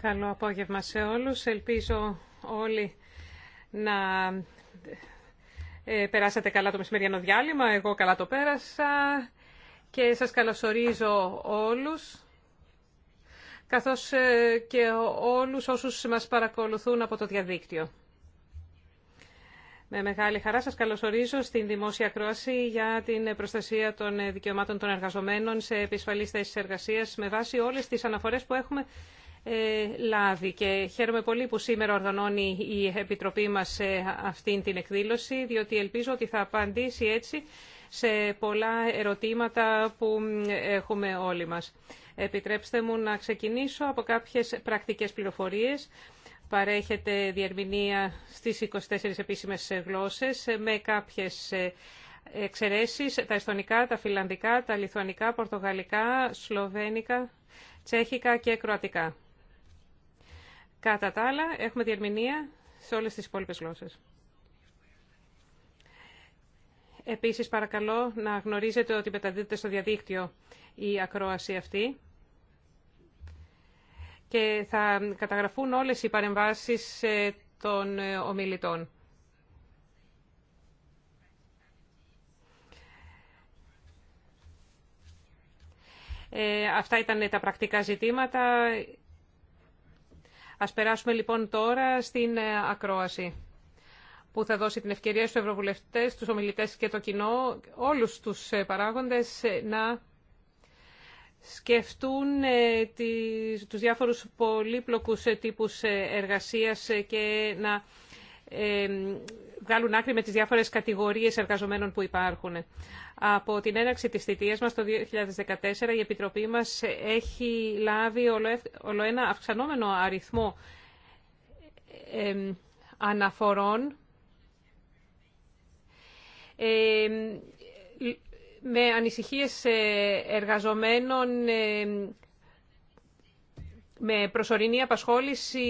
Καλό απόγευμα σε όλους. Ελπίζω όλοι να ε, περάσατε καλά το μεσημεριανό διάλειμμα. Εγώ καλά το πέρασα και σας καλωσορίζω όλους καθώς ε, και όλους όσους μας παρακολουθούν από το διαδίκτυο. Με μεγάλη χαρά σας καλωσορίζω στην Δημόσια Κρόαση για την προστασία των δικαιωμάτων των εργαζομένων σε επισφαλείς θέσεις εργασίας με βάση όλες τις αναφορές που έχουμε ε, λάβει. Και χαίρομαι πολύ που σήμερα οργανώνει η Επιτροπή μας ε, αυτήν την εκδήλωση, διότι ελπίζω ότι θα απαντήσει έτσι σε πολλά ερωτήματα που έχουμε όλοι μας. Επιτρέψτε μου να ξεκινήσω από κάποιες πρακτικές πληροφορίες παρέχεται διερμηνία στις 24 επίσημες γλώσσες με κάποιες ε, εξαιρέσεις, τα εστονικά, τα φιλανδικά, τα λιθουανικά, πορτογαλικά, σλοβένικα, τσέχικα και κροατικά. Κατά τα άλλα, έχουμε διερμηνία σε όλες τις υπόλοιπες γλώσσες. Επίσης, παρακαλώ να γνωρίζετε ότι μεταδίδεται στο διαδίκτυο η ακρόαση αυτή και θα καταγραφούν όλες οι παρεμβάσεις ε, των ε, ομιλητών. Ε, αυτά ήταν τα πρακτικά ζητήματα. Ας περάσουμε λοιπόν τώρα στην ακρόαση που θα δώσει την ευκαιρία στους ευρωβουλευτές, τους ομιλητές και το κοινό, όλους τους παράγοντες να σκεφτούν ε, τους διάφορους πολύπλοκους ε, τύπους ε, εργασίας και να βγάλουν άκρη με τις διάφορες κατηγορίες εργαζομένων που υπάρχουν. Από την έναρξη της θητείας μας το 2014 η Επιτροπή μας έχει λάβει όλο ένα αυξανόμενο αριθμό αναφορών με ανησυχίες ε, εργαζομένων ε, με προσωρινή απασχόληση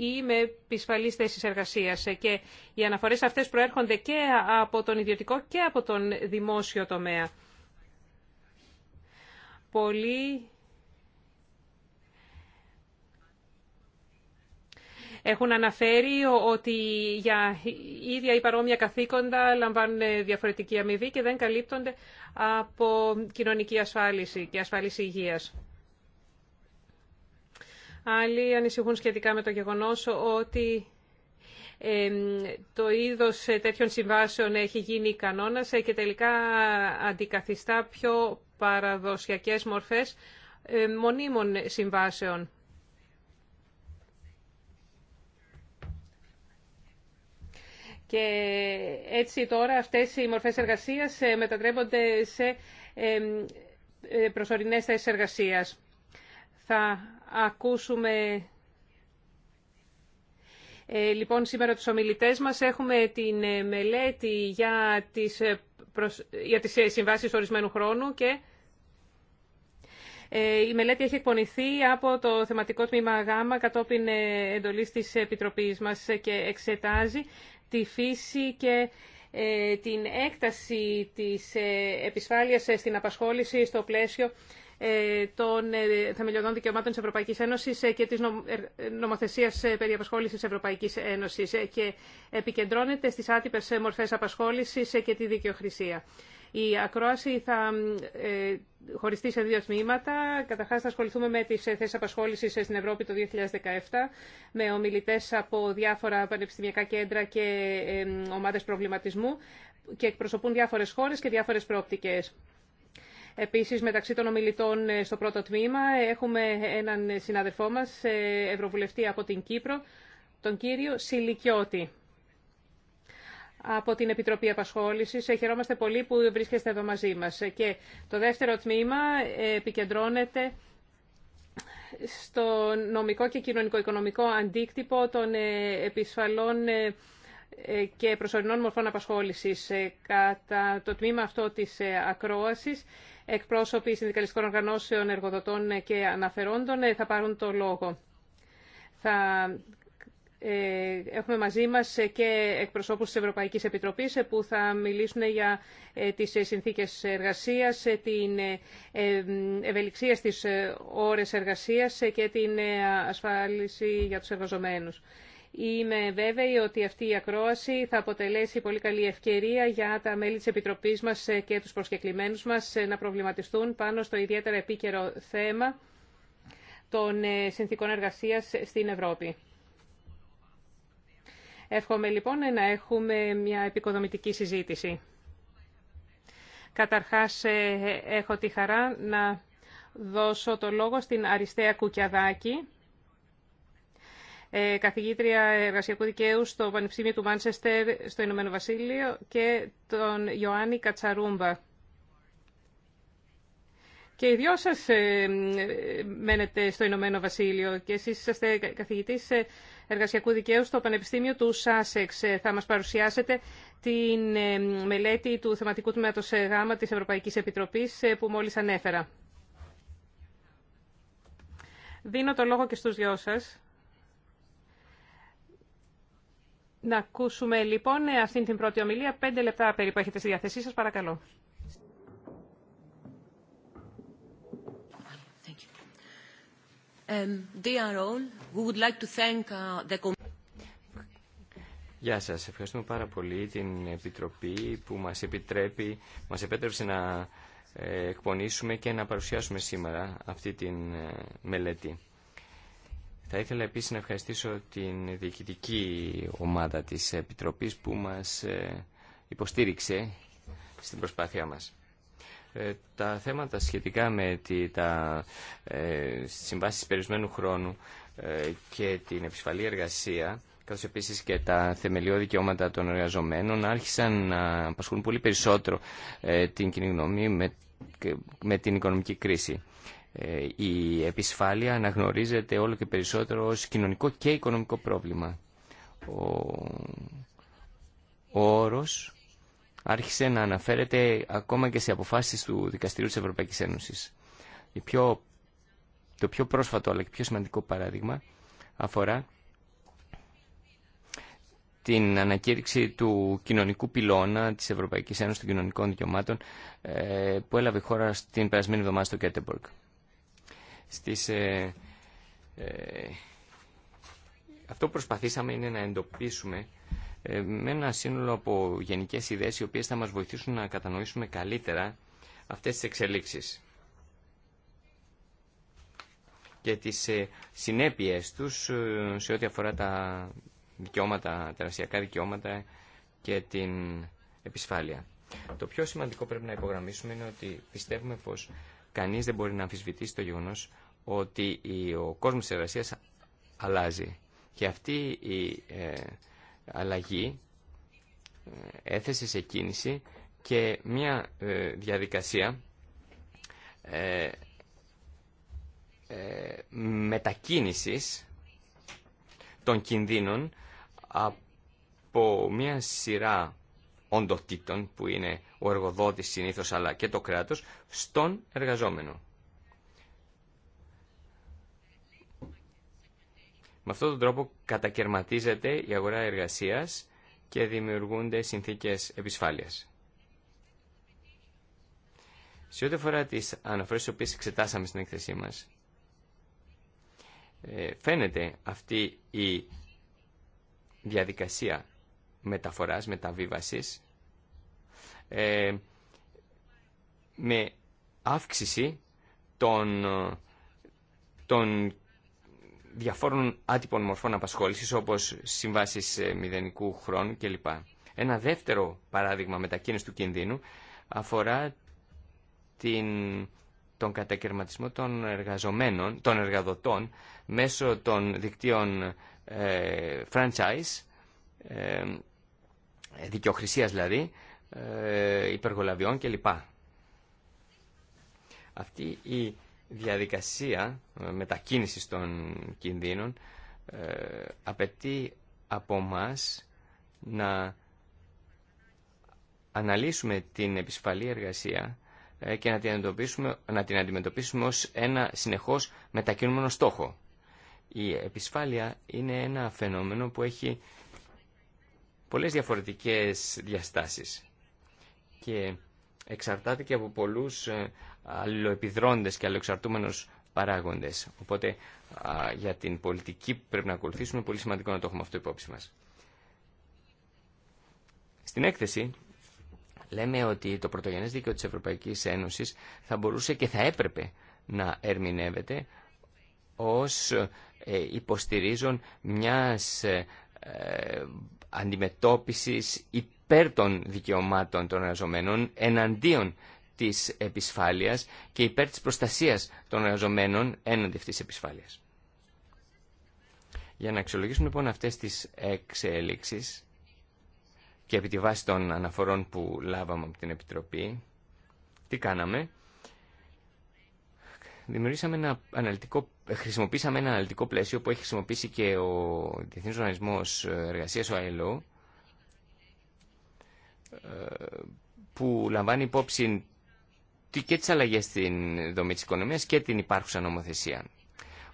ή με επισφαλή θέση εργασίας. Ε, και οι αναφορές αυτές προέρχονται και από τον ιδιωτικό και από τον δημόσιο τομέα. Πολύ... έχουν αναφέρει ότι για ίδια ή παρόμοια καθήκοντα λαμβάνουν διαφορετική αμοιβή και δεν καλύπτονται από κοινωνική ασφάλιση και ασφάλιση υγείας. Άλλοι ανησυχούν σχετικά με το γεγονός ότι το είδος τέτοιων συμβάσεων έχει γίνει κανόνας και τελικά αντικαθιστά πιο παραδοσιακές μορφές ε, μονίμων συμβάσεων. Και έτσι τώρα αυτές οι μορφές εργασίας ε, μετατρέπονται σε ε, προσωρινές θέσεις εργασίας. Θα ακούσουμε ε, λοιπόν σήμερα τους ομιλητές μας. Έχουμε την μελέτη για τις, προσ... για συμβάσεις ορισμένου χρόνου και η μελέτη έχει εκπονηθεί από το θεματικό τμήμα ΓΑΜΑ κατόπιν εντολής της Επιτροπής μας και εξετάζει τη φύση και ε, την έκταση της ε, επισφάλειας ε, στην απασχόληση στο πλαίσιο των θεμελιωδών δικαιωμάτων της Ευρωπαϊκής Ένωσης και της νομοθεσίας περί απασχόλησης της Ευρωπαϊκής Ένωσης και επικεντρώνεται στις άτυπες μορφές απασχόλησης και τη δικαιοχρησία. Η ακρόαση θα ε, χωριστεί σε δύο τμήματα. Καταρχάς θα ασχοληθούμε με τις ε, θέσεις απασχόλησης ε, στην Ευρώπη το 2017 με ομιλητές από διάφορα πανεπιστημιακά κέντρα και ομάδες προβληματισμού και εκπροσωπούν διάφορες χώρες και διάφορες προοπτικές. Επίσης, μεταξύ των ομιλητών στο πρώτο τμήμα έχουμε έναν συνάδελφό μας, Ευρωβουλευτή από την Κύπρο, τον κύριο Σιλικιώτη από την Επιτροπή απασχόληση. Ε, χαιρόμαστε πολύ που βρίσκεστε εδώ μαζί μας. Ε, και το δεύτερο τμήμα ε, επικεντρώνεται στο νομικό και κοινωνικο-οικονομικό αντίκτυπο των επισφαλών και προσωρινών μορφών απασχόλησης. Κατά το τμήμα αυτό της ακρόασης, εκπρόσωποι συνδικαλιστικών οργανώσεων, εργοδοτών και αναφερόντων θα πάρουν το λόγο. Θα ε, έχουμε μαζί μας και εκπροσώπους της Ευρωπαϊκής Επιτροπής που θα μιλήσουν για ε, τις ε, συνθήκες εργασίας, την ευελιξία στις ώρες εργασίας και την ασφάλιση για τους εργαζομένους. Είμαι βέβαιη ότι αυτή η ακρόαση θα αποτελέσει πολύ καλή ευκαιρία για τα μέλη της Επιτροπής μας και τους προσκεκλημένους μας να προβληματιστούν πάνω στο ιδιαίτερα επίκαιρο θέμα των συνθήκων εργασίας στην Ευρώπη. Εύχομαι λοιπόν να έχουμε μια επικοδομητική συζήτηση. Καταρχάς ε, έχω τη χαρά να δώσω το λόγο στην Αριστεία Κουκιαδάκη, ε, καθηγήτρια εργασιακού δικαίου στο Πανεπιστήμιο του Μάνσεστερ στο Ηνωμένο Βασίλειο και τον Ιωάννη Κατσαρούμπα. Και οι δυο σας ε, μένετε στο Ηνωμένο Βασίλειο και εσείς είσαστε καθηγητής Εργασιακού Δικαίου στο Πανεπιστήμιο του Σάσεξ. Θα μας παρουσιάσετε την ε, μελέτη του θεματικού τμήματος ε, ΓΑΜΑ της Ευρωπαϊκής Επιτροπής ε, που μόλις ανέφερα. Δίνω το λόγο και στους δυο σας. Να ακούσουμε λοιπόν αυτή την πρώτη ομιλία. Πέντε λεπτά περίπου έχετε στη διάθεσή σας, παρακαλώ. Um, uh, Γεια σας. Ευχαριστούμε πάρα πολύ την Επιτροπή που μας επιτρέπει, μας επέτρεψε να ε, εκπονήσουμε και να παρουσιάσουμε σήμερα αυτή την ε, μελέτη. Θα ήθελα επίσης να ευχαριστήσω την διοικητική ομάδα της Επιτροπής που μας ε, υποστήριξε στην προσπάθειά μας. Ε, τα θέματα σχετικά με τη, τα ε, συμβάσεις περιορισμένου χρόνου ε, και την επισφαλή εργασία καθώς επίσης και τα θεμελιώδη δικαιώματα των εργαζομένων άρχισαν να απασχολούν πολύ περισσότερο ε, την κοινή γνώμη με, την οικονομική κρίση. Η επισφάλεια αναγνωρίζεται όλο και περισσότερο ως κοινωνικό και οικονομικό πρόβλημα. Ο, ο όρος άρχισε να αναφέρεται ακόμα και σε αποφάσεις του Δικαστηρίου της Ευρωπαϊκής Ένωσης. πιο, το πιο πρόσφατο αλλά και πιο σημαντικό παράδειγμα αφορά την ανακήρυξη του κοινωνικού πυλώνα της Ευρωπαϊκής Ένωσης των Κοινωνικών Δικαιωμάτων ε, που έλαβε η χώρα στην περασμένη εβδομάδα στο Κέτεμπορκ. Στις, ε, ε, αυτό που προσπαθήσαμε είναι να εντοπίσουμε ε, με ένα σύνολο από γενικές ιδέες οι οποίες θα μας βοηθήσουν να κατανοήσουμε καλύτερα αυτές τις εξελίξεις και τις ε, συνέπειες τους ε, σε ό,τι αφορά τα δικαιώματα, τα δικαιώματα και την επισφάλεια. Το πιο σημαντικό πρέπει να υπογραμμίσουμε είναι ότι πιστεύουμε πως κανείς δεν μπορεί να αμφισβητήσει το γεγονός ότι ο κόσμος της εργασίας αλλάζει. Και αυτή η αλλαγή ε, έθεσε σε κίνηση και μια ε, διαδικασία ε, μετακίνησης των κινδύνων από μια σειρά οντοτήτων που είναι ο εργοδότης συνήθως αλλά και το κράτος στον εργαζόμενο. Με αυτόν τον τρόπο κατακαιρματίζεται η αγορά εργασίας και δημιουργούνται συνθήκες επισφάλειας. Σε ό,τι αφορά τις αναφορές τις οποίες εξετάσαμε στην έκθεσή μας, ε, φαίνεται αυτή η διαδικασία μεταφοράς, μεταβίβασης, ε, με αύξηση των, των διαφόρων άτυπων μορφών απασχόλησης όπως συμβάσεις ε, μηδενικού χρόνου κλπ. Ένα δεύτερο παράδειγμα μετακίνηση του κινδύνου αφορά την, τον κατακαιρματισμό των εργαζομένων, των εργαδοτών μέσω των δικτύων ε, franchise, ε, δικαιοχρησίας δηλαδή, ε, υπεργολαβιών κλπ. Αυτή η διαδικασία ε, μετακίνησης των κινδύνων ε, απαιτεί από μας να αναλύσουμε την επισφαλή εργασία ε, και να την, αντιμετωπίσουμε, να την αντιμετωπίσουμε ως ένα συνεχώς μετακινούμενο στόχο. Η επισφάλεια είναι ένα φαινόμενο που έχει πολλές διαφορετικές διαστάσεις και εξαρτάται και από πολλούς αλληλοεπιδρόντες και αλληλοεξαρτούμενους παράγοντες. Οπότε για την πολιτική που πρέπει να ακολουθήσουμε πολύ σημαντικό να το έχουμε αυτό υπόψη μας. Στην έκθεση λέμε ότι το πρωτογενές δίκαιο της Ευρωπαϊκής Ένωσης θα μπορούσε και θα έπρεπε να ερμηνεύεται ως ε, υποστηρίζον μιας ε, ε, αντιμετώπισης υπέρ των δικαιωμάτων των εργαζομένων εναντίον της επισφάλειας και υπέρ της προστασίας των εργαζομένων έναντι αυτής της επισφάλειας. Για να αξιολογήσουμε λοιπόν αυτές τις εξελίξεις και επί τη βάση των αναφορών που λάβαμε από την Επιτροπή, τι κάναμε. Δημιουργήσαμε ένα αναλυτικό, χρησιμοποίησαμε ένα αναλυτικό πλαίσιο που έχει χρησιμοποιήσει και ο Διεθνής Οργανισμός Εργασίας, ο ΑΕΛΟ, ε, που λαμβάνει υπόψη και τι αλλαγέ στην δομή τη οικονομίας και την υπάρχουσα νομοθεσία.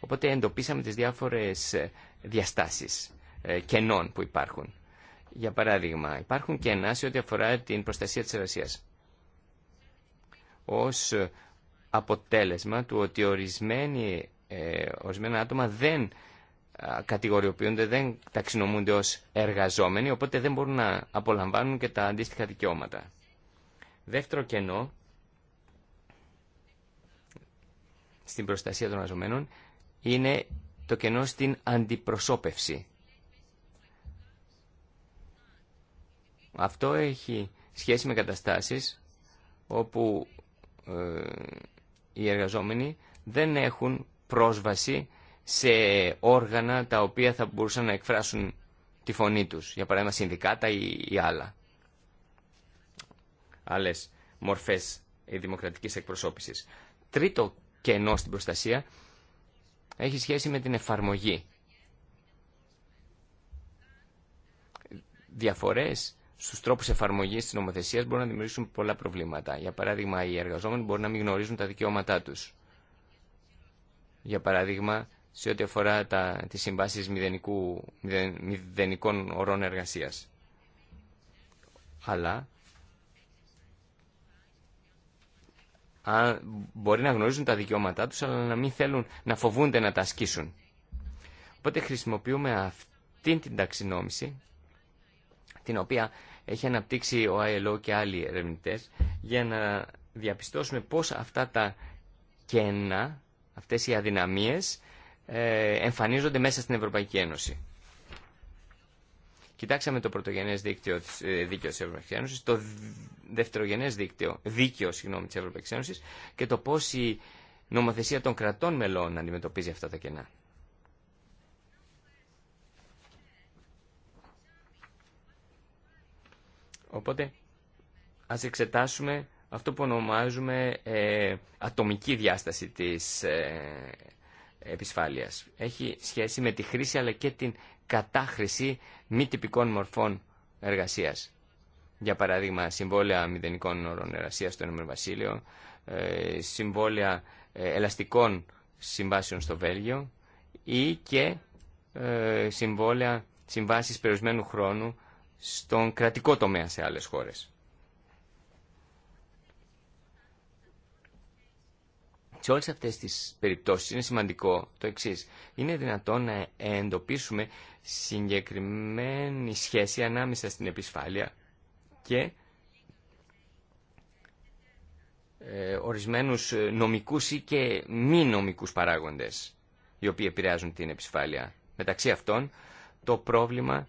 Οπότε εντοπίσαμε τις διάφορες ε, διαστάσεις ε, κενών που υπάρχουν. Για παράδειγμα, υπάρχουν κενά σε ό,τι αφορά την προστασία της εργασίας. Ως ε, αποτέλεσμα του ότι ορισμένοι, ορισμένα άτομα δεν κατηγοριοποιούνται, δεν ταξινομούνται ως εργαζόμενοι, οπότε δεν μπορούν να απολαμβάνουν και τα αντίστοιχα δικαιώματα. Δεύτερο κενό στην προστασία των εργαζομένων είναι το κενό στην αντιπροσώπευση. Αυτό έχει σχέση με καταστάσεις όπου ε, οι εργαζόμενοι δεν έχουν πρόσβαση σε όργανα τα οποία θα μπορούσαν να εκφράσουν τη φωνή τους, για παράδειγμα συνδικάτα ή, άλλα. Άλλες μορφές δημοκρατικής εκπροσώπησης. Τρίτο και κενό στην προστασία έχει σχέση με την εφαρμογή. Διαφορές στου τρόπου εφαρμογή τη νομοθεσία μπορούν να δημιουργήσουν πολλά προβλήματα. Για παράδειγμα, οι εργαζόμενοι μπορούν να μην γνωρίζουν τα δικαιώματά του. Για παράδειγμα, σε ό,τι αφορά τα, τις συμβάσεις μηδενικού, μηδενικών ορών εργασίας. Αλλά μπορεί να γνωρίζουν τα δικαιώματά τους αλλά να μην θέλουν να φοβούνται να τα ασκήσουν. Οπότε χρησιμοποιούμε αυτή την ταξινόμηση την οποία έχει αναπτύξει ο ILO και άλλοι ερευνητέ για να διαπιστώσουμε πώς αυτά τα κένα, αυτές οι αδυναμίες ε, εμφανίζονται μέσα στην Ευρωπαϊκή Ένωση. Κοιτάξαμε το πρωτογενέ δίκτυο, ε, δίκαιο τη Ευρωπαϊκή Ένωση, το δευτερογενέ δίκτυο, δίκαιο συγγνώμη, τη Ευρωπαϊκή Ένωση και το πώ η νομοθεσία των κρατών μελών αντιμετωπίζει αυτά τα κενά. Οπότε, ας εξετάσουμε αυτό που ονομάζουμε ε, ατομική διάσταση της ε, επισφάλειας. Έχει σχέση με τη χρήση αλλά και την κατάχρηση μη τυπικών μορφών εργασίας. Για παράδειγμα, συμβόλαια μηδενικών όρων εργασίας στο Ηνωμένο ε, συμβόλαια ε, ελαστικών συμβάσεων στο Βέλγιο ή και ε, συμβόλαια συμβάσεις περιορισμένου χρόνου στον κρατικό τομέα σε άλλες χώρες. Σε όλες αυτές τις περιπτώσεις είναι σημαντικό το εξής. Είναι δυνατόν να εντοπίσουμε συγκεκριμένη σχέση ανάμεσα στην επισφάλεια και ε, ορισμένους νομικούς ή και μη νομικούς παράγοντες οι οποίοι επηρεάζουν την επισφάλεια. Μεταξύ αυτών το πρόβλημα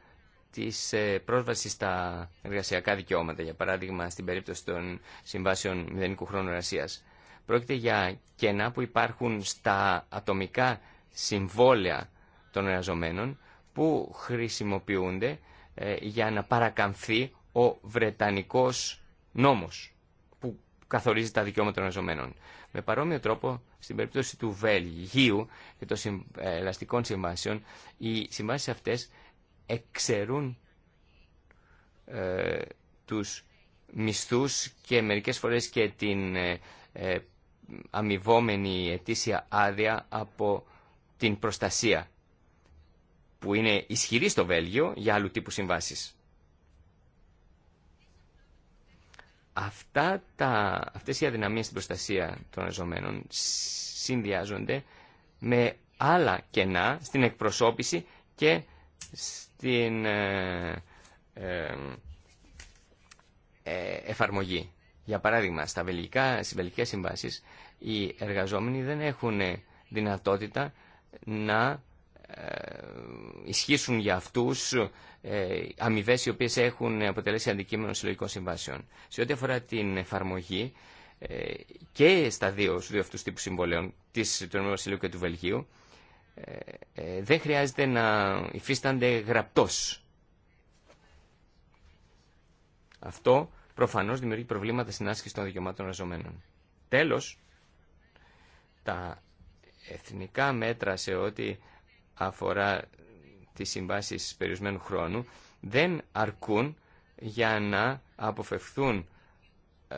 της ε, πρόσβασης στα εργασιακά δικαιώματα, για παράδειγμα στην περίπτωση των συμβάσεων μηδενικού χρόνου εργασίας. Πρόκειται για κενά που υπάρχουν στα ατομικά συμβόλαια των εργαζομένων που χρησιμοποιούνται ε, για να παρακαμφθεί ο Βρετανικός νόμος που καθορίζει τα δικαιώματα των εργαζομένων. Με παρόμοιο τρόπο, στην περίπτωση του Βέλγιου και των ε, ελαστικών συμβάσεων, οι συμβάσει αυτές εξαιρούν ε, τους μισθούς και μερικές φορές και την ε, ε, αμοιβόμενη ετήσια άδεια από την προστασία που είναι ισχυρή στο Βέλγιο για άλλου τύπου συμβάσεις. Αυτά τα, αυτές οι αδυναμίες στην προστασία των εργαζομένων συνδυάζονται με άλλα κενά στην εκπροσώπηση και στην ε, ε, ε, εφαρμογή. Για παράδειγμα, στα βελγικά, στις βελγικές συμβάσεις οι εργαζόμενοι δεν έχουν δυνατότητα να ε, ισχύσουν για αυτούς ε, αμοιβέ οι οποίες έχουν αποτελέσει αντικείμενο συλλογικών συμβάσεων. Σε ό,τι αφορά την εφαρμογή ε, και στα δύο, στους δύο αυτούς τύπους συμβολέων της, του Ηνωμένου και του Βελγίου ε, δεν χρειάζεται να υφίστανται γραπτός. Αυτό προφανώς δημιουργεί προβλήματα στην άσκηση των δικαιωμάτων εργαζομένων. Τέλος, τα εθνικά μέτρα σε ό,τι αφορά τις συμβάσεις περιορισμένου χρόνου δεν αρκούν για να αποφευθούν ε,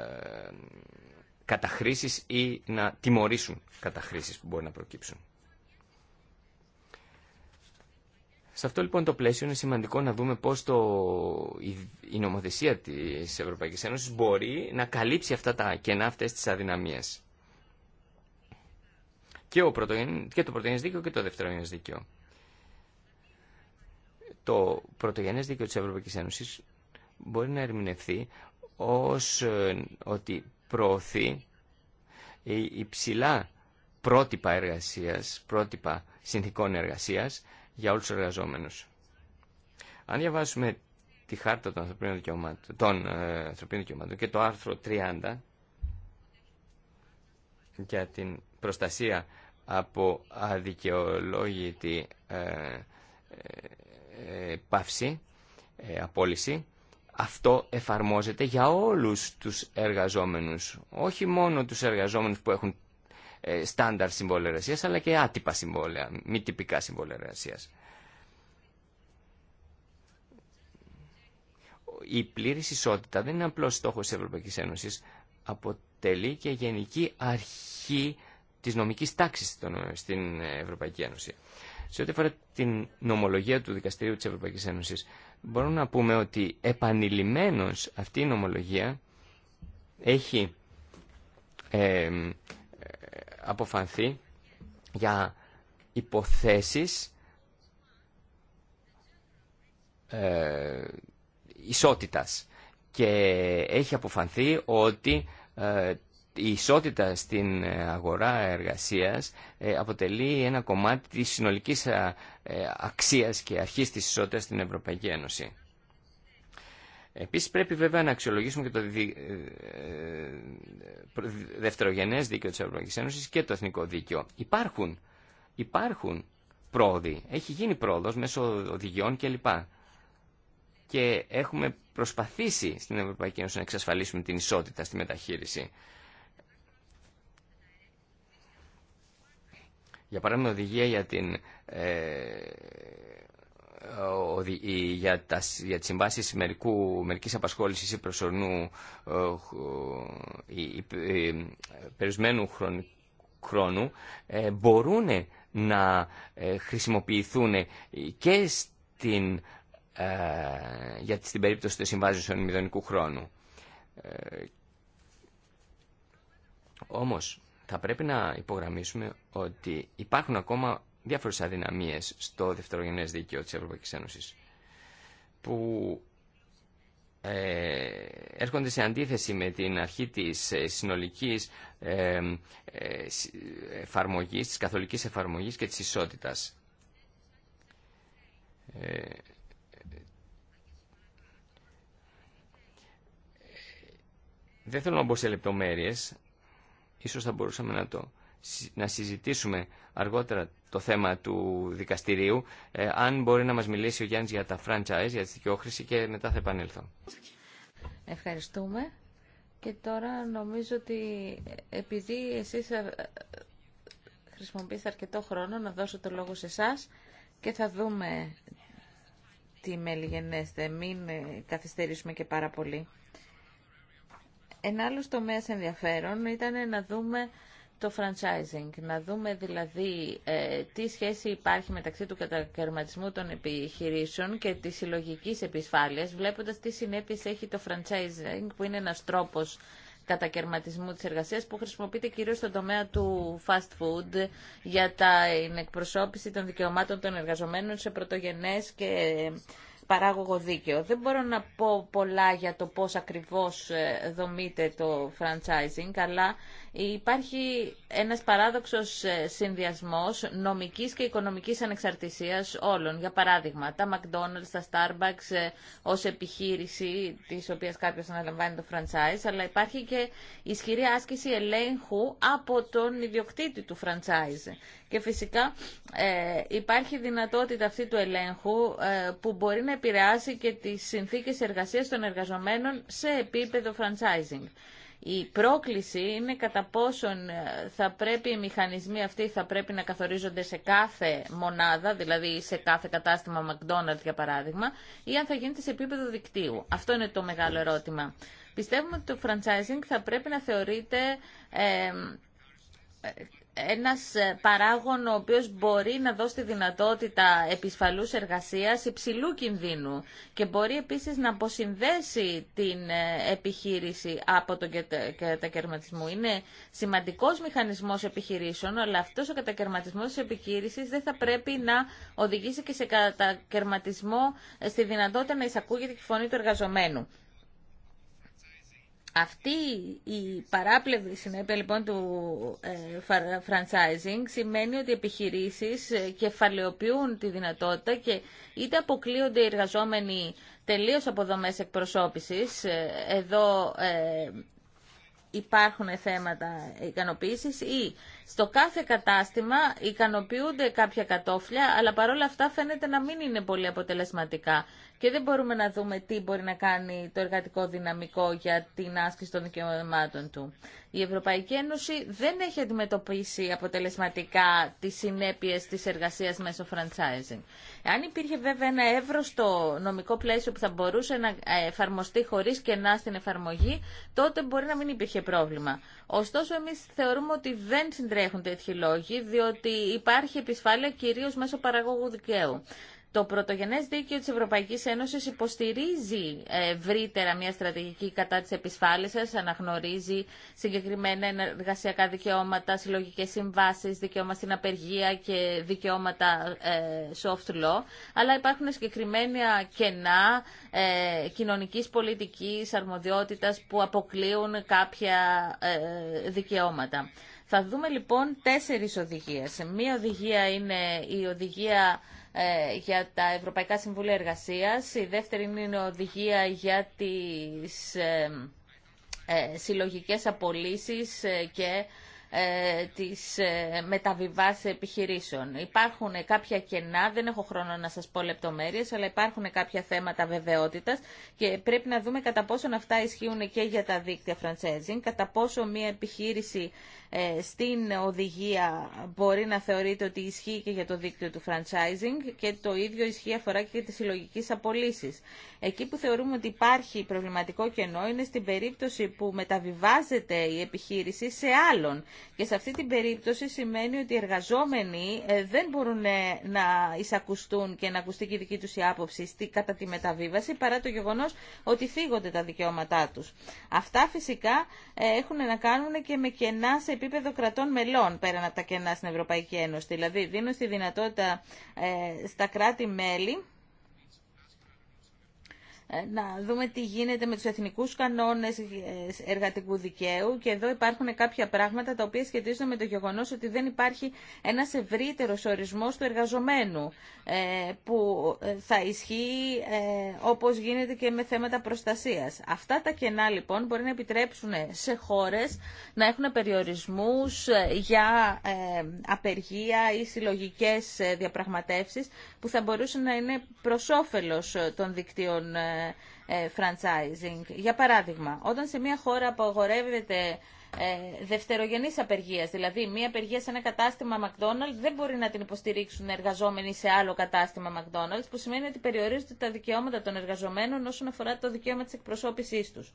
καταχρήσεις ή να τιμωρήσουν καταχρήσεις που μπορεί να προκύψουν. Σε αυτό λοιπόν το πλαίσιο είναι σημαντικό να δούμε πώς το, η νομοθεσία της Ευρωπαϊκής Ένωσης μπορεί να καλύψει αυτά τα κενά αυτές τις αδυναμίες. Και, ο πρωτογεν, και το πρωτογενές δίκαιο και το δευτερογενές δίκαιο. Το πρωτογενές δίκαιο της Ευρωπαϊκής Ένωσης μπορεί να ερμηνευθεί ως ε, ότι προωθεί υψηλά πρότυπα εργασίας, πρότυπα συνθηκών εργασίας, για όλους τους εργαζόμενους. Αν διαβάσουμε τη χάρτα των ανθρωπίνων δικαιωμάτων, των, ε, ανθρωπίνων και το άρθρο 30 για την προστασία από αδικαιολόγητη ε, ε παύση, ε, απόλυση, αυτό εφαρμόζεται για όλους τους εργαζόμενους, όχι μόνο τους εργαζόμενους που έχουν ε, στάνταρ συμβόλαια εργασία, αλλά και άτυπα συμβόλαια, μη τυπικά συμβόλαια εργασία. Η πλήρης ισότητα δεν είναι απλώς στόχο τη Ευρωπαϊκής Ένωσης, αποτελεί και γενική αρχή της νομικής τάξης στην Ευρωπαϊκή Ένωση. Σε ό,τι αφορά την νομολογία του Δικαστηρίου τη Ευρωπαϊκής Ένωσης, μπορούμε να πούμε ότι επανειλημμένω αυτή η νομολογία έχει ε, αποφανθεί για υποθέσεις ε, ισότητας και έχει αποφανθεί ότι ε, η ισότητα στην αγορά εργασίας ε, αποτελεί ένα κομμάτι της συνολικής ε, αξίας και αρχής της ισότητας στην Ευρωπαϊκή Ένωση. Επίσης πρέπει βέβαια να αξιολογήσουμε και το ε, ε, δευτερογενές δίκαιο της Ευρωπαϊκής Ένωσης και το εθνικό δίκαιο. Υπάρχουν, υπάρχουν πρόοδοι. Έχει γίνει πρόοδος μέσω οδηγιών κλπ. Και έχουμε προσπαθήσει στην Ευρωπαϊκή Ένωση να εξασφαλίσουμε την ισότητα στη μεταχείριση. Για παράδειγμα, οδηγία για την ε, για, για τις συμβάσεις μερικού, μερικής απασχόλησης ή προσωρινού ε, ε, ε, περισμένου χρόνου μπορούν να χρησιμοποιηθούν και στην, για, στην περίπτωση των συμβάσεων μηδονικού χρόνου. όμως θα πρέπει να υπογραμμίσουμε ότι υπάρχουν ακόμα Διάφορε αδυναμίε στο δεύτερογενέ δίκαιο της Ευρωπαϊκής Ένωση, που ε, έρχονται σε αντίθεση με την αρχή της ε, συνολικής ε, ε, εφαρμογής, της καθολικής εφαρμογής και της ισότητας. Ε, ε, δεν θέλω να μπω σε λεπτομέρειες, ίσως θα μπορούσαμε να το να συζητήσουμε αργότερα το θέμα του δικαστηρίου. Ε, αν μπορεί να μας μιλήσει ο Γιάννης για τα franchise, για τη δικαιόχρηση και μετά θα επανέλθω. Ευχαριστούμε. Και τώρα νομίζω ότι ε, επειδή εσείς ε, χρησιμοποίησα αρκετό χρόνο να δώσω το λόγο σε εσά και θα δούμε τι μελιγενέστε. Μην καθυστερήσουμε και πάρα πολύ. Ένα άλλο τομέα ενδιαφέρον ήταν να δούμε το franchising. Να δούμε δηλαδή ε, τι σχέση υπάρχει μεταξύ του κατακαιρματισμού των επιχειρήσεων και της συλλογική επισφάλειας, βλέποντας τι συνέπειες έχει το franchising, που είναι ένας τρόπος κατακαιρματισμού της εργασίας που χρησιμοποιείται κυρίως στον τομέα του fast food για την εκπροσώπηση των δικαιωμάτων των εργαζομένων σε πρωτογενές και παράγωγο δίκαιο. Δεν μπορώ να πω πολλά για το πώς ακριβώς ε, δομείται το franchising, αλλά Υπάρχει ένας παράδοξος ε, συνδυασμός νομικής και οικονομικής ανεξαρτησίας όλων. Για παράδειγμα, τα McDonald's, τα Starbucks ε, ως επιχείρηση της οποίας κάποιος αναλαμβάνει το franchise, αλλά υπάρχει και ισχυρή άσκηση ελέγχου από τον ιδιοκτήτη του franchise. Και φυσικά ε, υπάρχει δυνατότητα αυτή του ελέγχου που μπορεί να επηρεάσει και τις συνθήκες εργασίας των εργαζομένων σε επίπεδο franchising. Η πρόκληση είναι κατά πόσον ε, θα πρέπει οι μηχανισμοί αυτοί θα πρέπει να καθορίζονται σε κάθε μονάδα, δηλαδή σε κάθε κατάστημα McDonald's για παράδειγμα, ή αν θα γίνεται σε επίπεδο δικτύου. Αυτό είναι το μεγάλο ερώτημα. Πιστεύουμε ότι το franchising θα πρέπει να θεωρείται ε, ε, ένας ε, παράγων ο οποίος μπορεί να δώσει τη δυνατότητα επισφαλούς εργασίας υψηλού κινδύνου και μπορεί επίσης να αποσυνδέσει την ε, επιχείρηση από τον κατακαιρματισμό. Είναι σημαντικός μηχανισμός επιχειρήσεων, αλλά αυτός ο κατακαιρματισμός της επιχείρησης δεν θα πρέπει να οδηγήσει και σε κατακαιρματισμό ε, στη δυνατότητα να εισακούγεται η φωνή του εργαζομένου. Αυτή η παράπλευρη συνέπεια λοιπόν του ε, franchising σημαίνει ότι οι επιχειρήσεις ε, κεφαλαιοποιούν τη δυνατότητα και είτε αποκλείονται οι εργαζόμενοι τελείως από δομές εκπροσώπησης, ε, εδώ υπάρχουν θέματα ικανοποίησης ή στο κάθε κατάστημα ικανοποιούνται κάποια κατόφλια, αλλά παρόλα αυτά φαίνεται να μην είναι πολύ αποτελεσματικά και δεν μπορούμε να δούμε τι μπορεί να κάνει το εργατικό δυναμικό για την άσκηση των δικαιωμάτων του. Η Ευρωπαϊκή Ένωση δεν έχει αντιμετωπίσει αποτελεσματικά τις συνέπειες της εργασίας μέσω franchising. Αν υπήρχε βέβαια ένα εύρωστο νομικό πλαίσιο που θα μπορούσε να εφαρμοστεί χωρίς κενά στην εφαρμογή, τότε μπορεί να μην υπήρχε πρόβλημα. Ωστόσο, εμείς θεωρούμε ότι δεν συντρέχουν τέτοιοι λόγοι, διότι υπάρχει επισφάλεια κυρίως μέσω παραγωγού δικαίου. Το πρωτογενές δίκαιο της Ευρωπαϊκής Ένωσης υποστηρίζει ε, ευρύτερα μια στρατηγική κατά τη επισφάλιση, αναγνωρίζει συγκεκριμένα εργασιακά δικαιώματα, συλλογικέ συμβάσει, δικαιώμα στην απεργία και δικαιώματα ε, soft law, αλλά υπάρχουν συγκεκριμένα κενά ε, κοινωνικής πολιτικής αρμοδιότητας που αποκλείουν κάποια δικαιώματα. Θα δούμε λοιπόν τέσσερι οδηγίε. Μία οδηγία είναι η οδηγία ε, για τα Ευρωπαϊκά Συμβούλια Εργασίας. Η δεύτερη είναι η οδηγία για τις ε, ε, συλλογικές απολύσεις και ε, τις ε, μεταβιβάσεις επιχειρήσεων. Υπάρχουν κάποια κενά, δεν έχω χρόνο να σας πω λεπτομέρειες, αλλά υπάρχουν κάποια θέματα βεβαιότητας και πρέπει να δούμε κατά πόσον αυτά ισχύουν και για τα δίκτυα franchising, κατά πόσο μια επιχείρηση ε, στην οδηγία μπορεί να θεωρείται ότι ισχύει και για το δίκτυο του franchising και το ίδιο ισχύει αφορά και τις συλλογικέ απολύσεις. Εκεί που θεωρούμε ότι υπάρχει προβληματικό κενό είναι στην περίπτωση που μεταβιβάζεται η επιχείρηση σε άλλον και σε αυτή την περίπτωση σημαίνει ότι οι εργαζόμενοι ε, δεν μπορούν ε, να εισακουστούν και να ακουστεί και η δική τους η άποψη κατά τη μεταβίβαση, παρά το γεγονός ότι φύγονται τα δικαιώματά τους. Αυτά φυσικά ε, έχουν να κάνουν και με κενά σε επίπεδο κρατών μελών, πέραν από τα κενά στην Ευρωπαϊκή Ένωση. Δηλαδή δίνουν στη δυνατότητα στα κράτη-μέλη ε, να δούμε τι γίνεται με τους εθνικούς κανόνες ε, εργατικού δικαίου και εδώ υπάρχουν κάποια πράγματα τα οποία σχετίζονται με το γεγονός ότι δεν υπάρχει ένας ευρύτερος ορισμός του εργαζομένου ε, που θα ισχύει όπως γίνεται και με θέματα προστασίας. Αυτά τα κενά λοιπόν μπορεί να επιτρέψουν σε χώρες να έχουν περιορισμούς για απεργία ή συλλογικές διαπραγματεύσεις που θα μπορούσαν να είναι προς όφελος των δικτύων ε, franchising. Για παράδειγμα, όταν σε μια χώρα απαγορεύεται ε, δευτερογενή απεργία. Δηλαδή, μία απεργία σε ένα κατάστημα McDonald's δεν μπορεί να την υποστηρίξουν εργαζόμενοι σε άλλο κατάστημα McDonald's, που σημαίνει ότι περιορίζονται τα δικαιώματα των εργαζομένων όσον αφορά το δικαίωμα τη εκπροσώπησή του.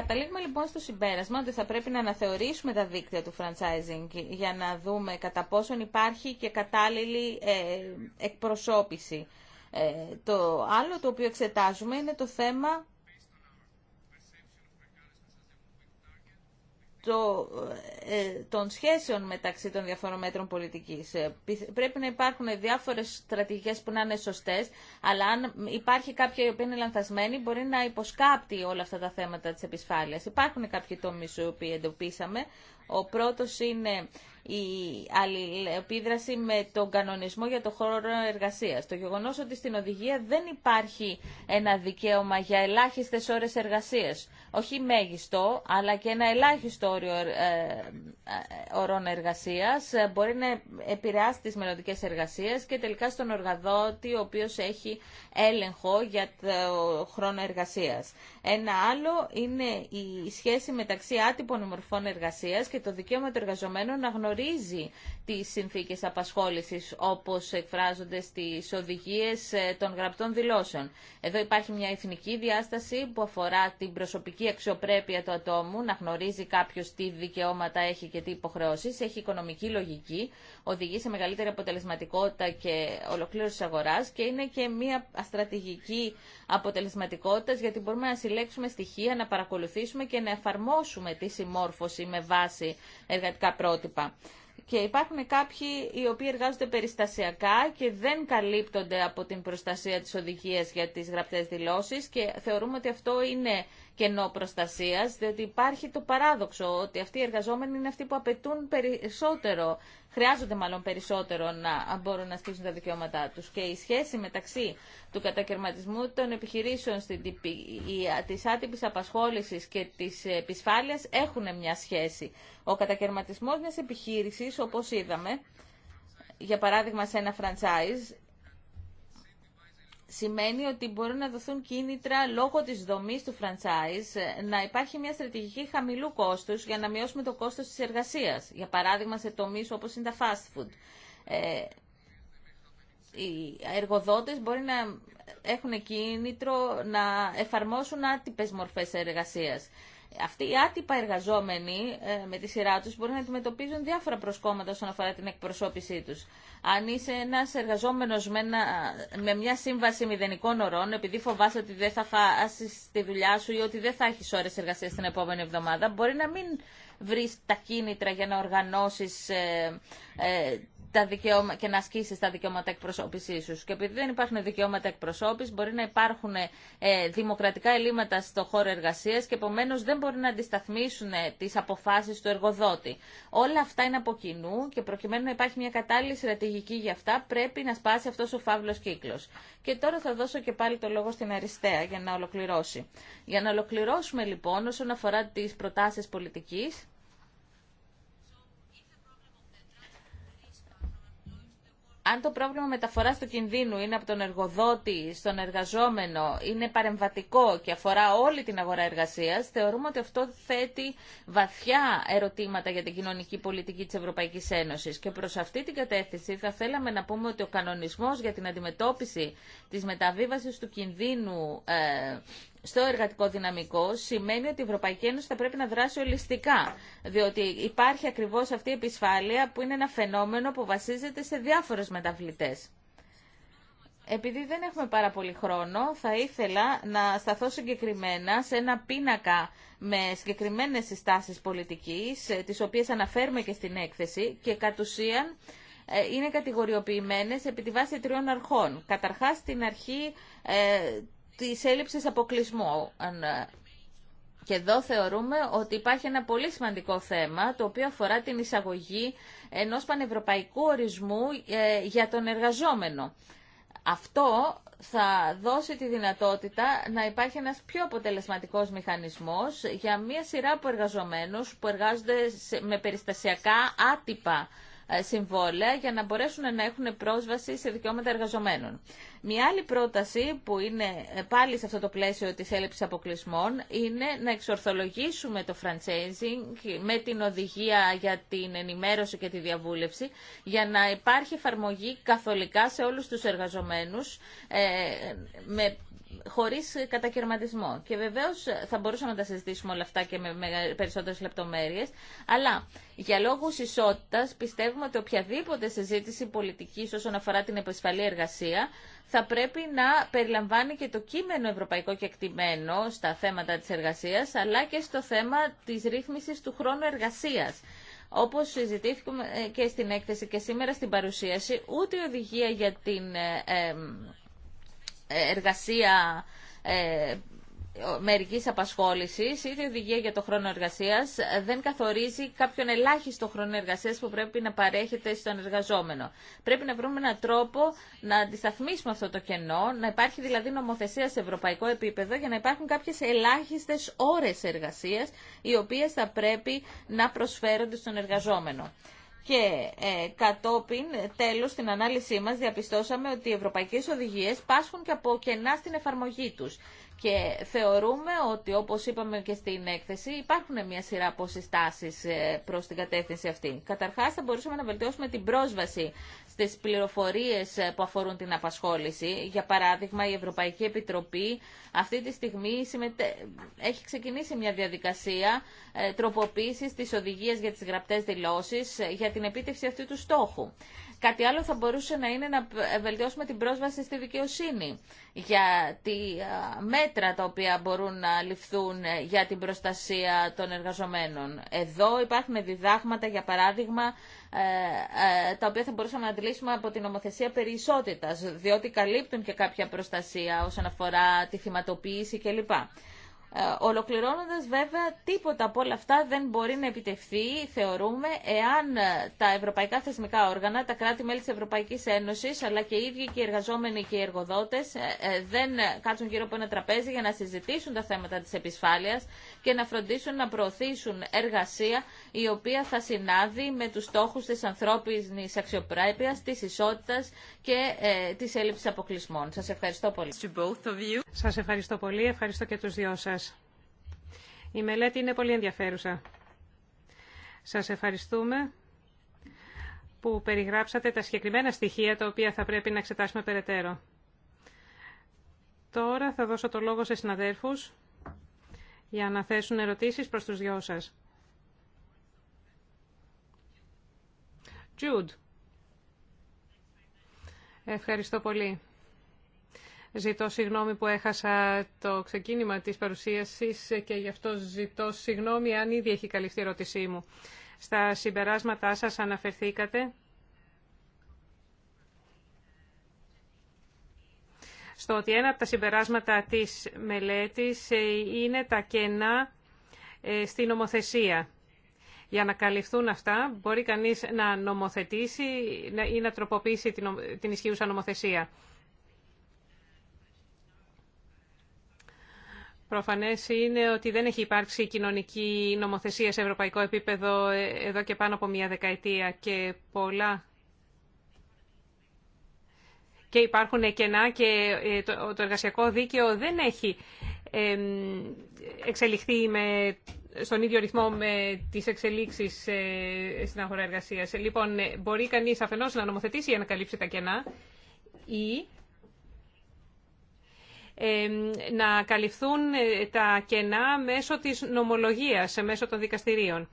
Καταλήγουμε λοιπόν στο συμπέρασμα ότι θα πρέπει να αναθεωρήσουμε τα δίκτυα του franchising για να δούμε κατά πόσον υπάρχει και κατάλληλη ε, εκπροσώπηση. Ε, το άλλο το οποίο εξετάζουμε είναι το θέμα το, ε, των σχέσεων μεταξύ των διαφορών μέτρων πολιτικής. Ε, πρέπει να υπάρχουν διάφορες στρατηγικές που να είναι σωστές, αλλά αν υπάρχει κάποια η οποία είναι λανθασμένη, μπορεί να υποσκάπτει όλα αυτά τα θέματα της επισφάλειας. Υπάρχουν κάποιοι τομείς που εντοπίσαμε. Ο πρώτος είναι η αλληλεπίδραση με τον κανονισμό για το χώρο εργασία. Το γεγονό ότι στην οδηγία δεν υπάρχει ένα δικαίωμα για ελάχιστες ώρες εργασία. Όχι μέγιστο, αλλά και ένα ελάχιστο όριο όρων ε, ε, εργασίας ε, μπορεί να επηρεάσει τις μελλοντικέ εργασίες και τελικά στον εργαδότη ο οποίος έχει έλεγχο για το χρόνο εργασία. Ένα άλλο είναι η σχέση μεταξύ άτυπων μορφών εργασία και το δικαίωμα του εργαζομένου να γνωρίζει τις συνθήκες απασχόλησης όπως εκφράζονται στις οδηγίες ε, των γραπτών δηλώσεων. Εδώ υπάρχει μια εθνική διάσταση που αφορά την προσωπική αξιοπρέπεια του ατόμου, να γνωρίζει κάποιο τι δικαιώματα έχει και τι υποχρεώσει. έχει οικονομική λογική, οδηγεί σε μεγαλύτερη αποτελεσματικότητα και ολοκλήρωση αγορά αγοράς και είναι και μια στρατηγική αποτελεσματικότητα γιατί μπορούμε να συλλέξουμε στοιχεία, να παρακολουθήσουμε και να εφαρμόσουμε τη συμμόρφωση με βάση εργατικά πρότυπα και υπάρχουν κάποιοι οι οποίοι εργάζονται περιστασιακά και δεν καλύπτονται από την προστασία της οδηγίας για τις γραπτές δηλώσεις και θεωρούμε ότι αυτό είναι κενό προστασία, διότι υπάρχει το παράδοξο ότι αυτοί οι εργαζόμενοι είναι αυτοί που απαιτούν περισσότερο, χρειάζονται μάλλον περισσότερο να μπορούν να στήσουν τα δικαιώματά τους. Και η σχέση μεταξύ του κατακαιρματισμού των επιχειρήσεων στην άτυπη της απασχόλησης και της επισφάλεια έχουν μια σχέση. Ο κατακαιρματισμό μια επιχείρηση, όπω είδαμε, για παράδειγμα σε ένα franchise, σημαίνει ότι μπορούν να δοθούν κίνητρα λόγω της δομής του franchise ε, να υπάρχει μια στρατηγική χαμηλού κόστους για να μειώσουμε το κόστος της εργασίας. Για παράδειγμα σε τομείς όπως είναι τα fast food. Ε, οι εργοδότες μπορεί να έχουν κίνητρο να εφαρμόσουν άτυπες μορφές εργασίας αυτοί οι άτυπα εργαζόμενοι ε, με τη σειρά τους μπορεί να αντιμετωπίζουν διάφορα προσκόμματα όσον αφορά την εκπροσώπησή τους. Αν είσαι ένας εργαζόμενος με, με μια σύμβαση μηδενικών ωρών, επειδή φοβάσαι ότι δεν θα χάσει τη δουλειά σου ή ότι δεν θα έχεις ώρες εργασίας την επόμενη εβδομάδα, μπορεί να μην βρει τα κίνητρα για να οργανώσεις ε, ε, τα δικαιώμα... και να ασκήσεις τα δικαιώματα εκπροσώπησή σου. Και επειδή δεν υπάρχουν δικαιώματα εκπροσώπης, μπορεί να υπάρχουν ε, δημοκρατικά ελλείμματα στο χώρο εργασία και επομένως δεν μπορεί να αντισταθμίσουν ε, τι αποφάσει του εργοδότη. Όλα αυτά είναι από κοινού και προκειμένου να υπάρχει μια κατάλληλη στρατηγική για αυτά, πρέπει να σπάσει αυτό ο φαύλο κύκλο. Και τώρα θα δώσω και πάλι το λόγο στην Αριστεία για να ολοκληρώσει. Για να ολοκληρώσουμε λοιπόν όσον αφορά τι προτάσει πολιτική. αν το πρόβλημα μεταφοράς του κινδύνου είναι από τον εργοδότη στον εργαζόμενο, είναι παρεμβατικό και αφορά όλη την αγορά εργασία, θεωρούμε ότι αυτό θέτει βαθιά ερωτήματα για την κοινωνική πολιτική της Ευρωπαϊκής Ένωσης. Και προς αυτή την κατεύθυνση θα θέλαμε να πούμε ότι ο κανονισμός για την αντιμετώπιση τη μεταβίβασης του κινδύνου ε, στο εργατικό δυναμικό σημαίνει ότι η Ευρωπαϊκή Ένωση θα πρέπει να δράσει ολιστικά, διότι υπάρχει ακριβώς αυτή η επισφάλεια που είναι ένα φαινόμενο που βασίζεται σε διάφορες μεταβλητέ. Επειδή δεν έχουμε πάρα πολύ χρόνο, θα ήθελα να σταθώ συγκεκριμένα σε ένα πίνακα με συγκεκριμένες συστάσεις πολιτικής, ε, τις οποίες αναφέρουμε και στην έκθεση και κατ' ουσίαν ε, είναι κατηγοριοποιημένες επί τη βάση τριών αρχών. Καταρχάς, στην αρχή ε, τη έλλειψη αποκλεισμού. Ε, και εδώ θεωρούμε ότι υπάρχει ένα πολύ σημαντικό θέμα, το οποίο αφορά την εισαγωγή ενός πανευρωπαϊκού ορισμού ε, για τον εργαζόμενο. Αυτό θα δώσει τη δυνατότητα να υπάρχει ένας πιο αποτελεσματικός μηχανισμός για μια σειρά από εργαζομένους που εργάζονται με περιστασιακά άτυπα ε, συμβόλαια για να μπορέσουν να έχουν πρόσβαση σε δικαιώματα εργαζομένων. Μια άλλη πρόταση που είναι ε, πάλι σε αυτό το πλαίσιο της έλλειψης αποκλεισμών είναι να εξορθολογήσουμε το franchising με την οδηγία για την ενημέρωση και τη διαβούλευση για να υπάρχει εφαρμογή καθολικά σε όλους τους εργαζομένους ε, χωρίς κατακαιρματισμό. Και βεβαίως ε, θα μπορούσαμε να τα συζητήσουμε όλα αυτά και με περισσότερες λεπτομέρειες, αλλά για λόγους ισότητα, πιστεύουμε ότι οποιαδήποτε συζήτηση πολιτικής όσον αφορά την επισφαλή εργασία θα πρέπει να περιλαμβάνει και το κείμενο ευρωπαϊκό κεκτημένο στα θέματα της εργασίας, αλλά και στο θέμα τη ρύθμιση του χρόνου εργασία. Όπω συζητήθηκε ε, και στην έκθεση και σήμερα στην παρουσίαση, ούτε η οδηγία για την... Ε, εργασία ε, μερικής απασχόλησης ή η οδηγία για το χρόνο εργασία, ε, δεν καθορίζει κάποιον ελάχιστο χρόνο εργασία που πρέπει να παρέχεται στον εργαζόμενο. Πρέπει να βρούμε έναν τρόπο να αντισταθμίσουμε αυτό το κενό, να υπάρχει δηλαδή νομοθεσία σε ευρωπαϊκό επίπεδο για να υπάρχουν κάποιες ελάχιστες ώρες εργασία οι οποίε θα πρέπει να προσφέρονται στον εργαζόμενο. Και ε, κατόπιν, τέλος, στην ανάλυση μας διαπιστώσαμε ότι οι ευρωπαϊκές οδηγίες πάσχουν και από κενά στην εφαρμογή τους. Και θεωρούμε ότι, όπως είπαμε και στην έκθεση, υπάρχουν μια σειρά από συστάσεις ε, προς την κατεύθυνση αυτή. Καταρχάς, θα μπορούσαμε να βελτιώσουμε την πρόσβαση στις πληροφορίες ε, που αφορούν την απασχόληση. Για παράδειγμα, η Ευρωπαϊκή Επιτροπή αυτή τη στιγμή έχει ξεκινήσει μια διαδικασία ε, τροποποίησης της οδηγίας για τις γραπτές δηλώσεις ε, για την επίτευξη αυτού του στόχου. Κάτι άλλο θα μπορούσε να είναι να βελτιώσουμε την πρόσβαση στη δικαιοσύνη για τη μέτρα τα οποία μπορούν να ληφθούν για την προστασία των εργαζομένων. Εδώ υπάρχουν διδάγματα, για παράδειγμα, ε, ε, τα οποία θα μπορούσαμε να αντιλήσουμε από την νομοθεσία περί διότι καλύπτουν και κάποια προστασία όσον αφορά τη θυματοποίηση κλπ. Ε, ολοκληρώνοντας βέβαια τίποτα από όλα αυτά δεν μπορεί να επιτευχθεί, θεωρούμε, εάν τα ευρωπαϊκά θεσμικά όργανα, τα κράτη-μέλη της Ευρωπαϊκής Ένωσης, αλλά και οι ίδιοι και οι εργαζόμενοι και οι εργοδότες δεν κάτσουν γύρω από ένα τραπέζι για να συζητήσουν τα θέματα της επισφάλειας και να φροντίσουν να προωθήσουν εργασία η οποία θα συνάδει με τους στόχους της ανθρώπινης αξιοπρέπειας, της ισότητας και ε, της έλλειψης αποκλεισμών. Σας ευχαριστώ πολύ. Σας ευχαριστώ πολύ. Ευχαριστώ και τους δυο σας. Η μελέτη είναι πολύ ενδιαφέρουσα. Σας ευχαριστούμε που περιγράψατε τα συγκεκριμένα στοιχεία τα οποία θα πρέπει να εξετάσουμε περαιτέρω. Τώρα θα δώσω το λόγο σε συναδέρφους για να θέσουν ερωτήσεις προς τους δυο σας. Jude. Ευχαριστώ πολύ. Ζητώ συγγνώμη που έχασα το ξεκίνημα της παρουσίασης και γι' αυτό ζητώ συγγνώμη αν ήδη έχει καλυφθεί η ερώτησή μου. Στα συμπεράσματά σας αναφερθήκατε στο ότι ένα από τα συμπεράσματα της μελέτης ε, είναι τα κενά ε, στην νομοθεσία. Για να καλυφθούν αυτά, μπορεί κανείς να νομοθετήσει ή να τροποποιήσει την ισχύουσα νομοθεσία. Προφανές είναι ότι δεν έχει υπάρξει κοινωνική νομοθεσία σε ευρωπαϊκό επίπεδο ε, εδώ και πάνω από μία δεκαετία και πολλά και υπάρχουν κενά και ε, το εργασιακό δίκαιο δεν έχει εξελιχθεί με, στον ίδιο ρυθμό με τις εξελίξεις ε, στην αγορά εργασίας. Ε, λοιπόν, μπορεί κανείς αφενός να νομοθετήσει για να καλύψει τα κενά ή να καλυφθούν τα κενά μέσω της νομολογίας, μέσω των δικαστηρίων.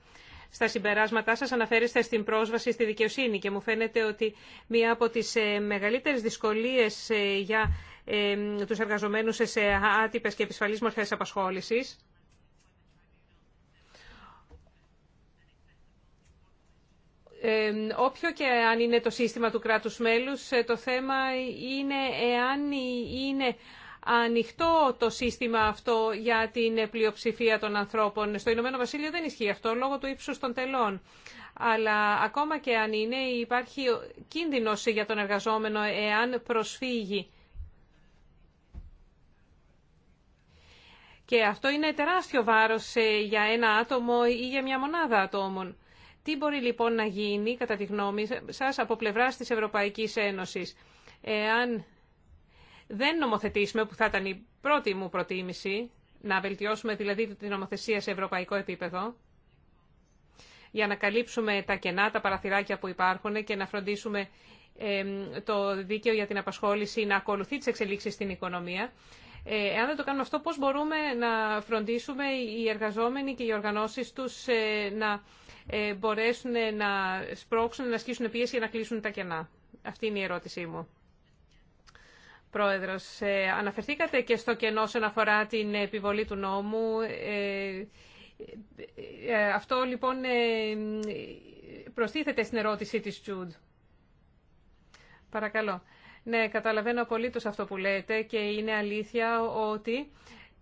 Στα συμπεράσματά σας αναφέρεστε στην πρόσβαση στη δικαιοσύνη και μου φαίνεται ότι μία από τις ε, μεγαλύτερες δυσκολίες ε, για ε, τους εργαζομένους σε άτυπες και επισφαλείς μορφές απασχόλησης όποιο και αν είναι το σύστημα του κράτους μέλους, το θέμα είναι εάν είναι ανοιχτό το σύστημα αυτό για την πλειοψηφία των ανθρώπων. Στο Ηνωμένο Βασίλειο δεν ισχύει αυτό λόγω του ύψους των τελών. Αλλά ακόμα και αν είναι υπάρχει κίνδυνος για τον εργαζόμενο εάν προσφύγει. Και αυτό είναι τεράστιο βάρος ε, για ένα άτομο ή για μια μονάδα ατόμων. Τι μπορεί λοιπόν να γίνει, κατά τη γνώμη σας, από πλευράς της Ευρωπαϊκής Ένωσης, εάν δεν νομοθετήσουμε, που θα ήταν η πρώτη μου προτίμηση, να βελτιώσουμε δηλαδή την νομοθεσία σε ευρωπαϊκό επίπεδο, για να καλύψουμε τα κενά, τα παραθυράκια που υπάρχουν και να φροντίσουμε το δίκαιο για την απασχόληση να ακολουθεί τις εξελίξεις στην οικονομία. Ε, εάν δεν το κάνουμε αυτό, πώς μπορούμε να φροντίσουμε οι εργαζόμενοι και οι οργανώσεις τους ε, να ε, μπορέσουν να σπρώξουν, να ασκήσουν πίεση για να κλείσουν τα κενά. Αυτή είναι η ερώτησή μου. Πρόεδρος, ε, αναφερθήκατε και στο κενό όσον αφορά την επιβολή του νόμου. Ε, ε, αυτό λοιπόν προστίθεται στην ερώτηση της Τζούντ. Παρακαλώ. Ναι, καταλαβαίνω απολύτως αυτό που λέτε και είναι αλήθεια ότι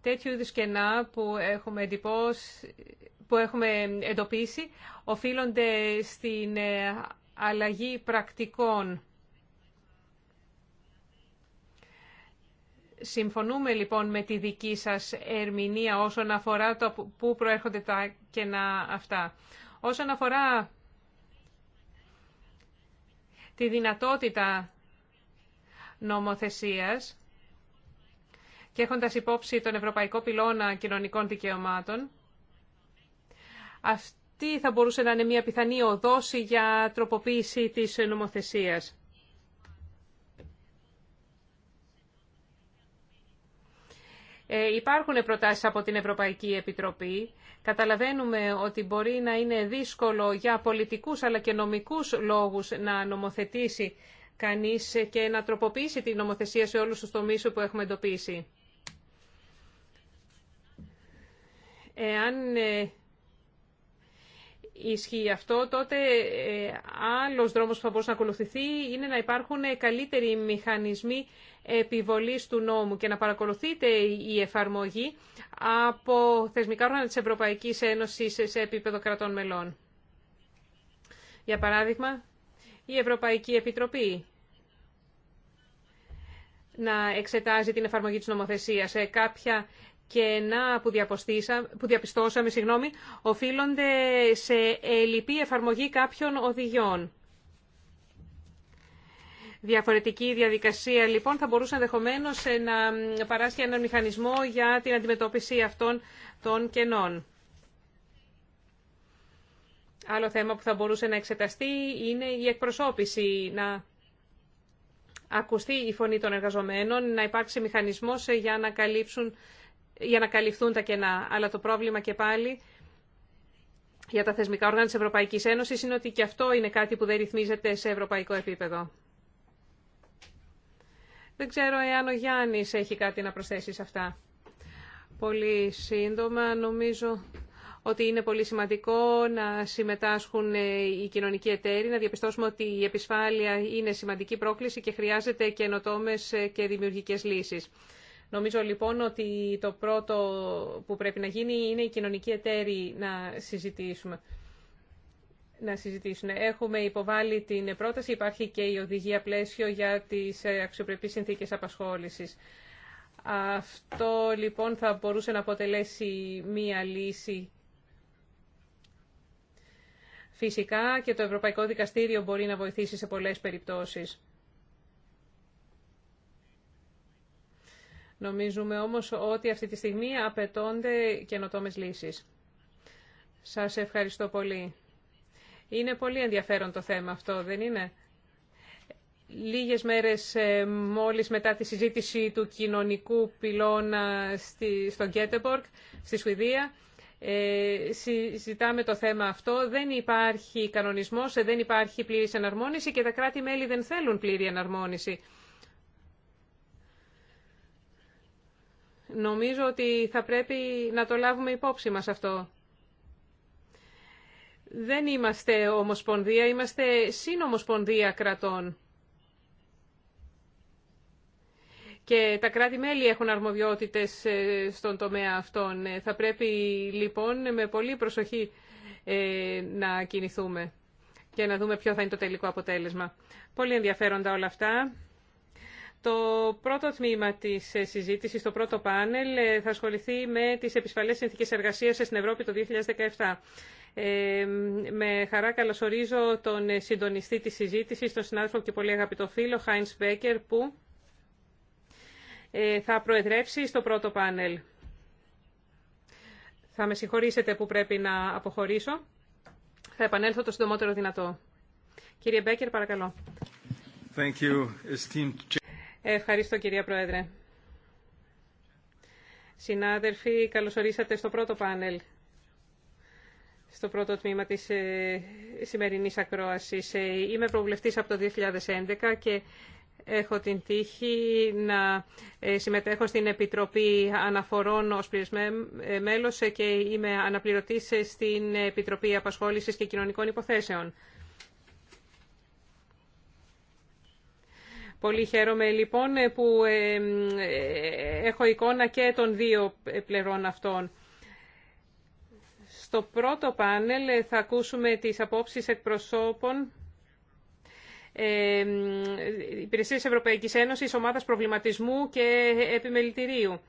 τέτοιου είδους κενά που έχουμε, εντυπώσει, που έχουμε εντοπίσει οφείλονται στην αλλαγή πρακτικών Συμφωνούμε λοιπόν με τη δική σας ερμηνεία όσον αφορά το πού προέρχονται τα κενά αυτά. Όσον αφορά τη δυνατότητα νομοθεσίας και έχοντας υπόψη τον Ευρωπαϊκό Πυλώνα Κοινωνικών Δικαιωμάτων, αυτή θα μπορούσε να είναι μια πιθανή οδόση για τροποποίηση της νομοθεσίας. Ε, υπάρχουν προτάσεις από την Ευρωπαϊκή Επιτροπή. Καταλαβαίνουμε ότι μπορεί να είναι δύσκολο για πολιτικούς αλλά και νομικούς λόγους να νομοθετήσει κανείς και να τροποποιήσει την νομοθεσία σε όλους τους τομείς που έχουμε εντοπίσει. Εάν ε, ισχύει αυτό, τότε ε, άλλος δρόμος που θα μπορούσε να ακολουθηθεί είναι να υπάρχουν ε, καλύτεροι μηχανισμοί επιβολής του νόμου και να παρακολουθείται η εφαρμογή από θεσμικά όργανα της Ευρωπαϊκής Ένωσης σε επίπεδο κρατών μελών. Για παράδειγμα, η Ευρωπαϊκή Επιτροπή να εξετάζει την εφαρμογή της νομοθεσίας. Ε, κάποια κενά που, που διαπιστώσαμε συγγνώμη, οφείλονται σε ελλειπή εφαρμογή κάποιων οδηγιών. Διαφορετική διαδικασία λοιπόν θα μπορούσε ενδεχομένω να παράσχει έναν μηχανισμό για την αντιμετώπιση αυτών των κενών. Άλλο θέμα που θα μπορούσε να εξεταστεί είναι η εκπροσώπηση, να ακουστεί η φωνή των εργαζομένων, να υπάρξει μηχανισμός για να καλύψουν για να καλυφθούν τα κενά. Αλλά το πρόβλημα και πάλι για τα θεσμικά όργανα της Ευρωπαϊκής Ένωσης είναι ότι και αυτό είναι κάτι που δεν ρυθμίζεται σε ευρωπαϊκό επίπεδο. Δεν ξέρω εάν ο Γιάννης έχει κάτι να προσθέσει σε αυτά. Πολύ σύντομα νομίζω ότι είναι πολύ σημαντικό να συμμετάσχουν οι κοινωνικοί εταίροι, να διαπιστώσουμε ότι η επισφάλεια είναι σημαντική πρόκληση και χρειάζεται καινοτόμε και δημιουργικές λύσεις. Νομίζω λοιπόν ότι το πρώτο που πρέπει να γίνει είναι οι κοινωνικοί εταίροι να συζητήσουμε. Να συζητήσουν. Έχουμε υποβάλει την πρόταση, υπάρχει και η οδηγία πλαίσιο για τις ε, αξιοπρεπείς συνθήκες απασχόλησης. Αυτό λοιπόν θα μπορούσε να αποτελέσει μία λύση. Φυσικά και το Ευρωπαϊκό Δικαστήριο μπορεί να βοηθήσει σε πολλές περιπτώσεις. Νομίζουμε όμως ότι αυτή τη στιγμή απαιτώνται καινοτόμες λύσεις. Σας ευχαριστώ πολύ. Είναι πολύ ενδιαφέρον το θέμα αυτό, δεν είναι? Λίγες μέρες ε, μόλις μετά τη συζήτηση του κοινωνικού πυλώνα στο Γκέτεμπορκ, στη Σουηδία, ε, συζητάμε το θέμα αυτό. Δεν υπάρχει κανονισμός, ε, δεν υπάρχει πλήρης εναρμόνιση και τα κράτη-μέλη δεν θέλουν πλήρη εναρμόνιση. Νομίζω ότι θα πρέπει να το λάβουμε υπόψη μας αυτό. Δεν είμαστε ομοσπονδία, είμαστε συνομοσπονδία κρατών. Και τα κράτη-μέλη έχουν αρμοδιότητες ε, στον τομέα αυτών. Ε, θα πρέπει λοιπόν με πολύ προσοχή ε, να κινηθούμε και να δούμε ποιο θα είναι το τελικό αποτέλεσμα. Πολύ ενδιαφέροντα όλα αυτά. Το πρώτο τμήμα της ε, συζήτησης, το πρώτο πάνελ, ε, θα ασχοληθεί με τις επισφαλές συνθήκε εργασία στην Ευρώπη το 2017. Ε, με χαρά καλωσορίζω τον ε, συντονιστή της συζήτησης, τον συνάδελφο και πολύ αγαπητό φίλο, Χάιν Μπέκερ, που θα προεδρεύσει στο πρώτο πάνελ. Θα με συγχωρήσετε που πρέπει να αποχωρήσω. Θα επανέλθω το συντομότερο δυνατό. Κύριε Μπέκερ, παρακαλώ. Thank you, Ευχαριστώ κυρία Πρόεδρε. Συνάδελφοι, καλωσορίσατε στο πρώτο πάνελ, στο πρώτο τμήμα της ε, σημερινής ακρόασης. Ε, είμαι προβλεφτής από το 2011 και έχω την τύχη να ε, συμμετέχω στην Επιτροπή Αναφορών ως μέλος και είμαι αναπληρωτής στην Επιτροπή Απασχόλησης και Κοινωνικών Υποθέσεων. Πολύ χαίρομαι λοιπόν ε, που ε, ε, έχω εικόνα και των δύο πλευρών αυτών. Στο πρώτο πάνελ θα ακούσουμε τις απόψεις εκπροσώπων ε, Υπηρεσίας Ευρωπαϊκής Ένωσης, Ομάδας Προβληματισμού και Επιμελητηρίου.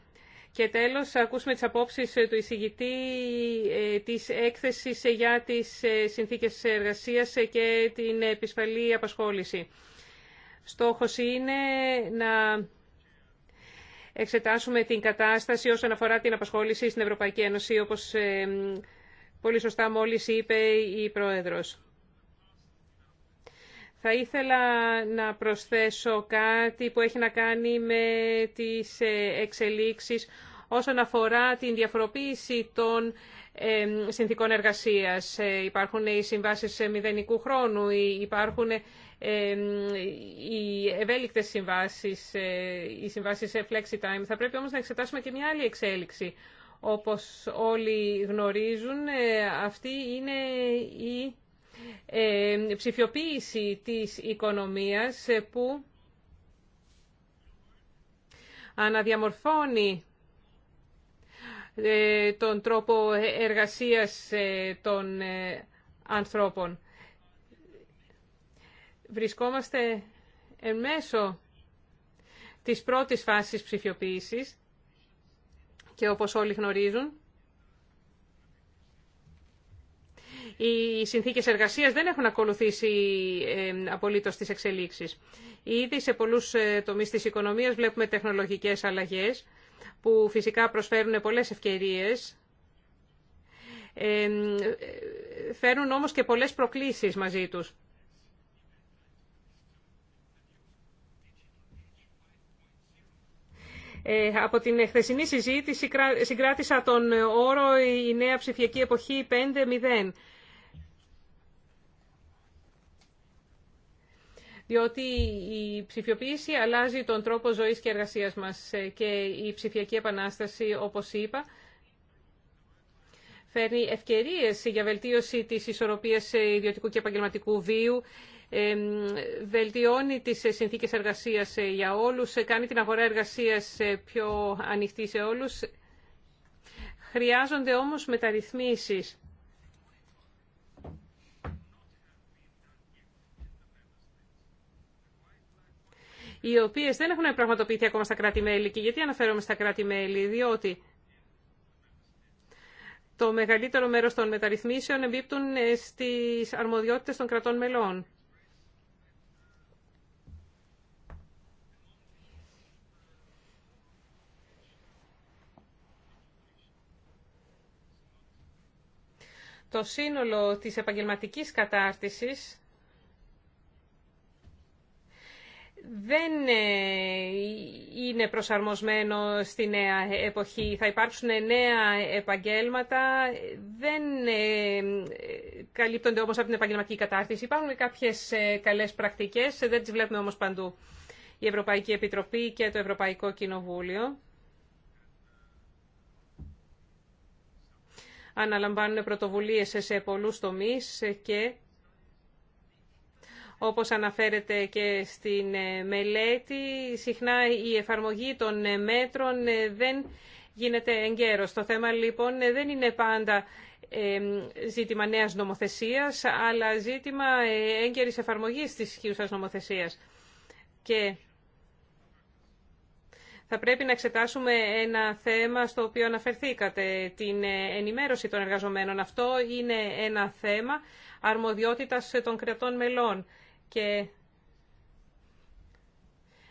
Και τέλος, θα ακούσουμε τις απόψεις του εισηγητή της έκθεσης για τις συνθήκες εργασίας και την επισφαλή απασχόληση. Στόχος είναι να εξετάσουμε την κατάσταση όσον αφορά την απασχόληση στην Ευρωπαϊκή Ένωση, όπως ε, πολύ σωστά μόλις είπε η Πρόεδρος. Θα ήθελα να προσθέσω κάτι που έχει να κάνει με τις ε, εξελίξεις όσον αφορά την διαφοροποίηση των ε, συνθήκων εργασίας. Υπάρχουν οι συμβάσεις μηδενικού χρόνου, υπάρχουν οι ευέλικτες συμβάσεις, ε, οι συμβάσεις flexi time. Θα πρέπει όμως να εξετάσουμε και μια άλλη εξέλιξη. Όπως όλοι γνωρίζουν, ε, αυτή είναι η ε, ψηφιοποίηση της οικονομίας που αναδιαμορφώνει τον τρόπο εργασίας των ανθρώπων βρισκόμαστε εν μέσω της πρώτης φάσης ψηφιοποίησης και όπως όλοι γνωρίζουν, οι συνθήκες εργασίας δεν έχουν ακολουθήσει απολύτως τις εξελίξεις. Ήδη σε πολλούς ε, τομείς της οικονομίας βλέπουμε τεχνολογικές αλλαγές που φυσικά προσφέρουν πολλές ευκαιρίες, ε, φέρουν όμως και πολλές προκλήσεις μαζί τους. Ε, από την χθεσινή συζήτηση συγκράτησα τον όρο «Η νέα ψηφιακή εποχή 5.0». διότι η ψηφιοποίηση αλλάζει τον τρόπο ζωής και εργασίας μας ε, και η ψηφιακή επανάσταση, όπως είπα, φέρνει ευκαιρίες για βελτίωση της ισορροπίας ε, ιδιωτικού και επαγγελματικού βίου, βελτιώνει τις συνθήκες εργασίας ε, για όλους, ε, κάνει την αγορά εργασίας ε, πιο ανοιχτή σε όλους. Χρειάζονται όμως μεταρρυθμίσεις. οι οποίες δεν έχουν πραγματοποιηθεί ακόμα στα κράτη-μέλη. Και γιατί αναφέρομαι στα κράτη-μέλη, διότι το μεγαλύτερο μέρος των μεταρρυθμίσεων εμπίπτουν στις αρμοδιότητες των κρατών μελών. το σύνολο της επαγγελματικής κατάρτισης δεν ε, είναι προσαρμοσμένο στη νέα εποχή. Θα υπάρξουν νέα επαγγέλματα, δεν ε, καλύπτονται όμως από την επαγγελματική κατάρτιση. Υπάρχουν κάποιες ε, καλές πρακτικές, δεν τις βλέπουμε όμως παντού. Η Ευρωπαϊκή Επιτροπή και το Ευρωπαϊκό Κοινοβούλιο αναλαμβάνουν πρωτοβουλίες σε πολλούς τομείς και όπως αναφέρεται και στην ε, μελέτη, συχνά η εφαρμογή των ε, μέτρων ε, δεν γίνεται εγκαίρος. Το θέμα λοιπόν δεν είναι πάντα ζήτημα νέας νομοθεσίας, αλλά ζήτημα έγκαιρης εφαρμογής της ισχύουσας νομοθεσίας. Και θα πρέπει να εξετάσουμε ένα θέμα στο οποίο αναφερθήκατε, την ενημέρωση των εργαζομένων. Αυτό είναι ένα θέμα αρμοδιότητας των κρατών μελών και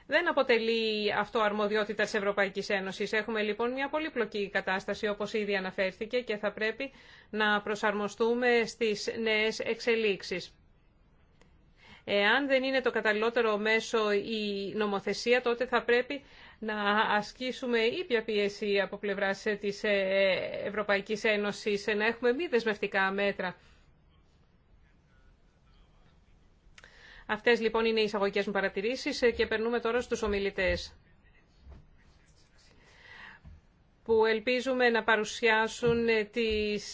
δεν αποτελεί αυτό αρμοδιότητα της Ευρωπαϊκής Ένωσης. Έχουμε λοιπόν μια πολύπλοκη κατάσταση όπως ήδη αναφέρθηκε και θα πρέπει να προσαρμοστούμε στις νέες εξελίξεις. Εάν δεν είναι το καταλληλότερο μέσο η νομοθεσία, τότε θα πρέπει να ασκήσουμε ήπια πίεση από πλευρά ε, της ε, Ευρωπαϊκής Ένωσης, ε, να έχουμε μη δεσμευτικά μέτρα. Αυτές λοιπόν είναι οι εισαγωγικές μου παρατηρήσεις και περνούμε τώρα στους ομιλητές που ελπίζουμε να παρουσιάσουν τις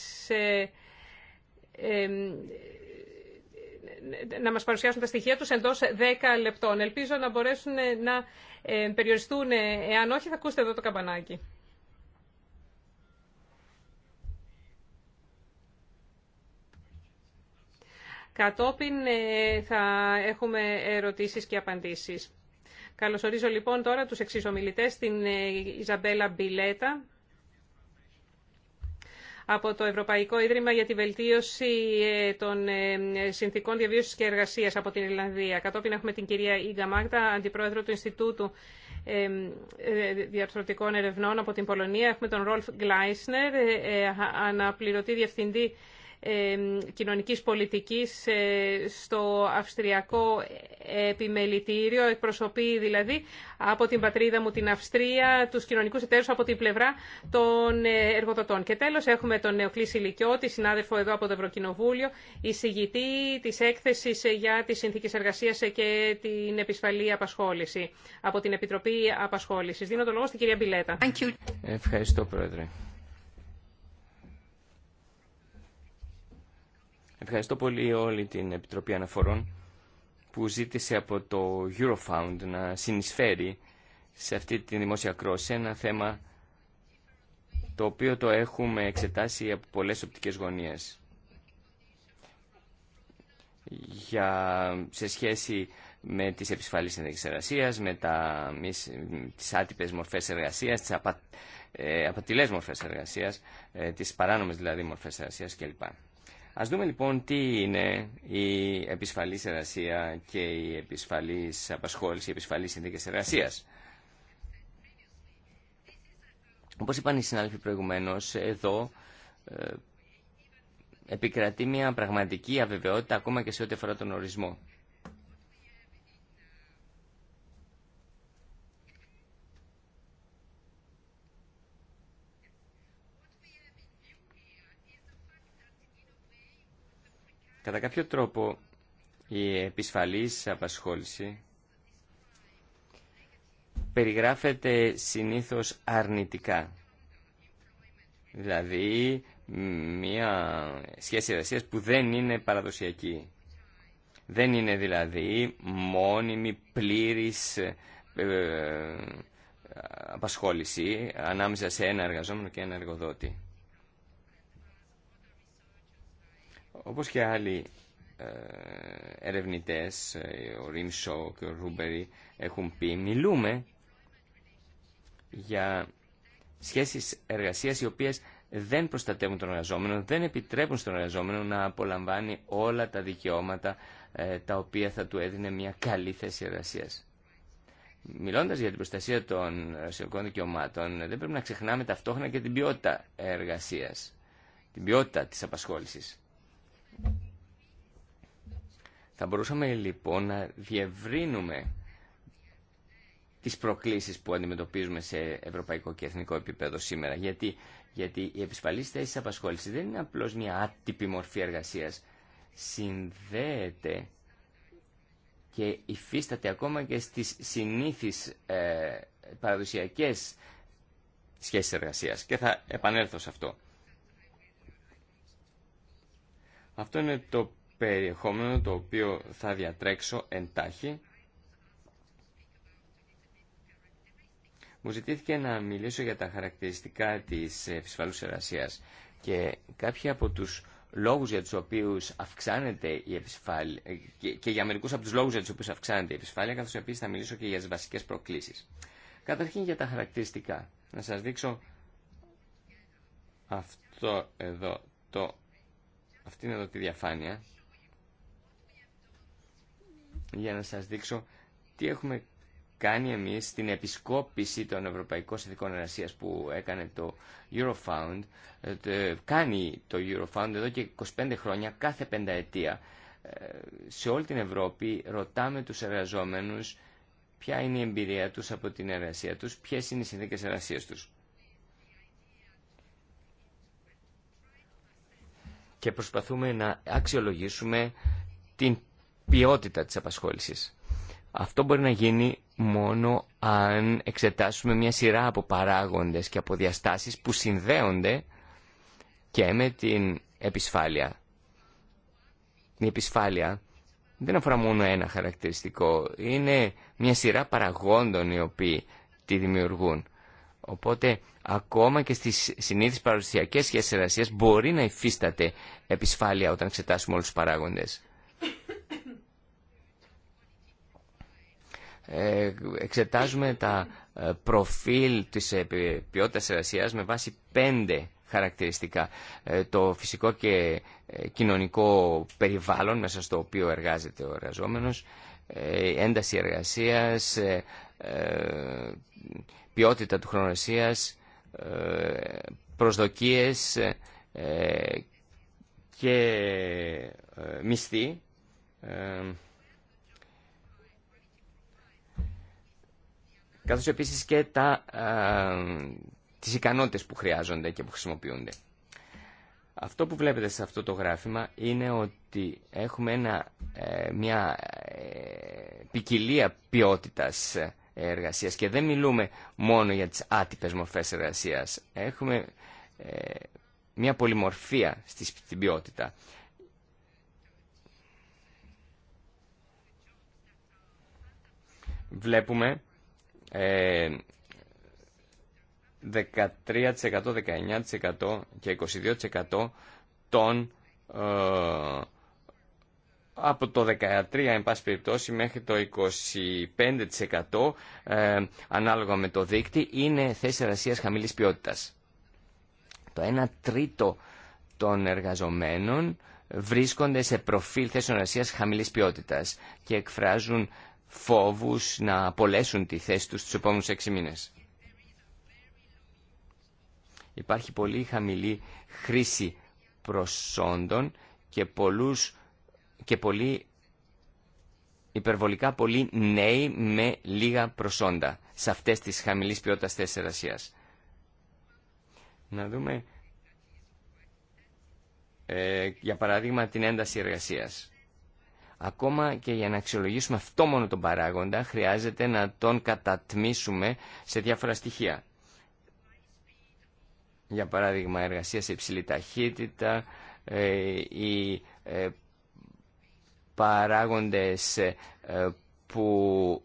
να μας παρουσιάσουν τα στοιχεία τους εντός 10 λεπτών. Ελπίζω να μπορέσουν να ε, περιοριστούν. Ε, εάν όχι, θα ακούσετε εδώ το καμπανάκι. Κατόπιν ε, θα έχουμε ερωτήσεις και απαντήσεις. Καλωσορίζω λοιπόν τώρα τους εξής ομιλητές, την Ιζαμπέλα Μπιλέτα, από το Ευρωπαϊκό Ίδρυμα για τη Βελτίωση ε, των ε, Συνθήκων Διαβίωσης και Εργασίας από την Ιρλανδία. Κατόπιν έχουμε την κυρία Ίγκα Μάγτα, Αντιπρόεδρο του Ινστιτούτου ε, Διαρθρωτικών Ερευνών από την Πολωνία. Έχουμε τον Ρολφ Γκλάισνερ, αναπληρωτή διευθυντή κοινωνικής πολιτικής ε, στο Αυστριακό Επιμελητήριο. Εκπροσωπεί δηλαδή από την πατρίδα μου την Αυστρία, τους κοινωνικούς εταίρους από την πλευρά των ε, εργοδοτών. Και τέλος έχουμε τον Νεοκλή Σιλικιώτη, συνάδελφο εδώ από το Ευρωκοινοβούλιο, εισηγητή της έκθεσης ε, για τη συνθήκη εργασίας και την επισφαλή απασχόληση από την Επιτροπή Απασχόλησης. Δίνω το λόγο στην κυρία Μπιλέτα. Ευχαριστώ, Πρόεδρε. Ευχαριστώ πολύ όλη την Επιτροπή Αναφορών που ζήτησε από το Eurofound να συνεισφέρει σε αυτή τη δημόσια κρόση ένα θέμα το οποίο το έχουμε εξετάσει από πολλές οπτικές γωνίες. Για, σε σχέση με τις επισφαλείς συνδέξεις εργασίας, με τα, τις άτυπες μορφές εργασίας, τις απα, ε, απατηλές μορφές εργασίας, ε, τις παράνομες δηλαδή μορφές εργασίας κλπ. Ας δούμε λοιπόν τι είναι η επισφαλής εργασία και η επισφαλής απασχόληση, η επισφαλής συνθήκες εργασίας. Όπως είπαν οι συνάδελφοι προηγουμένως, εδώ ε, επικρατεί μια πραγματική αβεβαιότητα ακόμα και σε ό,τι αφορά τον ορισμό. Κατά κάποιο τρόπο η επισφαλής απασχόληση περιγράφεται συνήθως αρνητικά. Δηλαδή μια σχέση εργασία που δεν είναι παραδοσιακή. Δεν είναι δηλαδή μόνιμη, πλήρης ε, απασχόληση ανάμεσα σε ένα εργαζόμενο και ένα εργοδότη. Όπως και άλλοι ε, ερευνητές, ε, ο Ριμ και ο Ρούμπερι έχουν πει, μιλούμε για σχέσεις εργασίας οι οποίες δεν προστατεύουν τον εργαζόμενο, δεν επιτρέπουν στον εργαζόμενο να απολαμβάνει όλα τα δικαιώματα ε, τα οποία θα του έδινε μια καλή θέση εργασίας. Μιλώντας για την προστασία των εργασιακών δικαιωμάτων, δεν πρέπει να ξεχνάμε ταυτόχρονα και την ποιότητα εργασίας, την ποιότητα της απασχόλησης. Θα μπορούσαμε λοιπόν να διευρύνουμε τις προκλήσεις που αντιμετωπίζουμε σε ευρωπαϊκό και εθνικό επίπεδο σήμερα. Γιατί, γιατί οι θέση θέσεις απασχόλησης δεν είναι απλώς μια άτυπη μορφή εργασίας. Συνδέεται και υφίσταται ακόμα και στις συνήθεις ε, παραδοσιακές σχέσεις εργασίας. Και θα επανέλθω σε αυτό. Αυτό είναι το περιεχόμενο το οποίο θα διατρέξω εντάχει. Μου ζητήθηκε να μιλήσω για τα χαρακτηριστικά της επισφαλούς εργασίας και κάποιοι από τους λόγους για τους οποίους αυξάνεται η επισφάλεια και για μερικούς από τους λόγους για τους οποίους αυξάνεται η επισφάλεια καθώς επίσης θα μιλήσω και για τις βασικές προκλήσεις. Καταρχήν για τα χαρακτηριστικά. Να σας δείξω αυτό εδώ το είναι εδώ τη διαφάνεια για να σας δείξω τι έχουμε κάνει εμείς στην επισκόπηση των Ευρωπαϊκών Συνθηκών Εργασίας που έκανε το Eurofound. Ε, κάνει το Eurofound εδώ και 25 χρόνια, κάθε πενταετία. Ε, σε όλη την Ευρώπη ρωτάμε τους εργαζόμενους ποια είναι η εμπειρία τους από την εργασία τους, ποιες είναι οι συνθήκες εργασίας τους. και προσπαθούμε να αξιολογήσουμε την ποιότητα της απασχόλησης. Αυτό μπορεί να γίνει μόνο αν εξετάσουμε μια σειρά από παράγοντες και από διαστάσεις που συνδέονται και με την επισφάλεια. Η επισφάλεια δεν αφορά μόνο ένα χαρακτηριστικό, είναι μια σειρά παραγόντων οι οποίοι τη δημιουργούν. Οπότε ακόμα και στις συνήθεις παρουσιακές σχέσεις εργασίας μπορεί να υφίσταται επισφάλεια όταν εξετάσουμε όλους τους παράγοντες. Ε, εξετάζουμε τα ε, προφίλ της ε, ποιότητας εργασίας με βάση πέντε χαρακτηριστικά. το φυσικό και κοινωνικό περιβάλλον μέσα στο οποίο εργάζεται ο εργαζόμενος, ε, ένταση εργασίας, ποιότητα του χρονοεσίας, ε, προσδοκίες ε, και ε, μισθή. καθώς επίσης και τα, τις ικανότητες που χρειάζονται και που χρησιμοποιούνται. Αυτό που βλέπετε σε αυτό το γράφημα είναι ότι έχουμε ένα, μια ποικιλία ποιότητας εργασίας και δεν μιλούμε μόνο για τις άτυπες μορφές εργασίας. Έχουμε ε, μια πολυμορφία στην ποιότητα. Βλέπουμε ε, 13%, 19% και 22% των ε, από το 13% εν πάση περιπτώσει μέχρι το 25% ε, ανάλογα με το δίκτυ είναι θέσεις εργασία χαμηλής ποιότητας. Το 1 τρίτο των εργαζομένων βρίσκονται σε προφίλ θέσεων εργασία χαμηλής ποιότητας και εκφράζουν φόβους να απολέσουν τη θέση τους στους επόμενους 6 μήνες. Υπάρχει πολύ χαμηλή χρήση προσόντων και πολλούς και πολύ υπερβολικά πολύ νέοι με λίγα προσόντα σε αυτές τις χαμηλής ποιότητας θέσεις εργασίας. Να δούμε, ε, για παράδειγμα, την ένταση εργασίας. Ακόμα και για να αξιολογήσουμε αυτό μόνο τον παράγοντα, χρειάζεται να τον κατατμήσουμε σε διάφορα στοιχεία. Για παράδειγμα, εργασία σε υψηλή ταχύτητα, ε, η ε, παράγοντες ε, που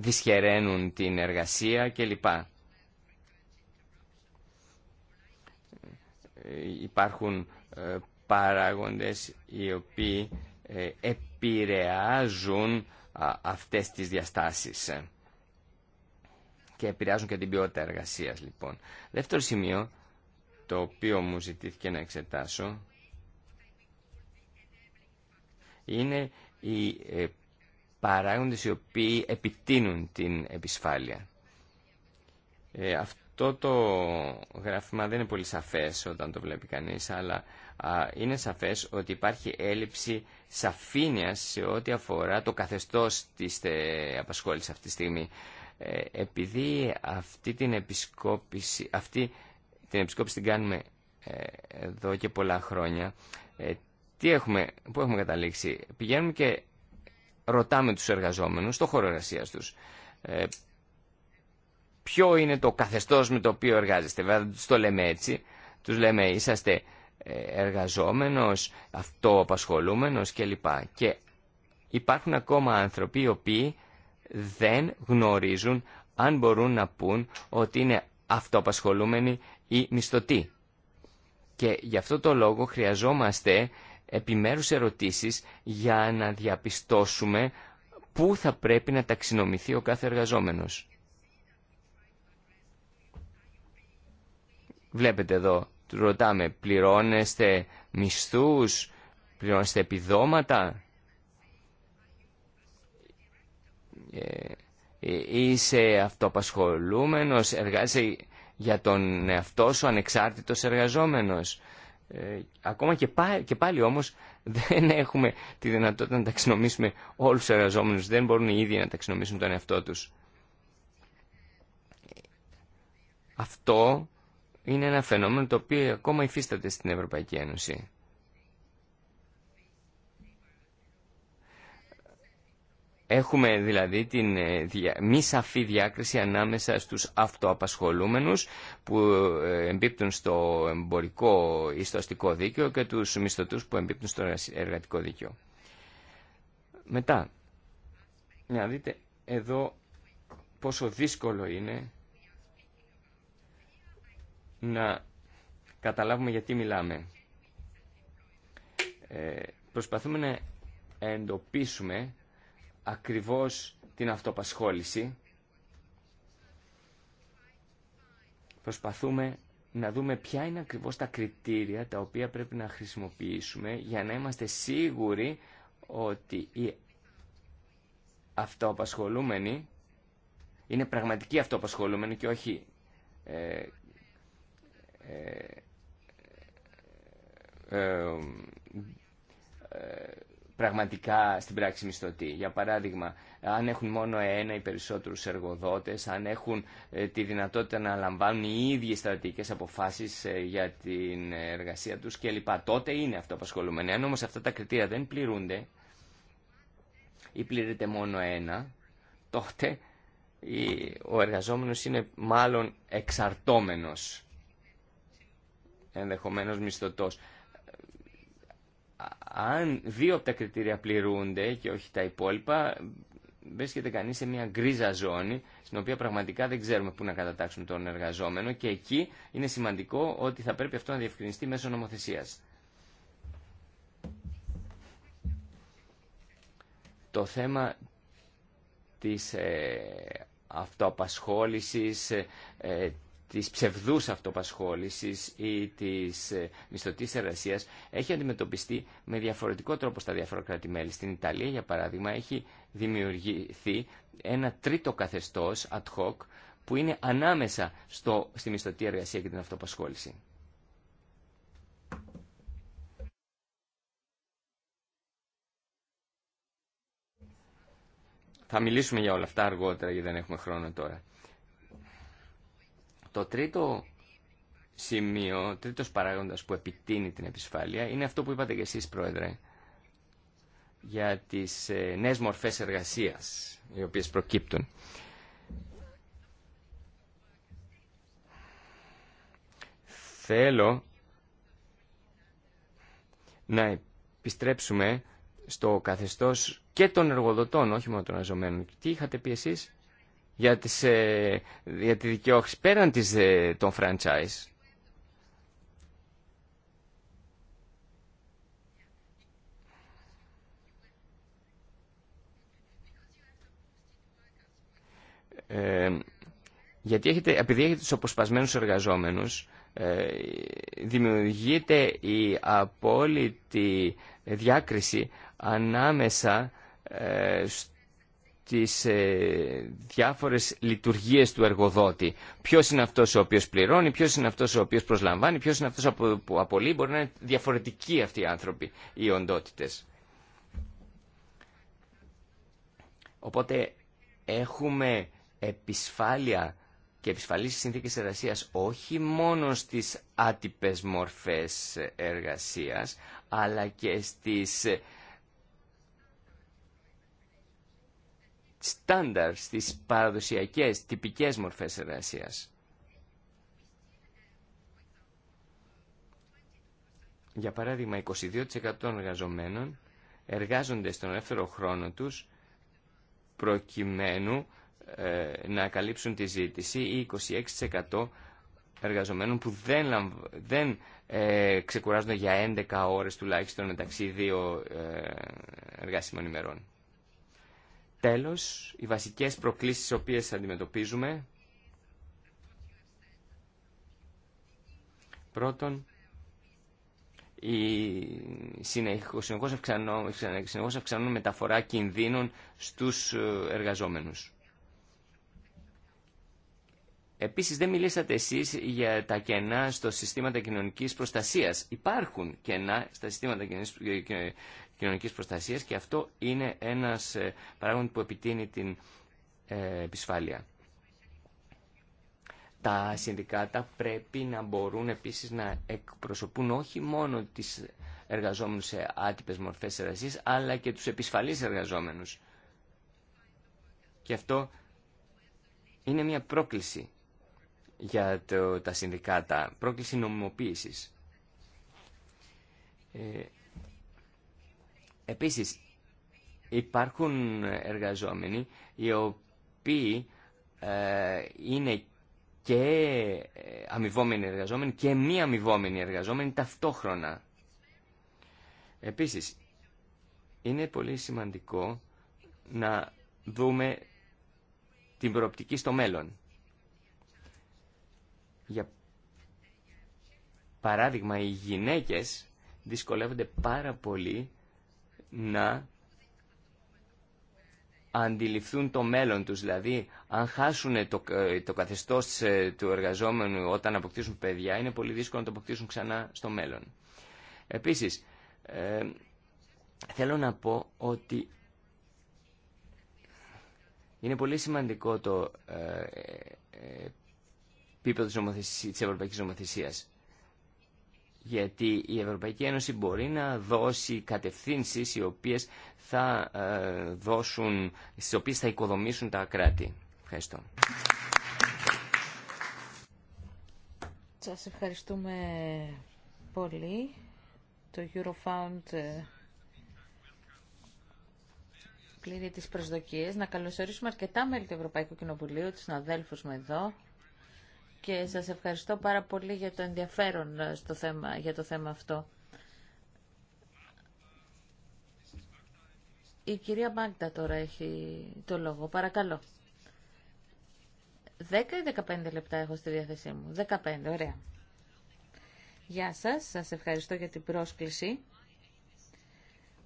δυσχεραίνουν την εργασία κλπ. Υπάρχουν ε, παράγοντες οι οποίοι ε, επηρεάζουν αυτές τις διαστάσεις και επηρεάζουν και την ποιότητα εργασίας λοιπόν. Δεύτερο σημείο το οποίο μου ζητήθηκε να εξετάσω είναι οι ε, παράγοντες οι οποίοι επιτείνουν την επισφάλεια. Ε, αυτό το γράφημα δεν είναι πολύ σαφές όταν το βλέπει κανείς, αλλά είναι σαφές ότι υπάρχει έλλειψη σαφήνειας σε ό,τι αφορά το καθεστώς της ε, απασχόλησης αυτή τη στιγμή. επειδή αυτή την επισκόπηση, αυτή την επισκόπηση την κάνουμε εδώ και πολλά χρόνια, τι έχουμε, πού έχουμε καταλήξει. Πηγαίνουμε και ρωτάμε τους εργαζόμενους στο χώρο εργασία τους ε, ποιο είναι το καθεστώς με το οποίο εργάζεστε. Βέβαια τους το λέμε έτσι. Τους λέμε είσαστε ε, εργαζόμενος, απασχολούμενος κλπ. Και υπάρχουν ακόμα άνθρωποι οι οποίοι δεν γνωρίζουν αν μπορούν να πούν ότι είναι αυτοπασχολούμενοι ή μισθωτοί. Και γι' αυτό το λόγο χρειαζόμαστε επιμέρους ερωτήσεις για να διαπιστώσουμε πού θα πρέπει να ταξινομηθεί ο κάθε εργαζόμενος. Βλέπετε εδώ, του ρωτάμε, πληρώνεστε μισθούς, πληρώνεστε επιδόματα, ε, ε, είσαι αυτοπασχολούμενος, εργάζεσαι για τον εαυτό σου ανεξάρτητος εργαζόμενος. Ε, ακόμα και, και πάλι όμως δεν έχουμε τη δυνατότητα να ταξινομήσουμε όλους τους εργαζόμενους. Δεν μπορούν οι ίδιοι να ταξινομήσουν τον εαυτό τους. Αυτό είναι ένα φαινόμενο το οποίο ακόμα υφίσταται στην Ευρωπαϊκή Ένωση. Έχουμε δηλαδή την ε, μη σαφή διάκριση ανάμεσα στους αυτοαπασχολούμενους που ε, εμπίπτουν στο εμπορικό ή στο αστικό δίκαιο και τους μισθωτούς που εμπίπτουν στο εργατικό δίκαιο. Μετά, να δείτε εδώ πόσο δύσκολο είναι να καταλάβουμε γιατί μιλάμε. Ε, προσπαθούμε να εντοπίσουμε ακριβώς την αυτοπασχόληση. Προσπαθούμε να δούμε ποια είναι ακριβώς τα κριτήρια τα οποία πρέπει να χρησιμοποιήσουμε για να είμαστε σίγουροι ότι οι αυτοπασχολούμενοι είναι πραγματικοί αυτοπασχολούμενοι και όχι ε, ε, ε, πραγματικά στην πράξη μισθωτή. Για παράδειγμα, αν έχουν μόνο ένα ή περισσότερους εργοδότες, αν έχουν ε, τη δυνατότητα να λαμβάνουν οι ίδιες στρατηγικές αποφάσεις ε, για την εργασία τους κλπ. Τότε είναι αυτοαπασχολούμενοι. Αν όμως αυτά τα κριτήρια δεν πληρούνται ή πληρείται μόνο ένα, τότε ο εργαζόμενος είναι μάλλον εξαρτώμενος, ενδεχομένως μισθωτός αν δύο από τα κριτήρια πληρούνται και όχι τα υπόλοιπα, βρίσκεται κανεί σε μια γκρίζα ζώνη, στην οποία πραγματικά δεν ξέρουμε πού να κατατάξουμε τον εργαζόμενο και εκεί είναι σημαντικό ότι θα πρέπει αυτό να διευκρινιστεί μέσω νομοθεσίας. Το θέμα της ε, αυτοαπασχόλησης, ε, της ψευδούς αυτοπασχόλησης ή της ε, μισθωτής εργασίας έχει αντιμετωπιστεί με διαφορετικό τρόπο στα διάφορα κράτη-μέλη. Στην Ιταλία, για παράδειγμα, έχει δημιουργηθεί ένα τρίτο καθεστώς ad hoc που είναι ανάμεσα στο, στη μισθωτή εργασία και την αυτοπασχόληση. Θα μιλήσουμε για όλα αυτά αργότερα γιατί δεν έχουμε χρόνο τώρα. Το τρίτο σημείο, τρίτος παράγοντας που επιτείνει την επισφάλεια είναι αυτό που είπατε και εσείς Πρόεδρε για τις ε, νέες μορφές εργασίας οι οποίες προκύπτουν. Θέλω να επιστρέψουμε στο καθεστώς και των εργοδοτών, όχι μόνο των αζωμένων. Τι είχατε πει εσείς? για, τις, ε, για τη δικαιώξη πέραν της, ε, των franchise. Ε, γιατί έχετε, επειδή έχετε τους αποσπασμένους εργαζόμενους, ε, δημιουργείται η απόλυτη διάκριση ανάμεσα ε, τις ε, διάφορες λειτουργίες του εργοδότη. Ποιος είναι αυτός ο οποίος πληρώνει, ποιος είναι αυτός ο οποίος προσλαμβάνει, ποιος είναι αυτός που απολύει. Μπορεί να είναι διαφορετικοί αυτοί οι άνθρωποι, οι οντότητες. Οπότε έχουμε επισφάλεια και επισφαλείς συνθήκες εργασίας όχι μόνο στις άτυπες μορφές εργασίας, αλλά και στις στάνταρ στις παραδοσιακές, τυπικές μορφές εργασίας. Για παράδειγμα, 22% των εργαζομένων εργάζονται στον ελεύθερο χρόνο τους προκειμένου ε, να καλύψουν τη ζήτηση ή 26% εργαζομένων που δεν, δεν ε, ξεκουράζονται για 11 ώρες τουλάχιστον μεταξύ δύο ε, εργάσιμων ημερών. Τέλος, οι βασικές προκλήσεις τις οποίες αντιμετωπίζουμε. Πρώτον, η συνεχώς αυξανόμενη μεταφορά κινδύνων στους ε, εργαζόμενους. Επίσης δεν μιλήσατε εσείς για τα κενά στο συστήματα κοινωνικής προστασίας. Υπάρχουν κενά στα συστήματα ε, κοινωνικής προστασίας και αυτό είναι ένας ε, παράγοντας που επιτείνει την ε, επισφάλεια. Τα συνδικάτα πρέπει να μπορούν επίσης να εκπροσωπούν όχι μόνο τις εργαζόμενους σε άτυπες μορφές εργασίας, αλλά και τους επισφαλείς εργαζόμενους. Και αυτό είναι μια πρόκληση για το, τα συνδικάτα, πρόκληση νομιμοποίησης. Ε, Επίσης, υπάρχουν εργαζόμενοι οι οποίοι ε, είναι και αμοιβόμενοι εργαζόμενοι και μη αμοιβόμενοι εργαζόμενοι ταυτόχρονα. Επίσης, είναι πολύ σημαντικό να δούμε την προοπτική στο μέλλον. Για παράδειγμα, οι γυναίκες δυσκολεύονται πάρα πολύ να αντιληφθούν το μέλλον τους. Δηλαδή, αν χάσουν το, ε, το καθεστώς ε, του εργαζόμενου όταν αποκτήσουν παιδιά, είναι πολύ δύσκολο να το αποκτήσουν ξανά στο μέλλον. Επίσης, ε, θέλω να πω ότι είναι πολύ σημαντικό το ε, ε, πίπεδο της, της Ευρωπαϊκής γιατί η Ευρωπαϊκή Ένωση μπορεί να δώσει κατευθύνσεις οι οποίες θα ε, δώσουν, στις οποίες θα οικοδομήσουν τα κράτη. Ευχαριστώ. Σας ευχαριστούμε πολύ. Το Eurofound ε, πλήρει τις προσδοκίες. Να καλωσορίσουμε αρκετά μέλη του Ευρωπαϊκού Κοινοβουλίου, τους συναδέλφους μου εδώ, και σας ευχαριστώ πάρα πολύ για το ενδιαφέρον ε, στο θέμα, για το θέμα αυτό. Η κυρία Μάγκτα τώρα έχει το λόγο. Παρακαλώ. 10 ή 15 λεπτά έχω στη διάθεσή μου. 15, ωραία. Γεια σας, σας ευχαριστώ για την πρόσκληση.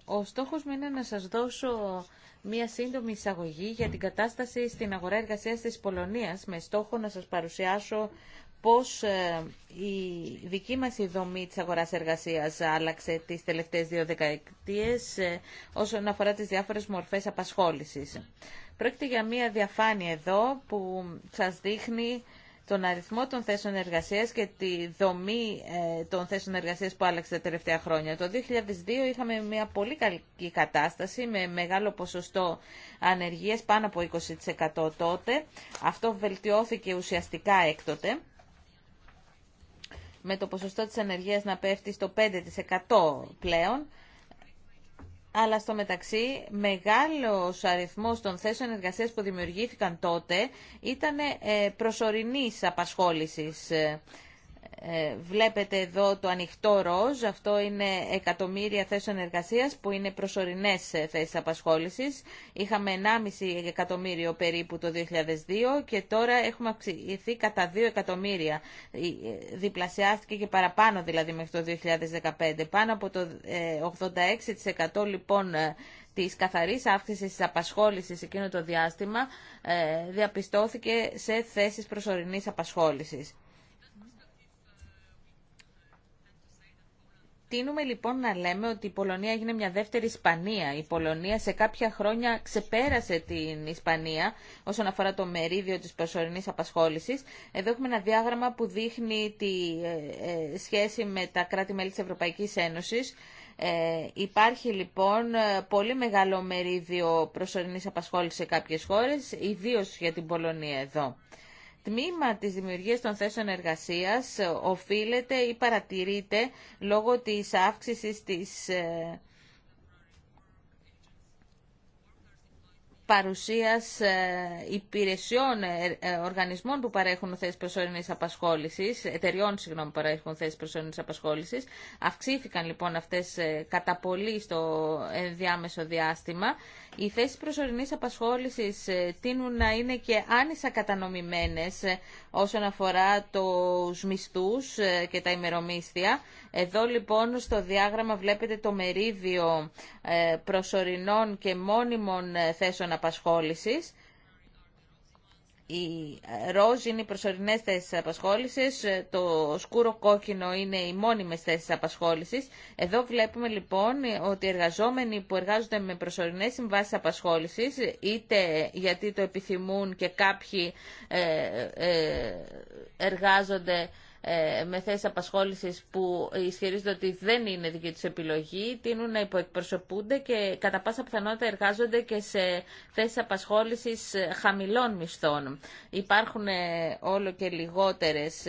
Ο στόχος μου είναι να σας δώσω μία σύντομη εισαγωγή για την κατάσταση στην αγορά εργασίας της Πολωνίας με στόχο να σας παρουσιάσω πώς ε, η δική μας η δομή της αγοράς εργασίας άλλαξε τις τελευταίες δύο δεκαετίες ε, όσον αφορά τις διάφορες μορφές απασχόλησης. Πρόκειται για μία διαφάνεια εδώ που σας δείχνει τον αριθμό των θέσεων εργασίας και τη δομή ε, των θέσεων εργασίας που άλλαξε τα τελευταία χρόνια. Το 2002 είχαμε μια πολύ καλή κατάσταση με μεγάλο ποσοστό ανεργίας, πάνω από 20% τότε. Αυτό βελτιώθηκε ουσιαστικά έκτοτε με το ποσοστό της ανεργίας να πέφτει στο 5% πλέον αλλά στο μεταξύ μεγάλος αριθμός των θέσεων εργασίας που δημιουργήθηκαν τότε ήταν ε, προσωρινής απασχόλησης ε, βλέπετε εδώ το ανοιχτό ροζ, αυτό είναι εκατομμύρια θέσεις εργασίας που είναι προσωρινές ε, θέσεις απασχόλησης. Είχαμε 1,5 εκατομμύριο περίπου το 2002 και τώρα έχουμε αυξηθεί κατά 2 εκατομμύρια. Ε, διπλασιάστηκε και παραπάνω δηλαδή μέχρι το 2015. Πάνω από το 86% λοιπόν της καθαρής αύξησης της απασχόλησης εκείνο το διάστημα διαπιστώθηκε σε θέσεις προσωρινής απασχόλησης. τίνουμε λοιπόν να λέμε ότι η Πολωνία έγινε μια δεύτερη Ισπανία. Η Πολωνία σε κάποια χρόνια ξεπέρασε την Ισπανία όσον αφορά το μερίδιο της προσωρινής απασχόλησης. Εδώ έχουμε ένα διάγραμμα που δείχνει τη ε, ε, σχέση με τα κράτη-μέλη της Ευρωπαϊκής Ένωσης. Ε, υπάρχει λοιπόν πολύ μεγάλο μερίδιο προσωρινής απασχόλησης σε κάποιες χώρες, ιδίως για την Πολωνία εδώ τμήμα της δημιουργίας των θέσεων εργασίας οφείλεται ή παρατηρείται λόγω της αύξησης της ε, παρουσίας ε, υπηρεσιών, ε, ε, οργανισμών που παρέχουν θέσεις προσωρινής απασχόλησης, εταιριών συγγνώμη, που παρέχουν θέσεις προσωρινής απασχόλησης. Αυξήθηκαν λοιπόν αυτές κατά πολύ στο διάμεσο διάστημα. Οι θέσεις προσωρινής απασχόλησης τείνουν να είναι και άνισα κατανομημένες όσον αφορά τους μισθούς και τα ημερομίσθια. Εδώ λοιπόν στο διάγραμμα βλέπετε το μερίδιο ε, προσωρινών και μόνιμων ε, θέσεων απασχόλησης. Η ε, ροζ είναι οι προσωρινές θέσεις απασχόλησης, το σκούρο κόκκινο είναι οι μόνιμες θέσεις απασχόλησης. Εδώ βλέπουμε λοιπόν ότι οι εργαζόμενοι που εργάζονται με προσωρινές συμβάσεις απασχόλησης, είτε γιατί το επιθυμούν και κάποιοι εργάζονται ε, με θέσεις απασχόληση που ισχυρίζονται ότι δεν είναι δική του επιλογή, τείνουν να υποεκπροσωπούνται και κατά πάσα πιθανότητα εργάζονται και σε θέσεις απασχόλησης ε, χαμηλών μισθών. Υπάρχουν ε, όλο και λιγότερες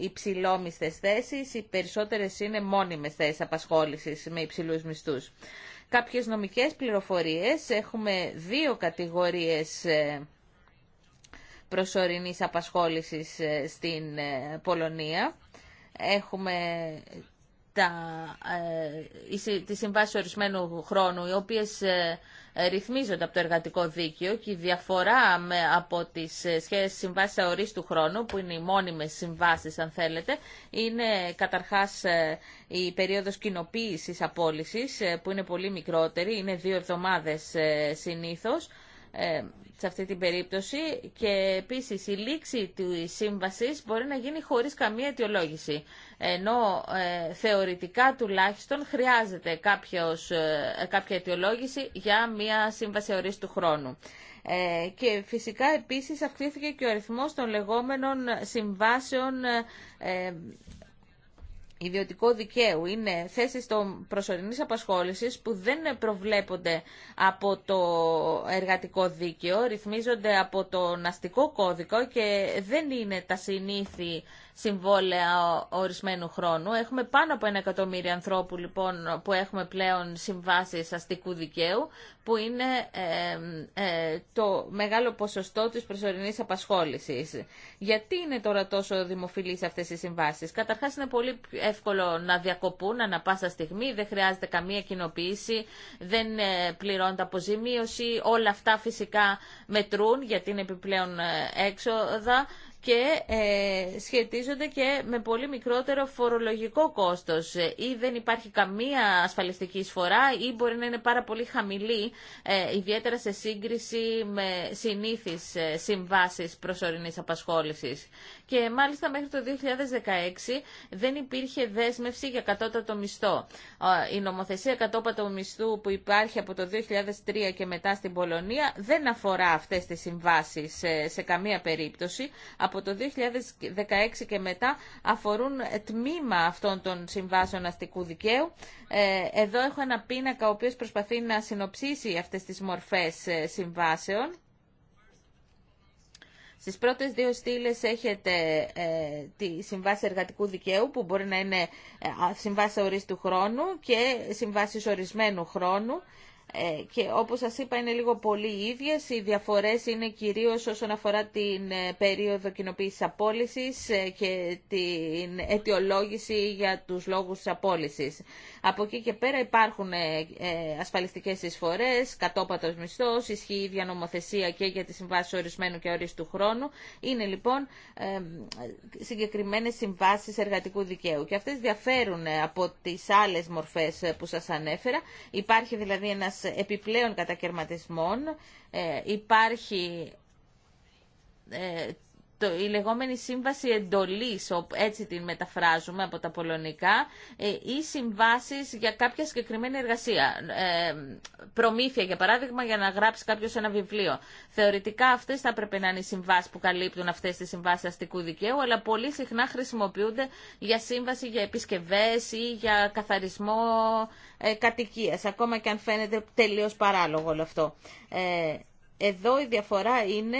υψηλόμισθε θέσει. οι περισσότερες είναι μόνιμε θέσεις απασχόλησης με υψηλού μισθού. Κάποιες νομικές πληροφορίες, έχουμε δύο κατηγορίες προσωρινής απασχόλησης ε, στην ε, Πολωνία. Έχουμε τα, ε, τις συμβάσεις ορισμένου χρόνου, οι οποίες ε, ρυθμίζονται από το εργατικό δίκαιο και η διαφορά με, από τις σχέσεις συμβάσεις αορίστου χρόνου, που είναι οι μόνιμες συμβάσεις αν θέλετε, είναι καταρχάς η περίοδος κοινοποίησης απόλυσης, που είναι πολύ μικρότερη, είναι δύο εβδομάδες συνήθως, σε αυτή την περίπτωση και επίσης η λήξη του σύμβασης μπορεί να γίνει χωρίς καμία αιτιολόγηση. Ενώ ε, θεωρητικά τουλάχιστον χρειάζεται κάποιος, ε, κάποια αιτιολόγηση για μια σύμβαση ορίστου χρόνου. Ε, και φυσικά επίσης αυξήθηκε και ο αριθμός των λεγόμενων συμβάσεων ιδιωτικό δικαίου είναι θέσει των προσωρινής απασχόλησης που δεν προβλέπονται από το εργατικό δίκαιο, ρυθμίζονται από το αστικό κώδικο και δεν είναι τα συνήθη συμβόλαια ορισμένου χρόνου. Έχουμε πάνω από ένα εκατομμύριο ανθρώπου λοιπόν που έχουμε πλέον συμβάσεις αστικού δικαίου που είναι ε, το μεγάλο ποσοστό της προσωρινής απασχόλησης. Γιατί είναι τώρα τόσο δημοφιλείς αυτές οι συμβάσεις. Καταρχάς είναι πολύ εύκολο να διακοπούν ανα πάσα στιγμή, δεν χρειάζεται καμία κοινοποίηση, δεν ε, πληρώνεται αποζημίωση, όλα αυτά φυσικά μετρούν γιατί είναι επιπλέον ε, έξοδα και ε, σχετίζονται και με πολύ μικρότερο φορολογικό κόστος ε, ή δεν υπάρχει καμία ασφαλιστική εισφορά ή μπορεί να είναι πάρα πολύ χαμηλή, ε, ιδιαίτερα σε σύγκριση με συνήθεις ε, συμβάσεις προσωρινής απασχόλησης και μάλιστα μέχρι το 2016 δεν υπήρχε δέσμευση για κατώτατο μισθό. Η νομοθεσία κατώτατο μισθού που υπάρχει από το 2003 και μετά στην Πολωνία δεν αφορά αυτές τις συμβάσεις σε καμία περίπτωση. Από το 2016 και μετά αφορούν τμήμα αυτών των συμβάσεων αστικού δικαίου. Ε, εδώ έχω ένα πίνακα ο οποίος προσπαθεί να συνοψίσει αυτές τις μορφές ε, συμβάσεων στις πρώτες δύο στήλες έχετε ε, τη συμβάση εργατικού δικαίου που μπορεί να είναι ε, συμβάσει ορίστου χρόνου και συμβάσει ορισμένου χρόνου ε, και όπως σας είπα είναι λίγο πολύ ίδιες. Οι διαφορές είναι κυρίως όσον αφορά την περίοδο κοινοποίησης απόλυσης και την αιτιολόγηση για τους λόγους της απόλυσης. Από εκεί και πέρα υπάρχουν ε, ε, ασφαλιστικές εισφορές, κατόπατος μισθός, ισχύει η ίδια νομοθεσία και για τις συμβάσεις ορισμένου και ορίστου χρόνου. Είναι λοιπόν ε, συγκεκριμένες συμβάσεις εργατικού δικαίου και αυτές διαφέρουν από τις άλλες μορφές που σας ανέφερα. Υπάρχει δηλαδή ένας επιπλέον κατακαιρματισμών, υπάρχει η λεγόμενη σύμβαση εντολής, έτσι την μεταφράζουμε από τα πολωνικά, ε, ή συμβάσεις για κάποια συγκεκριμένη εργασία. Ε, προμήθεια, για παράδειγμα, για να γράψει κάποιο ένα βιβλίο. Θεωρητικά αυτές θα πρέπει να είναι οι συμβάσεις που καλύπτουν αυτές τις συμβάσεις αστικού δικαίου, αλλά πολύ συχνά χρησιμοποιούνται για σύμβαση για επισκευές ή για καθαρισμό ε, ακόμα και αν φαίνεται τελείως παράλογο όλο αυτό. Ε, εδώ η διαφορά είναι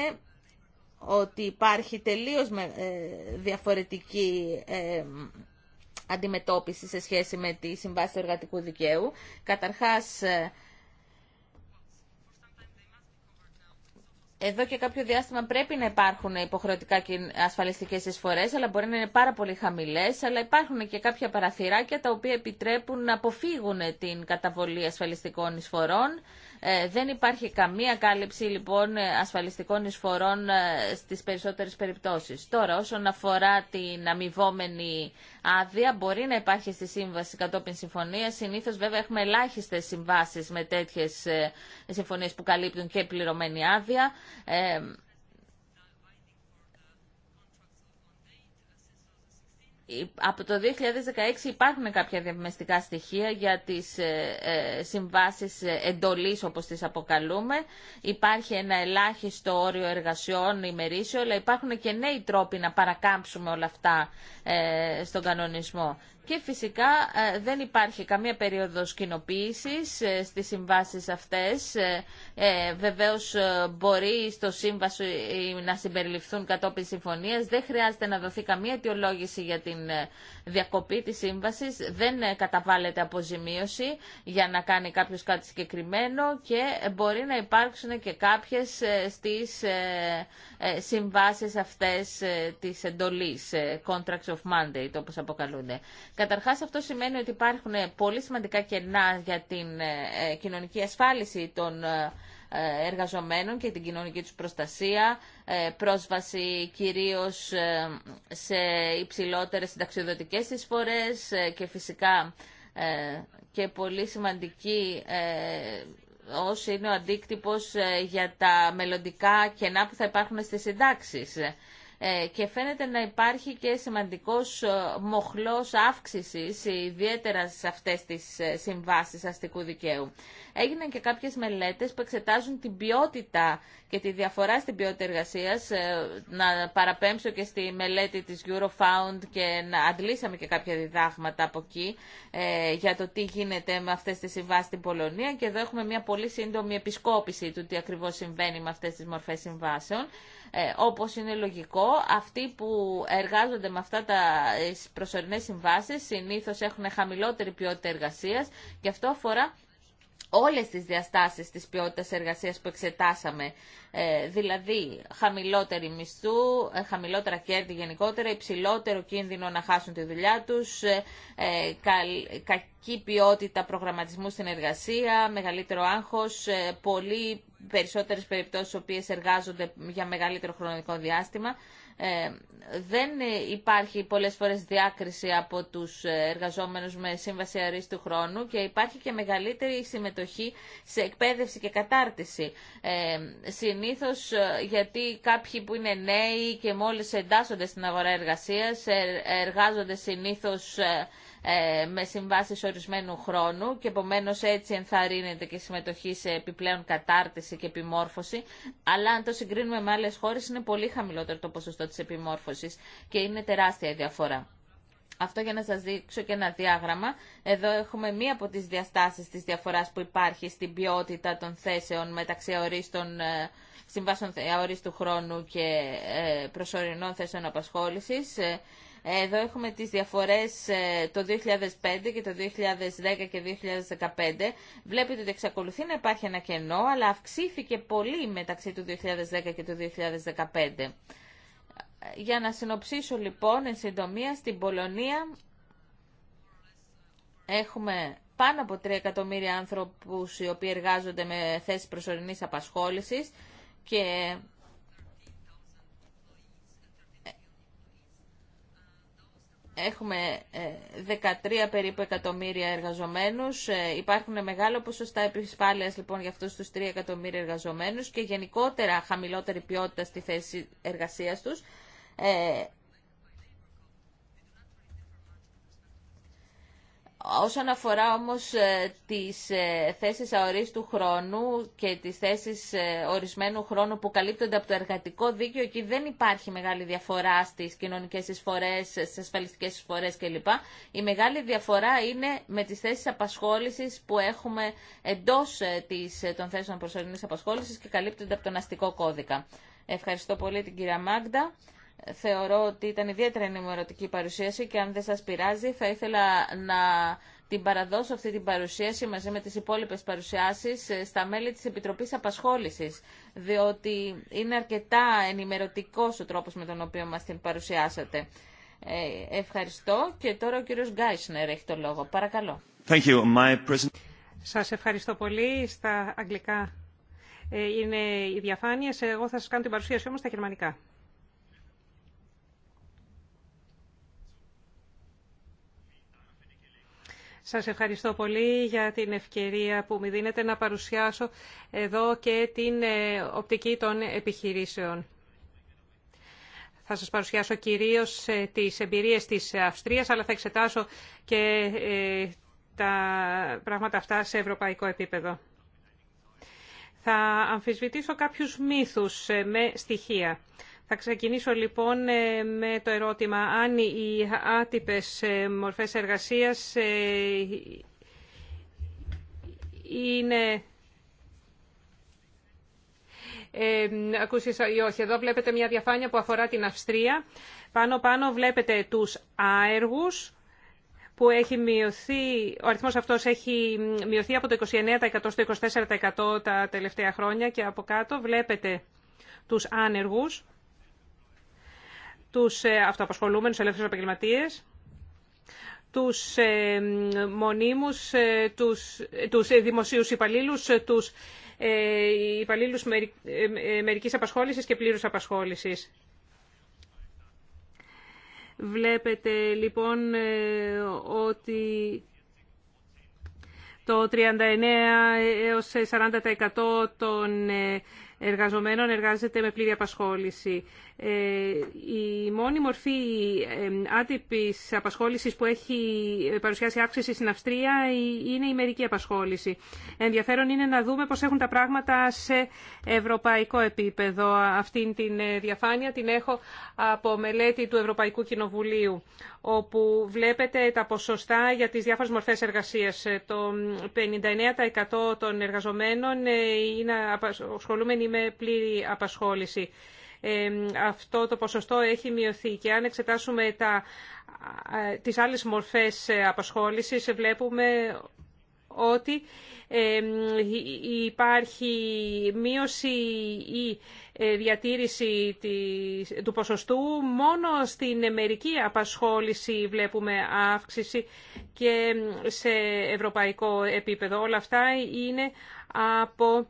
ότι υπάρχει τελείως ε, διαφορετική ε, αντιμετώπιση σε σχέση με τη συμβάση του εργατικού δικαίου. Καταρχάς, ε, εδώ και κάποιο διάστημα πρέπει να υπάρχουν υποχρεωτικά ασφαλιστικές εισφορές, αλλά μπορεί να είναι πάρα πολύ χαμηλές, αλλά υπάρχουν και κάποια παραθυράκια τα οποία επιτρέπουν να αποφύγουν την καταβολή ασφαλιστικών εισφορών ε, δεν υπάρχει καμία κάλυψη λοιπόν ε, ασφαλιστικών εισφορών ε, στις περισσότερες περιπτώσεις. Τώρα όσον αφορά την αμοιβόμενη άδεια μπορεί να υπάρχει στη σύμβαση κατόπιν συμφωνία. Συνήθως βέβαια έχουμε ελάχιστε συμβάσεις με τέτοιες συμφωνίες που καλύπτουν και πληρωμένη άδεια. από το 2016 υπάρχουν κάποια διαμεστικά στοιχεία για τις ε, ε, συμβάσεις εντολής όπως τις αποκαλούμε. Υπάρχει ένα ελάχιστο όριο εργασιών ημερήσιο, αλλά υπάρχουν και νέοι τρόποι να παρακάμψουμε όλα αυτά ε, στον κανονισμό. Και φυσικά ε, δεν υπάρχει καμία περίοδος κοινοποίησης ε, στις συμβάσεις αυτές. Ε, βεβαίως μπορεί στο σύμβαση να συμπεριληφθούν κατόπιν συμφωνίας. Δεν χρειάζεται να δοθεί καμία αιτιολόγηση για την διακοπή της σύμβασης, δεν ε, καταβάλλεται αποζημίωση για να κάνει κάποιος κάτι συγκεκριμένο και ε, μπορεί να υπάρξουν και κάποιες ε, στις συμβάσεις αυτές της εντολής, contracts of mandate όπως αποκαλούνται. Καταρχάς αυτό σημαίνει ότι υπάρχουν πολύ σημαντικά κενά για την κοινωνική ασφάλιση των ε, εργαζομένων και την κοινωνική τους προστασία, ε, πρόσβαση κυρίως ε, σε υψηλότερες συνταξιοδοτικές εισφορές και φυσικά και πολύ σημαντική όσοι είναι ο αντίκτυπος για τα μελλοντικά κενά που θα υπάρχουν στις συντάξεις. Ε, και φαίνεται να υπάρχει και σημαντικός ε, μοχλός αύξησης, ιδιαίτερα σε αυτές τις ε, συμβάσεις αστικού δικαίου. Έγιναν και κάποιες μελέτες που εξετάζουν την ποιότητα και τη διαφορά στην ποιότητα εργασίας. Να παραπέμψω και στη μελέτη της Eurofound και να αντλήσαμε και κάποια διδάγματα από εκεί για το τι γίνεται με αυτές τις συμβάσεις στην Πολωνία και εδώ έχουμε μια πολύ σύντομη επισκόπηση του τι ακριβώς συμβαίνει με αυτές τις μορφές συμβάσεων. Ε, όπως είναι λογικό, αυτοί που εργάζονται με αυτά τα ε, προσωρινές συμβάσεις συνήθως έχουν χαμηλότερη ποιότητα εργασίας και αυτό αφορά όλες τις διαστάσεις της ποιότητας εργασίας που εξετάσαμε, ε, δηλαδή χαμηλότερη μισθού, ε, χαμηλότερα κέρδη γενικότερα, υψηλότερο κίνδυνο να χάσουν τη δουλειά τους, ε, κακή ποιότητα προγραμματισμού στην εργασία, μεγαλύτερο άγχος, πολύ περισσότερες περιπτώσεις οι οποίες εργάζονται για μεγαλύτερο χρονικό διάστημα. Ε, δεν υπάρχει πολλές φορές διάκριση από τους εργαζόμενους με σύμβαση αρίστου χρόνου και υπάρχει και μεγαλύτερη συμμετοχή σε εκπαίδευση και κατάρτιση. Ε, συνήθως ε, γιατί κάποιοι που είναι νέοι και μόλις εντάσσονται στην αγορά εργασίας ε, εργάζονται συνήθως ε, με συμβάσεις ορισμένου χρόνου και επομένω έτσι ενθαρρύνεται και συμμετοχή σε επιπλέον κατάρτιση και επιμόρφωση, αλλά αν το συγκρίνουμε με άλλες χώρες είναι πολύ χαμηλότερο το ποσοστό της επιμόρφωσης και είναι τεράστια η διαφορά. Αυτό για να σας δείξω και ένα διάγραμμα. Εδώ έχουμε μία από τις διαστάσεις της διαφοράς που υπάρχει στην ποιότητα των θέσεων μεταξύ ορίστων ε, συμβάσεων αορίστου χρόνου και ε, προσωρινών θέσεων απασχόλησης. Εδώ έχουμε τις διαφορές ε, το 2005 και το 2010 και 2015. Βλέπετε ότι εξακολουθεί να υπάρχει ένα κενό, αλλά αυξήθηκε πολύ μεταξύ του 2010 και του 2015. Για να συνοψίσω λοιπόν, εν συντομία, στην Πολωνία έχουμε πάνω από 3 εκατομμύρια άνθρωπους οι οποίοι εργάζονται με θέσεις προσωρινής απασχόλησης και Έχουμε 13 ε, περίπου εκατομμύρια εργαζομένους, ε, υπάρχουν μεγάλο ποσοστά επισπάλειας λοιπόν για αυτούς τους 3 εκατομμύρια εργαζομένους και γενικότερα χαμηλότερη ποιότητα στη θέση εργασίας τους. Ε, Όσον αφορά όμως ε, τις ε, θέσεις αορίστου χρόνου και τις θέσεις ε, ορισμένου χρόνου που καλύπτονται από το εργατικό δίκαιο, εκεί δεν υπάρχει μεγάλη διαφορά στις κοινωνικές εισφορές, στις ασφαλιστικές εισφορές κλπ. Η μεγάλη διαφορά είναι με τις θέσεις απασχόλησης που έχουμε εντός των θέσεων προσωρινής απασχόλησης και καλύπτονται από τον αστικό κώδικα. Ευχαριστώ πολύ την κυρία Μάγδα θεωρώ ότι ήταν ιδιαίτερα ενημερωτική παρουσίαση και αν δεν σας πειράζει θα ήθελα να την παραδώσω αυτή την παρουσίαση μαζί με τις υπόλοιπες παρουσιάσεις ε, στα μέλη της Επιτροπής Απασχόλησης, διότι είναι αρκετά ενημερωτικός ο τρόπος με τον οποίο μας την παρουσιάσατε. Ε, ευχαριστώ και τώρα ο κύριος Γκάισνερ έχει το λόγο. Παρακαλώ. Thank you. My σας ευχαριστώ πολύ στα αγγλικά. Ε, είναι οι διαφάνειες. Εγώ θα σας κάνω την παρουσίαση όμως στα γερμανικά. Σας ευχαριστώ πολύ για την ευκαιρία που μου δίνετε να παρουσιάσω εδώ και την ε, οπτική των επιχειρήσεων. Θα σας παρουσιάσω κυρίως ε, τις εμπειρίες της Αυστρίας, αλλά θα εξετάσω και ε, τα πράγματα αυτά σε ευρωπαϊκό επίπεδο. Θα αμφισβητήσω κάποιους μύθους με στοιχεία. Θα ξεκινήσω λοιπόν ε, με το ερώτημα αν οι άτυπες ε, μορφές εργασίας ε, είναι ε, ακούσεις ή όχι. Εδώ βλέπετε μια διαφάνεια που αφορά την Αυστρία. Πάνω-πάνω βλέπετε τους άεργους που έχει μειωθεί, ο αριθμός αυτός έχει μειωθεί από το 29% στο 24% τα τελευταία χρόνια και από κάτω βλέπετε τους άνεργους τους ε, αυτοαπασχολούμενους ελεύθερους επαγγελματίες, τους ε, μονίμους, ε, τους, τους δημοσίους υπαλλήλους, τους υπαλλήλους μερικής απασχόλησης και πλήρους απασχόλησης. Βλέπετε λοιπόν ότι το 39 έως 40% των εργαζομένων εργάζεται με πλήρη απασχόληση. Ε, η μόνη μορφή άτυπης απασχόλησης που έχει παρουσιάσει αύξηση στην Αυστρία είναι η μερική απασχόληση. Ενδιαφέρον είναι να δούμε πώς έχουν τα πράγματα σε ευρωπαϊκό επίπεδο. Αυτήν την ε, διαφάνεια την έχω από μελέτη του Ευρωπαϊκού Κοινοβουλίου, όπου βλέπετε τα ποσοστά για τις διάφορες μορφές εργασίας. Ε, το 59% των εργαζομένων είναι απασχολούμενοι με πλήρη απασχόληση αυτό το ποσοστό έχει μειωθεί. Και αν εξετάσουμε τα, τις άλλες μορφές ε, απασχόλησης, βλέπουμε ότι υπάρχει μείωση ή ε, διατήρηση του ποσοστού. Μόνο στην μερική απασχόληση βλέπουμε αύξηση και σε ευρωπαϊκό επίπεδο. Όλα αυτά είναι από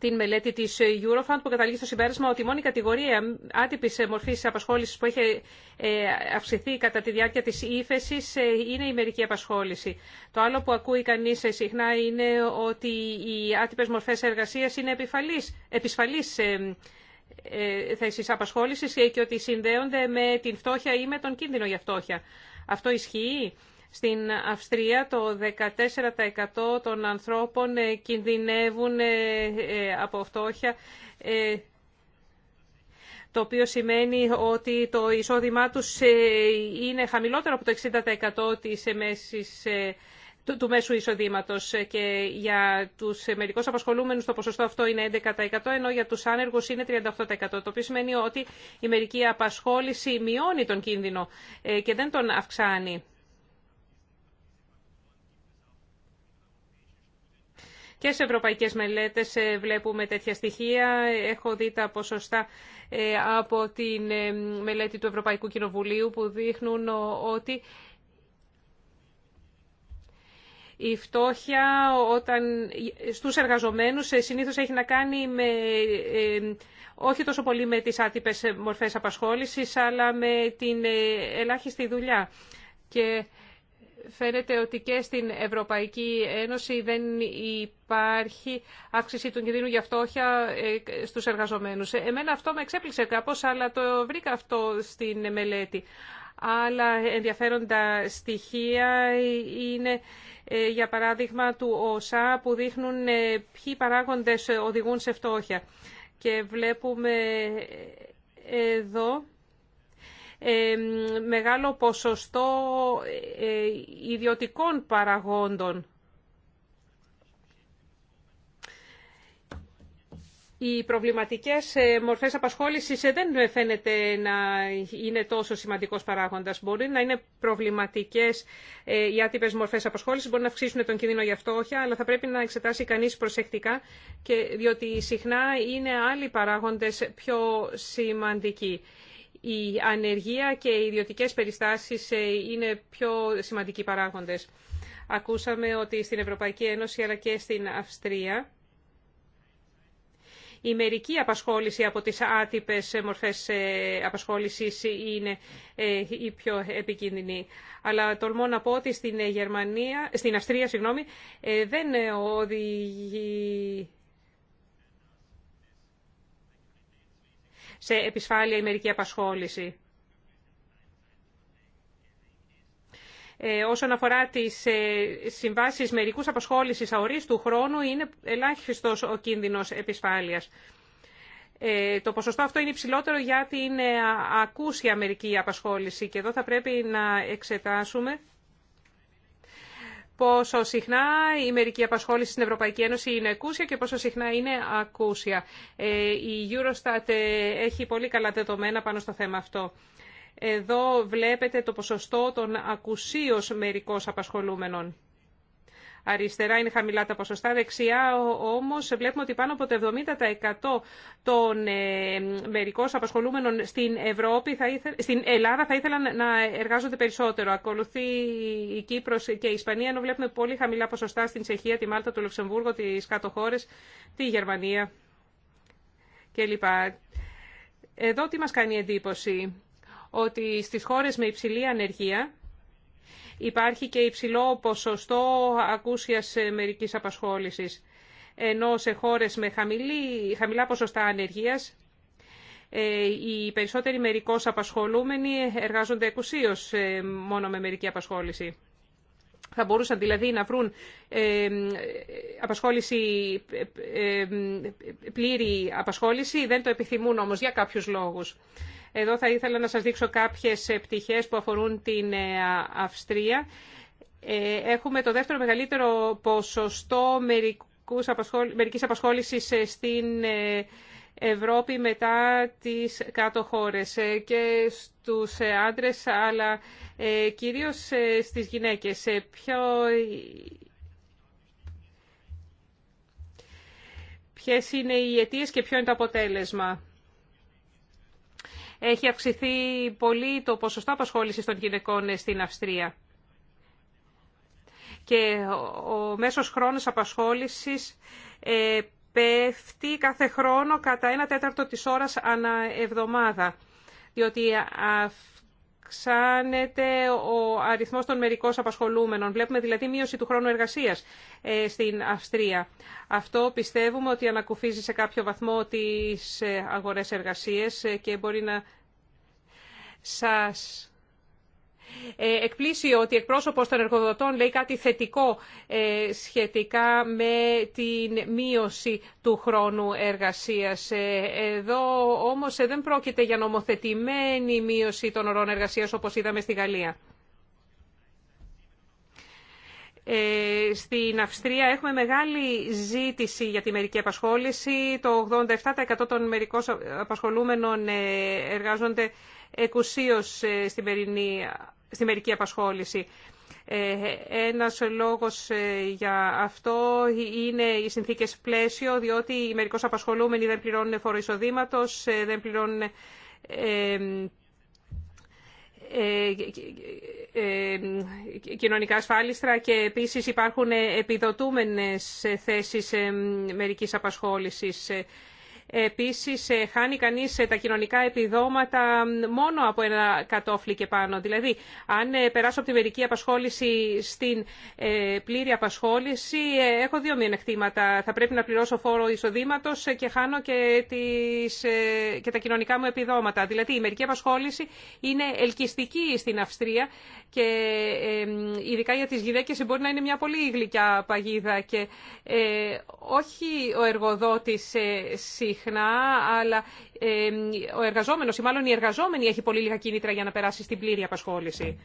την μελέτη της Eurofund που καταλήγει στο συμπέρασμα ότι η μόνη κατηγορία άτυπη μορφής απασχόλησης που έχει ε, αυξηθεί κατά τη διάρκεια της ύφεση ε, είναι η μερική απασχόληση. Το άλλο που ακούει κανεί ε, συχνά είναι ότι οι άτυπε μορφέ εργασίας είναι επισφαλεί επισφαλής απασχόληση και ότι συνδέονται με την φτώχεια ή με τον κίνδυνο για φτώχεια. Αυτό ισχύει. Στην Αυστρία το 14% των ανθρώπων ε, κινδυνεύουν ε, ε, από φτώχεια το οποίο σημαίνει ότι το εισόδημά τους είναι χαμηλότερο από το 60% της μέσης, του, μέσου εισοδήματος και για τους μερικώς απασχολούμενους το ποσοστό αυτό είναι 11% ενώ για τους άνεργους είναι 38% το οποίο σημαίνει ότι η μερική απασχόληση μειώνει τον κίνδυνο και δεν τον αυξάνει. Και σε ευρωπαϊκές μελέτες ε, βλέπουμε τέτοια στοιχεία. Έχω δει τα ποσοστά ε, από τη ε, μελέτη του Ευρωπαϊκού Κοινοβουλίου που δείχνουν ότι η φτώχεια όταν, στους εργαζομένους συνήθως έχει να κάνει με, όχι τόσο πολύ με τις άτυπες μορφές απασχόλησης, αλλά με την ελάχιστη δουλειά. Και φαίνεται ότι και στην Ευρωπαϊκή Ένωση δεν υπάρχει αύξηση του κινδύνου για φτώχεια ε, στους εργαζομένους. Εμένα αυτό με εξέπληξε κάπως, αλλά το βρήκα αυτό στην μελέτη. Άλλα ενδιαφέροντα στοιχεία είναι, ε, για παράδειγμα, του ΟΣΑ που δείχνουν ε, ποιοι παράγοντες οδηγούν σε φτώχεια. Και βλέπουμε εδώ μεγάλο ποσοστό ε, ιδιωτικών παραγόντων. Οι προβληματικές ε, μορφές απασχόλησης ε, δεν φαίνεται να είναι τόσο σημαντικός παράγοντας. Μπορεί να είναι προβληματικές οι άτυπες μορφές απασχόλησης, μπορεί να αυξήσουν τον κίνδυνο για φτώχεια, αλλά θα πρέπει να εξετάσει κανείς προσεκτικά, και, διότι συχνά είναι άλλοι παράγοντες πιο σημαντικοί η ανεργία και οι ιδιωτικές περιστάσεις ε, είναι πιο σημαντικοί παράγοντες. Ακούσαμε ότι στην Ευρωπαϊκή Ένωση αλλά και στην Αυστρία η μερική απασχόληση από τις άτυπες μορφές ε, απασχόλησης είναι ε, η πιο επικίνδυνη. Αλλά τολμώ να πω ότι στην, Γερμανία, στην Αυστρία συγγνώμη, δεν οδηγεί σε επισφάλεια ή μερική απασχόληση. Ε, όσον αφορά τις ε, συμβάσεις μερικούς απασχόλησης αορίστου χρόνου, είναι ελάχιστος ο κίνδυνος επισφάλειας. Ε, το ποσοστό αυτό είναι υψηλότερο γιατί είναι ακούσια μερική απασχόληση και εδώ θα πρέπει να εξετάσουμε πόσο συχνά η μερική απασχόληση στην Ευρωπαϊκή Ένωση είναι εκούσια και πόσο συχνά είναι ακούσια. Ε, η Eurostat ε, έχει πολύ καλά δεδομένα πάνω στο θέμα αυτό. Εδώ βλέπετε το ποσοστό των ακουσίως μερικώς απασχολούμενων. Αριστερά είναι χαμηλά τα ποσοστά, δεξιά όμως βλέπουμε ότι πάνω από το 70% των ε, μερικώς απασχολούμενων στην, Ευρώπη θα στην Ελλάδα θα ήθελαν να εργάζονται περισσότερο. Ακολουθεί η Κύπρος και η Ισπανία, ενώ βλέπουμε πολύ χαμηλά ποσοστά στην Τσεχία, τη Μάλτα, το Λουξεμβούργο, τις κάτω χώρες, τη Γερμανία κλπ. Εδώ τι μας κάνει εντύπωση, ότι στις χώρες με υψηλή ανεργία υπάρχει και υψηλό ποσοστό ακούσιας ε, μερικής απασχόλησης. Ενώ σε χώρες με χαμηλή, χαμηλά ποσοστά ανεργίας, ε, οι περισσότεροι μερικώς απασχολούμενοι εργάζονται εκουσίως ε, μόνο με μερική απασχόληση. Θα μπορούσαν δηλαδή να βρουν απασχόληση, πλήρη απασχόληση, δεν το επιθυμούν όμως για κάποιους λόγους. Εδώ θα ήθελα να σας δείξω κάποιες ε, πτυχές που αφορούν την ε, Αυστρία. Ε, έχουμε το δεύτερο μεγαλύτερο ποσοστό μερικής απασχόλησης στην Ευρώπη μετά τις κάτω χώρες και στους άντρες αλλά κυρίως στις γυναίκες. Ποιο... Ποιες είναι οι αιτίες και ποιο είναι το αποτέλεσμα έχει αυξηθεί πολύ το ποσοστό απασχόλησης των γυναικών στην Αυστρία. Και ο μέσος χρόνος απασχόλησης ε, πέφτει κάθε χρόνο κατά ένα τέταρτο της ώρας ανά εβδομάδα. Διότι αυξάνεται ο αριθμό των μερικών απασχολούμενων. Βλέπουμε δηλαδή μείωση του χρόνου εργασίας ε, στην Αυστρία. Αυτό πιστεύουμε ότι ανακουφίζει σε κάποιο βαθμό τι ε, αγορέ εργασίε ε, και μπορεί να σας ε, εκπλήσει ότι εκπρόσωπος των εργοδοτών λέει κάτι θετικό ε, σχετικά με την μείωση του χρόνου εργασίας. Ε, εδώ όμως δεν πρόκειται για νομοθετημένη μείωση των ωρών εργασίας όπως είδαμε στη Γαλλία. Στην Αυστρία έχουμε μεγάλη ζήτηση για τη μερική απασχόληση. Το 87% των μερικών απασχολούμενων εργάζονται εκουσίως στην περινή στη μερική απασχόληση. Ε, ένας λόγος ε, για αυτό είναι οι συνθήκες πλαίσιο, διότι οι μερικώς απασχολούμενοι δεν πληρώνουν φόρο ε, δεν πληρώνουν κοινωνικά ασφάλιστρα και επίσης υπάρχουν επιδοτούμενες θέσεις μερικής απασχόλησης. Επίσης, ε, χάνει κανείς ε, τα κοινωνικά επιδόματα μόνο από ένα κατόφλι και πάνω. Δηλαδή, αν ε, περάσω από τη μερική απασχόληση στην πλήρη απασχόληση, έχω δύο μειονεκτήματα. Θα πρέπει να πληρώσω φόρο εισοδήματος και χάνω και, τις, και τα κοινωνικά μου επιδόματα. Δηλαδή, η μερική απασχόληση είναι ελκυστική στην Αυστρία και ειδικά για τις γυναίκες μπορεί να είναι μια πολύ γλυκιά παγίδα και όχι ο εργοδότης συχνά συχνά, αλλά ο εργαζόμενος ή μάλλον η εργαζόμενη έχει πολύ λίγα κίνητρα για να περάσει στην πλήρη απασχόληση.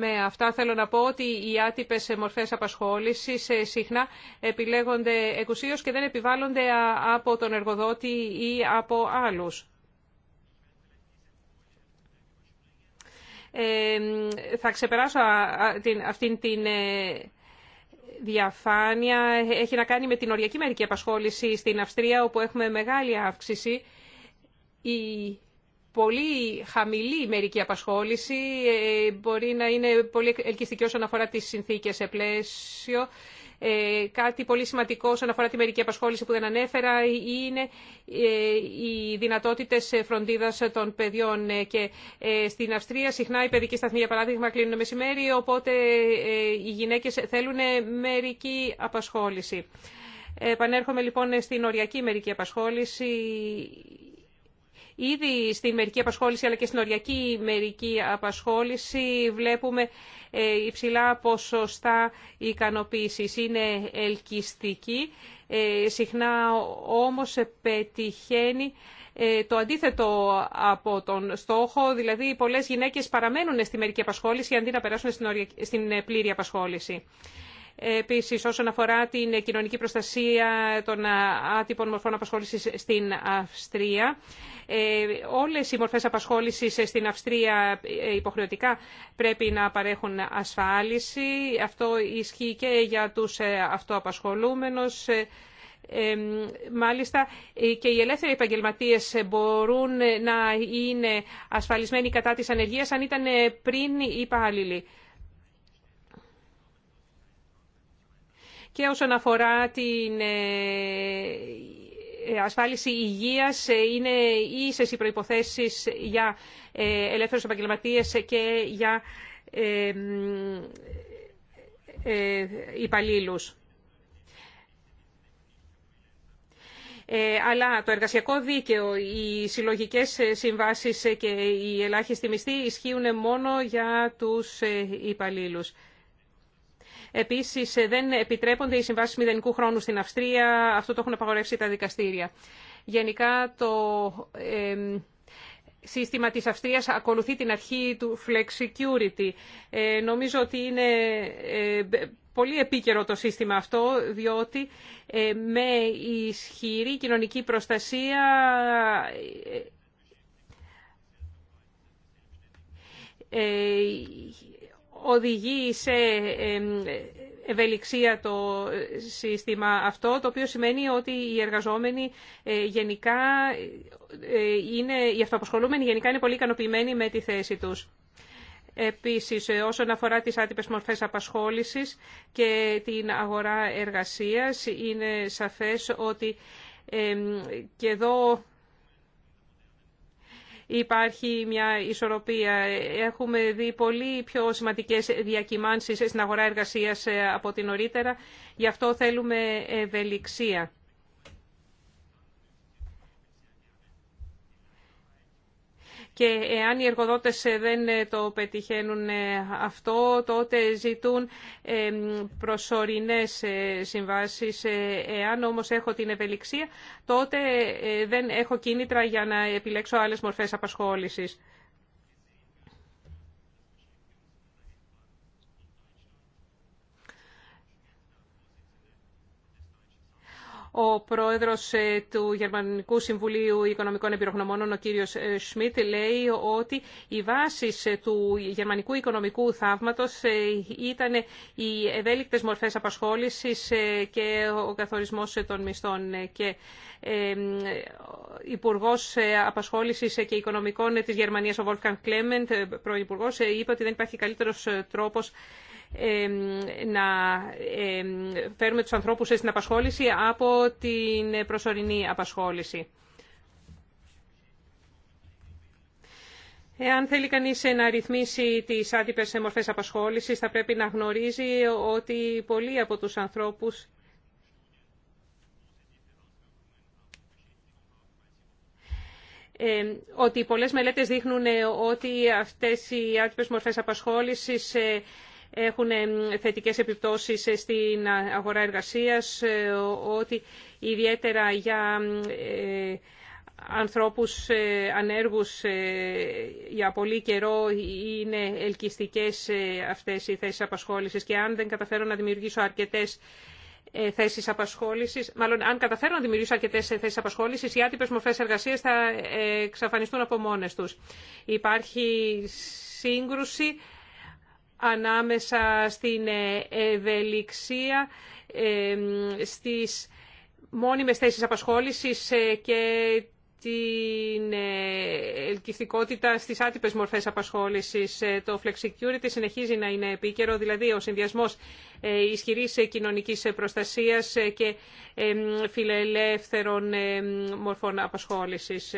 Με αυτά θέλω να πω ότι οι άτυπες μορφές απασχόλησης ε, συχνά επιλέγονται εκουσίως και δεν επιβάλλονται από τον εργοδότη ή από άλλους. θα ξεπεράσω αυτήν την ε, διαφάνεια έχει να κάνει με την οριακή μερική απασχόληση στην Αυστρία, όπου έχουμε μεγάλη αύξηση. Η πολύ χαμηλή μερική απασχόληση ε, μπορεί να είναι πολύ ελκυστική όσον αφορά τις συνθήκες σε πλαίσιο ε, κάτι πολύ σημαντικό όσον αφορά τη μερική απασχόληση που δεν ανέφερα ε, είναι ε, οι δυνατότητες φροντίδας των παιδιών και στην Αυστρία συχνά οι παιδικοί σταθμοί για παράδειγμα κλείνουν μεσημέρι οπότε οι γυναίκες θέλουν μερική απασχόληση. Επανέρχομαι λοιπόν στην οριακή μερική απασχόληση. Ήδη στη μερική απασχόληση αλλά και στην οριακή μερική απασχόληση βλέπουμε ε, υψηλά ποσοστά ικανοποίησης. Είναι ελκυστική, ε, συχνά όμως πετυχαίνει ε, το αντίθετο από τον στόχο, δηλαδή πολλές γυναίκες παραμένουν στη μερική απασχόληση αντί να περάσουν στην πλήρη απασχόληση. Επίσης, όσον αφορά την κοινωνική προστασία των άτυπων μορφών απασχόλησης στην Αυστρία, ε, όλες οι μορφές απασχόλησης στην Αυστρία ε, υποχρεωτικά πρέπει να παρέχουν ασφάλιση. Αυτό ισχύει και για τους ε, αυτοαπασχολούμενους. Μάλιστα, και οι ελεύθεροι επαγγελματίες μπορούν να είναι ασφαλισμένοι κατά της ανεργίας αν ήταν πριν υπάλληλοι. και όσον αφορά την ε, ασφάλιση υγείας ε, είναι ίσες οι προϋποθέσεις για ε, ελεύθερους επαγγελματίες και για υπαλλήλους. αλλά το εργασιακό δίκαιο, οι συλλογικές συμβάσεις και οι ελάχιστοι μισθοί ισχύουν μόνο για τους υπαλλήλους. Επίσης ε, δεν επιτρέπονται οι συμβάσει μηδενικού χρόνου στην Αυστρία, αυτό το έχουν απαγορεύσει τα δικαστήρια. Γενικά το ε, σύστημα της Αυστρίας ακολουθεί την αρχή του flex security. Ε, νομίζω ότι είναι ε, πολύ επίκαιρο το σύστημα αυτό, διότι με ισχυρή κοινωνική προστασία οδηγεί σε ευελιξία το σύστημα αυτό, το οποίο σημαίνει ότι οι εργαζόμενοι ε, γενικά ε, είναι, οι αυτοαπασχολούμενοι γενικά είναι πολύ ικανοποιημένοι με τη θέση τους. Επίσης, ε, όσον αφορά τις άτυπες μορφές απασχόλησης και την αγορά εργασίας, είναι σαφές ότι και εδώ υπάρχει μια ισορροπία. Έχουμε δει πολύ πιο σημαντικές διακυμάνσεις στην αγορά εργασίας ε, από την νωρίτερα. Γι' αυτό θέλουμε ευελιξία. και εάν οι εργοδότες ε, δεν ε, το πετυχαίνουν ε, αυτό, τότε ζητούν προσωρινές συμβάσεις. Εάν όμως έχω την ευελιξία, τότε δεν έχω κίνητρα για να επιλέξω άλλες μορφές απασχόλησης. Ο πρόεδρος ε, του Γερμανικού Συμβουλίου Οικονομικών Εμπειρογνωμόνων, ο κύριος ε, Σμιτ, λέει ότι οι βάσει ε, του γερμανικού οικονομικού θαύματο ήταν οι ευέλικτε μορφέ απασχόλησης και ο καθορισμός των μισθών. Και Υπουργό Απασχόλησης και Οικονομικών της Γερμανίας, ο Βολφκαν Κλέμεντ, πρώην είπε ότι δεν υπάρχει καλύτερο τρόπο να φέρουμε τους ανθρώπους στην απασχόληση από την προσωρινή απασχόληση. Εάν θέλει κανείς να ρυθμίσει τις άτυπες μορφές απασχόλησης, θα πρέπει να γνωρίζει ότι πολλοί από τους ανθρώπους ότι πολλές μελέτες δείχνουν ότι αυτές οι άτυπες μορφές απασχόλησης ε, έχουν θετικές επιπτώσεις στην αγορά εργασίας, ε, ότι ιδιαίτερα για ε, ανθρώπους ε, ανέργους για πολύ καιρό είναι ελκυστικές αυτές οι θέσεις απασχόλησης και αν δεν καταφέρω να δημιουργήσω αρκετές θέσεις απασχόλησης, μάλλον αν καταφέρω να δημιουργήσω αρκετές θέσεις απασχόλησης, οι άτυπες μορφές εργασίας θα εξαφανιστούν από μόνες τους. Υπάρχει σύγκρουση ανάμεσα στην ε, ευελιξία στις μόνιμες θέσεις απασχόλησης ε, και την ε, ελκυστικότητα στις άτυπες μορφές απασχόλησης. Το flexicurity συνεχίζει να είναι επίκαιρο, δηλαδή ο συνδυασμός ισχυρής κοινωνικής προστασίας και φιλελεύθερων μορφών απασχόλησης.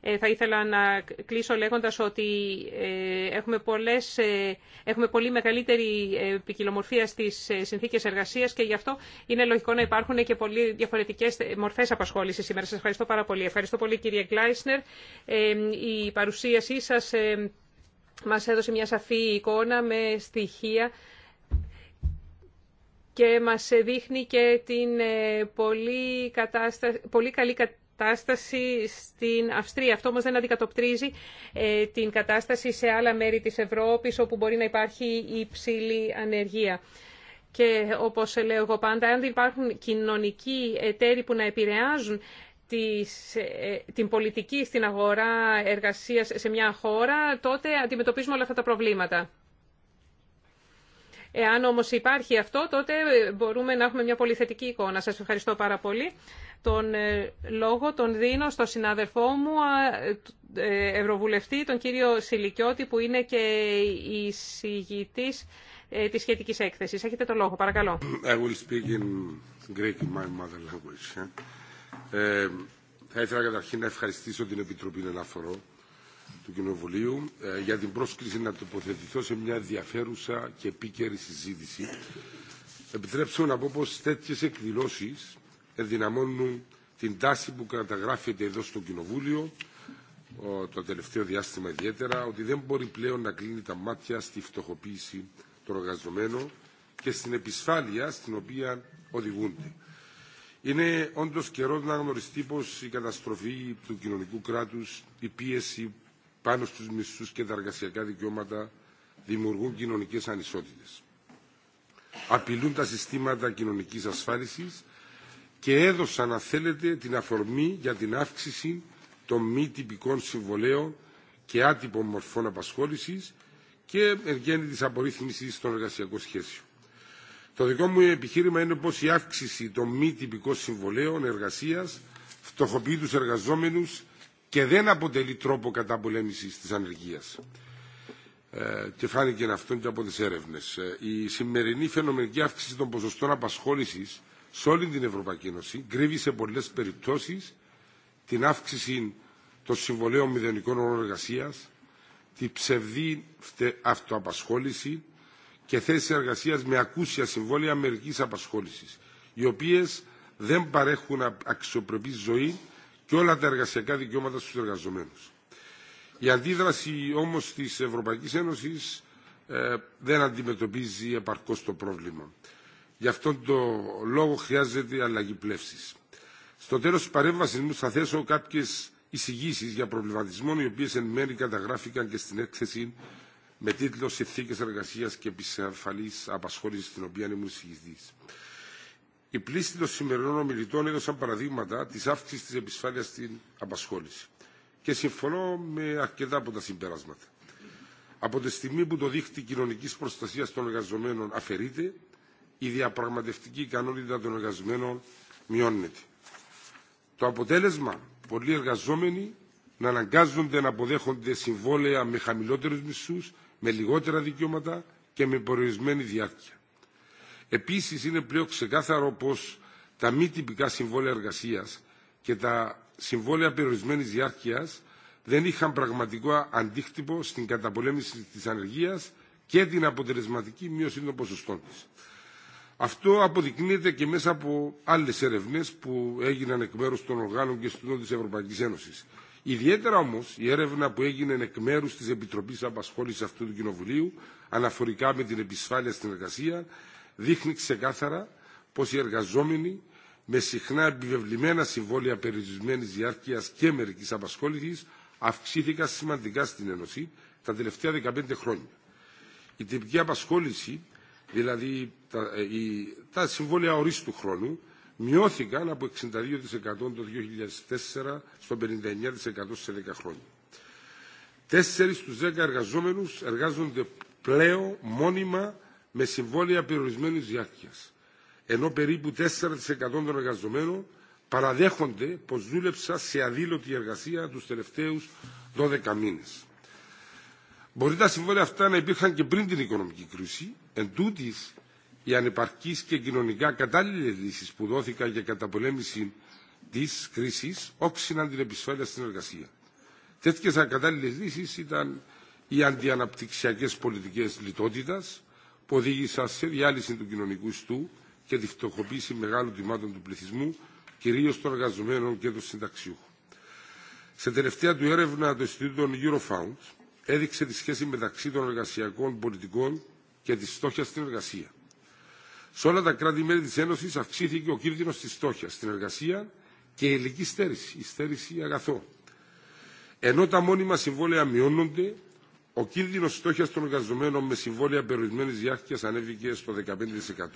Ε, θα ήθελα να κλείσω λέγοντας ότι ε, έχουμε, πολλές, ε, έχουμε πολύ μεγαλύτερη ποικιλομορφία στις συνθήκες εργασίας και γι' αυτό είναι λογικό να υπάρχουν και πολύ διαφορετικές μορφές απασχόλησης σήμερα. Σας ευχαριστώ πάρα πολύ. Ευχαριστώ πολύ κύριε Γκλάισνερ. Η παρουσίασή σας μας έδωσε μια σαφή εικόνα με στοιχεία και μας δείχνει και την πολύ, καλή πολύ καλή κατάσταση στην Αυστρία. Αυτό όμως δεν αντικατοπτρίζει ε, την κατάσταση σε άλλα μέρη της Ευρώπης όπου μπορεί να υπάρχει υψηλή ανεργία. Και όπως λέω εγώ πάντα, αν δεν υπάρχουν κοινωνικοί εταίροι που να επηρεάζουν ε, την πολιτική στην αγορά εργασίας σε μια χώρα, τότε αντιμετωπίζουμε όλα αυτά τα προβλήματα. Εάν όμως υπάρχει αυτό, τότε μπορούμε να έχουμε μια πολύ θετική εικόνα. Σας ευχαριστώ πάρα πολύ. Τον ε, λόγο τον δίνω στον συνάδελφό μου, ε, Ευρωβουλευτή, τον κύριο Σιλικιώτη, που είναι και η συγητής ε, της σχετικής έκθεσης. Έχετε το λόγο, παρακαλώ. I will speak in Greek, θα ήθελα καταρχήν να ευχαριστήσω την Επιτροπή Αναφορών του Κοινοβουλίου για την πρόσκληση να τοποθετηθώ σε μια ενδιαφέρουσα και επίκαιρη συζήτηση. Επιτρέψτε να πω πως τέτοιες εκδηλώσεις ενδυναμώνουν την τάση που καταγράφεται εδώ στο Κοινοβούλιο το τελευταίο διάστημα ιδιαίτερα ότι δεν μπορεί πλέον να κλείνει τα μάτια στη φτωχοποίηση των εργαζομένων και στην επισφάλεια στην οποία οδηγούνται. Είναι όντως καιρό να γνωριστεί πως η καταστροφή του κοινωνικού κράτους, η πίεση πάνω στους μισθούς και τα εργασιακά δικαιώματα δημιουργούν κοινωνικές ανισότητες. Απειλούν τα συστήματα κοινωνικής ασφάλισης και έδωσαν, αν θέλετε, την αφορμή για την αύξηση των μη τυπικών συμβολέων και άτυπων μορφών απασχόλησης και εν τη της απορρίθμισης των εργασιακών σχέσεων. Το δικό μου επιχείρημα είναι πως η αύξηση των μη τυπικών συμβολέων εργασίας φτωχοποιεί τους εργαζόμενους και δεν αποτελεί τρόπο καταπολέμησης της ανεργίας. Ε, και φάνηκε αυτό και από τις έρευνες. Ε, η σημερινή φαινομενική αύξηση των ποσοστών απασχόλησης σε όλη την Ευρωπαϊκή Ένωση κρύβει σε πολλές περιπτώσεις την αύξηση των συμβολέων μηδενικών όρων τη ψευδή αυτοαπασχόληση και θέση εργασίας με ακούσια συμβόλαια μερική απασχόλησης, οι οποίε δεν παρέχουν αξιοπρεπή ζωή και όλα τα εργασιακά δικαιώματα στους εργαζομένου. Η αντίδραση όμως της Ευρωπαϊκής Ένωσης ε, δεν αντιμετωπίζει επαρκώς το πρόβλημα. Γι' αυτόν τον λόγο χρειάζεται αλλαγή πλεύση. Στο τέλο τη παρέμβαση μου θα θέσω κάποιε εισηγήσει για προβληματισμό, οι οποίε εν μέρει καταγράφηκαν και στην έκθεση με τίτλο Συνθήκε εργασία και επισαφαλή απασχόληση, στην οποία ήμουν εισηγητή. Οι πλήστοι των σημερινών ομιλητών έδωσαν παραδείγματα τη αύξηση τη επισφάλεια στην απασχόληση. Και συμφωνώ με αρκετά από τα συμπεράσματα. Από τη στιγμή που το δίχτυ κοινωνική προστασία των εργαζομένων αφαιρείται, η διαπραγματευτική ικανότητα των εργαζομένων μειώνεται. Το αποτέλεσμα, πολλοί εργαζόμενοι να αναγκάζονται να αποδέχονται συμβόλαια με χαμηλότερους μισθούς, με λιγότερα δικαιώματα και με περιορισμένη διάρκεια. Επίσης, είναι πλέον ξεκάθαρο πως τα μη τυπικά συμβόλαια εργασίας και τα συμβόλαια περιορισμένης διάρκειας δεν είχαν πραγματικό αντίκτυπο στην καταπολέμηση της ανεργίας και την αποτελεσματική μείωση των ποσοστών τη. Αυτό αποδεικνύεται και μέσα από άλλες ερευνές που έγιναν εκ μέρους των οργάνων και στουδών της Ευρωπαϊκής Ένωσης. Ιδιαίτερα όμως η έρευνα που έγινε εκ μέρους της Επιτροπής Απασχόλησης αυτού του Κοινοβουλίου αναφορικά με την επισφάλεια στην εργασία δείχνει ξεκάθαρα πως οι εργαζόμενοι με συχνά επιβεβλημένα συμβόλαια περιορισμένη διάρκεια και μερική απασχόληση αυξήθηκαν σημαντικά στην Ένωση τα τελευταία 15 χρόνια. Η τυπική απασχόληση δηλαδή τα, ε, η, τα συμβόλαια ορίστου χρόνου, μειώθηκαν από 62% το 2004 στο 59% σε 10 χρόνια. Τέσσερις στους 10 εργαζόμενους εργάζονται πλέον μόνιμα με συμβόλαια περιορισμένης διάρκειας, ενώ περίπου 4% των εργαζομένων παραδέχονται πως δούλεψαν σε αδήλωτη εργασία τους τελευταίους 12 μήνες. Μπορεί τα συμβόλαια αυτά να υπήρχαν και πριν την οικονομική κρίση, Εν τούτης, οι ανεπαρκείς και κοινωνικά κατάλληλες λύσεις που δόθηκαν για καταπολέμηση της κρίσης όξυναν την επισφάλεια στην εργασία. Τέτοιες ακατάλληλες λύσεις ήταν οι αντιαναπτυξιακές πολιτικές λιτότητας που οδήγησαν σε διάλυση του κοινωνικού ιστού και τη φτωχοποίηση μεγάλων τιμάτων του πληθυσμού, κυρίως των εργαζομένων και των συνταξιούχων. Σε τελευταία του έρευνα, το Ινστιτούτο Eurofound έδειξε τη σχέση μεταξύ των εργασιακών πολιτικών και τη στόχια στην εργασία. Σε όλα τα κράτη-μέλη τη Ένωση αυξήθηκε ο κίνδυνο τη στόχια στην εργασία και η ηλική στέρηση, η στέρηση αγαθό. Ενώ τα μόνιμα συμβόλαια μειώνονται, ο κίνδυνο στόχια των εργαζομένων με συμβόλαια περιορισμένη διάρκεια ανέβηκε στο 15%.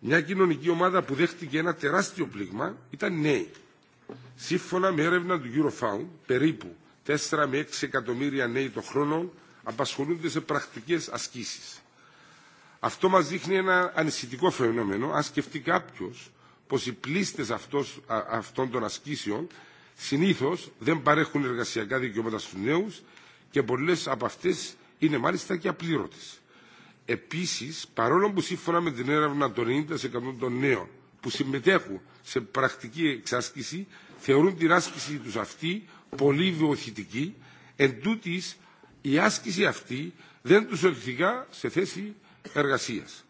Μια κοινωνική ομάδα που δέχτηκε ένα τεράστιο πλήγμα ήταν νέοι. Σύμφωνα με έρευνα του Eurofound, περίπου 4 με 6 εκατομμύρια νέοι το χρόνο απασχολούνται σε πρακτικές ασκήσεις. Αυτό μας δείχνει ένα ανησυχητικό φαινόμενο, αν σκεφτεί κάποιο πως οι πλήστε αυτών των ασκήσεων συνήθως δεν παρέχουν εργασιακά δικαιώματα στους νέους και πολλές από αυτές είναι μάλιστα και απλήρωτες. Επίσης, παρόλο που σύμφωνα με την έρευνα των 90% των νέων που συμμετέχουν σε πρακτική εξάσκηση θεωρούν την άσκηση του αυτή πολύ βιοθητική, εν η άσκηση αυτή δεν τους οδηγά σε θέση εργασίας.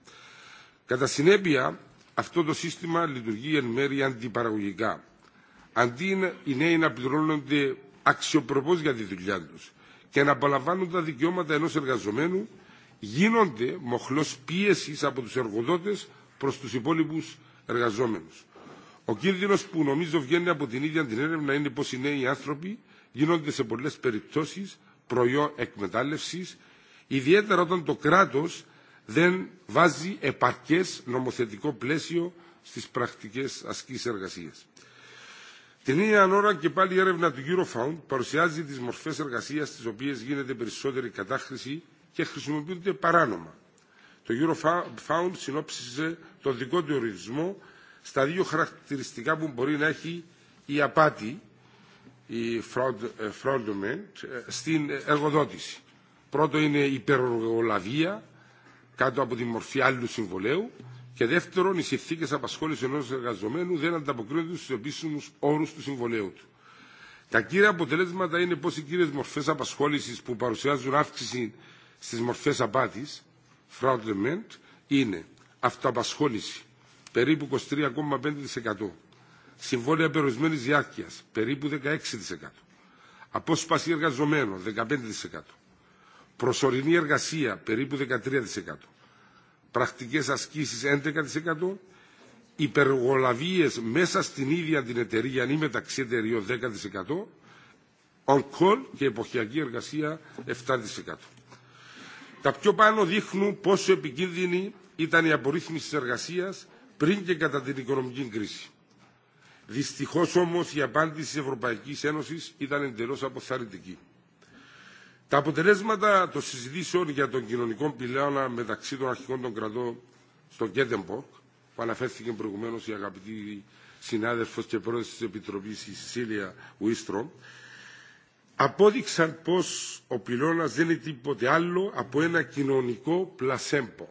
Κατά συνέπεια, αυτό το σύστημα λειτουργεί εν μέρει αντιπαραγωγικά. Αντί οι νέοι να πληρώνονται αξιοπροπώς για τη δουλειά τους και να απολαμβάνουν τα δικαιώματα ενός εργαζομένου, γίνονται μοχλός πίεσης από τους εργοδότες προς τους υπόλοιπους εργαζόμενους. Ο κίνδυνος που νομίζω βγαίνει από την ίδια την έρευνα είναι πως οι νέοι άνθρωποι γίνονται σε πολλές περιπτώσεις προϊόν εκμετάλλευσης, ιδιαίτερα όταν το κράτος δεν βάζει επαρκές νομοθετικό πλαίσιο στις πρακτικές ασκήσεις εργασίας. Την ίδια ώρα και πάλι η έρευνα του Eurofound παρουσιάζει τις μορφές εργασίας στις οποίες γίνεται περισσότερη κατάχρηση και χρησιμοποιούνται παράνομα. Το Eurofound συνόψισε το δικό του ορισμό στα δύο χαρακτηριστικά που μπορεί να έχει η απάτη ή ε, fraudulent ε, στην εργοδότηση. Πρώτο είναι η υπερολαβία κάτω από τη μορφή άλλου συμβολέου και δεύτερον οι συνθήκε απασχόληση ενό εργαζομένου δεν ανταποκρίνονται στου επίσημου όρου του συμβολέου του. Τα κύρια αποτελέσματα είναι πω οι κύριε μορφέ απασχόληση που παρουσιάζουν αύξηση στι μορφέ απάτη, είναι αυτοαπασχόληση περίπου 23,5% συμβόλαια περιορισμένη διάρκεια περίπου 16%, απόσπαση εργαζομένων 15%, προσωρινή εργασία περίπου 13%, Πρακτικέ ασκήσει 11%, Υπεργολαβίε μέσα στην ίδια την εταιρεία ή μεταξύ εταιρείων 10%, on-call και εποχιακή εργασία 7%. Τα πιο πάνω δείχνουν πόσο επικίνδυνη ήταν η απορρίθμιση της εργασίας πριν και κατά την οικονομική κρίση. Δυστυχώ όμω η απάντηση τη Ευρωπαϊκή Ένωση ήταν εντελώ αποθαρρυντική. Τα αποτελέσματα των συζητήσεων για τον κοινωνικό πυλώνα μεταξύ των αρχικών των κρατών στο Κέντεμποκ, που αναφέρθηκε προηγουμένω η αγαπητή συνάδελφο και πρόεδρο τη Επιτροπή, η Σίλια Ουίστρο, απόδειξαν πω ο πυλώνα δεν είναι τίποτε άλλο από ένα κοινωνικό πλασέμπο.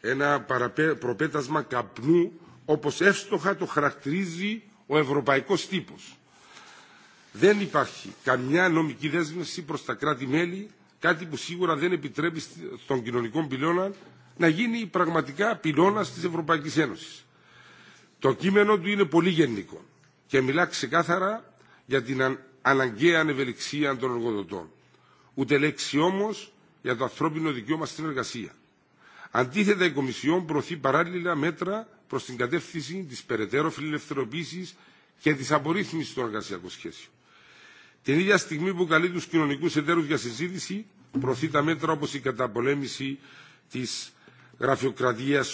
Ένα προπέτασμα καπνού όπως εύστοχα το χαρακτηρίζει ο ευρωπαϊκός τύπος. Δεν υπάρχει καμιά νομική δέσμευση προς τα κράτη-μέλη, κάτι που σίγουρα δεν επιτρέπει στον κοινωνικό πυλώνα να γίνει πραγματικά πυλώνα της Ευρωπαϊκής Ένωσης. Το κείμενο του είναι πολύ γενικό και μιλά ξεκάθαρα για την αναγκαία ανευελιξία των εργοδοτών. Ούτε λέξη όμως για το ανθρώπινο δικαίωμα στην εργασία. Αντίθετα, η Κομισιόν προωθεί παράλληλα μέτρα προ την κατεύθυνση τη περαιτέρω φιλελευθερωποίηση και τη απορρίθμιση των εργασιακών σχέσεων. Την ίδια στιγμή που καλεί του κοινωνικού εταίρου για συζήτηση, προωθεί τα μέτρα όπω η καταπολέμηση τη γραφειοκρατία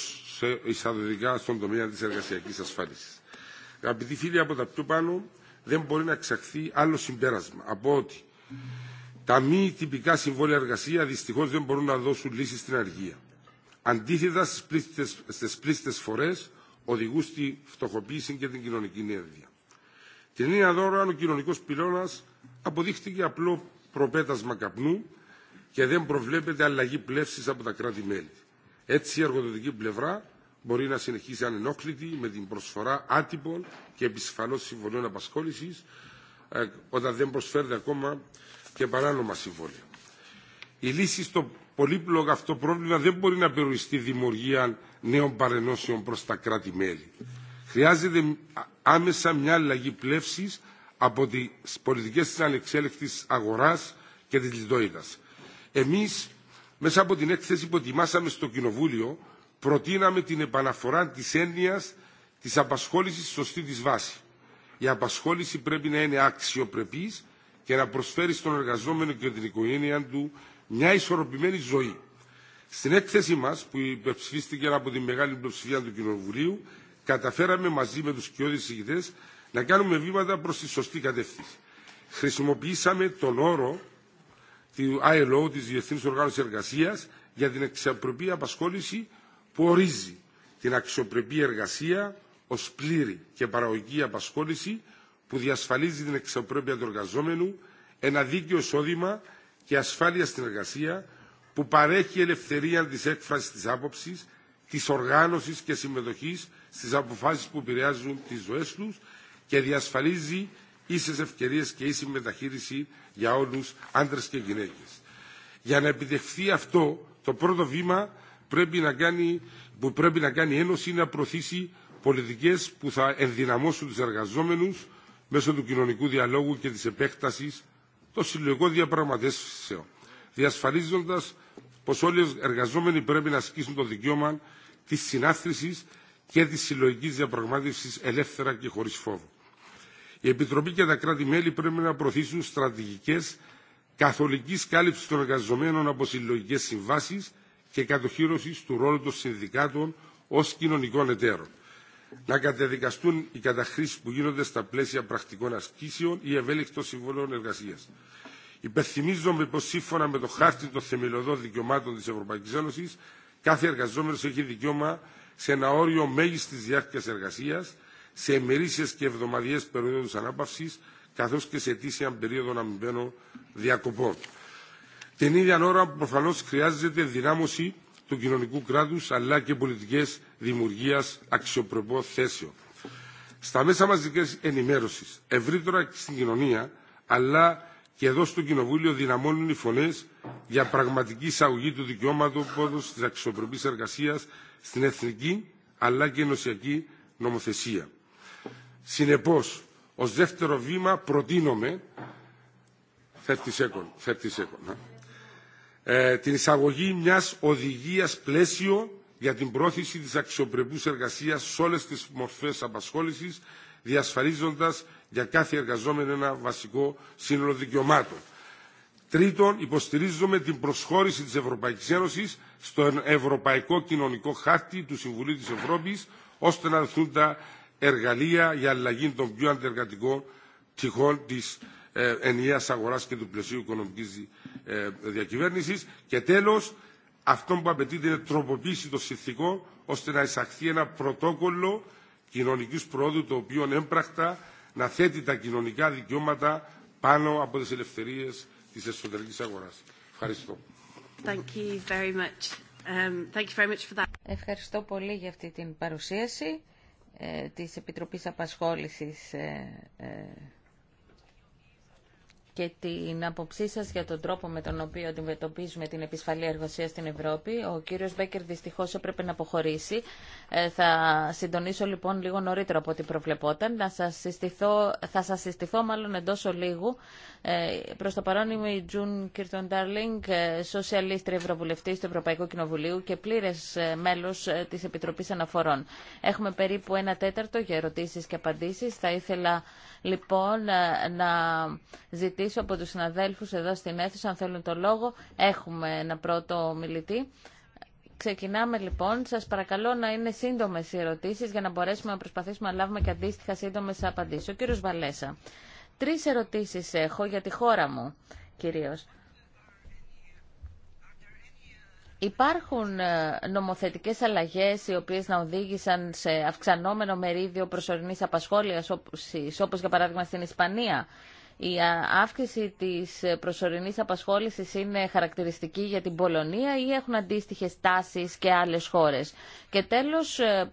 εισαγωγικά στον τομέα τη εργασιακή ασφάλιση. Αγαπητοί φίλοι, από τα πιο πάνω δεν μπορεί να εξαχθεί άλλο συμπέρασμα από ότι τα μη τυπικά συμβόλαια εργασία δυστυχώ δεν μπορούν να δώσουν λύσει στην αργία. Αντίθετα στι πλήστε φορέ οδηγού στη φτωχοποίηση και την κοινωνική ενέργεια. Την ίδια δώρα ο κοινωνικό πυλώνα αποδείχτηκε απλό προπέτασμα καπνού και δεν προβλέπεται αλλαγή πλεύση από τα κράτη-μέλη. Έτσι η εργοδοτική πλευρά μπορεί να συνεχίσει ανενόχλητη με την προσφορά άτυπων και επισφαλώς συμβολών απασχόληση ε, όταν δεν προσφέρεται ακόμα και παράνομα συμβόλαια. Η λύση στο πολύπλοκο αυτό πρόβλημα δεν μπορεί να περιοριστεί δημιουργία νέων παρενώσεων προς τα κράτη-μέλη. Χρειάζεται άμεσα μια αλλαγή πλεύσης από τις πολιτικές της ανεξέλεκτης αγοράς και της λιτότητας. Εμείς, μέσα από την έκθεση που ετοιμάσαμε στο Κοινοβούλιο, προτείναμε την επαναφορά της έννοιας της απασχόλησης σωστή της βάση. Η απασχόληση πρέπει να είναι αξιοπρεπής και να προσφέρει στον εργαζόμενο και την οικογένεια του μια ισορροπημένη ζωή. Στην έκθεση μα, που υπερψηφίστηκε από τη μεγάλη πλειοψηφία του Κοινοβουλίου, καταφέραμε μαζί με του κοιόδη ηγητέ να κάνουμε βήματα προ τη σωστή κατεύθυνση. Χρησιμοποιήσαμε τον όρο του ILO, τη Διεθνή Οργάνωση Εργασία, για την αξιοπρεπή απασχόληση που ορίζει την αξιοπρεπή εργασία ω πλήρη και παραγωγική απασχόληση που διασφαλίζει την αξιοπρέπεια του εργαζόμενου, ένα δίκαιο εισόδημα και ασφάλεια στην εργασία που παρέχει ελευθερία της έκφρασης της άποψης, της οργάνωσης και συμμετοχής στις αποφάσεις που επηρεάζουν τις ζωές τους και διασφαλίζει ίσες ευκαιρίες και ίση μεταχείριση για όλους άντρες και γυναίκες. Για να επιτευχθεί αυτό, το πρώτο βήμα πρέπει να κάνει, που πρέπει να κάνει η Ένωση είναι να προωθήσει πολιτικές που θα ενδυναμώσουν τους εργαζόμενους μέσω του κοινωνικού διαλόγου και της επέκτασης το συλλογικό διαπραγματεύσεων, διασφαλίζοντα πω όλοι οι εργαζόμενοι πρέπει να ασκήσουν το δικαίωμα τη συνάθρηση και τη συλλογική διαπραγμάτευση ελεύθερα και χωρί φόβο. Η Επιτροπή και τα κράτη-μέλη πρέπει να προωθήσουν στρατηγικέ καθολική κάλυψη των εργαζομένων από συλλογικέ συμβάσει και κατοχύρωση του ρόλου των συνδικάτων ω κοινωνικών εταίρων να καταδικαστούν οι καταχρήσει που γίνονται στα πλαίσια πρακτικών ασκήσεων ή ευέλικτων συμβολών εργασία. Υπενθυμίζομαι πω σύμφωνα με το χάρτη των θεμελιωδών δικαιωμάτων τη Ευρωπαϊκή Ένωση, κάθε εργαζόμενο έχει δικαίωμα σε ένα όριο μέγιστη διάρκεια εργασία, σε ημερήσιε και εβδομαδιαίε περιόδου ανάπαυση, καθώ και σε αιτήσια περίοδο αμοιβαίνων διακοπών. Την ίδια ώρα προφανώ χρειάζεται δυνάμωση του κοινωνικού κράτους αλλά και πολιτικές δημιουργίας αξιοπρεπό θέσεων. Στα μέσα μαζικής ενημέρωσης, ευρύτερα στην κοινωνία, αλλά και εδώ στο Κοινοβούλιο δυναμώνουν οι φωνές για πραγματική εισαγωγή του δικαιώματος της αξιοπρεπής εργασίας στην εθνική αλλά και ενωσιακή νομοθεσία. Συνεπώς, ως δεύτερο βήμα προτείνομαι ναι. Ε, την εισαγωγή μιας οδηγίας πλαίσιο για την πρόθεση της αξιοπρεπούς εργασίας σε όλες τις μορφές απασχόλησης, διασφαλίζοντας για κάθε εργαζόμενο ένα βασικό σύνολο δικαιωμάτων. Τρίτον, υποστηρίζουμε την προσχώρηση της Ευρωπαϊκής Ένωσης στον Ευρωπαϊκό Κοινωνικό Χάρτη του Συμβουλίου της Ευρώπης, ώστε να δοθούν τα εργαλεία για αλλαγή των πιο αντεργατικών τυχών της ε, ενιαία αγορά και του πλαισίου οικονομική ε, διακυβέρνηση. Και τέλο, αυτό που απαιτείται είναι τροποποίηση το συνθήκων ώστε να εισαχθεί ένα πρωτόκολλο κοινωνική πρόοδου το οποίο έμπρακτα να θέτει τα κοινωνικά δικαιώματα πάνω από τις ελευθερίες της εσωτερικής αγοράς. Ευχαριστώ. Ευχαριστώ πολύ για αυτή την παρουσίαση ε, της Επιτροπής Απασχόλησης ε, ε και την άποψή σα για τον τρόπο με τον οποίο αντιμετωπίζουμε την επισφαλή εργασία στην Ευρώπη. Ο κύριο Μπέκερ δυστυχώ έπρεπε να αποχωρήσει. Ε, θα συντονίσω λοιπόν λίγο νωρίτερα από ό,τι προβλεπόταν. Να σας συστηθώ, θα σα συστηθώ μάλλον εντό ολίγου. Ε, προς το παρόν είμαι η Τζουν Κίρτον Ντάρλινγκ, ε, σοσιαλίστρια ευρωβουλευτή του Ευρωπαϊκού Κοινοβουλίου και πλήρε μέλο ε, τη επιτροπή Αναφορών. Έχουμε περίπου ένα τέταρτο για ερωτήσει και απαντήσει. Θα ήθελα λοιπόν ε, να ζητήσω ρωτήσω από τους συναδέλφους εδώ στην αίθουσα, αν θέλουν το λόγο. Έχουμε ένα πρώτο μιλητή. Ξεκινάμε λοιπόν. Σας παρακαλώ να είναι σύντομες οι ερωτήσεις για να μπορέσουμε να προσπαθήσουμε να λάβουμε και αντίστοιχα σύντομες απαντήσεις. Ο κύριος Βαλέσα. Τρεις ερωτήσεις έχω για τη χώρα μου κυρίως. Υπάρχουν ε, νομοθετικές αλλαγές οι οποίες να οδήγησαν σε αυξανόμενο μερίδιο προσωρινής απασχόλησης όπως για παράδειγμα στην Ισπανία η αύξηση της προσωρινής απασχόλησης είναι χαρακτηριστική για την Πολωνία ή έχουν αντίστοιχες τάσεις και άλλες χώρες. Και τέλος, ε,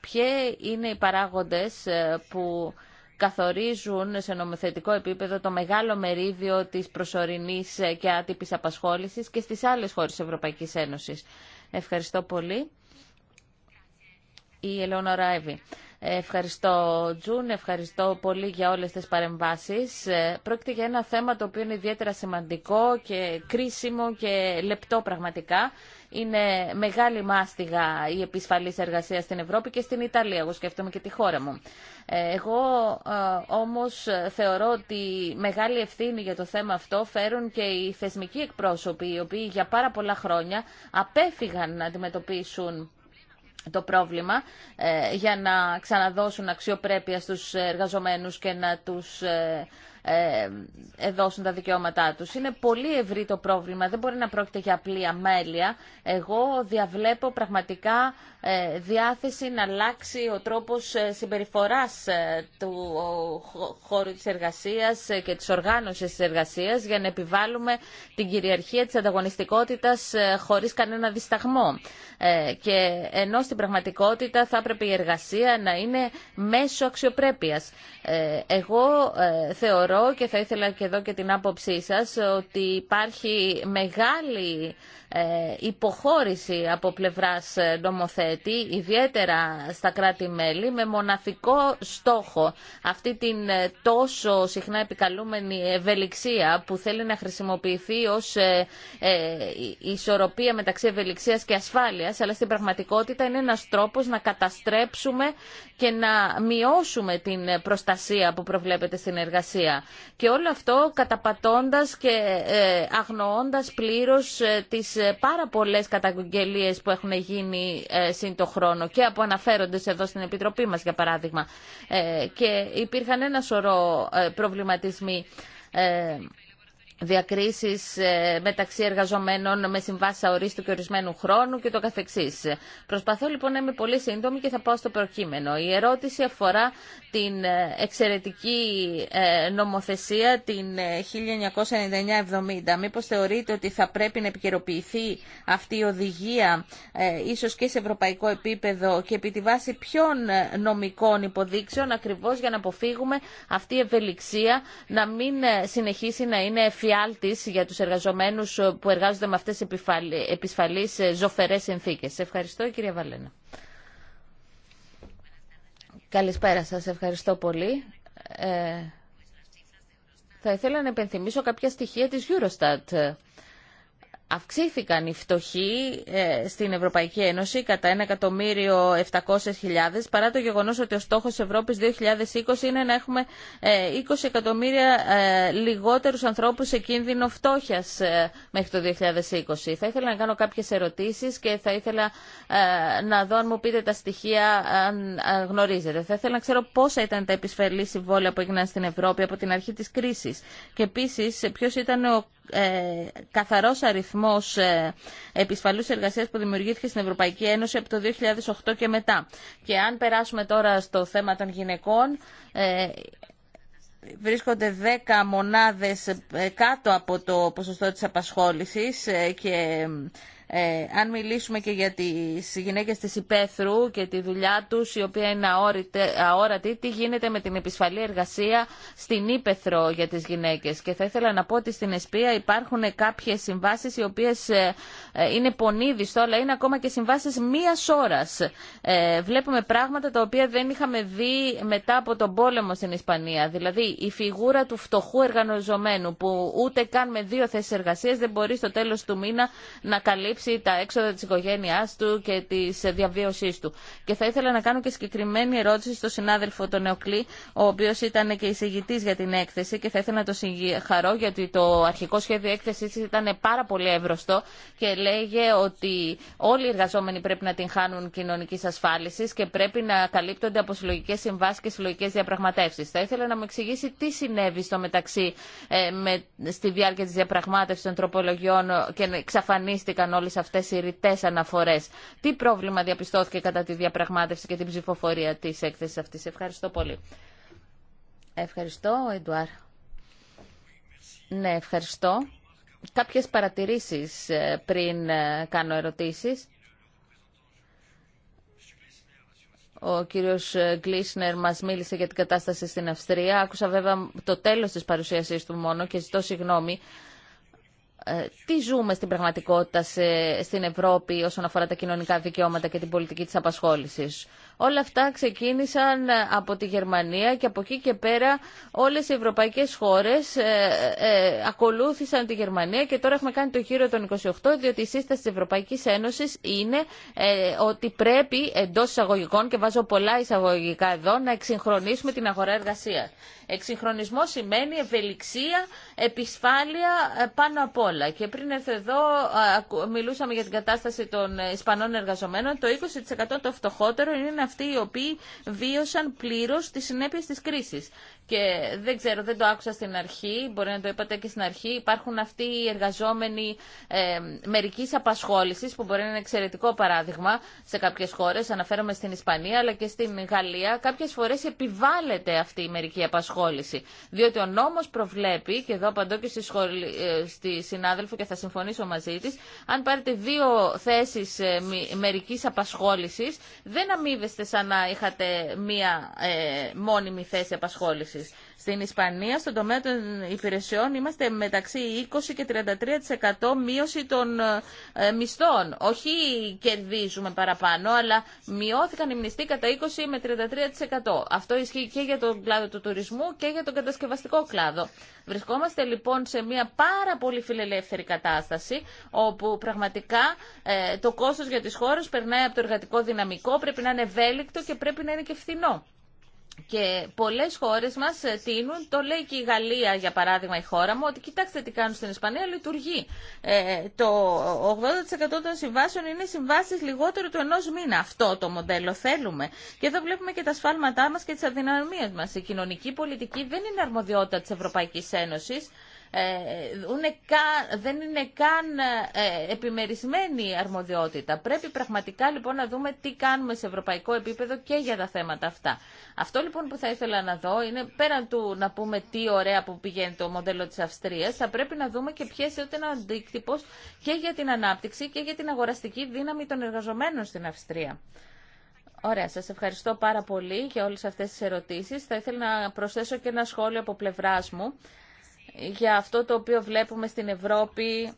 ποιοι είναι οι παράγοντες ε, που καθορίζουν σε νομοθετικό επίπεδο το μεγάλο μερίδιο της προσωρινής ε, και άτυπης απασχόλησης και στις άλλες χώρες της Ευρωπαϊκής Ένωσης. Ευχαριστώ πολύ. Η Ελεόνα Ευχαριστώ, Τζουν. Ευχαριστώ πολύ για όλες τις παρεμβάσεις. Ε, πρόκειται για ένα θέμα το οποίο είναι ιδιαίτερα σημαντικό και κρίσιμο και λεπτό πραγματικά. Είναι μεγάλη μάστιγα η επισφαλής εργασία στην Ευρώπη και στην Ιταλία. Εγώ σκέφτομαι και τη χώρα μου. Ε, εγώ ε, όμως θεωρώ ότι μεγάλη ευθύνη για το θέμα αυτό φέρουν και οι θεσμικοί εκπρόσωποι, οι οποίοι για πάρα πολλά χρόνια απέφυγαν να αντιμετωπίσουν το πρόβλημα ε, για να ξαναδώσουν αξιοπρέπεια στους εργαζομένους και να τους ε, ε, ε, δώσουν τα δικαιώματά τους. Είναι πολύ ευρύ το πρόβλημα, δεν μπορεί να πρόκειται για απλή αμέλεια. Εγώ διαβλέπω πραγματικά ε, διάθεση να αλλάξει ο τρόπος συμπεριφοράς του χώρου της εργασίας και της οργάνωσης της εργασίας για να επιβάλλουμε την κυριαρχία της ανταγωνιστικότητας χωρίς κανένα δισταγμό. Και ενώ στην πραγματικότητα θα έπρεπε η εργασία να είναι μέσω αξιοπρέπειας. Εγώ θεωρώ και θα ήθελα και εδώ και την άποψή σας ότι υπάρχει μεγάλη ε, υποχώρηση από πλευράς ε, νομοθέτη, ιδιαίτερα στα κράτη-μέλη, με μοναφικό στόχο αυτή την ε, τόσο συχνά επικαλούμενη ευελιξία που θέλει να χρησιμοποιηθεί ως ισορροπία μεταξύ ευελιξίας και ασφάλειας, αλλά στην πραγματικότητα είναι ένας τρόπος να καταστρέψουμε και να μειώσουμε την προστασία που προβλέπεται στην εργασία. Και όλο αυτό καταπατώντας και αγνοώντας πλήρως τις ε, πάρα πολλέ καταγγελίε που έχουν γίνει ε, σύν το χρόνο και από αναφέροντε εδώ στην Επιτροπή μα, για παράδειγμα. Ε, και υπήρχαν ένα σωρό προβληματισμοί διακρίσεις ε, μεταξύ εργαζομένων με συμβάσει αορίστου και ορισμένου χρόνου και το καθεξής. Προσπαθώ λοιπόν να είμαι πολύ σύντομη και θα πάω στο προκείμενο. Η ερώτηση αφορά την ε, εξαιρετική ε, νομοθεσία την 1999-70. Μήπως θεωρείτε ότι θα πρέπει να επικαιροποιηθεί αυτή η οδηγία ίσως και σε ευρωπαϊκό επίπεδο και επί τη βάση ποιων νομικών υποδείξεων ακριβώς για να αποφύγουμε αυτή η ευελιξία να μην συνεχίσει να είναι ευφυή εφιάλτης για τους εργαζομένους που εργάζονται με αυτές τις επισφαλείς ε, ζωφερές συνθήκε. Ευχαριστώ κυρία Βαλένα. Καλησπέρα σας, ευχαριστώ πολύ. Ε, θα ήθελα να επενθυμίσω κάποια στοιχεία της Eurostat αυξήθηκαν οι φτωχοί ε, στην Ευρωπαϊκή Ένωση κατά 1 εκατομμύριο 700.000 παρά το γεγονός ότι ο στόχος της Ευρώπης 2020 είναι να έχουμε 20 ε, εκατομμύρια ε, λιγότερους ανθρώπους σε κίνδυνο φτώχειας μέχρι το 2020. Θα ήθελα να κάνω κάποιες ερωτήσεις και θα ήθελα να δω αν μου πείτε τα στοιχεία αν γνωρίζετε. Θα ήθελα να ξέρω πόσα ήταν τα επισφαλή συμβόλαια που έγιναν στην Ευρώπη από την αρχή της κρίσης και επίσης ποιος ήταν ο ε, καθαρός αριθμός ε, επισφαλούς εργασίας που δημιουργήθηκε στην Ευρωπαϊκή Ένωση από το 2008 και μετά. Και αν περάσουμε τώρα στο θέμα των γυναικών, ε, βρίσκονται 10 μονάδες ε, κάτω από το ποσοστό της απασχόλησης ε, και ε, αν μιλήσουμε και για τις γυναίκες της υπαίθρου και τη δουλειά τους η οποία είναι αόρατη, τι γίνεται με την επισφαλή εργασία στην υπαίθρο για τις γυναίκες. Και θα ήθελα να πω ότι στην ΕΣΠΙΑ υπάρχουν κάποιες συμβάσεις οι οποίες ε, ε, είναι πονίδιστο, αλλά είναι ακόμα και συμβάσεις μίας ώρας. Ε, βλέπουμε πράγματα τα οποία δεν είχαμε δει μετά από τον πόλεμο στην Ισπανία. Δηλαδή η φιγούρα του φτωχού εργανοζομένου, που ούτε καν με δύο θέσεις εργασίας δεν μπορεί στο τέλος του μήνα να καλύψει τα έξοδα της οικογένειάς του και της διαβίωσής του. Και θα ήθελα να κάνω και συγκεκριμένη ερώτηση στον συνάδελφο τον Νεοκλή, ο οποίος ήταν και εισηγητής για την έκθεση και θα ήθελα να το συγχαρώ γιατί το αρχικό σχέδιο έκθεσης ήταν πάρα πολύ εύρωστο και λέγε ότι όλοι οι εργαζόμενοι πρέπει να την χάνουν κοινωνικής ασφάλισης και πρέπει να καλύπτονται από συλλογικές συμβάσεις και συλλογικές διαπραγματεύσεις. Θα ήθελα να μου εξηγήσει τι συνέβη στο μεταξύ ε, με, στη διάρκεια της διαπραγμάτευσης των τροπολογιών και εξαφανίστηκαν όλα Όλε αυτές οι ρητές αναφορές. Τι πρόβλημα διαπιστώθηκε κατά τη διαπραγμάτευση και την ψηφοφορία της έκθεσης αυτής. Ευχαριστώ πολύ. Ευχαριστώ, Εντουάρ. Ναι, ευχαριστώ. Κάποιες παρατηρήσεις ε, πριν ε, κάνω ερωτήσεις. Ο κύριος ε, Γκλίσνερ μας μίλησε για την κατάσταση στην Αυστρία. Άκουσα βέβαια το τέλος της παρουσίασής του μόνο και ζητώ συγγνώμη. Ε, τι ζούμε στην πραγματικότητα στην Ευρώπη όσον αφορά τα κοινωνικά δικαιώματα και την πολιτική της απασχόλησης. Όλα αυτά ξεκίνησαν ε, από τη Γερμανία και από εκεί και πέρα όλες οι ευρωπαϊκές χώρες ε, ε, ακολούθησαν τη Γερμανία και τώρα έχουμε κάνει το γύρο των 28 διότι η σύσταση της Ευρωπαϊκής Ένωσης είναι ότι πρέπει εντός εισαγωγικών και βάζω πολλά εισαγωγικά εδώ να εξυγχρονίσουμε την αγορά εργασία. Εξυγχρονισμό σημαίνει ευελιξία, επισφάλεια πάνω απ' όλα. Και πριν έρθω εδώ μιλούσαμε για την κατάσταση των Ισπανών εργαζομένων. Το 20% το φτωχότερο είναι αυτοί οι οποίοι βίωσαν πλήρω τι συνέπειε της κρίσης και δεν ξέρω, δεν το άκουσα στην αρχή, μπορεί να το είπατε και στην αρχή, υπάρχουν αυτοί οι εργαζόμενοι ε, μερικής απασχόλησης που μπορεί να είναι εξαιρετικό παράδειγμα σε κάποιες χώρες, αναφέρομαι στην Ισπανία αλλά και στην Γαλλία, κάποιες φορές επιβάλλεται αυτή η μερική απασχόληση. Διότι ο νόμος προβλέπει, και εδώ απαντώ και στη, σχολή, ε, συνάδελφο και θα συμφωνήσω μαζί της, αν πάρετε δύο θέσεις ε, μερικής απασχόλησης, δεν αμείβεστε σαν να είχατε μία ε, μόνιμη θέση απασχόληση. Στην Ισπανία, στον τομέα των υπηρεσιών, είμαστε μεταξύ 20 και 33% μείωση των ε, μισθών. Όχι κερδίζουμε παραπάνω, αλλά μειώθηκαν οι μισθοί κατά 20 με 33%. Αυτό ισχύει και για τον κλάδο του τουρισμού και για τον κατασκευαστικό κλάδο. Βρισκόμαστε λοιπόν σε μια πάρα πολύ φιλελεύθερη κατάσταση, όπου πραγματικά ε, το κόστος για τις χώρες περνάει από το εργατικό δυναμικό, πρέπει να είναι ευέλικτο και πρέπει να είναι και φθηνό. Και πολλέ χώρε μα ε, τίνουν, το λέει και η Γαλλία για παράδειγμα η χώρα μου, ότι κοιτάξτε τι κάνουν στην Ισπανία, λειτουργεί. Ε, το 80% των συμβάσεων είναι συμβάσει λιγότερο του ενό μήνα. Αυτό το μοντέλο θέλουμε. Και εδώ βλέπουμε και τα σφάλματά μα και τι αδυναμίε μα. Η κοινωνική πολιτική δεν είναι αρμοδιότητα τη Ευρωπαϊκή Ένωση. Ε, δεν είναι καν ε, επιμερισμένη αρμοδιότητα. Πρέπει πραγματικά λοιπόν να δούμε τι κάνουμε σε ευρωπαϊκό επίπεδο και για τα θέματα αυτά. Αυτό λοιπόν που θα ήθελα να δω είναι πέραν του να πούμε τι ωραία που πηγαίνει το μοντέλο της Αυστρίας, θα πρέπει να δούμε και ποιες είναι ο αντίκτυπος και για την ανάπτυξη και για την αγοραστική δύναμη των εργαζομένων στην Αυστρία. Ωραία, σας ευχαριστώ πάρα πολύ για όλες αυτές τις ερωτήσεις. Θα ήθελα να προσθέσω και ένα σχόλιο από πλευράς μου για αυτό το οποίο βλέπουμε στην Ευρώπη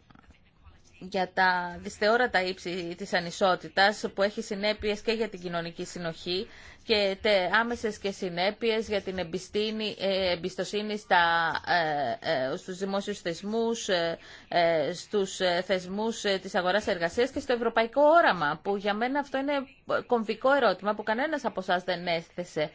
για τα δυστεόρατα ύψη της ανισότητας που έχει συνέπειες και για την κοινωνική συνοχή και τε, άμεσες και συνέπειες για την ε, εμπιστοσύνη στα, ε, ε, στους δημόσιους θεσμούς, στους θεσμούς της αγοράς εργασίας και στο ευρωπαϊκό όραμα, που για μένα αυτό είναι κομβικό ερώτημα που κανένας από εσά δεν έθεσε.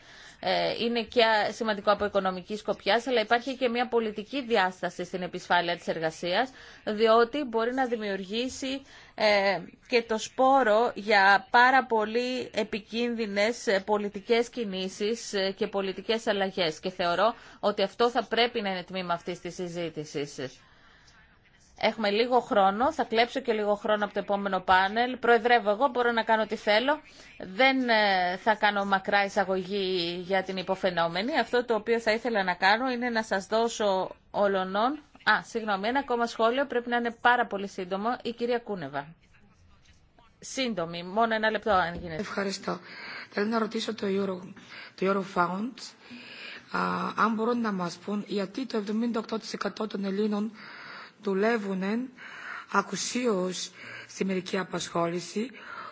Είναι και σημαντικό από οικονομική σκοπιά, αλλά υπάρχει και μια πολιτική διάσταση στην επισφάλεια της εργασίας, διότι μπορεί να δημιουργήσει ε, και το σπόρο για πάρα πολύ επικίνδυνες ε, πολιτικές κινήσεις ε, και πολιτικές αλλαγές και θεωρώ ότι αυτό θα πρέπει να είναι τμήμα αυτής της συζήτησης. Έχουμε λίγο χρόνο, θα κλέψω και λίγο χρόνο από το επόμενο πάνελ. Προεδρεύω εγώ, μπορώ να κάνω τι θέλω. Δεν θα κάνω μακρά εισαγωγή για την υποφαινόμενη. Αυτό το οποίο θα ήθελα να κάνω είναι να σας δώσω ολονών Α, συγγνώμη, ένα ακόμα σχόλιο πρέπει να είναι πάρα πολύ σύντομο. Η κυρία Κούνεβα. Σύντομη, μόνο ένα λεπτό αν γίνεται. Ευχαριστώ. Θέλω να ρωτήσω το, Euro, το Eurofound αν μπορούν να μας πούν γιατί το 78% των Ελλήνων δουλεύουν ακουσίως στη μερική απασχόληση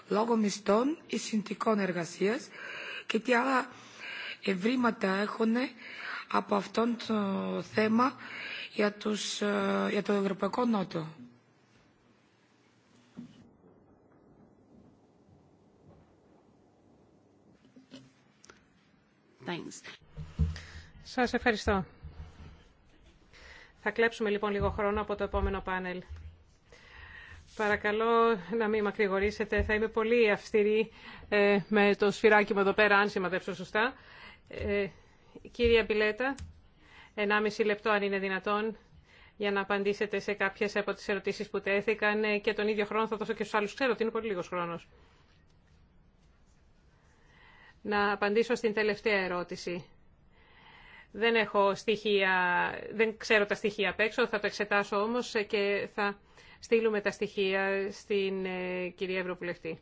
λόγω μισθών ή συνθηκών εργασίας και τι άλλα ευρήματα έχουν από αυτό το θέμα ε, για, το Ευρωπαϊκό Νότο. Σα Σας ευχαριστώ. Θα κλέψουμε λοιπόν λίγο χρόνο από το επόμενο πάνελ. Παρακαλώ να μην μακρηγορήσετε. Θα είμαι πολύ αυστηρή ε, με το σφυράκι μου εδώ πέρα, αν σημαδεύσω σωστά. Ε, κύριε Μπιλέτα... 1,5 λεπτό αν είναι δυνατόν για να απαντήσετε σε κάποιες από τις ερωτήσεις που τέθηκαν ε, και τον ίδιο χρόνο θα δώσω και στους άλλους. Ξέρω ότι είναι πολύ λίγος χρόνος. Να απαντήσω στην τελευταία ερώτηση. Δεν έχω στοιχεία, δεν ξέρω τα στοιχεία απ' έξω, θα το εξετάσω όμως και θα στείλουμε τα στοιχεία στην ε, κυρία Ευρωβουλευτή.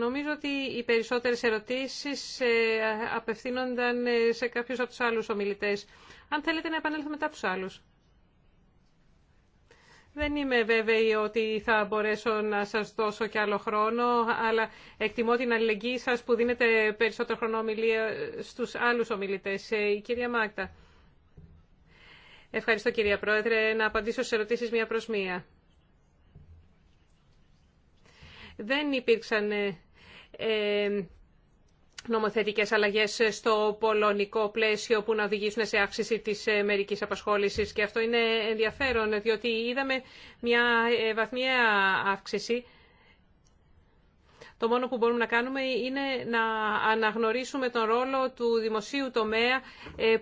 Νομίζω ότι οι περισσότερες ερωτήσεις ε, απευθύνονταν ε, σε κάποιους από τους άλλους ομιλητές. Αν θέλετε να επανέλθω μετά τους άλλους. Δεν είμαι βέβαιη ότι θα μπορέσω να σας δώσω κι άλλο χρόνο, αλλά εκτιμώ την αλληλεγγύη σας που δίνετε περισσότερο χρόνο ομιλία στους άλλους ομιλητές. Ε, η κυρία Μάκτα. Ευχαριστώ κυρία Πρόεδρε. Να απαντήσω στις ερωτήσεις μία προς μία. Δεν υπήρξαν ε, νομοθετικές αλλαγές στο πολωνικό πλαίσιο που να οδηγήσουν σε αύξηση της ε, μερικής απασχόλησης. Και αυτό είναι ενδιαφέρον, διότι είδαμε μια ε, βαθμιαία αύξηση. Το μόνο που μπορούμε να κάνουμε είναι να αναγνωρίσουμε τον ρόλο του δημοσίου τομέα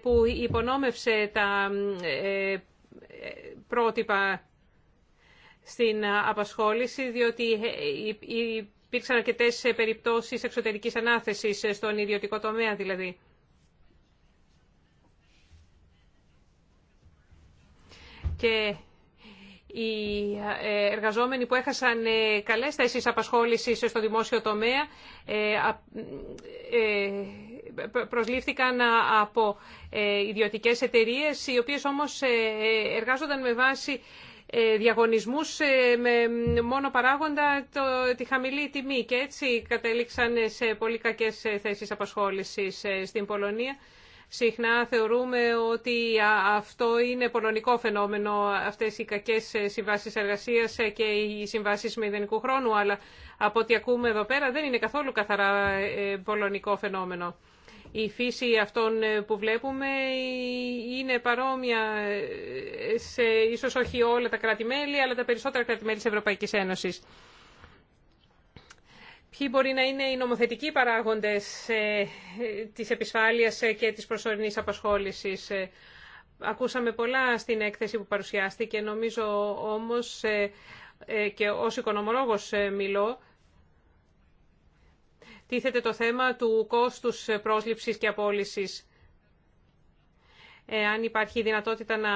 που υπονόμευσε τα πρότυπα στην απασχόληση, διότι υπήρξαν αρκετέ ε, περιπτώσει εξωτερικής ανάθεσης ε, στον ιδιωτικό τομέα δηλαδή. Και οι ε, εργαζόμενοι που έχασαν καλές θέσεις απασχόλησης στο δημόσιο τομέα προσλήφθηκαν από ιδιωτικές εταιρείες οι οποίες όμως εργάζονταν με βάση ε, διαγωνισμούς ε, με μόνο παράγοντα το, τη χαμηλή τιμή και έτσι κατέληξαν σε πολύ κακέ ε, θέσεις απασχόλησης στην Πολωνία. Συχνά θεωρούμε ότι αυτό είναι πολωνικό φαινόμενο, αυτές οι κακές ε, συμβάσεις εργασίας ε, και οι συμβάσεις μηδενικού χρόνου, αλλά από ό,τι ακούμε εδώ πέρα δεν είναι καθόλου καθαρά ε, πολωνικό φαινόμενο. Η φύση αυτών που βλέπουμε είναι παρόμοια σε ίσως όχι όλα τα κράτη-μέλη, αλλά τα περισσότερα κράτη-μέλη της Ευρωπαϊκής Ένωσης ποιοι μπορεί να είναι οι νομοθετικοί παράγοντες ε, ε, της επισφάλειας ε, και της προσωρινής απασχόλησης. Ακούσαμε πολλά στην έκθεση που παρουσιάστηκε, νομίζω όμως και ως οικονομολόγος μιλώ, τίθεται το θέμα του κόστους πρόσληψης και απόλυσης. Αν υπάρχει δυνατότητα να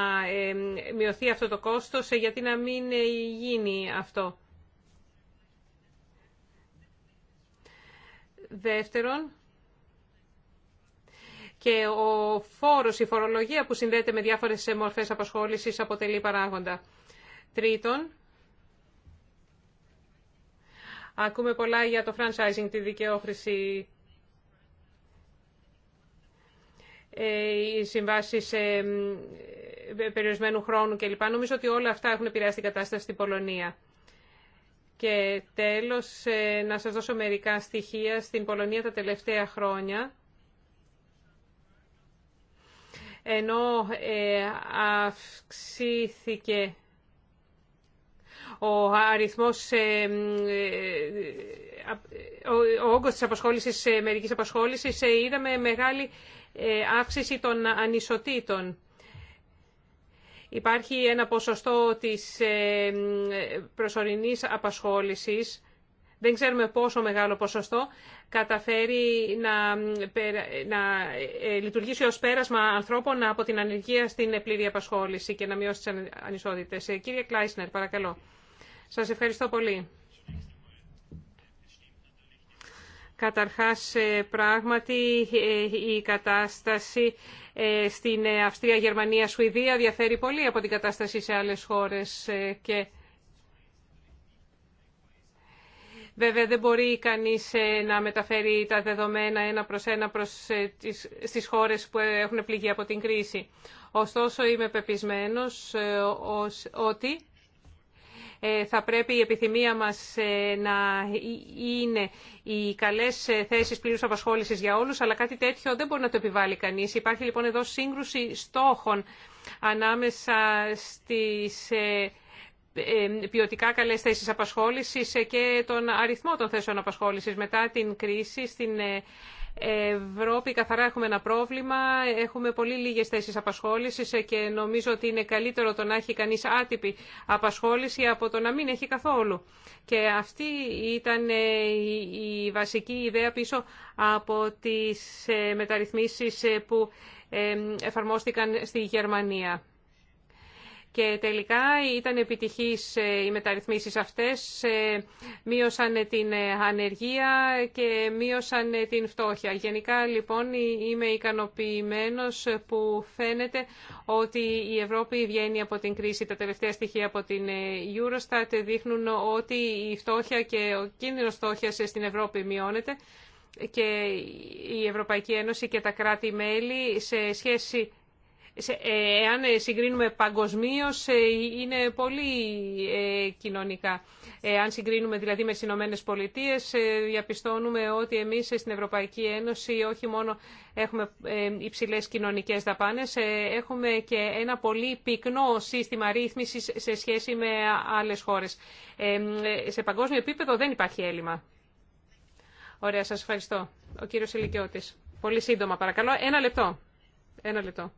μειωθεί αυτό το κόστος, γιατί να μην γίνει αυτό. Δεύτερον, και ο φόρος, η φορολογία που συνδέεται με διάφορες μορφές απασχόλησης αποτελεί παράγοντα. Τρίτον, ακούμε πολλά για το franchising, τη δικαιόχρηση ε, οι συμβάσεις ε, ε, περιορισμένου χρόνου κλπ. Νομίζω ότι όλα αυτά έχουν επηρεάσει την κατάσταση στην Πολωνία. Και τέλος, ε, να σας δώσω μερικά στοιχεία. Στην Πολωνία τα τελευταία χρόνια, ενώ ε, αυξήθηκε ο αριθμός, ε, ο όγκος της απασχόλησης, μερικής απασχόλησης, είδαμε μεγάλη αύξηση των ανισοτήτων. Υπάρχει ένα ποσοστό της ε, προσωρινής απασχόλησης, δεν ξέρουμε πόσο μεγάλο ποσοστό, καταφέρει να, να ε, λειτουργήσει ως πέρασμα ανθρώπων από την ανεργία στην πλήρη απασχόληση και να μειώσει τις ανισότητες. Ε, κύριε Κλάισνερ, παρακαλώ. Σας ευχαριστώ πολύ. Καταρχάς, πράγματι, η κατάσταση ε, στην ε, Αυστρία, Γερμανία, Σουηδία διαφέρει πολύ από την κατάσταση σε άλλες χώρες ε, Βέβαια δεν μπορεί κανείς να μεταφέρει τα δεδομένα ένα προς ένα προς τις, στις χώρες που έχουν πληγεί από την κρίση. Ωστόσο είμαι πεπισμένος ότι ε, θα πρέπει η επιθυμία μας ε, να είναι οι καλές ε, θέσεις πλήρους απασχόλησης για όλους, αλλά κάτι τέτοιο δεν μπορεί να το επιβάλλει κανείς. Υπάρχει λοιπόν εδώ σύγκρουση στόχων ανάμεσα στις ποιοτικά καλές θέσεις απασχόλησης και τον αριθμό των θέσεων απασχόλησης μετά την κρίση στην Ευρώπη καθαρά έχουμε ένα πρόβλημα, έχουμε πολύ λίγες θέσεις απασχόλησης και νομίζω ότι είναι καλύτερο το να έχει κανείς άτυπη απασχόληση από το να μην έχει καθόλου. Και αυτή ήταν ε, η βασική ιδέα πίσω από τις ε, μεταρρυθμίσεις ε, που εφαρμόστηκαν στη Γερμανία και τελικά ήταν επιτυχής ε, οι μεταρρυθμίσεις αυτές, ε, μείωσαν ε, την ανεργία και μείωσαν την φτώχεια. Γενικά λοιπόν είμαι ικανοποιημένος που φαίνεται ότι η Ευρώπη βγαίνει από την κρίση. Τα τελευταία στοιχεία από την Eurostat δείχνουν ότι η φτώχεια και ο κίνδυνος φτώχειας στην Ευρώπη μειώνεται και η Ευρωπαϊκή Ένωση και τα κράτη-μέλη σε σχέση ε, εάν συγκρίνουμε παγκοσμίω, ε, είναι πολύ ε, κοινωνικά. Αν συγκρίνουμε δηλαδή με τι Ηνωμένε Πολιτείε, διαπιστώνουμε ότι εμεί στην Ευρωπαϊκή Ένωση όχι μόνο έχουμε υψηλέ κοινωνικέ δαπάνε, έχουμε και ένα πολύ πυκνό σύστημα ρύθμιση σε σχέση με άλλε χώρε. Σε παγκόσμιο επίπεδο δεν υπάρχει έλλειμμα. Ωραία, σα ευχαριστώ. Ο κύριο Ηλικιώτης. Πολύ σύντομα, παρακαλώ. Ένα λεπτό. Ένα λεπτό.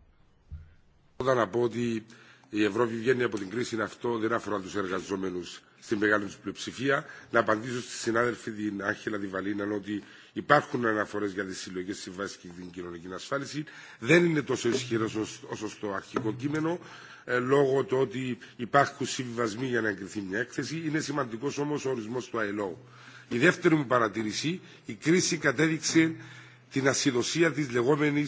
Όταν να πω ότι η Ευρώπη βγαίνει από την κρίση αυτό δεν αφορά του εργαζόμενου στην μεγάλη του πλειοψηφία. Να απαντήσω στη συνάδελφη την την Βαλίνα ότι υπάρχουν αναφορέ για τι συλλογικέ συμβάσει και την κοινωνική ασφάλιση. Δεν είναι τόσο ισχυρό όσο στο αρχικό κείμενο, ε, λόγω του ότι υπάρχουν συμβιβασμοί για να εγκριθεί μια έκθεση. Είναι σημαντικό όμω ο ορισμό του ΑΕΛΟ. Η δεύτερη μου παρατήρηση, η κρίση κατέδειξε την ασυδοσία τη λεγόμενη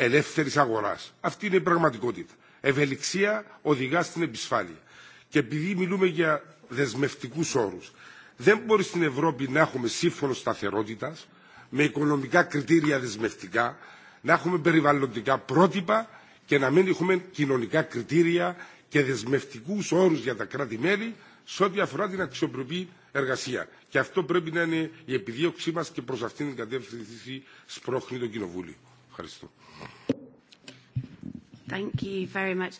ελεύθερης αγοράς. Αυτή είναι η πραγματικότητα. Ευελιξία οδηγά στην επισφάλεια. Και επειδή μιλούμε για δεσμευτικούς όρους, δεν μπορεί στην Ευρώπη να έχουμε σύμφωνο σταθερότητας, με οικονομικά κριτήρια δεσμευτικά, να έχουμε περιβαλλοντικά πρότυπα και να μην έχουμε κοινωνικά κριτήρια και δεσμευτικού όρου για τα κράτη-μέλη σε ό,τι αφορά την αξιοπρεπή εργασία. Και αυτό πρέπει να είναι η επιδίωξή μα και προ αυτήν την κατεύθυνση σπρώχνει το Κοινοβούλιο. Ευχαριστώ. Thank you very much.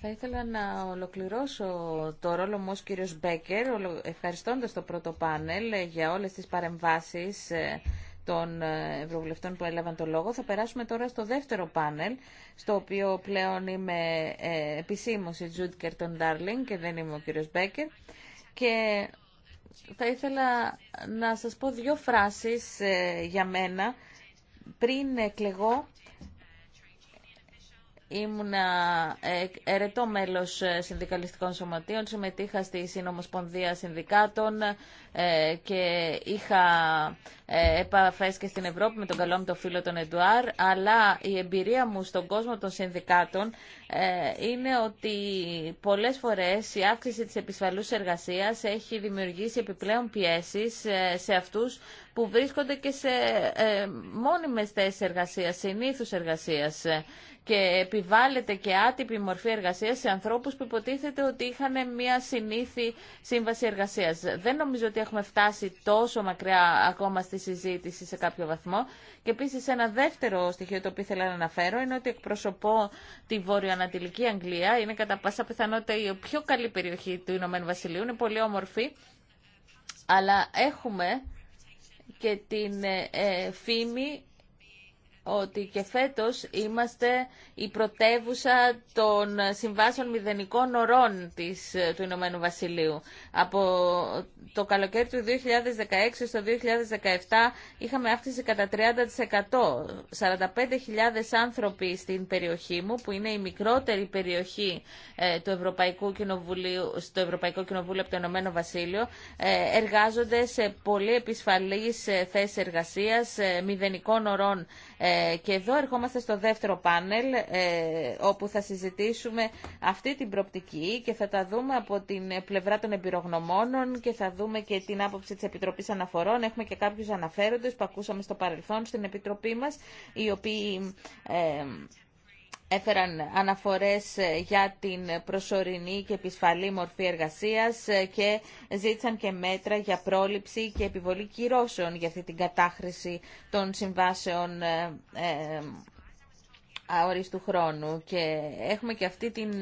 Θα ήθελα να ολοκληρώσω το ρόλο μου ως κύριος Μπέκερ, ευχαριστώντας το πρώτο πάνελ ε, για όλες τις παρεμβάσεις ε, των ε, ευρωβουλευτών που έλαβαν το λόγο. Θα περάσουμε τώρα στο δεύτερο πάνελ, στο οποίο πλέον είμαι επισήμωση επισήμως η Τζούντ Κερτον Ντάρλινγκ και δεν είμαι ο κύριος Μπέκερ. Και θα ήθελα να σας πω δύο φράσεις ε, για μένα πριν εκλεγώ Ήμουν ε, ερετό μέλος ε, συνδικαλιστικών σωματείων, συμμετείχα στη Συνομοσπονδία Συνδικάτων ε, και είχα επαφές και στην Ευρώπη με τον καλό μου το φίλο τον Εντουάρ, αλλά η εμπειρία μου στον κόσμο των συνδικάτων είναι ότι πολλές φορές η αύξηση της επισφαλούς εργασίας έχει δημιουργήσει επιπλέον πιέσεις σε αυτούς που βρίσκονται και σε μόνιμες θέσεις εργασίας, συνήθους εργασίας και επιβάλλεται και άτυπη μορφή εργασία σε ανθρώπου που υποτίθεται ότι είχαν μια συνήθι σύμβαση εργασία. Δεν νομίζω ότι έχουμε φτάσει τόσο μακριά ακόμα στη συζήτηση σε κάποιο βαθμό. Και επίση ένα δεύτερο στοιχείο το οποίο ήθελα να αναφέρω είναι ότι εκπροσωπώ τη βορειοανατολική Αγγλία. Είναι κατά πάσα πιθανότητα η πιο καλή περιοχή του Ηνωμένου Βασιλείου. Είναι πολύ όμορφη. Αλλά έχουμε και την ε, φήμη ότι και φέτος είμαστε η πρωτεύουσα των συμβάσεων μηδενικών ορών της, του Ηνωμένου Βασιλείου. Από το καλοκαίρι του 2016 στο 2017 είχαμε αύξηση κατά 30%. 45.000 άνθρωποι στην περιοχή μου, που είναι η μικρότερη περιοχή ε, του Ευρωπαϊκού Κοινοβουλίου, στο Ευρωπαϊκό Κοινοβούλιο από το Ηνωμένο Βασίλειο, ε, εργάζονται σε πολύ επισφαλείς ε, θέσεις εργασίας, ε, μηδενικών ορών και εδώ ερχόμαστε στο δεύτερο πάνελ ε, όπου θα συζητήσουμε αυτή την προπτική και θα τα δούμε από την πλευρά των εμπειρογνωμόνων και θα δούμε και την άποψη της Επιτροπής Αναφορών. Έχουμε και κάποιους αναφέροντες που ακούσαμε στο παρελθόν στην Επιτροπή μας οι οποίοι ε, έφεραν αναφορές ε, για την προσωρινή και επισφαλή μορφή εργασίας ε, και ζήτησαν και μέτρα για πρόληψη και επιβολή κυρώσεων για αυτή την κατάχρηση των συμβάσεων ε, αορίστου χρόνου και έχουμε και αυτή την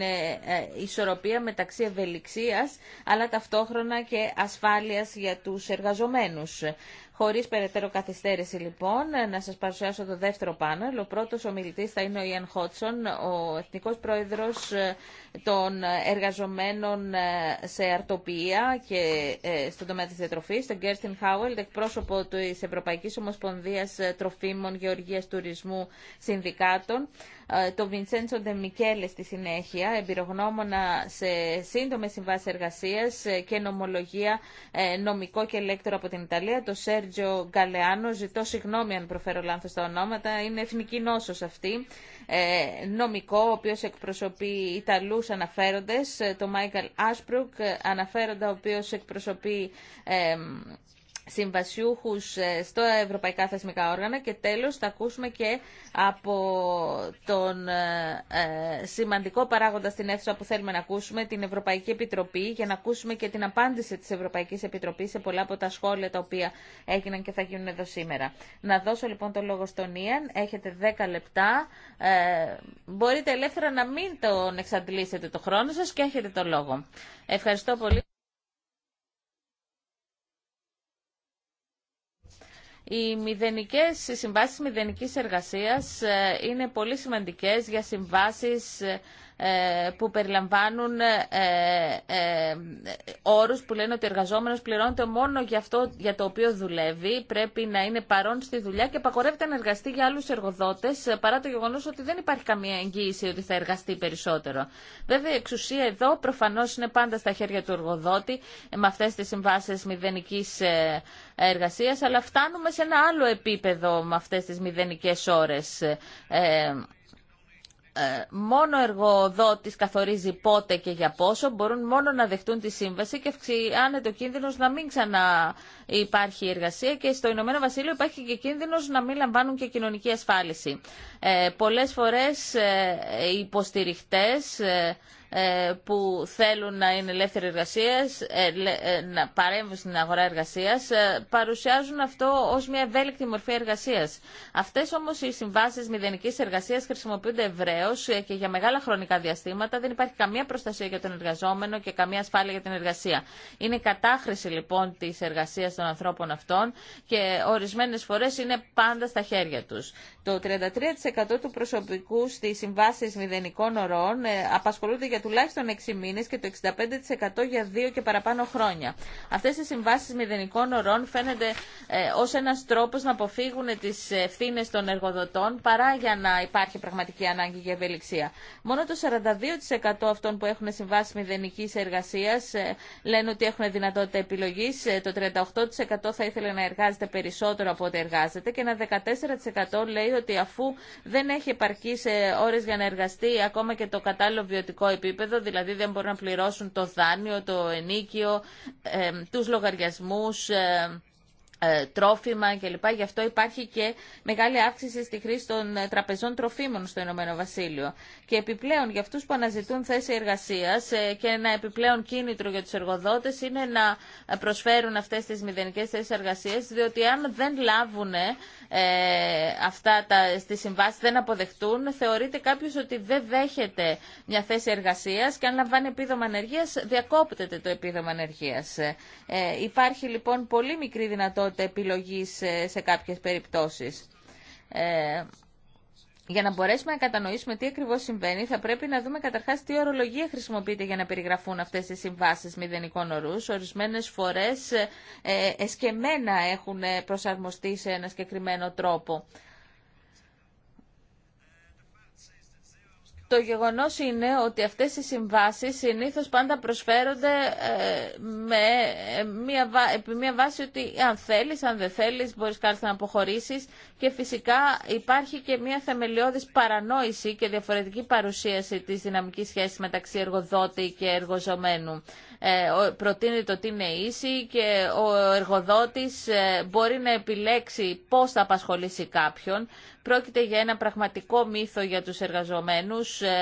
ισορροπία μεταξύ ευελιξίας αλλά ταυτόχρονα και ασφάλειας για τους εργαζομένους. Χωρίς περαιτέρω καθυστέρηση λοιπόν, να σας παρουσιάσω το δεύτερο πάνελ. Ο πρώτο ομιλητής θα είναι ο Ιαν Χότσον, ο Εθνικός Πρόεδρος ε, των εργαζομένων ε, σε αρτοπία και ε, στον τομέα της διατροφής, τον Κέρστιν Χάουελ, εκπρόσωπο της Ευρωπαϊκής Ομοσπονδίας ε, Τροφίμων Γεωργίας Τουρισμού Συνδικάτων, τον Βιντσέντσο Ντεμικέλε στη συνέχεια, εμπειρογνώμονα σε σύντομες συμβάσεις εργασίας και νομολογία νομικό και ελέκτρο από την Ιταλία, τον Σέργιο Γκαλεάνο, ζητώ συγγνώμη αν προφέρω λάθος τα ονόματα, είναι εθνική νόσος αυτή, ε, νομικό, ο οποίος εκπροσωπεί Ιταλούς αναφέροντες, ε, το Μάικαλ Άσπρουκ, ε, αναφέροντα ο οποίος εκπροσωπεί συμβασιούχους ε, στο ευρωπαϊκά θεσμικά όργανα και τέλος θα ακούσουμε και από τον ε, ε, σημαντικό παράγοντα στην αίθουσα που θέλουμε να ακούσουμε, την Ευρωπαϊκή Επιτροπή, για να ακούσουμε και την απάντηση της Ευρωπαϊκής Επιτροπής σε πολλά από τα σχόλια τα οποία έγιναν και θα γίνουν εδώ σήμερα. Να δώσω λοιπόν το λόγο στον Ιαν, έχετε 10 λεπτά, ε, μπορείτε ελεύθερα να μην τον εξαντλήσετε το χρόνο σας και έχετε το λόγο. Ευχαριστώ πολύ. Οι μηδενικές οι συμβάσεις μηδενικής εργασίας ε, είναι πολύ σημαντικές για συμβάσεις ε, ε, που περιλαμβάνουν ε, ε, όρους που λένε ότι ο εργαζόμενος πληρώνεται μόνο για αυτό για το οποίο δουλεύει, πρέπει να είναι παρόν στη δουλειά και απαγορεύεται να εργαστεί για άλλους εργοδότες παρά το γεγονός ότι δεν υπάρχει καμία εγγύηση ότι θα εργαστεί περισσότερο. Βέβαια η εξουσία εδώ προφανώς είναι πάντα στα χέρια του εργοδότη με αυτές τις συμβάσεις μηδενικής εργασίας, αλλά φτάνουμε σε ένα άλλο επίπεδο με αυτές τις μηδενικές ώρες. Ε, μόνο εργοδότης καθορίζει πότε και για πόσο, μπορούν μόνο να δεχτούν τη σύμβαση και αυξάνεται ο κίνδυνο να μην ξανά υπάρχει εργασία και στο Ηνωμένο Βασίλειο υπάρχει και κίνδυνο να μην λαμβάνουν και κοινωνική ασφάλιση. Ε, πολλές φορές ε, οι υποστηριχτές ε, ε, που θέλουν να είναι ελεύθεροι εργασίες, ε, ε, να παρέμβουν στην αγορά εργασία, παρουσιάζουν αυτό ω μια ευέλικτη μορφή εργασία. Αυτέ όμω οι συμβάσει μηδενική εργασία χρησιμοποιούνται ευρέω και για μεγάλα χρονικά διαστήματα. Δεν υπάρχει καμία προστασία για τον εργαζόμενο και καμία ασφάλεια για την εργασία. Είναι η κατάχρηση λοιπόν τη εργασία των ανθρώπων αυτών και ορισμένε φορέ είναι πάντα στα χέρια του. Το 33% του προσωπικού στι συμβάσει μηδενικών ορών απασχολούνται για τουλάχιστον 6 μήνε και το 65% για 2 και παραπάνω χρόνια. Αυτέ οι συμβάσει μηδενικών ορών φαίνεται ε, ως ένας τρόπος να αποφύγουν τι ευθύνε των εργοδοτών παρά για να υπάρχει πραγματική ανάγκη για ευελιξία. Μόνο το 42% αυτών που έχουν συμβάσει μηδενική εργασία ε, λένε ότι έχουν δυνατότητα επιλογή. Ε, το 38% θα ήθελε να εργάζεται περισσότερο από ό,τι εργάζεται και ένα 14% λέει ότι αφού δεν έχει επαρκεί ε, ώρε για να εργαστεί ακόμα και το κατάλληλο βιωτικό επίπεδο, επίπεδο, δηλαδή δεν μπορούν να πληρώσουν το δάνειο, το ενίκιο, ε, τους λογαριασμούς, ε, τρόφιμα κλπ. Γι' αυτό υπάρχει και μεγάλη αύξηση στη χρήση των ε, τραπεζών τροφίμων στο Ηνωμένο Βασίλειο. Και επιπλέον για αυτούς που αναζητούν θέση εργασίας ε, και ένα επιπλέον κίνητρο για τους εργοδότες είναι να προσφέρουν αυτές τις μηδενικές θέσεις εργασίας, διότι αν δεν λάβουν ε, αυτά τα, στις συμβάσεις δεν αποδεχτούν, θεωρείται κάποιος ότι δεν δέχεται μια θέση εργασίας και αν λαμβάνει επίδομα ανεργίας διακόπτεται το επίδομα ανεργίας. Ε, υπάρχει λοιπόν πολύ μικρή δυνατότητα επιλογής σε, σε κάποιες περιπτώσεις. Ε, για να μπορέσουμε να κατανοήσουμε τι ακριβώς συμβαίνει, θα πρέπει να δούμε καταρχάς τι ορολογία χρησιμοποιείται για να περιγραφούν αυτές οι συμβάσει μηδενικών ορού. Ορισμένες φορές ε, ε, εσκεμένα έχουν ε, προσαρμοστεί σε ένα συγκεκριμένο τρόπο. Το γεγονός είναι ότι αυτές οι συμβάσεις συνήθως πάντα προσφέρονται ε, με ε, μια, επί μια βάση ότι αν θέλεις, αν δεν θέλεις, μπορείς κάλλιστα να αποχωρήσεις και φυσικά υπάρχει και μια θεμελιώδης παρανόηση και διαφορετική παρουσίαση της δυναμικής σχέσης μεταξύ εργοδότη και εργοζομένου. Ε, προτείνει το τι είναι ίση και ο εργοδότης ε, μπορεί να επιλέξει πώς θα απασχολήσει κάποιον. Πρόκειται για ένα πραγματικό μύθο για τους εργαζομένους. Ε,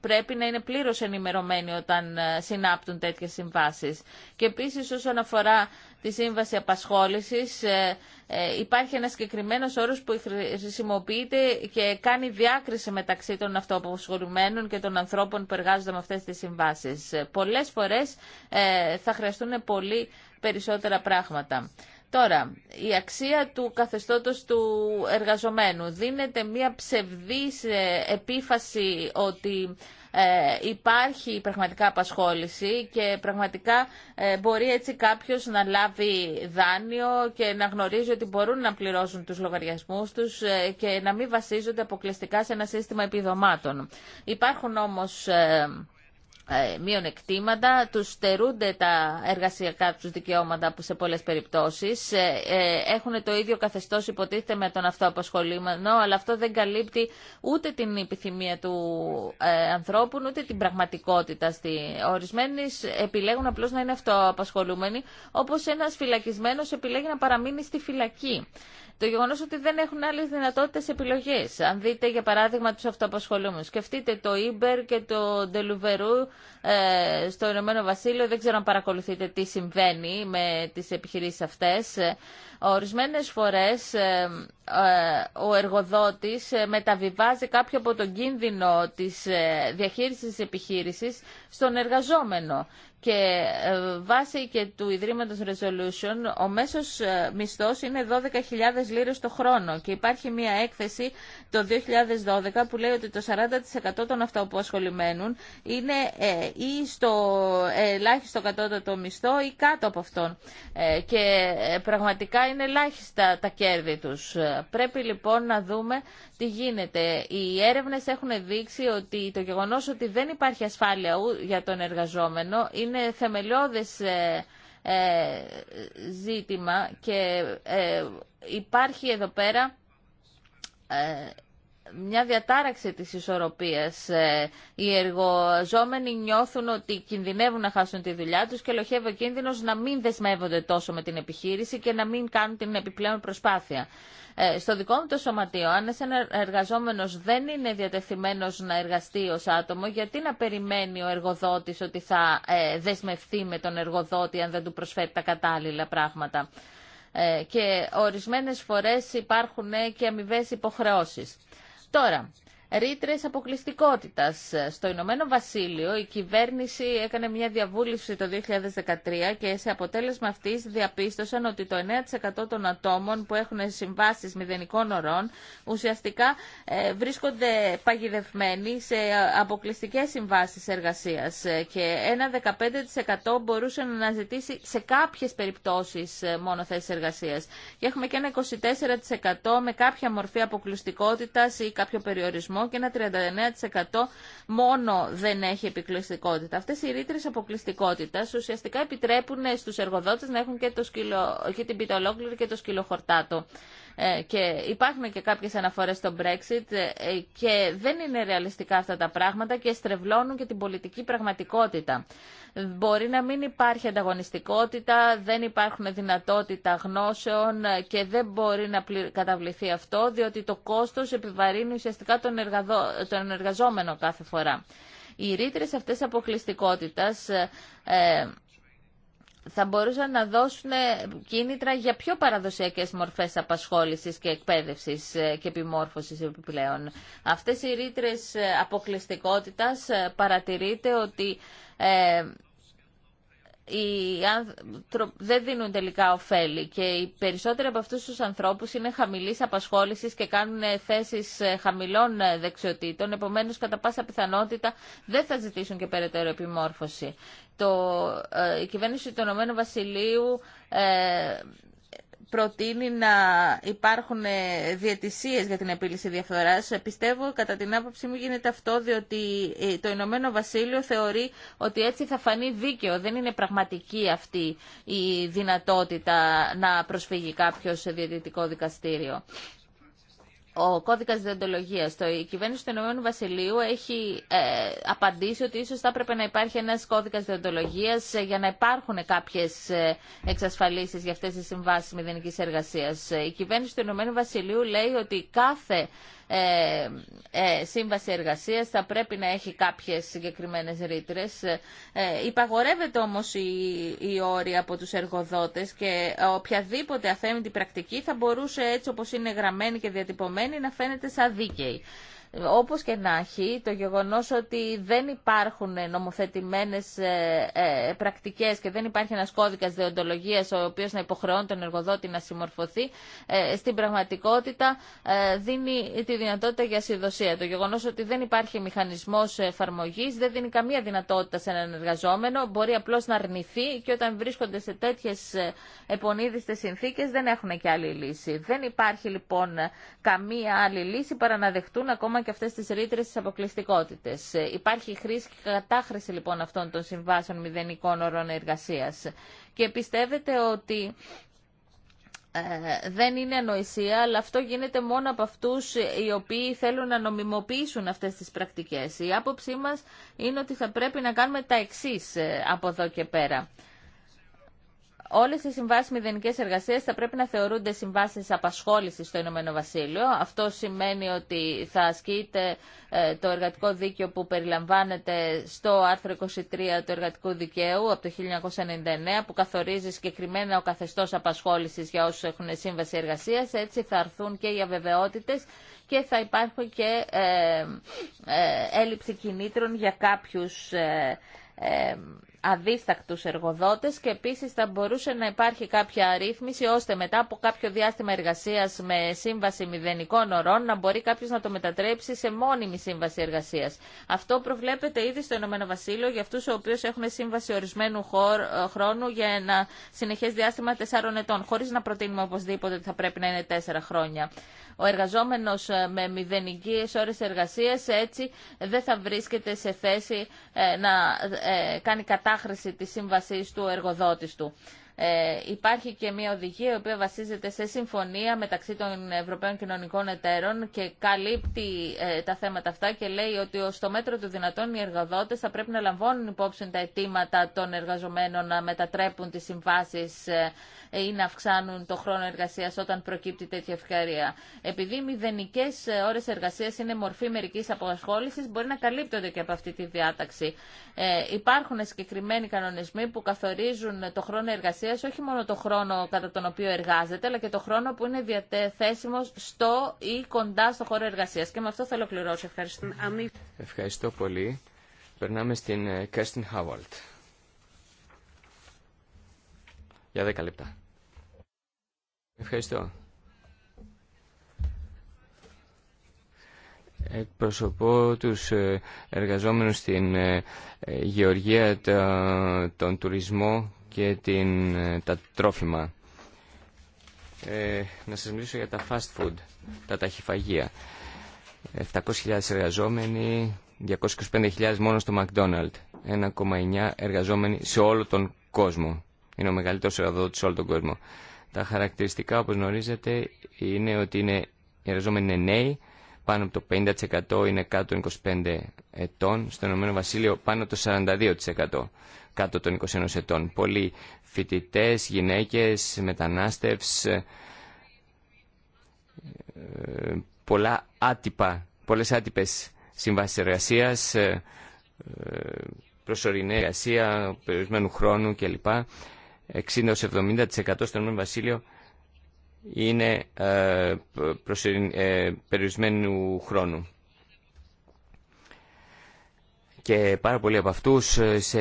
πρέπει να είναι πλήρως ενημερωμένοι όταν συνάπτουν τέτοιες συμβάσεις. Και επίσης όσον αφορά τη Σύμβαση Απασχόλησης ε, ε, υπάρχει ένα συγκεκριμένο όρο που χρησιμοποιείται και κάνει διάκριση μεταξύ των αυτοαποσχολουμένων και των ανθρώπων που εργάζονται με αυτές τις συμβάσεις. Πολλές φορές ε, θα χρειαστούν πολύ περισσότερα πράγματα. Τώρα, η αξία του καθεστώτος του εργαζομένου δίνεται μια ψευδής επίφαση ότι ε, υπάρχει πραγματικά απασχόληση και πραγματικά ε, μπορεί έτσι κάποιος να λάβει δάνειο και να γνωρίζει ότι μπορούν να πληρώσουν τους λογαριασμούς τους ε, και να μην βασίζονται αποκλειστικά σε ένα σύστημα επιδομάτων. Υπάρχουν όμως... Ε, εκτίματα, τους στερούνται τα εργασιακά τους δικαιώματα που σε πολλές περιπτώσεις ε, ε, έχουν το ίδιο καθεστώς υποτίθεται με τον αυτοαπασχολήμενο, αλλά αυτό δεν καλύπτει ούτε την επιθυμία του ανθρώπου, ούτε την πραγματικότητα. Στη... Ορισμένοι επιλέγουν απλώς να είναι αυτοαπασχολούμενοι, όπως ένας φυλακισμένος επιλέγει να παραμείνει στη φυλακή. Το γεγονό ότι δεν έχουν άλλε δυνατότητε επιλογή. Αν δείτε, για παράδειγμα, του αυτοαπασχολούμενου. Σκεφτείτε το Ίμπερ και το Deliveroo ε, στο Ηνωμένο Βασίλειο. Δεν ξέρω αν παρακολουθείτε τι συμβαίνει με τι επιχειρήσει αυτέ. Ε, Ορισμένε φορέ ε, ο εργοδότης ε, μεταβιβάζει κάποιο από τον κίνδυνο της ε, διαχείρισης της επιχείρησης στον εργαζόμενο. Και ε, βάσει και του Ιδρύματος Resolution, ο μέσος μισθός είναι 12.000 λίρες το χρόνο. Και υπάρχει μια έκθεση το 2012 που λέει ότι το 40% των αυτοαποσχολημένων είναι ή στο ελάχιστο κατώτατο μισθό ή κάτω από αυτόν. Και πραγματικά είναι ελάχιστα τα κέρδη τους. Πρέπει λοιπόν να δούμε τι γίνεται. Οι έρευνες έχουν δείξει ότι το γεγονό ότι δεν υπάρχει ασφάλεια για τον εργαζόμενο είναι θεμελιώδες ε, ε, ζήτημα και ε, υπάρχει εδώ πέρα μια διατάραξη της ισορροπίας. Ε, οι εργοζόμενοι νιώθουν ότι κινδυνεύουν να χάσουν τη δουλειά τους και ελοχεύει ο κίνδυνος να μην δεσμεύονται τόσο με την επιχείρηση και να μην κάνουν την επιπλέον προσπάθεια. Ε, στο δικό μου το σωματείο, αν ένα εργαζόμενος δεν είναι διατεθειμένος να εργαστεί ως άτομο, γιατί να περιμένει ο εργοδότης ότι θα ε, δεσμευτεί με τον εργοδότη αν δεν του προσφέρει τα κατάλληλα πράγματα. Και ορισμένες φορές υπάρχουν και αμοιβέ υποχρεώσεις. Τώρα, ρήτρε αποκλειστικότητα. Στο Ηνωμένο Βασίλειο η κυβέρνηση έκανε μια διαβούλευση το 2013 και σε αποτέλεσμα αυτή διαπίστωσαν ότι το 9% των ατόμων που έχουν συμβάσει μηδενικών ωρών ουσιαστικά ε, βρίσκονται παγιδευμένοι σε ε, αποκλειστικέ συμβάσει εργασία ε, και ένα 15% μπορούσε να αναζητήσει σε κάποιε περιπτώσει μόνο θέσει εργασία. Και έχουμε και ένα 24% με κάποια μορφή αποκλειστικότητα ή κάποιο περιορισμό και ένα 39% μόνο δεν έχει επικλειστικότητα. Αυτές οι ρήτρε αποκλειστικότητας ουσιαστικά επιτρέπουν στους εργοδότες να έχουν και, το σκυλο... και την πίτα ολόκληρη και το σκυλοχορτάτο. Ε, και υπάρχουν και κάποιες αναφορές στο Brexit ε, και δεν είναι ρεαλιστικά αυτά τα πράγματα και στρεβλώνουν και την πολιτική πραγματικότητα. Μπορεί να μην υπάρχει ανταγωνιστικότητα, δεν υπάρχουν δυνατότητα γνώσεων ε, και δεν μπορεί να καταβληθεί αυτό, διότι το κόστος επιβαρύνει ουσιαστικά τον, εργαζόμενο κάθε φορά. Οι ρήτρες αυτές αποκλειστικότητας θα μπορούσαν να δώσουν κίνητρα για πιο παραδοσιακές μορφές απασχόλησης και εκπαίδευσης ε, και επιμόρφωσης επιπλέον. Αυτές οι ρήτρες ε, αποκλειστικότητας ε, παρατηρείται ότι δεν δίνουν τελικά ωφέλη και οι περισσότεροι από αυτούς τους ανθρώπους είναι χαμηλής απασχόλησης και κάνουν ε, θέσεις ε, χαμηλών ε, δεξιοτήτων, επομένως κατά πάσα πιθανότητα δεν θα ζητήσουν και περαιτέρω επιμόρφωση. Το, η κυβέρνηση του Ηνωμένου Βασιλείου προτείνει να υπάρχουν ε, διαιτησίες για την επίλυση διαφθοράς. Πιστεύω, κατά την άποψή μου γίνεται αυτό, διότι ε, το Ηνωμένο Βασίλειο θεωρεί ότι έτσι θα φανεί δίκαιο. Δεν είναι πραγματική αυτή η δυνατότητα να προσφύγει κάποιος σε διαιτητικό δικαστήριο ο κώδικας διοντολογίας. Το, η κυβέρνηση του Ηνωμένου Βασιλείου έχει ε, απαντήσει ότι ίσως θα έπρεπε να υπάρχει ένας κώδικας διοντολογίας ε, για να υπάρχουν κάποιες ε, εξασφαλίσεις για αυτές τις συμβάσεις μηδενικής εργασίας. Η κυβέρνηση του Ηνωμένου Βασιλείου λέει ότι κάθε ε, ε, σύμβαση εργασίας, θα πρέπει να έχει κάποιες συγκεκριμένες ρήτρες. Ε, υπαγορεύεται όμως η όρη από τους εργοδότες και οποιαδήποτε αθέμητη πρακτική θα μπορούσε έτσι όπως είναι γραμμένη και διατυπωμένη να φαίνεται σαν δίκαιη. Όπως και να έχει, το γεγονός ότι δεν υπάρχουν νομοθετημένες ε, ε, πρακτικές και δεν υπάρχει ένας κώδικας δεοντολογίας ο οποίος να υποχρεώνει τον εργοδότη να συμμορφωθεί, ε, στην πραγματικότητα δίνει τη δυνατότητα για συνδοσία. Το γεγονός ότι δεν υπάρχει μηχανισμός εφαρμογής δεν δίνει καμία δυνατότητα σε έναν εργαζόμενο, μπορεί απλώς να αρνηθεί και όταν βρίσκονται σε τέτοιες επονίδιστες συνθήκες δεν έχουν και άλλη λύση. Δεν υπάρχει λοιπόν καμία άλλη λύση παρά να δεχτούν ακόμα και αυτές τις ρήτρε της αποκλειστικότητες. Ε, υπάρχει χρήση και κατάχρηση λοιπόν αυτών των συμβάσεων μηδενικών ορών εργασία. Και πιστεύετε ότι ε, δεν είναι ανοησία, αλλά αυτό γίνεται μόνο από αυτού οι οποίοι θέλουν να νομιμοποιήσουν αυτές τις πρακτικές. Η άποψή μας είναι ότι θα πρέπει να κάνουμε τα εξής ε, από εδώ και πέρα. Όλε οι συμβάσει μηδενικέ εργασίες θα πρέπει να θεωρούνται συμβάσει απασχόληση στο Ηνωμένο Βασίλειο. Αυτό σημαίνει ότι θα ασκείται ε, το εργατικό δίκαιο που περιλαμβάνεται στο άρθρο 23 του εργατικού δικαίου από το 1999 που καθορίζει συγκεκριμένα ο καθεστώ απασχόληση για όσου έχουν σύμβαση εργασία. Έτσι θα αρθούν και οι αβεβαιότητε και θα υπάρχουν και ε, ε, έλλειψη κινήτρων για κάποιου αδίστακτους εργοδότες και επίσης θα μπορούσε να υπάρχει κάποια αρρύθμιση ώστε μετά από κάποιο διάστημα εργασίας με σύμβαση μηδενικών ωρών να μπορεί κάποιος να το μετατρέψει σε μόνιμη σύμβαση εργασίας. Αυτό προβλέπεται ήδη στο Ηνωμένο Βασίλειο για αυτούς οι οποίους έχουν σύμβαση ορισμένου ε, χρόνου για ένα συνεχές διάστημα τεσσάρων ετών, χωρίς να προτείνουμε οπωσδήποτε ότι θα πρέπει να είναι τέσσερα χρόνια. Ο εργαζόμενος ε, με μηδενικές ώρες εργασίας έτσι δεν θα βρίσκεται σε θέση ε, να κάνει κατάσταση κατάχρηση της σύμβασής του ο εργοδότης του. Ε, υπάρχει και μια οδηγία η οποία βασίζεται σε συμφωνία μεταξύ των Ευρωπαίων Κοινωνικών Εταίρων και καλύπτει ε, τα θέματα αυτά και λέει ότι το μέτρο του δυνατόν οι εργοδότες θα πρέπει να λαμβάνουν υπόψη τα αιτήματα των εργαζομένων να μετατρέπουν τις συμβάσεις ε, ή να αυξάνουν το χρόνο εργασίας όταν προκύπτει τέτοια ευκαιρία. Επειδή οι μηδενικές ε, ώρες εργασίας είναι μορφή μερικής απασχόλησης, μπορεί να καλύπτονται και από αυτή τη διάταξη. Ε, υπάρχουν συγκεκριμένοι κανονισμοί που καθορίζουν το χρόνο εργασίας εργασία, όχι μόνο το χρόνο κατά τον οποίο εργάζεται, αλλά και το χρόνο που είναι διαθέσιμος στο ή κοντά στο χώρο εργασίας. Και με αυτό θα ολοκληρώσω. Ευχαριστώ. Ευχαριστώ πολύ. Περνάμε στην ε, Κέρστιν Χάουαλτ. Για 10 λεπτά. Ευχαριστώ. Εκπροσωπώ τους ε, εργαζόμενους στην ε, γεωργία, τον τουρισμό και την, τα τρόφιμα. Ε, να σας μιλήσω για τα fast food, τα ταχυφαγεία. 700.000 εργαζόμενοι, 225.000 μόνο στο McDonald's. 1,9 εργαζόμενοι σε όλο τον κόσμο. Είναι ο μεγαλύτερος εργαζόμενος σε όλο τον κόσμο. Τα χαρακτηριστικά, όπως γνωρίζετε, είναι ότι είναι, οι εργαζόμενοι είναι νέοι, πάνω από το 50% είναι κάτω των 25 ετών, στο Ηνωμένο Βασίλειο πάνω από το 42% κάτω των 21 ετών. Πολλοί φοιτητέ, γυναίκες, μετανάστευς, ε, πολλά άτυπα, πολλές άτυπες συμβάσεις εργασίας, ε, ε, προσωρινή εργασία, περιορισμένου χρόνου κλπ. 60-70% στον Βασίλειο είναι ε, περιορισμένου χρόνου και πάρα πολλοί από αυτούς ε, σε,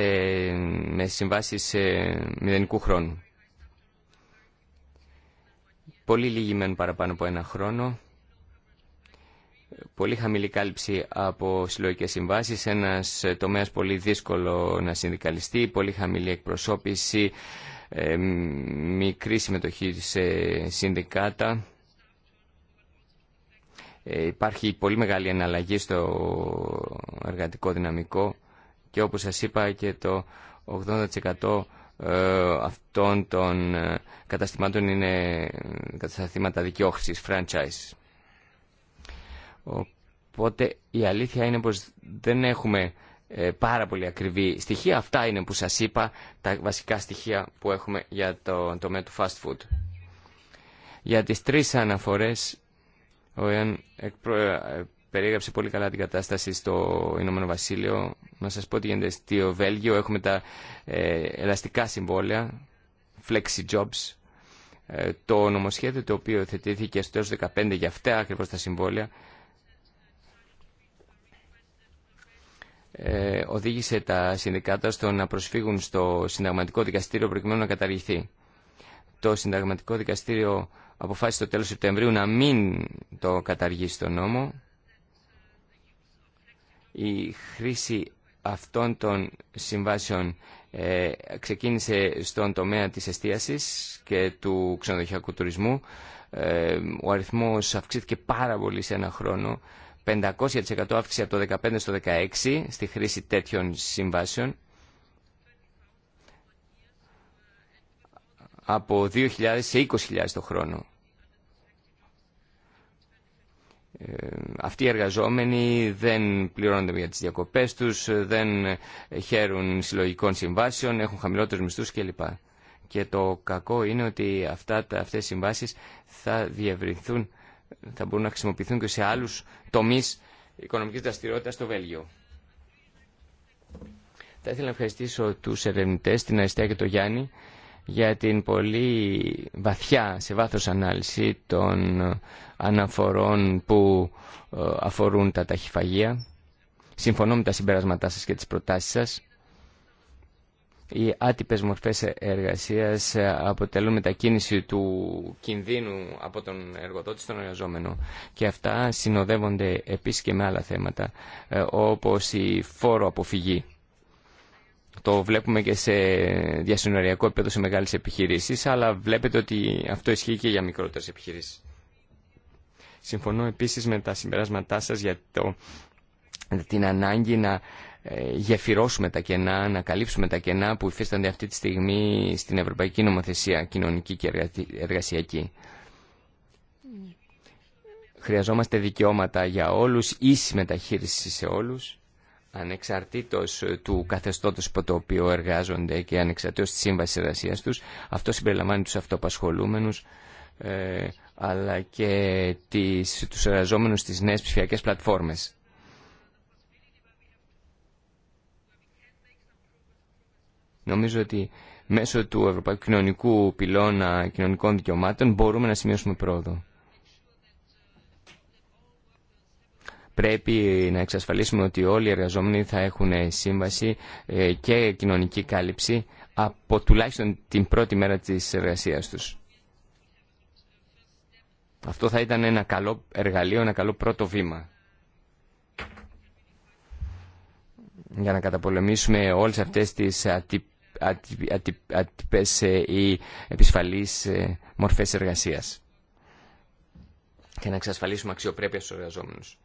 με συμβάσεις ε, μηδενικού χρόνου. Πολύ λίγοι μένουν παραπάνω από ένα χρόνο. Πολύ χαμηλή κάλυψη από συλλογικέ συμβάσει, ένα ε, τομέα πολύ δύσκολο να συνδικαλιστεί, πολύ χαμηλή εκπροσώπηση, μικρή συμμετοχή σε συνδικάτα. Ε, υπάρχει πολύ μεγάλη εναλλαγή στο εργατικό δυναμικό και όπως σας είπα και το 80% ε, αυτών των ε, καταστημάτων είναι καταστήματα δικαιώχρησης, franchise. Οπότε η αλήθεια είναι πως δεν έχουμε πάρα πολύ ακριβή στοιχεία. Αυτά είναι που σας είπα τα βασικά στοιχεία που έχουμε για το τομέα του fast food. Για τις τρεις αναφορές ο Ιαν ε, περιέγραψε πολύ καλά την κατάσταση στο Ηνωμένο Βασίλειο. Να σας πω ότι γίνεται στο Βέλγιο. Έχουμε τα ε, ελαστικά συμβόλαια, flexi jobs. Ε, το νομοσχέδιο το οποίο θετήθηκε στο τέλος 15 για αυτά ακριβώς τα συμβόλαια οδήγησε τα συνδικάτα στο να προσφύγουν στο συνταγματικό δικαστήριο προκειμένου να καταργηθεί το συνταγματικό δικαστήριο αποφάσισε το τέλος Σεπτεμβρίου να μην το καταργήσει το νόμο. Η χρήση αυτών των συμβάσεων ε, ξεκίνησε στον τομέα της εστίασης και του ξενοδοχειακού τουρισμού. Ε, ο αριθμός αυξήθηκε πάρα πολύ σε ένα χρόνο. 500% αύξηση από το 2015 στο 2016 στη χρήση τέτοιων συμβάσεων. από 2.000 σε 20.000 το χρόνο. Ε, αυτοί οι εργαζόμενοι δεν πληρώνονται για τις διακοπές τους, δεν χαίρουν συλλογικών συμβάσεων, έχουν χαμηλότερους μισθούς κλπ. Και το κακό είναι ότι αυτά, αυτές οι συμβάσεις θα διευρυνθούν, θα μπορούν να χρησιμοποιηθούν και σε άλλους τομείς οικονομικής δραστηριότητας στο Βέλγιο. Θα ήθελα να ευχαριστήσω τους ερευνητές, την Αριστεία και τον Γιάννη για την πολύ βαθιά, σε βάθος ανάλυση των αναφορών που ε, αφορούν τα ταχυφαγεία. Συμφωνώ με τα συμπεράσματά σας και τις προτάσεις σας. Οι άτυπες μορφές εργασίας ε, αποτελούν μετακίνηση του κινδύνου από τον εργοδότη στον εργαζόμενο και αυτά συνοδεύονται επίσης και με άλλα θέματα ε, όπως η φόρο αποφυγή. Το βλέπουμε και σε διασυνοριακό επίπεδο σε μεγάλες επιχειρήσεις, αλλά βλέπετε ότι αυτό ισχύει και για μικρότερες επιχειρήσεις. Συμφωνώ επίσης με τα συμπεράσματά σα για το, την ανάγκη να ε, γεφυρώσουμε τα κενά, να καλύψουμε τα κενά που υφίστανται αυτή τη στιγμή στην Ευρωπαϊκή Νομοθεσία Κοινωνική και Εργασιακή. Χρειαζόμαστε δικαιώματα για όλους, ίση μεταχείριση σε όλους ανεξαρτήτως ε, του καθεστώτος υπό το οποίο εργάζονται και ανεξαρτήτως της σύμβασης εργασία τους. Αυτό συμπεριλαμβάνει τους αυτοπασχολούμενους, ε, αλλά και τις, τους εργαζόμενους στις νέες ψηφιακές πλατφόρμες. Νομίζω ότι μέσω του Ευρωπαϊκού Κοινωνικού Πυλώνα Κοινωνικών Δικαιωμάτων μπορούμε να σημειώσουμε πρόοδο. Πρέπει να εξασφαλίσουμε ότι όλοι οι εργαζόμενοι θα έχουν σύμβαση ε, και κοινωνική κάλυψη από τουλάχιστον την πρώτη μέρα της εργασίας τους. Αυτό θα ήταν ένα καλό εργαλείο, ένα καλό πρώτο βήμα. Για να καταπολεμήσουμε όλες αυτές τις ατυπ, ατυπές ε, ή επισφαλείς ε, μορφές εργασίας. Και να εξασφαλίσουμε αξιοπρέπεια στους εργαζόμενους.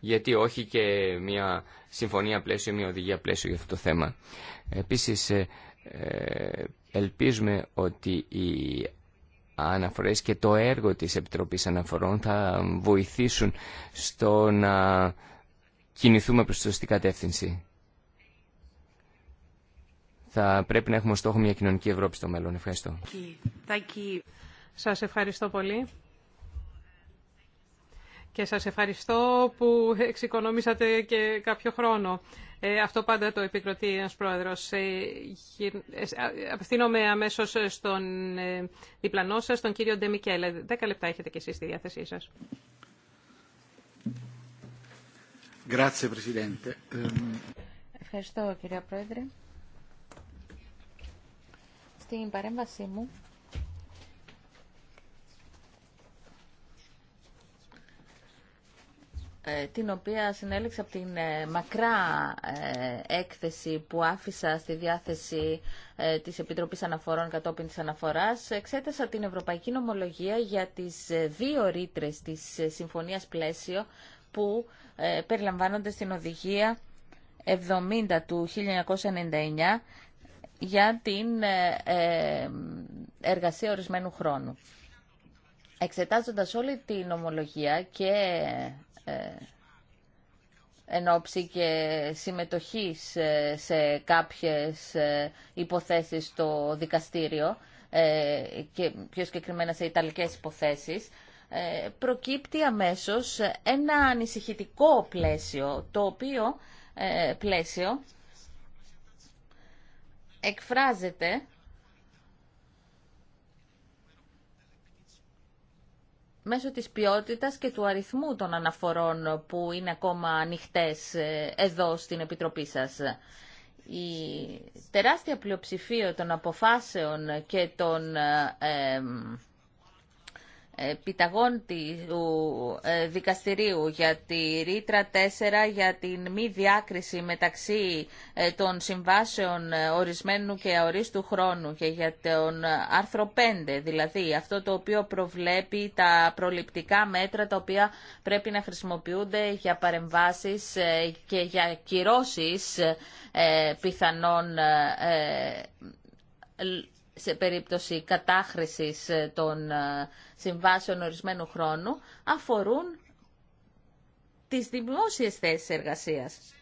γιατί όχι και μια συμφωνία πλαίσιο, μια οδηγία πλαίσιο για αυτό το θέμα. Επίσης, ε, ε, ελπίζουμε ότι οι αναφορές και το έργο της Επιτροπής Αναφορών θα βοηθήσουν στο να κινηθούμε προς τη σωστή κατεύθυνση. Θα πρέπει να έχουμε στόχο μια κοινωνική Ευρώπη στο μέλλον. Ευχαριστώ. Thank Σας ευχαριστώ πολύ και σας ευχαριστώ που εξοικονομήσατε και κάποιο χρόνο. Ε, αυτό πάντα το επικροτεί ένας πρόεδρος. Ε, ε απευθύνομαι αμέσως στον ε, διπλανό σας, τον κύριο Ντεμικέλε. Δέκα λεπτά έχετε και εσείς στη διάθεσή σας. Ehm, ευχαριστώ κύριε Πρόεδρε. Στην παρέμβασή μου Ε, την οποία συνέλεξα από την ε, μακρά ε, έκθεση που άφησα στη διάθεση της Επιτροπής Αναφορών κατόπιν της αναφοράς, εξέτασα την Ευρωπαϊκή Νομολογία για τις δύο ρήτρε της Συμφωνίας Πλαίσιο που περιλαμβάνονται στην Οδηγία 70 του 1999 για την εργασία ορισμένου χρόνου. Εξετάζοντας όλη την ομολογία και ε, εν ώψη και συμμετοχής ε, σε κάποιες ε, υποθέσεις στο δικαστήριο και πιο συγκεκριμένα σε ιταλικές υποθέσεις, προκύπτει αμέσως ένα ανησυχητικό πλαίσιο, το οποίο πλαίσιο εκφράζεται μέσω της ποιότητας και του αριθμού των αναφορών που είναι ακόμα ανοιχτέ ε, εδώ στην Επιτροπή σας. Η τεράστια πλειοψηφία των αποφάσεων και των ε, ε, επιταγών του ε, δικαστηρίου για τη ρήτρα 4 για την μη διάκριση μεταξύ ε, των συμβάσεων ε, ορισμένου και αορίστου χρόνου και για τον άρθρο 5, δηλαδή αυτό το οποίο προβλέπει τα προληπτικά μέτρα τα οποία πρέπει να χρησιμοποιούνται για παρεμβάσεις και για κυρώσεις πιθανών σε περίπτωση κατάχρησης των συμβάσεων ορισμένου χρόνου αφορούν τις δημόσιες θέσεις εργασίας.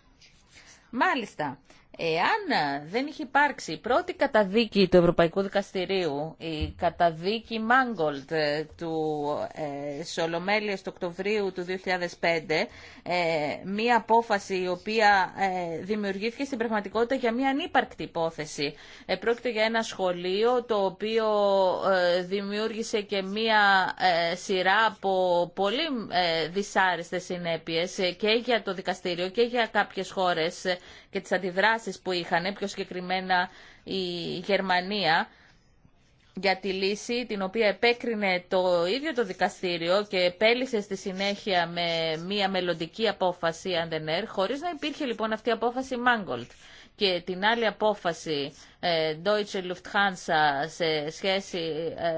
Μάλιστα, Εάν ε, δεν είχε υπάρξει η πρώτη καταδίκη του Ευρωπαϊκού Δικαστηρίου, η καταδίκη Μάγκολτ ε, του ε, του Οκτωβρίου του 2005, ε, μία απόφαση η οποία δημιουργήθηκε στην πραγματικότητα για μία ανύπαρκτη υπόθεση. Πρόκειται για ένα σχολείο το οποίο δημιούργησε και μία σειρά από πολύ δυσάρεστες συνέπειες και για το δικαστήριο και για κάποιες χώρες και τις αντιδράσεις προτάσεις που είχαν, πιο συγκεκριμένα η Γερμανία, για τη λύση την οποία επέκρινε το ίδιο το δικαστήριο και επέλυσε στη συνέχεια με μια μελλοντική απόφαση Αντενέρ, χωρίς να υπήρχε λοιπόν αυτή η απόφαση Μάγκολτ. Και την άλλη απόφαση ε, Deutsche Lufthansa σε σχέση ε,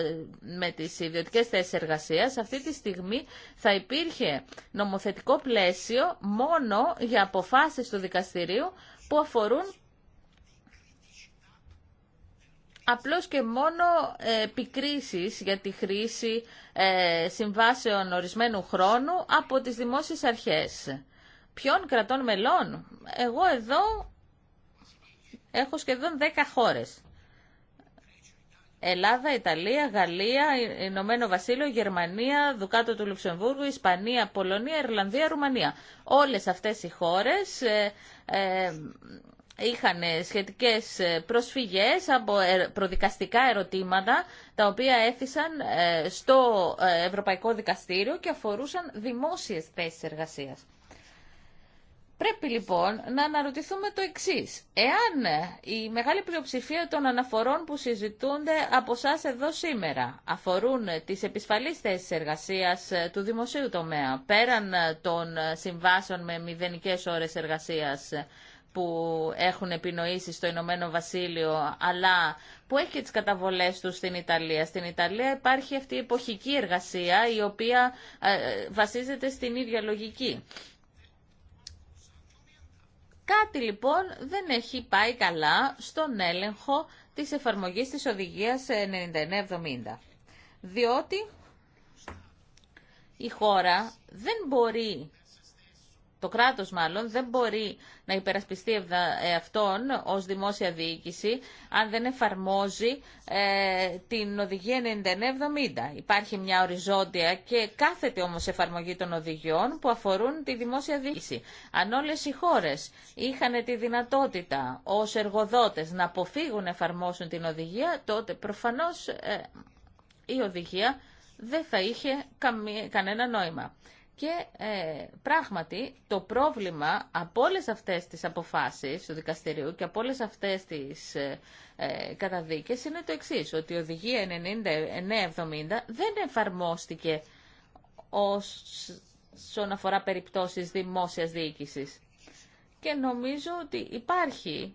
ε, με τις ιδιωτικές θέσεις εργασίας, αυτή τη στιγμή θα υπήρχε νομοθετικό πλαίσιο μόνο για αποφάσεις του δικαστηρίου που αφορούν απλώς και μόνο ε, επικρίσεις για τη χρήση ε, συμβάσεων ορισμένου χρόνου από τις δημόσιες αρχές. Ποιών κρατών μελών. Εγώ εδώ έχω σχεδόν 10 χώρες. Ελλάδα, Ιταλία, Γαλλία, Ηνωμένο Βασίλειο, Γερμανία, Δουκάτο του Λουξεμβούργου, Ισπανία, Πολωνία, Ιρλανδία, Ρουμανία. Όλες αυτές οι χώρες ε, ε, είχαν σχετικές προσφυγές από ε, προδικαστικά ερωτήματα τα οποία έθισαν στο Ευρωπαϊκό Δικαστήριο και αφορούσαν δημόσιες θέσεις εργασίας. Πρέπει λοιπόν να αναρωτηθούμε το εξή. Εάν ε, η μεγάλη πλειοψηφία των αναφορών που συζητούνται από εσά εδώ σήμερα αφορούν ε, τι επισφαλεί θέσει εργασία ε, του δημοσίου τομέα, πέραν των συμβάσεων με μηδενικέ ώρε εργασία που έχουν επινοήσει στο Ηνωμένο Βασίλειο, αλλά που έχει και τις καταβολές του στην Ιταλία. Στην Ιταλία υπάρχει αυτή η εποχική εργασία, η οποία βασίζεται στην ίδια λογική. Κάτι λοιπόν δεν έχει πάει καλά στον έλεγχο της εφαρμογής της οδηγίας 9970. Ε, Διότι η χώρα δεν μπορεί το κράτος μάλλον δεν μπορεί να υπερασπιστεί ε, αυτόν ως δημόσια διοίκηση αν δεν εφαρμόζει ε, την οδηγία 9970. Υπάρχει μια οριζόντια και κάθεται όμως εφαρμογή των οδηγιών που αφορούν τη δημόσια διοίκηση. Αν όλες οι χώρες είχαν τη δυνατότητα ως εργοδότες να αποφύγουν να εφαρμόσουν την οδηγία, τότε προφανώς ε, η οδηγία δεν θα είχε κανένα νόημα. Και ε, πράγματι το πρόβλημα από όλε αυτές τις αποφάσεις του δικαστηριού και από όλε αυτές τις ε, ε, καταδίκες είναι το εξής, ότι η οδηγία 9970 δεν εφαρμόστηκε όσον αφορά περιπτώσεις δημόσιας διοίκησης. Και νομίζω ότι υπάρχει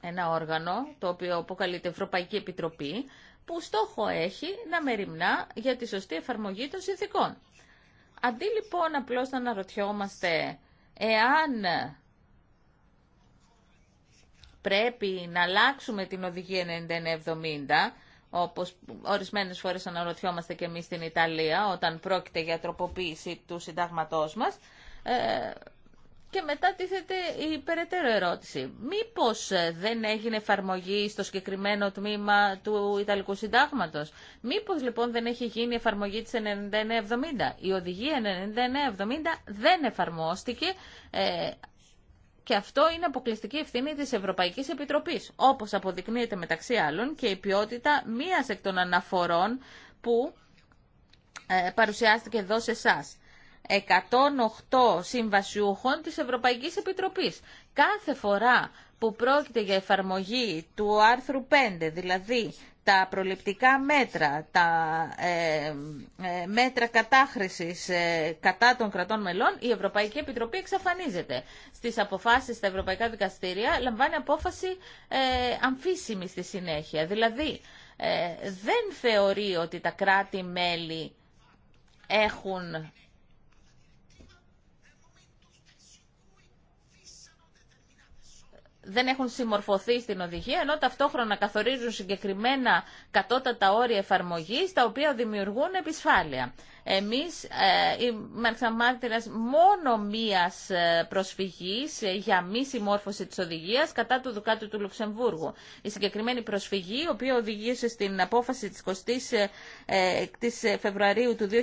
ένα όργανο το οποίο αποκαλείται Ευρωπαϊκή Επιτροπή που στόχο έχει να μεριμνά για τη σωστή εφαρμογή των συνθήκων. Αντί λοιπόν απλώς να αναρωτιόμαστε εάν πρέπει να αλλάξουμε την οδηγία 9970, όπως ορισμένες φορές αναρωτιόμαστε και εμείς στην Ιταλία όταν πρόκειται για τροποποίηση του συντάγματός μας, ε, και μετά τίθεται η περαιτέρω ερώτηση. Μήπως ε, δεν έγινε εφαρμογή στο συγκεκριμένο τμήμα του Ιταλικού Συντάγματος. Μήπως λοιπόν δεν έχει γίνει εφαρμογή της 9970. Η οδηγία 9970 δεν εφαρμόστηκε ε, και αυτό είναι αποκλειστική ευθύνη της Ευρωπαϊκής Επιτροπής. Όπως αποδεικνύεται μεταξύ άλλων και η ποιότητα μίας εκ των αναφορών που ε, παρουσιάστηκε εδώ σε εσάς. 108 συμβασιούχων της Ευρωπαϊκής Επιτροπής. Κάθε φορά που πρόκειται για εφαρμογή του άρθρου 5, δηλαδή τα προληπτικά μέτρα, τα ε, ε, μέτρα κατάχρησης ε, κατά των κρατών μελών, η Ευρωπαϊκή Επιτροπή εξαφανίζεται. Στις αποφάσεις στα Ευρωπαϊκά Δικαστήρια λαμβάνει απόφαση αμφίσιμη στη συνέχεια. Δηλαδή, δεν θεωρεί ότι τα κράτη-μέλη έχουν δεν έχουν συμμορφωθεί στην οδηγία, ενώ ταυτόχρονα καθορίζουν συγκεκριμένα κατώτατα όρια εφαρμογής, τα οποία δημιουργούν επισφάλεια. Εμείς ήμασταν ε, μάρτυρας μόνο μίας ε, προσφυγής ε, για μη συμμόρφωση της οδηγίας κατά του Δουκάτου του Λουξεμβούργου. Η συγκεκριμένη προσφυγή, η οποία οδηγήσε στην απόφαση της 20ης της Φεβρουαρίου του 2015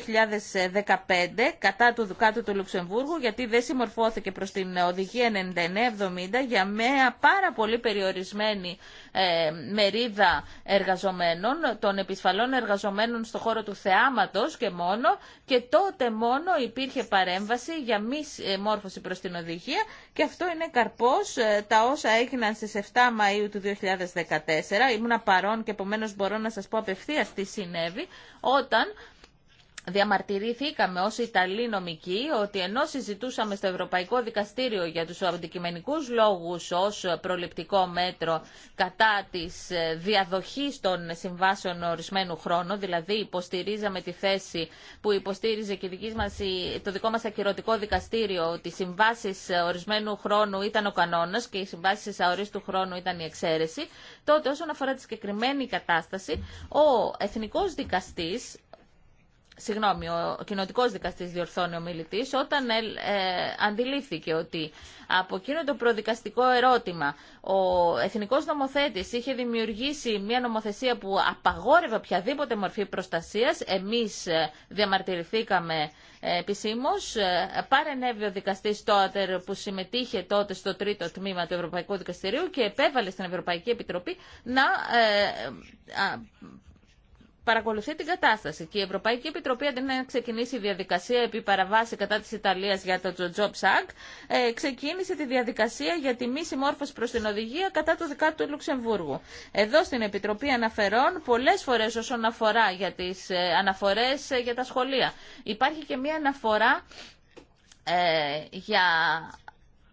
κατά του Δουκάτου του Λουξεμβούργου, γιατί δεν συμμορφώθηκε προς την οδηγία 9970 για μια πάρα πολύ περιορισμένη ε, μερίδα εργαζομένων, των επισφαλών εργαζομένων στο χώρο του θεάματος και μόνο και τότε μόνο υπήρχε παρέμβαση για μη μόρφωση προς την οδηγία και αυτό είναι καρπός ε, τα όσα έγιναν στις 7 Μαΐου του 2014. ήμουν παρόν και επομένω μπορώ να σας πω απευθείας τι συνέβη όταν διαμαρτυρηθήκαμε ως Ιταλοί νομικοί ότι ενώ συζητούσαμε στο Ευρωπαϊκό Δικαστήριο για τους αντικειμενικούς λόγους ως προληπτικό μέτρο κατά της ε, διαδοχής των συμβάσεων ορισμένου χρόνου, δηλαδή υποστηρίζαμε τη θέση που υποστήριζε και το δικό μας ακυρωτικό δικαστήριο ότι οι συμβάσεις ορισμένου χρόνου ήταν ο κανόνας και οι συμβάσεις αορίστου χρόνου ήταν η εξαίρεση, τότε όσον αφορά τη συγκεκριμένη κατάσταση, ο Εθνικός Δικαστής συγγνώμη, ο κοινοτικό δικαστή διορθώνει ο μιλητή, όταν ε, ε, αντιλήφθηκε ότι από εκείνο το προδικαστικό ερώτημα ο εθνικό νομοθέτη είχε δημιουργήσει μια νομοθεσία που απαγόρευε οποιαδήποτε μορφή προστασία, εμεί ε, διαμαρτυρηθήκαμε ε, επισήμω. Παρενέβη ο δικαστή Τότερ που συμμετείχε τότε στο τρίτο τμήμα του Ευρωπαϊκού Δικαστηρίου και επέβαλε στην Ευρωπαϊκή Επιτροπή να παρακολουθεί την κατάσταση και η Ευρωπαϊκή Επιτροπή αντί να ξεκινήσει η διαδικασία επί παραβάση κατά της Ιταλίας για το Jobs Act ε, ξεκίνησε τη διαδικασία για τη μη συμμόρφωση προς την οδηγία κατά το δικά του Λουξεμβούργου. Εδώ στην Επιτροπή αναφερών πολλές φορές όσον αφορά για τις ε, αναφορές ε, για τα σχολεία. Υπάρχει και μια αναφορά ε, για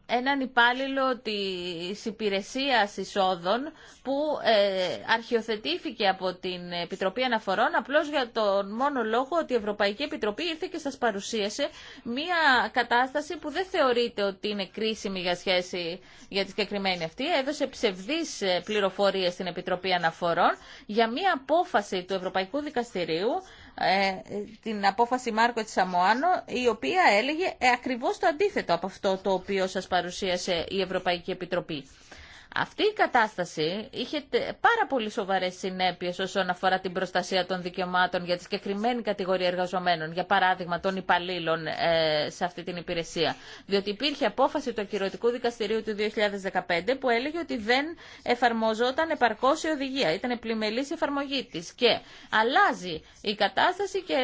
έναν υπάλληλο της υπηρεσίας εισόδων που ε, αρχιοθετήθηκε από την Επιτροπή Αναφορών απλώς για τον μόνο λόγο ότι η Ευρωπαϊκή Επιτροπή ήρθε και σας παρουσίασε μία κατάσταση που δεν θεωρείται ότι είναι κρίσιμη για σχέση για τη συγκεκριμένη αυτή. Έδωσε ψευδείς ε, πληροφορίες στην Επιτροπή Αναφορών για μία απόφαση του Ευρωπαϊκού Δικαστηρίου ε, την απόφαση Μάρκο Τσαμοάνο, η οποία έλεγε ε, ακριβώς το αντίθετο από αυτό το οποίο σας παρουσίασε η Ευρωπαϊκή Επιτροπή. Αυτή η κατάσταση είχε πάρα πολύ σοβαρέ συνέπειε όσον αφορά την προστασία των δικαιωμάτων για τη συγκεκριμένη κατηγορία εργαζομένων, για παράδειγμα των υπαλλήλων ε, σε αυτή την υπηρεσία. Διότι υπήρχε απόφαση του ακυρωτικού δικαστηρίου του 2015 που έλεγε ότι δεν εφαρμόζονταν επαρκώ η οδηγία. Ήταν πλημελή η εφαρμογή τη. Και αλλάζει η κατάσταση και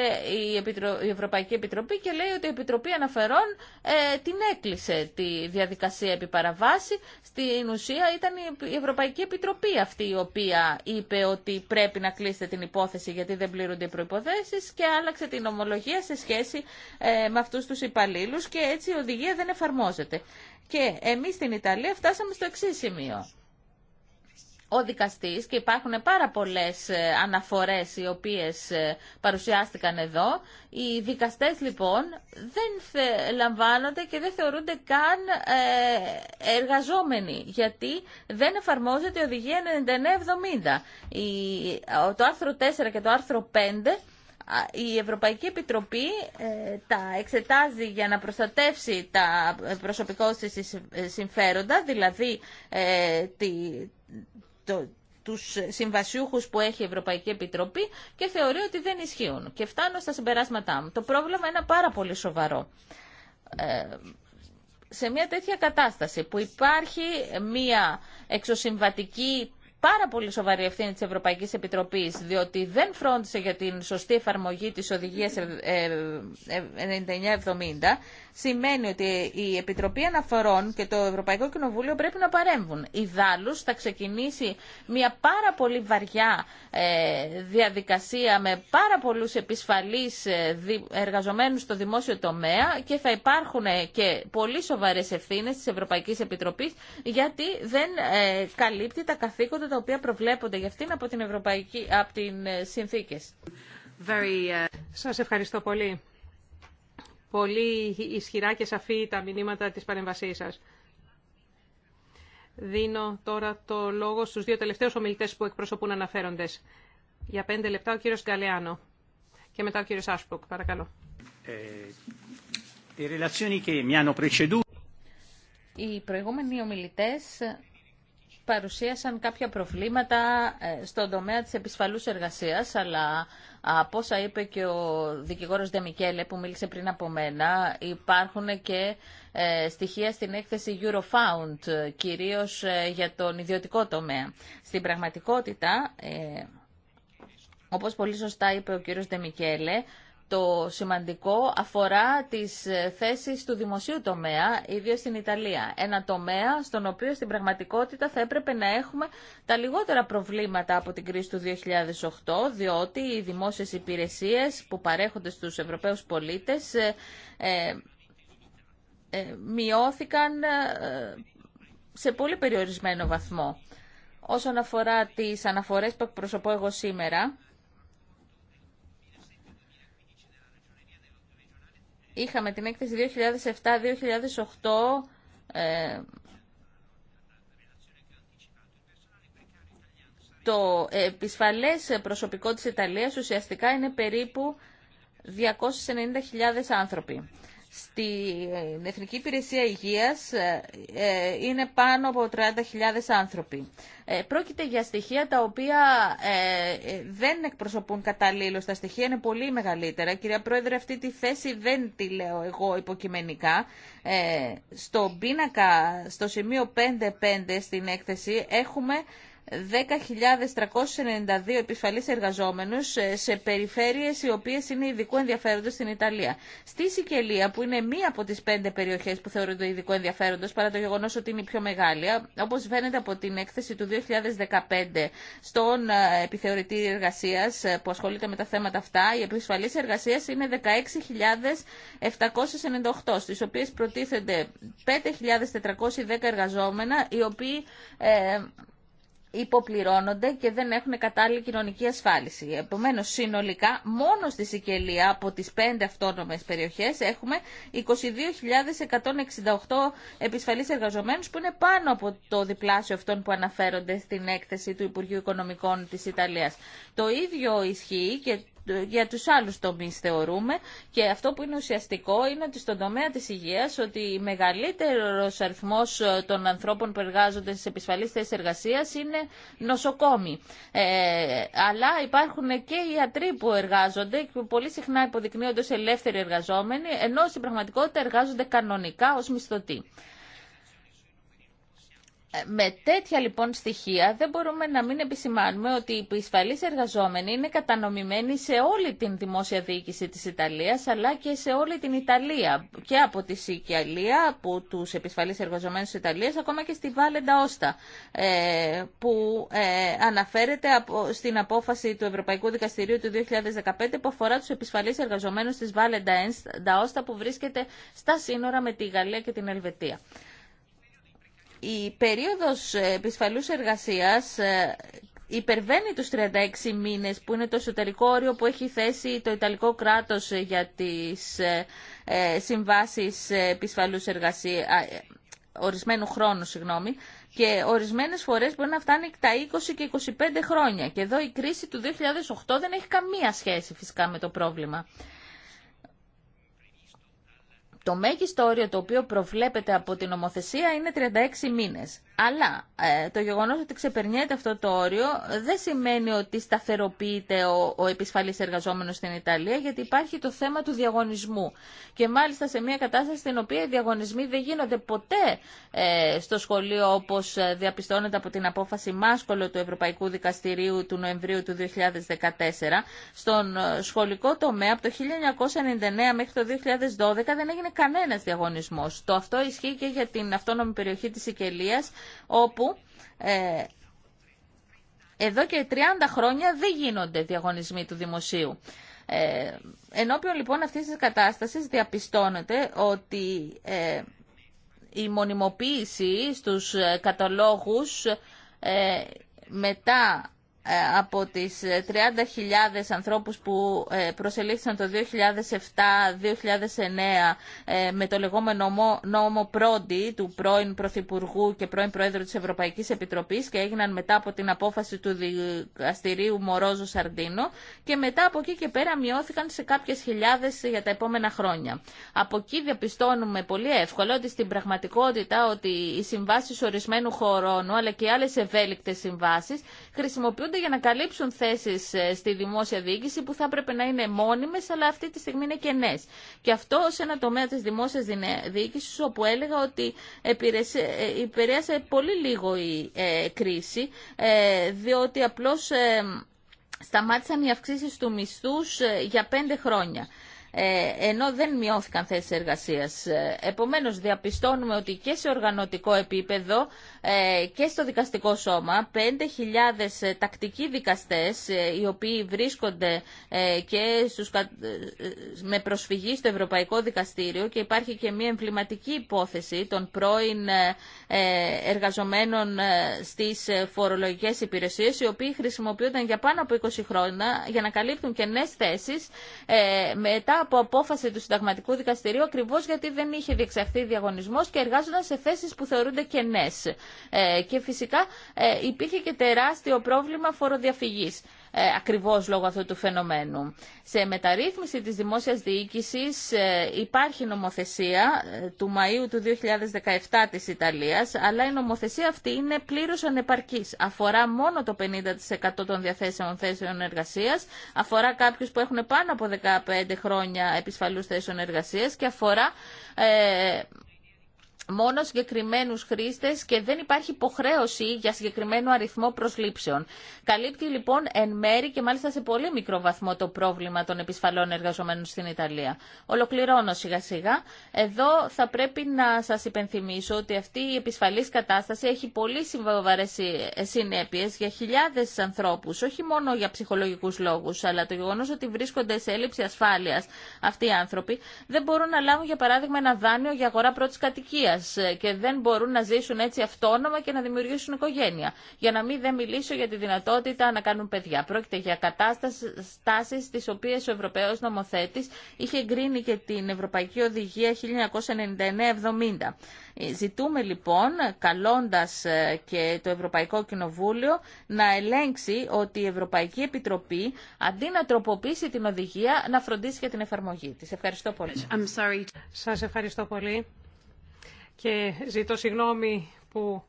η Ευρωπαϊκή Επιτροπή και λέει ότι η Επιτροπή Αναφερών ε, την έκλεισε τη διαδικασία επιπαραβάση. Στην ουσία ήταν η Ευρωπαϊκή Επιτροπή αυτή η οποία είπε ότι πρέπει να κλείσετε την υπόθεση γιατί δεν πληρούνται οι προϋποθέσεις και άλλαξε την ομολογία σε σχέση ε, με αυτούς τους υπαλλήλου, και έτσι η οδηγία δεν εφαρμόζεται. Και εμείς στην Ιταλία φτάσαμε στο εξή σημείο ο δικαστής και υπάρχουν πάρα πολλές ε, αναφορές οι οποίες ε, παρουσιάστηκαν εδώ. Οι δικαστές λοιπόν δεν θε, λαμβάνονται και δεν θεωρούνται καν ε, εργαζόμενοι γιατί δεν εφαρμόζεται η οδηγία 9970. το άρθρο 4 και το άρθρο 5 η Ευρωπαϊκή Επιτροπή τα εξετάζει για να προστατεύσει τα προσωπικό της συμφέροντα, δηλαδή τη, το, τους συμβασιούχους που έχει η Ευρωπαϊκή Επιτροπή και θεωρεί ότι δεν ισχύουν. Και φτάνω στα συμπεράσματά μου. Το πρόβλημα είναι πάρα πολύ σοβαρό. Ε, σε μια τέτοια κατάσταση που υπάρχει μια εξωσυμβατική πάρα πολύ σοβαρή ευθύνη της Ευρωπαϊκής Επιτροπής, διότι δεν φρόντισε για την σωστή εφαρμογή της οδηγίας 9970, ε, ε, ε, σημαίνει ότι η Επιτροπή Αναφορών και το Ευρωπαϊκό Κοινοβούλιο πρέπει να παρέμβουν. δάλους θα ξεκινήσει μια πάρα πολύ βαριά ε, διαδικασία με πάρα πολλούς επισφαλείς ε, εργαζομένους στο δημόσιο τομέα και θα υπάρχουν ε, και πολύ σοβαρές ευθύνες της Ευρωπαϊκής Επιτροπής γιατί δεν καλύπτει τα καθήκοντα τα οποία προβλέπονται για αυτήν από την Ευρωπαϊκή από την συνθήκες. Very... Σας ευχαριστώ πολύ πολύ ισχυρά και σαφή τα μηνύματα της παρεμβασής σας. Δίνω τώρα το λόγο στους δύο τελευταίους ομιλητές που εκπροσωπούν αναφέροντες. Για πέντε λεπτά ο κύριος Γκαλεάνο και μετά ο κύριος Άσπουκ. Παρακαλώ. Ε, οι προηγούμενοι ομιλητές παρουσίασαν κάποια προβλήματα ε, στον τομέα της επισφαλούς εργασίας, αλλά από όσα είπε και ο δικηγόρος Δεμικέλε που μίλησε πριν από μένα, υπάρχουν και ε, στοιχεία στην έκθεση Eurofound, κυρίως ε, για τον ιδιωτικό τομέα. Στην πραγματικότητα, όπως πολύ σωστά είπε ο κύριος Δεμικέλε, το σημαντικό αφορά τις θέσεις του δημοσίου τομέα, ιδίως στην Ιταλία. Ένα τομέα στον οποίο στην πραγματικότητα θα έπρεπε να έχουμε τα λιγότερα προβλήματα από την κρίση του 2008, διότι οι δημόσιες υπηρεσίες που παρέχονται στους Ευρωπαίους πολίτες ε, ε, ε μειώθηκαν ε, σε πολύ περιορισμένο βαθμό. Όσον αφορά τις αναφορές που εκπροσωπώ εγώ σήμερα, είχαμε την έκθεση 2007-2008 ε, το επισφαλές προσωπικό της Ιταλίας ουσιαστικά είναι περίπου 290.000 άνθρωποι. Στην Εθνική Υπηρεσία Υγείας ε, ε, είναι πάνω από 30.000 άνθρωποι. Ε, πρόκειται για στοιχεία τα οποία δεν εκπροσωπούν καταλήλω. Τα στοιχεία είναι πολύ μεγαλύτερα. Κυρία Πρόεδρε, αυτή τη θέση δεν τη λέω εγώ υποκειμενικά. στο πίνακα, στο σημείο 5.5 στην έκθεση, έχουμε 10.392 επιφαλείς εργαζόμενους ε, σε περιφέρειες οι οποίες είναι ειδικού ενδιαφέροντος στην Ιταλία. Στη Σικελία, που είναι μία από τις πέντε περιοχές που θεωρούνται ειδικού ενδιαφέροντος, παρά το γεγονός ότι είναι η πιο μεγάλη, όπως φαίνεται από την έκθεση του 2015 στον ε, επιθεωρητή εργασίας ε, που ασχολείται με τα θέματα αυτά, οι επιφαλείς εργασίας είναι 16.798, στις οποίες προτίθενται 5.410 εργαζόμενα, οι οποίοι υποπληρώνονται και δεν έχουν κατάλληλη κοινωνική ασφάλιση. Επομένως, συνολικά, μόνο στη Σικελία από τις 5 αυτόνομες περιοχές έχουμε 22.168 επισφαλείς εργαζομένους που είναι πάνω από το διπλάσιο αυτών που αναφέρονται στην έκθεση του Υπουργείου Οικονομικών της Ιταλίας. Το ίδιο ισχύει και για τους άλλους τομείς θεωρούμε και αυτό που είναι ουσιαστικό είναι ότι στον τομέα της υγείας ότι μεγαλύτερος αριθμός ε, των ανθρώπων που εργάζονται στις επισφαλείς θέσεις εργασίας είναι νοσοκόμοι. Ε, αλλά υπάρχουν και οι ιατροί που εργάζονται και που πολύ συχνά υποδεικνύονται ως ελεύθεροι εργαζόμενοι ενώ στην πραγματικότητα εργάζονται κανονικά ως μισθωτοί. Ε, με τέτοια λοιπόν στοιχεία δεν μπορούμε να μην επισημάνουμε ότι οι επισφαλείς εργαζόμενοι είναι κατανομημένοι σε όλη την δημόσια διοίκηση της Ιταλίας αλλά και σε όλη την Ιταλία και από τη Σικιαλία, από τους επισφαλείς εργαζομένους της Ιταλίας ακόμα και στη Βάλεντα Όστα ε, που ε, αναφέρεται στην απόφαση του Ευρωπαϊκού Δικαστηρίου του 2015 που αφορά τους επισφαλείς εργαζομένους της Βάλεντα Όστα που βρίσκεται στα σύνορα με τη Γαλλία και την Ελβετία η περίοδος επισφαλούς εργασίας ε, υπερβαίνει τους 36 μήνες που είναι το εσωτερικό όριο που έχει θέσει το Ιταλικό κράτος ε, για τις ε, συμβάσεις επισφαλούς εργασίας, ορισμένου χρόνου, συγγνώμη, και ορισμένες φορές μπορεί να φτάνει τα 20 και 25 χρόνια. Και εδώ η κρίση του 2008 δεν έχει καμία σχέση φυσικά με το πρόβλημα το μέγιστο όριο το οποίο προβλέπεται από την νομοθεσία είναι 36 μήνες. Αλλά ε, το γεγονός ότι ξεπερνιέται αυτό το όριο δεν σημαίνει ότι σταθεροποιείται ο, ο επισφαλής εργαζόμενος στην Ιταλία γιατί υπάρχει το θέμα του διαγωνισμού. Και μάλιστα σε μια κατάσταση στην οποία οι διαγωνισμοί δεν γίνονται ποτέ ε, στο σχολείο όπως ε, διαπιστώνεται από την απόφαση Μάσκολο του Ευρωπαϊκού Δικαστηρίου του Νοεμβρίου του 2014 στον σχολικό τομέα από το 1999 μέχρι το 2012 δεν έγινε κανένας διαγωνισμό. Το αυτό ισχύει και για την αυτόνομη περιοχή της Σικελία, όπου ε, εδώ και 30 χρόνια δεν γίνονται διαγωνισμοί του δημοσίου. Ε, ενώπιον λοιπόν αυτής της κατάστασης διαπιστώνεται ότι ε, η μονιμοποίηση στους ε, καταλόγους μετά ε, από τις 30.000 ε, ανθρώπους που ε, προσελήφθησαν το 2007-2009 με το λεγόμενο νόμο πρώτη του πρώην Πρωθυπουργού και πρώην Πρόεδρου της Ευρωπαϊκής Επιτροπής και έγιναν μετά από την απόφαση του δικαστηρίου Μορόζο Σαρντίνο και μετά από εκεί και πέρα μειώθηκαν σε κάποιες χιλιάδες για τα επόμενα χρόνια. Από εκεί διαπιστώνουμε πολύ εύκολα ότι στην πραγματικότητα ότι οι συμβάσεις ορισμένου χρόνου αλλά και οι άλλες ευέλικτες συμβάσεις χρησιμοποιούνται για να καλύψουν θέσει ε, στη δημόσια διοίκηση που θα έπρεπε να είναι μόνιμε, αλλά αυτή τη στιγμή είναι κενέ. Και αυτό σε ένα τομέα τη δημόσια διοίκηση, όπου έλεγα ότι ε, επηρέασε πολύ λίγο η ε, κρίση, διότι απλώ. σταμάτησαν οι αυξήσεις του μισθούς για πέντε χρόνια. Ε, ενώ δεν μειώθηκαν θέσεις εργασίας. Ε, επομένως, διαπιστώνουμε ότι και σε οργανωτικό επίπεδο ε, και στο δικαστικό σώμα 5.000 τακτικοί δικαστές οι οποίοι βρίσκονται και στους, με προσφυγή στο Ευρωπαϊκό Δικαστήριο και υπάρχει και μια εμβληματική υπόθεση των πρώην εργαζομένων στις φορολογικές υπηρεσίες οι οποίοι χρησιμοποιούνταν για πάνω από 20 χρόνια για να καλύπτουν νέες θέσεις μετά από απόφαση του Συνταγματικού Δικαστηρίου ακριβώ γιατί δεν είχε διεξαχθεί διαγωνισμό και εργάζονταν σε θέσει που θεωρούνται κενέ. Ε, και φυσικά ε, υπήρχε και τεράστιο πρόβλημα φοροδιαφυγή. Ε, ακριβώς λόγω αυτού του φαινομένου. Σε μεταρρύθμιση της δημόσιας διοίκησης ε, υπάρχει νομοθεσία ε, του Μαΐου του 2017 της Ιταλίας, αλλά η νομοθεσία αυτή είναι πλήρως ανεπαρκής. Αφορά μόνο το 50% των διαθέσεων θέσεων εργασίας, αφορά κάποιους που έχουν πάνω από 15 χρόνια επισφαλούς θέσεων εργασίας και αφορά μόνο συγκεκριμένου χρήστε και δεν υπάρχει υποχρέωση για συγκεκριμένο αριθμό προσλήψεων. Καλύπτει λοιπόν εν μέρη και μάλιστα σε πολύ μικρό βαθμό το πρόβλημα των επισφαλών εργαζομένων στην Ιταλία. Ολοκληρώνω σιγά σιγά. Εδώ θα πρέπει να σα υπενθυμίσω ότι αυτή η επισφαλή κατάσταση έχει πολύ συμβαβαρέ συνέπειε για χιλιάδε ανθρώπου, όχι μόνο για ψυχολογικού λόγου, αλλά το γεγονό ότι βρίσκονται σε έλλειψη ασφάλεια αυτοί οι άνθρωποι δεν μπορούν να λάβουν για παράδειγμα ένα δάνειο για αγορά πρώτη κατοικία ε, και δεν μπορούν να ζήσουν έτσι αυτόνομα και να δημιουργήσουν οικογένεια. Για να μην δεν μιλήσω για τη δυνατότητα να κάνουν παιδιά. Πρόκειται για κατάσταση τις οποίε ο Ευρωπαίος νομοθέτη είχε εγκρίνει και την Ευρωπαϊκή Οδηγία 1999-70. Ε, ζητούμε λοιπόν, καλώντας ε, και το Ευρωπαϊκό Κοινοβούλιο, να ελέγξει ότι η Ευρωπαϊκή Επιτροπή, αντί να τροποποιήσει την οδηγία, να φροντίσει για την εφαρμογή της. Ευχαριστώ πολύ. ευχαριστώ πολύ και ζητώ συγγνώμη που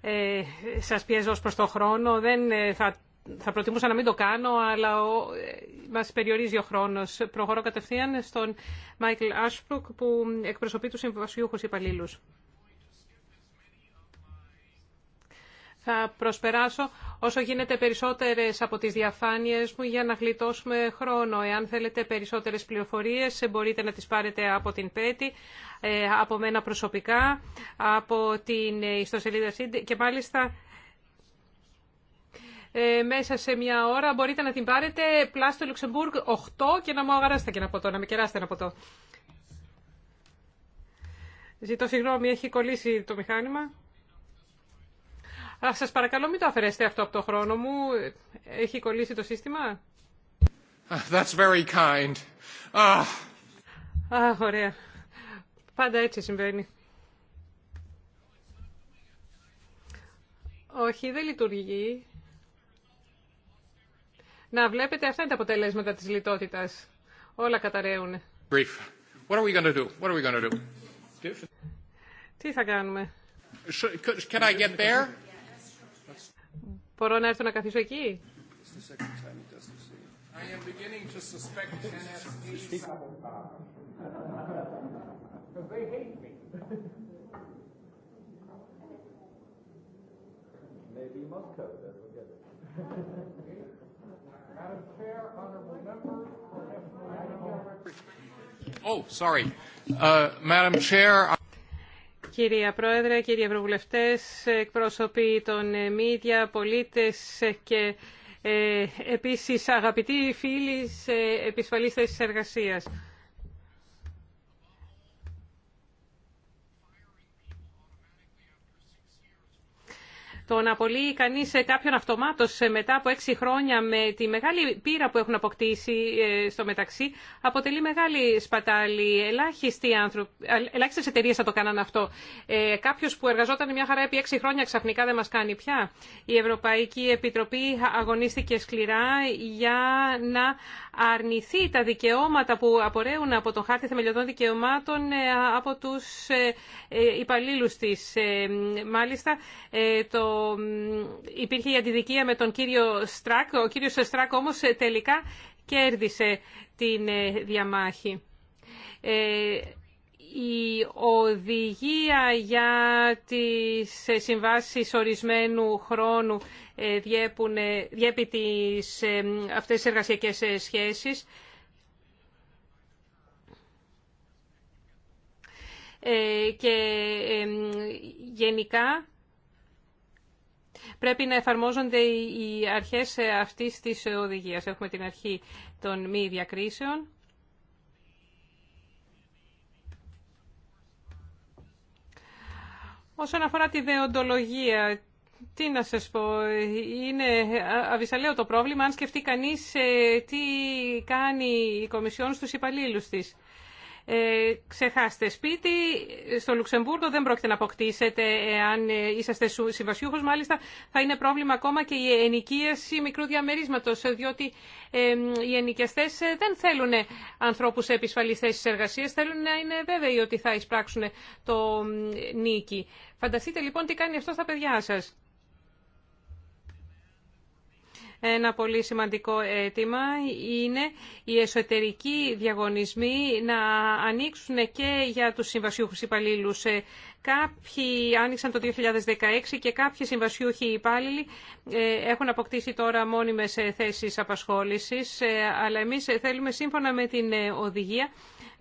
ε, σας πιέζω ως προς το χρόνο. Δεν ε, θα, θα προτιμούσα να μην το κάνω, αλλά ο, ε, μας περιορίζει ο χρόνος. Προχωρώ κατευθείαν στον Μάικλ Άσπρουκ που εκπροσωπεί τους συμβασιούχους υπαλλήλους. Θα προσπεράσω όσο γίνεται περισσότερες από τις διαφάνειες μου για να γλιτώσουμε χρόνο. Εάν θέλετε περισσότερες πληροφορίες μπορείτε να τις πάρετε από την ΠΕΤΗ, ε, από μένα προσωπικά, από την ιστοσελίδα ΣΥΝΤΗ και μάλιστα ε, μέσα σε μια ώρα μπορείτε να την πάρετε πλάστο Λουξεμβούργ 8 και να μου αγαράσετε και ένα ποτό, να με κεράσετε ένα ποτό. Ζητώ συγγνώμη, έχει κολλήσει το μηχάνημα. Α, σας παρακαλώ μην το αφαιρέσετε αυτό από το χρόνο μου. Έχει κολλήσει το σύστημα. Ah, that's very kind. Ah. Α, ωραία. Πάντα έτσι συμβαίνει. Όχι, δεν λειτουργεί. Να βλέπετε, αυτά είναι τα αποτελέσματα της λιτότητας. Όλα καταραίουν. Brief. What are we going to do? What are we going to do? Τι θα κάνουμε? Can I get there? Μπορώ να έρθω να καθίσω εκεί. oh, sorry. Uh, Madam Chair. Κυρία Πρόεδρε, κύριε Ευρωβουλευτέ, εκπρόσωποι των μίδια, ε, πολίτες ε, και ε, επίσης αγαπητοί φίλοι σε επισφαλής εργασίας. Το να απολύει κανείς ε, κάποιον αυτομάτως ε, μετά από έξι χρόνια με τη μεγάλη πείρα που έχουν αποκτήσει ε, στο μεταξύ αποτελεί μεγάλη σπατάλη. Ελάχιστες εταιρείες θα το κάνανε αυτό. Ε, κάποιος που εργαζόταν μια χαρά επί έξι χρόνια ξαφνικά δεν μας κάνει πια. Η Ευρωπαϊκή Επιτροπή αγωνίστηκε σκληρά για να αρνηθεί τα δικαιώματα που απορρέουν από τον χάρτη θεμελιωδών δικαιωμάτων ε, από τους ε, ε, υπαλλήλους της. Μάλιστα, το... υπήρχε η αντιδικία με τον κύριο Στράκ. Ο κύριος Στράκ όμως τελικά κέρδισε την διαμάχη η οδηγία για τις συμβάσεις ορισμένου χρόνου ε, διέπουν, διέπει τις, ε, αυτές τις εργασιακές ε, σχέσεις. και γενικά πρέπει να εφαρμόζονται οι αρχές αυτής της οδηγίας. Έχουμε την αρχή των μη διακρίσεων. Όσον αφορά τη δεοντολογία, τι να σας πω, είναι αβυσαλαίο το πρόβλημα αν σκεφτεί κανείς ε, τι κάνει η Κομισιόν στους υπαλλήλους της ε, ξεχάστε σπίτι. Στο Λουξεμβούργο δεν πρόκειται να αποκτήσετε εάν ε, είσαστε συμβασιούχος. Μάλιστα θα είναι πρόβλημα ακόμα και η ενοικίαση μικρού διαμερίσματος, ε, διότι ε, οι ενοικιαστές ε, δεν θέλουν ανθρώπους σε επισφαλείς θέσεις εργασίας, θέλουν να είναι βέβαιοι ότι θα εισπράξουν το νίκη. Φανταστείτε λοιπόν τι κάνει αυτό στα παιδιά σας. Ένα πολύ σημαντικό αίτημα είναι οι εσωτερικοί διαγωνισμοί να ανοίξουν και για τους συμβασιούχους υπαλλήλους. Ε, κάποιοι άνοιξαν το 2016 και κάποιοι συμβασιούχοι υπάλληλοι ε, έχουν αποκτήσει τώρα μόνιμες ε, θέσεις απασχόλησης, αλλά εμείς θέλουμε σύμφωνα με την οδηγία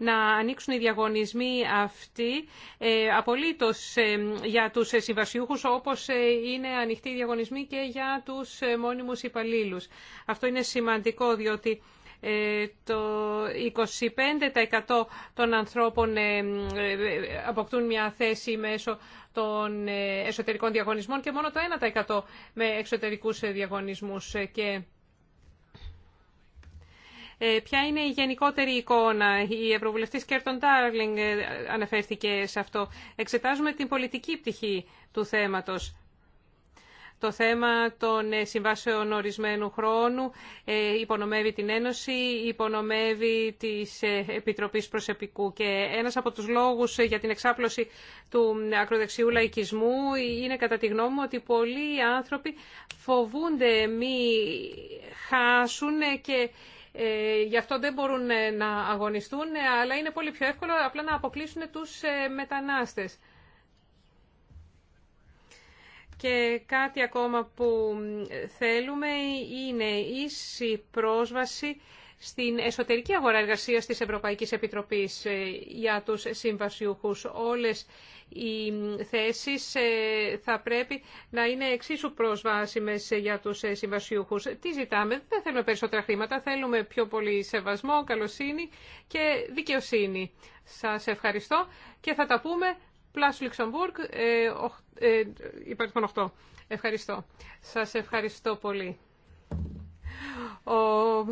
να ανοίξουν οι διαγωνισμοί αυτοί ε, απολύτως ε, για τους ε, συμβασιούχους, όπως είναι ανοιχτοί οι διαγωνισμοί και για τους μόνιμους υπαλλήλους. Αυτό είναι σημαντικό, διότι το 25% των ανθρώπων αποκτούν μια θέση μέσω των εσωτερικών διαγωνισμών και μόνο το 1% με εξωτερικούς διαγωνισμούς. Και ε, ποια είναι η γενικότερη εικόνα. Η Ευρωβουλευτή Κέρτον Τάρλινγκ ε, αναφέρθηκε σε αυτό. Εξετάζουμε την πολιτική πτυχή του θέματος. Το θέμα των ε, συμβάσεων ορισμένου χρόνου υπονομεύει την Ένωση, υπονομεύει της Επιτροπής Προσεπικού και ένας από τους λόγους για την εξάπλωση του ακροδεξιού λαϊκισμού είναι κατά τη γνώμη μου ότι πολλοί άνθρωποι φοβούνται μη χάσουν και ε, γι' αυτό δεν μπορούν ε, να αγωνιστούν, ε, αλλά είναι πολύ πιο εύκολο απλά να αποκλείσουν τους μετανάστες. Και κάτι ακόμα που θέλουμε είναι ίση πρόσβαση στην εσωτερική αγορά εργασία τη Ευρωπαϊκή Επιτροπή ε, για τους συμβασιούχους. Όλες οι θέσεις ε, θα πρέπει να είναι εξίσου προσβάσιμες ε, για τους συμβασιούχου. Τι ζητάμε, δεν θέλουμε περισσότερα χρήματα, θέλουμε πιο πολύ σεβασμό, καλοσύνη και δικαιοσύνη. Σα ευχαριστώ και θα τα πούμε Πλάσου Λουξεμβούργκ, ε, ε, 8. Ευχαριστώ. Σας ευχαριστώ πολύ. Ο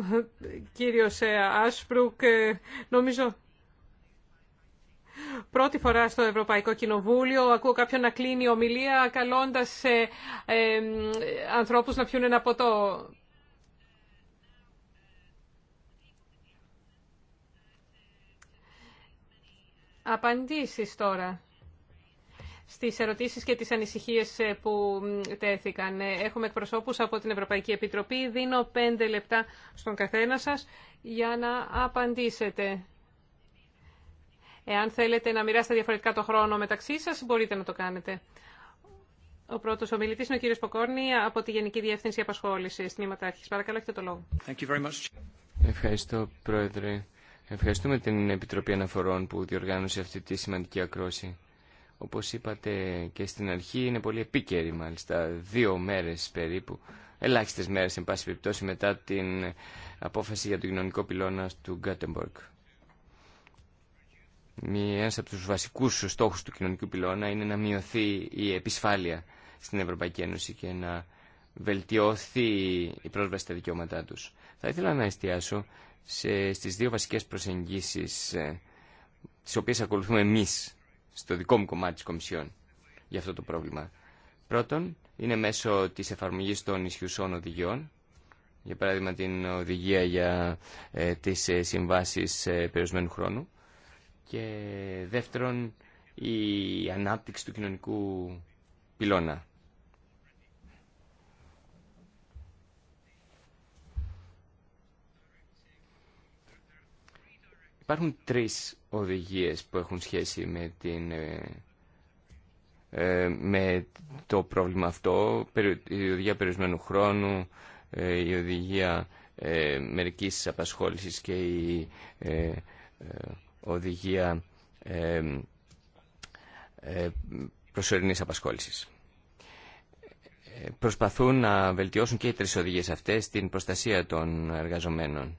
κύριος ε, Άσπρουκ ε, νομίζω πρώτη φορά στο Ευρωπαϊκό Κοινοβούλιο. Ακούω κάποιον να κλείνει ομιλία καλώντας ε, ε ανθρώπους να πιούν ένα ποτό. Απαντήσεις τώρα στις ερωτήσεις και τις ανησυχίες ε, που τέθηκαν. Ε, έχουμε εκπροσώπους από την Ευρωπαϊκή Επιτροπή. Δίνω πέντε λεπτά στον καθένα σας για να απαντήσετε. Εάν θέλετε να μοιράσετε διαφορετικά το χρόνο μεταξύ σας, μπορείτε να το κάνετε. Ο πρώτος ομιλητής είναι ο κύριος Ποκόρνη από τη Γενική Διεύθυνση Απασχόληση τμήματα αρχής. Παρακαλώ, έχετε το λόγο. Ευχαριστώ, Πρόεδρε. Ευχαριστούμε την Επιτροπή Αναφορών που διοργάνωσε αυτή τη σημαντική ακρόση όπως είπατε και στην αρχή, είναι πολύ επίκαιρη μάλιστα. Δύο μέρες περίπου, ελάχιστες μέρες, εν πάση περιπτώσει, μετά την απόφαση για το κοινωνικό πυλώνα του Γκάτεμπορκ. Ένας από τους βασικούς στόχους του κοινωνικού πυλώνα είναι να μειωθεί η επισφάλεια στην Ευρωπαϊκή Ένωση και να βελτιώθει η πρόσβαση στα δικαιώματά τους. Θα ήθελα να εστιάσω σε, στις δύο βασικές προσεγγίσεις ε, τις οποίες ακολουθούμε εμείς στο δικό μου κομμάτι της Κομισιόν για αυτό το πρόβλημα. Πρώτον, είναι μέσω της εφαρμογής των ισχυουσών οδηγιών, για παράδειγμα την οδηγία για ε, τις ε, συμβάσεις ε, περιορισμένου χρόνου και δεύτερον η ανάπτυξη του κοινωνικού πυλώνα. Υπάρχουν τρεις οδηγίες που έχουν σχέση με, την, ε, ε, με το πρόβλημα αυτό, η οδηγία περιορισμένου χρόνου, ε, η οδηγία μερικής απασχόλησης και η οδηγία προσωρινής απασχόλησης. Προσπαθούν να βελτιώσουν και οι τρεις οδηγίες αυτές την προστασία των εργαζομένων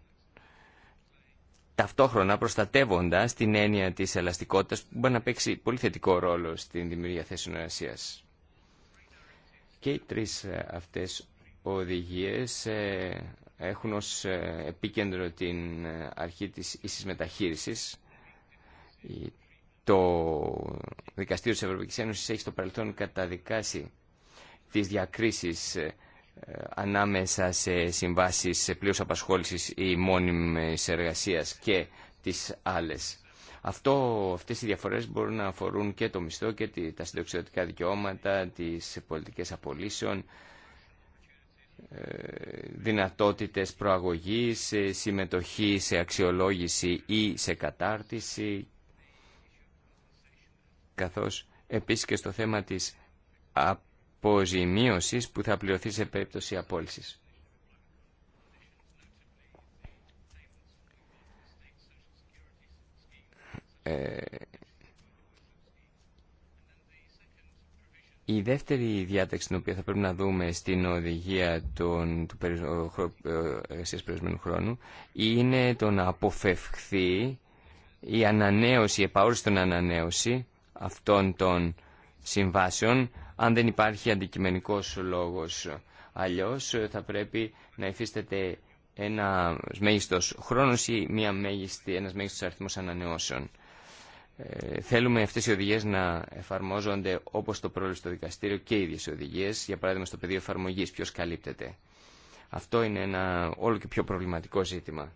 ταυτόχρονα προστατεύοντα την έννοια της ελαστικότητας που μπορεί να παίξει πολύ θετικό ρόλο στην δημιουργία θέσεων εργασία. Και οι τρεις ε, αυτές οδηγίες ε, έχουν ως ε, επίκεντρο την αρχή της ίσης μεταχείρισης. Το Δικαστήριο τη Ευρωπαϊκή Ένωσης έχει στο παρελθόν καταδικάσει τις διακρίσει ε, ανάμεσα σε συμβάσεις πλήρους απασχόλησης ή μόνιμης εργασίας και τις άλλες. Αυτό, αυτές οι διαφορές μπορούν να αφορούν και το μισθό και τα συνταξιδοτικά δικαιώματα, τις πολιτικές απολύσεων, ε, δυνατότητες προαγωγής, συμμετοχή σε αξιολόγηση ή σε κατάρτιση, καθώς επίσης και στο θέμα της αποζημίωσης που θα πληρωθεί σε περίπτωση απόλυσης. Ε, η δεύτερη διάταξη την οποία θα πρέπει να δούμε στην οδηγία των, του εργασίας περιορισμένου χρόνου είναι το να αποφευχθεί η ανανέωση, η επαόριστον ανανέωση αυτών των συμβάσεων αν δεν υπάρχει αντικειμενικός λόγος. Αλλιώς θα πρέπει να υφίσταται ένα μέγιστος χρόνος ή μια μέγιστη, ένας μέγιστος αριθμός ανανεώσεων. Ε, θέλουμε αυτές οι οδηγίες να εφαρμόζονται όπως το πρόβλημα στο δικαστήριο και οι ίδιες οι οδηγίες, για παράδειγμα στο πεδίο εφαρμογής, ποιος καλύπτεται. Αυτό είναι ένα όλο και πιο προβληματικό ζήτημα.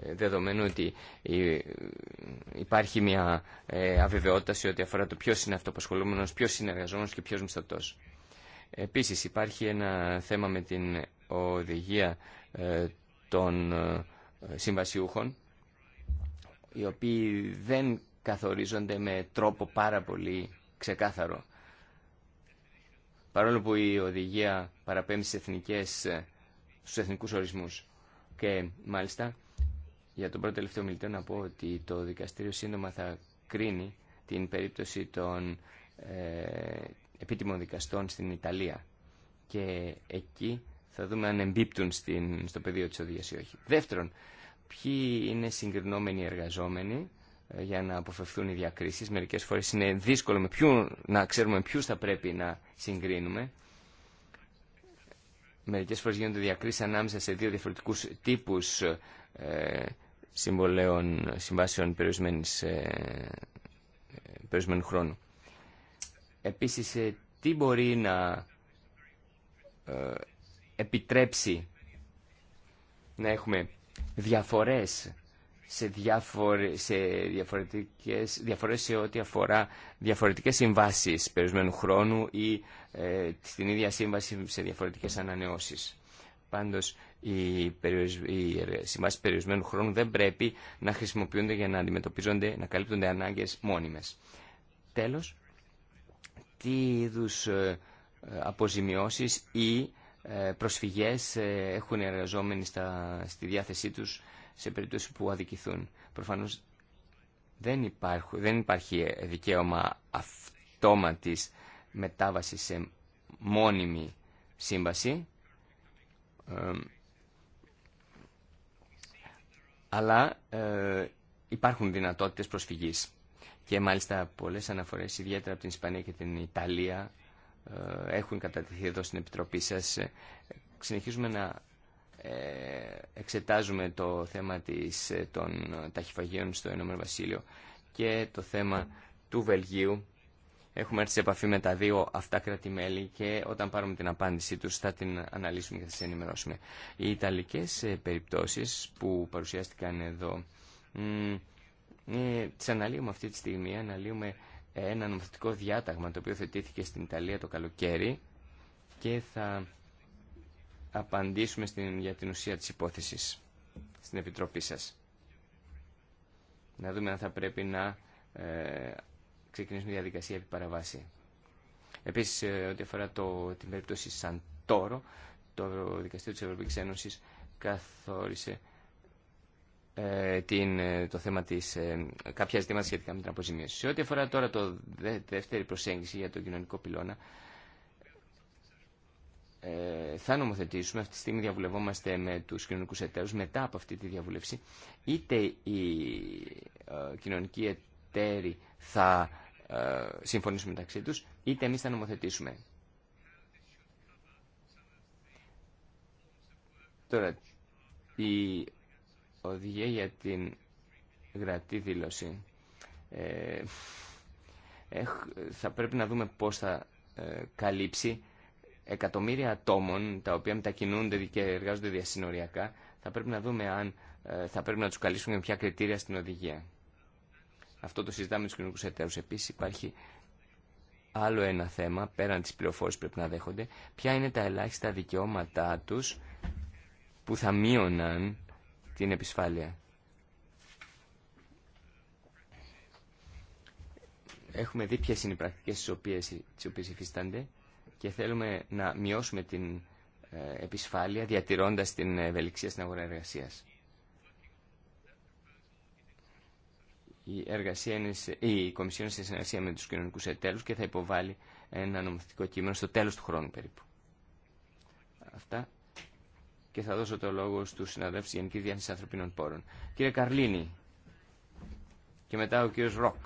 Ε, δεδομένου ότι υπάρχει μια ε, αβεβαιότητα σε ό,τι αφορά το ποιος είναι αυτοπασχολούμενος, ποιος είναι εργαζόμενος και ποιος μισθωτός. Επίσης υπάρχει ένα θέμα με την οδηγία ε, των συμβασιούχων, οι οποίοι δεν καθορίζονται με τρόπο πάρα πολύ ξεκάθαρο. Παρόλο που η οδηγία παραπέμπει εθνικές, στους εθνικούς ορισμούς και μάλιστα για τον πρώτο τελευταίο μιλητή να πω ότι το δικαστήριο σύντομα θα κρίνει την περίπτωση των ε, επίτιμων δικαστών στην Ιταλία και εκεί θα δούμε αν εμπίπτουν στην, στο πεδίο της οδηγίας ή όχι. Δεύτερον, ποιοι είναι συγκρινόμενοι εργαζόμενοι ε, για να αποφευθούν οι διακρίσεις. Μερικές φορές είναι δύσκολο με να ξέρουμε ποιους θα πρέπει να συγκρίνουμε. Μερικές φορές γίνονται διακρίσεις ανάμεσα σε δύο διαφορετικούς τύπους ε, συμβολέων, συμβάσεων περιορισμένης, ε, περιορισμένου χρόνου. Επίσης, ε, τι μπορεί να ε, επιτρέψει να έχουμε διαφορές σε, διαφορε, σε διαφορετικές, διαφορές ό,τι αφορά διαφορετικές συμβάσεις περιορισμένου χρόνου ή ε, στην ίδια σύμβαση σε διαφορετικές ανανεώσεις. Πάντως, οι, περιορισ... συμβάσει περιορισμένου χρόνου δεν πρέπει να χρησιμοποιούνται για να αντιμετωπίζονται, να καλύπτονται ανάγκες μόνιμες. Τέλος, τι είδου ε, αποζημιώσεις ή ε, προσφυγές ε, έχουν οι εργαζόμενοι στα... στη διάθεσή τους σε περίπτωση που αδικηθούν. Προφανώς δεν, υπάρχουν, δεν υπάρχει δικαίωμα αυτόματης μετάβασης σε μόνιμη σύμβαση αλλά ε, υπάρχουν δυνατότητες προσφυγής. Και μάλιστα πολλές αναφορές, ιδιαίτερα από την Ισπανία και την Ιταλία, ε, έχουν κατατεθεί εδώ στην Επιτροπή σας. Ε, συνεχίζουμε να εξετάζουμε το θέμα της, των ταχυφαγίων στο Ηνωμένο Βασίλειο και το θέμα του Βελγίου Έχουμε έρθει σε επαφή με τα δύο αυτά κράτη-μέλη και όταν πάρουμε την απάντησή τους θα την αναλύσουμε και θα σας ενημερώσουμε. Οι Ιταλικές ε, περιπτώσεις που παρουσιάστηκαν εδώ ε, τις αναλύουμε αυτή τη στιγμή, αναλύουμε ένα νομοθετικό διάταγμα το οποίο θετήθηκε στην Ιταλία το καλοκαίρι και θα απαντήσουμε στην, για την ουσία της υπόθεσης στην Επιτροπή σας. Να δούμε αν θα πρέπει να ε, ξεκινήσουν διαδικασία επί παραβάση. Επίσης, ε, ό,τι αφορά το, την περίπτωση Σαντόρο, το Δικαστήριο της Ευρωπαϊκής Ένωσης καθόρισε ε, την, ε, το θέμα της, ε, κάποια ζητήματα σχετικά με την αποζημίωση. Σε ό,τι αφορά τώρα το δεύτερη προσέγγιση για τον κοινωνικό πυλώνα, ε, θα νομοθετήσουμε, αυτή τη στιγμή διαβουλευόμαστε με τους κοινωνικούς εταίρους, μετά από αυτή τη διαβούλευση, είτε οι ε, κοινωνικοί εταίροι θα ε, συμφωνήσουν μεταξύ τους, είτε εμείς θα νομοθετήσουμε. Τώρα, η οδηγία για την γρατή δήλωση ε, θα πρέπει να δούμε πώς θα ε, καλύψει εκατομμύρια ατόμων τα οποία μετακινούνται και εργάζονται διασυνοριακά. Θα πρέπει να δούμε αν θα πρέπει να τους καλύψουμε με ποια κριτήρια στην οδηγία. Αυτό το συζητάμε με του κοινωνικού εταίρου. Επίση υπάρχει άλλο ένα θέμα, πέραν τη πληροφόρηση που πρέπει να δέχονται, ποια είναι τα ελάχιστα δικαιώματά του που θα μείωναν την επισφάλεια. Έχουμε δει ποιε είναι οι πρακτικέ τι οποίε υφίστανται και θέλουμε να μειώσουμε την ε, επισφάλεια διατηρώντας την ευελιξία στην αγορά εργασίας. η, εργασία η Κομισιόν σε συνεργασία με τους κοινωνικούς εταίρους και θα υποβάλει ένα νομοθετικό κείμενο στο τέλος του χρόνου περίπου. Αυτά και θα δώσω το λόγο στους συναδέλφους της Γενικής Διάθεσης Ανθρωπίνων Πόρων. Κύριε Καρλίνη και μετά ο κύριος Ροκ.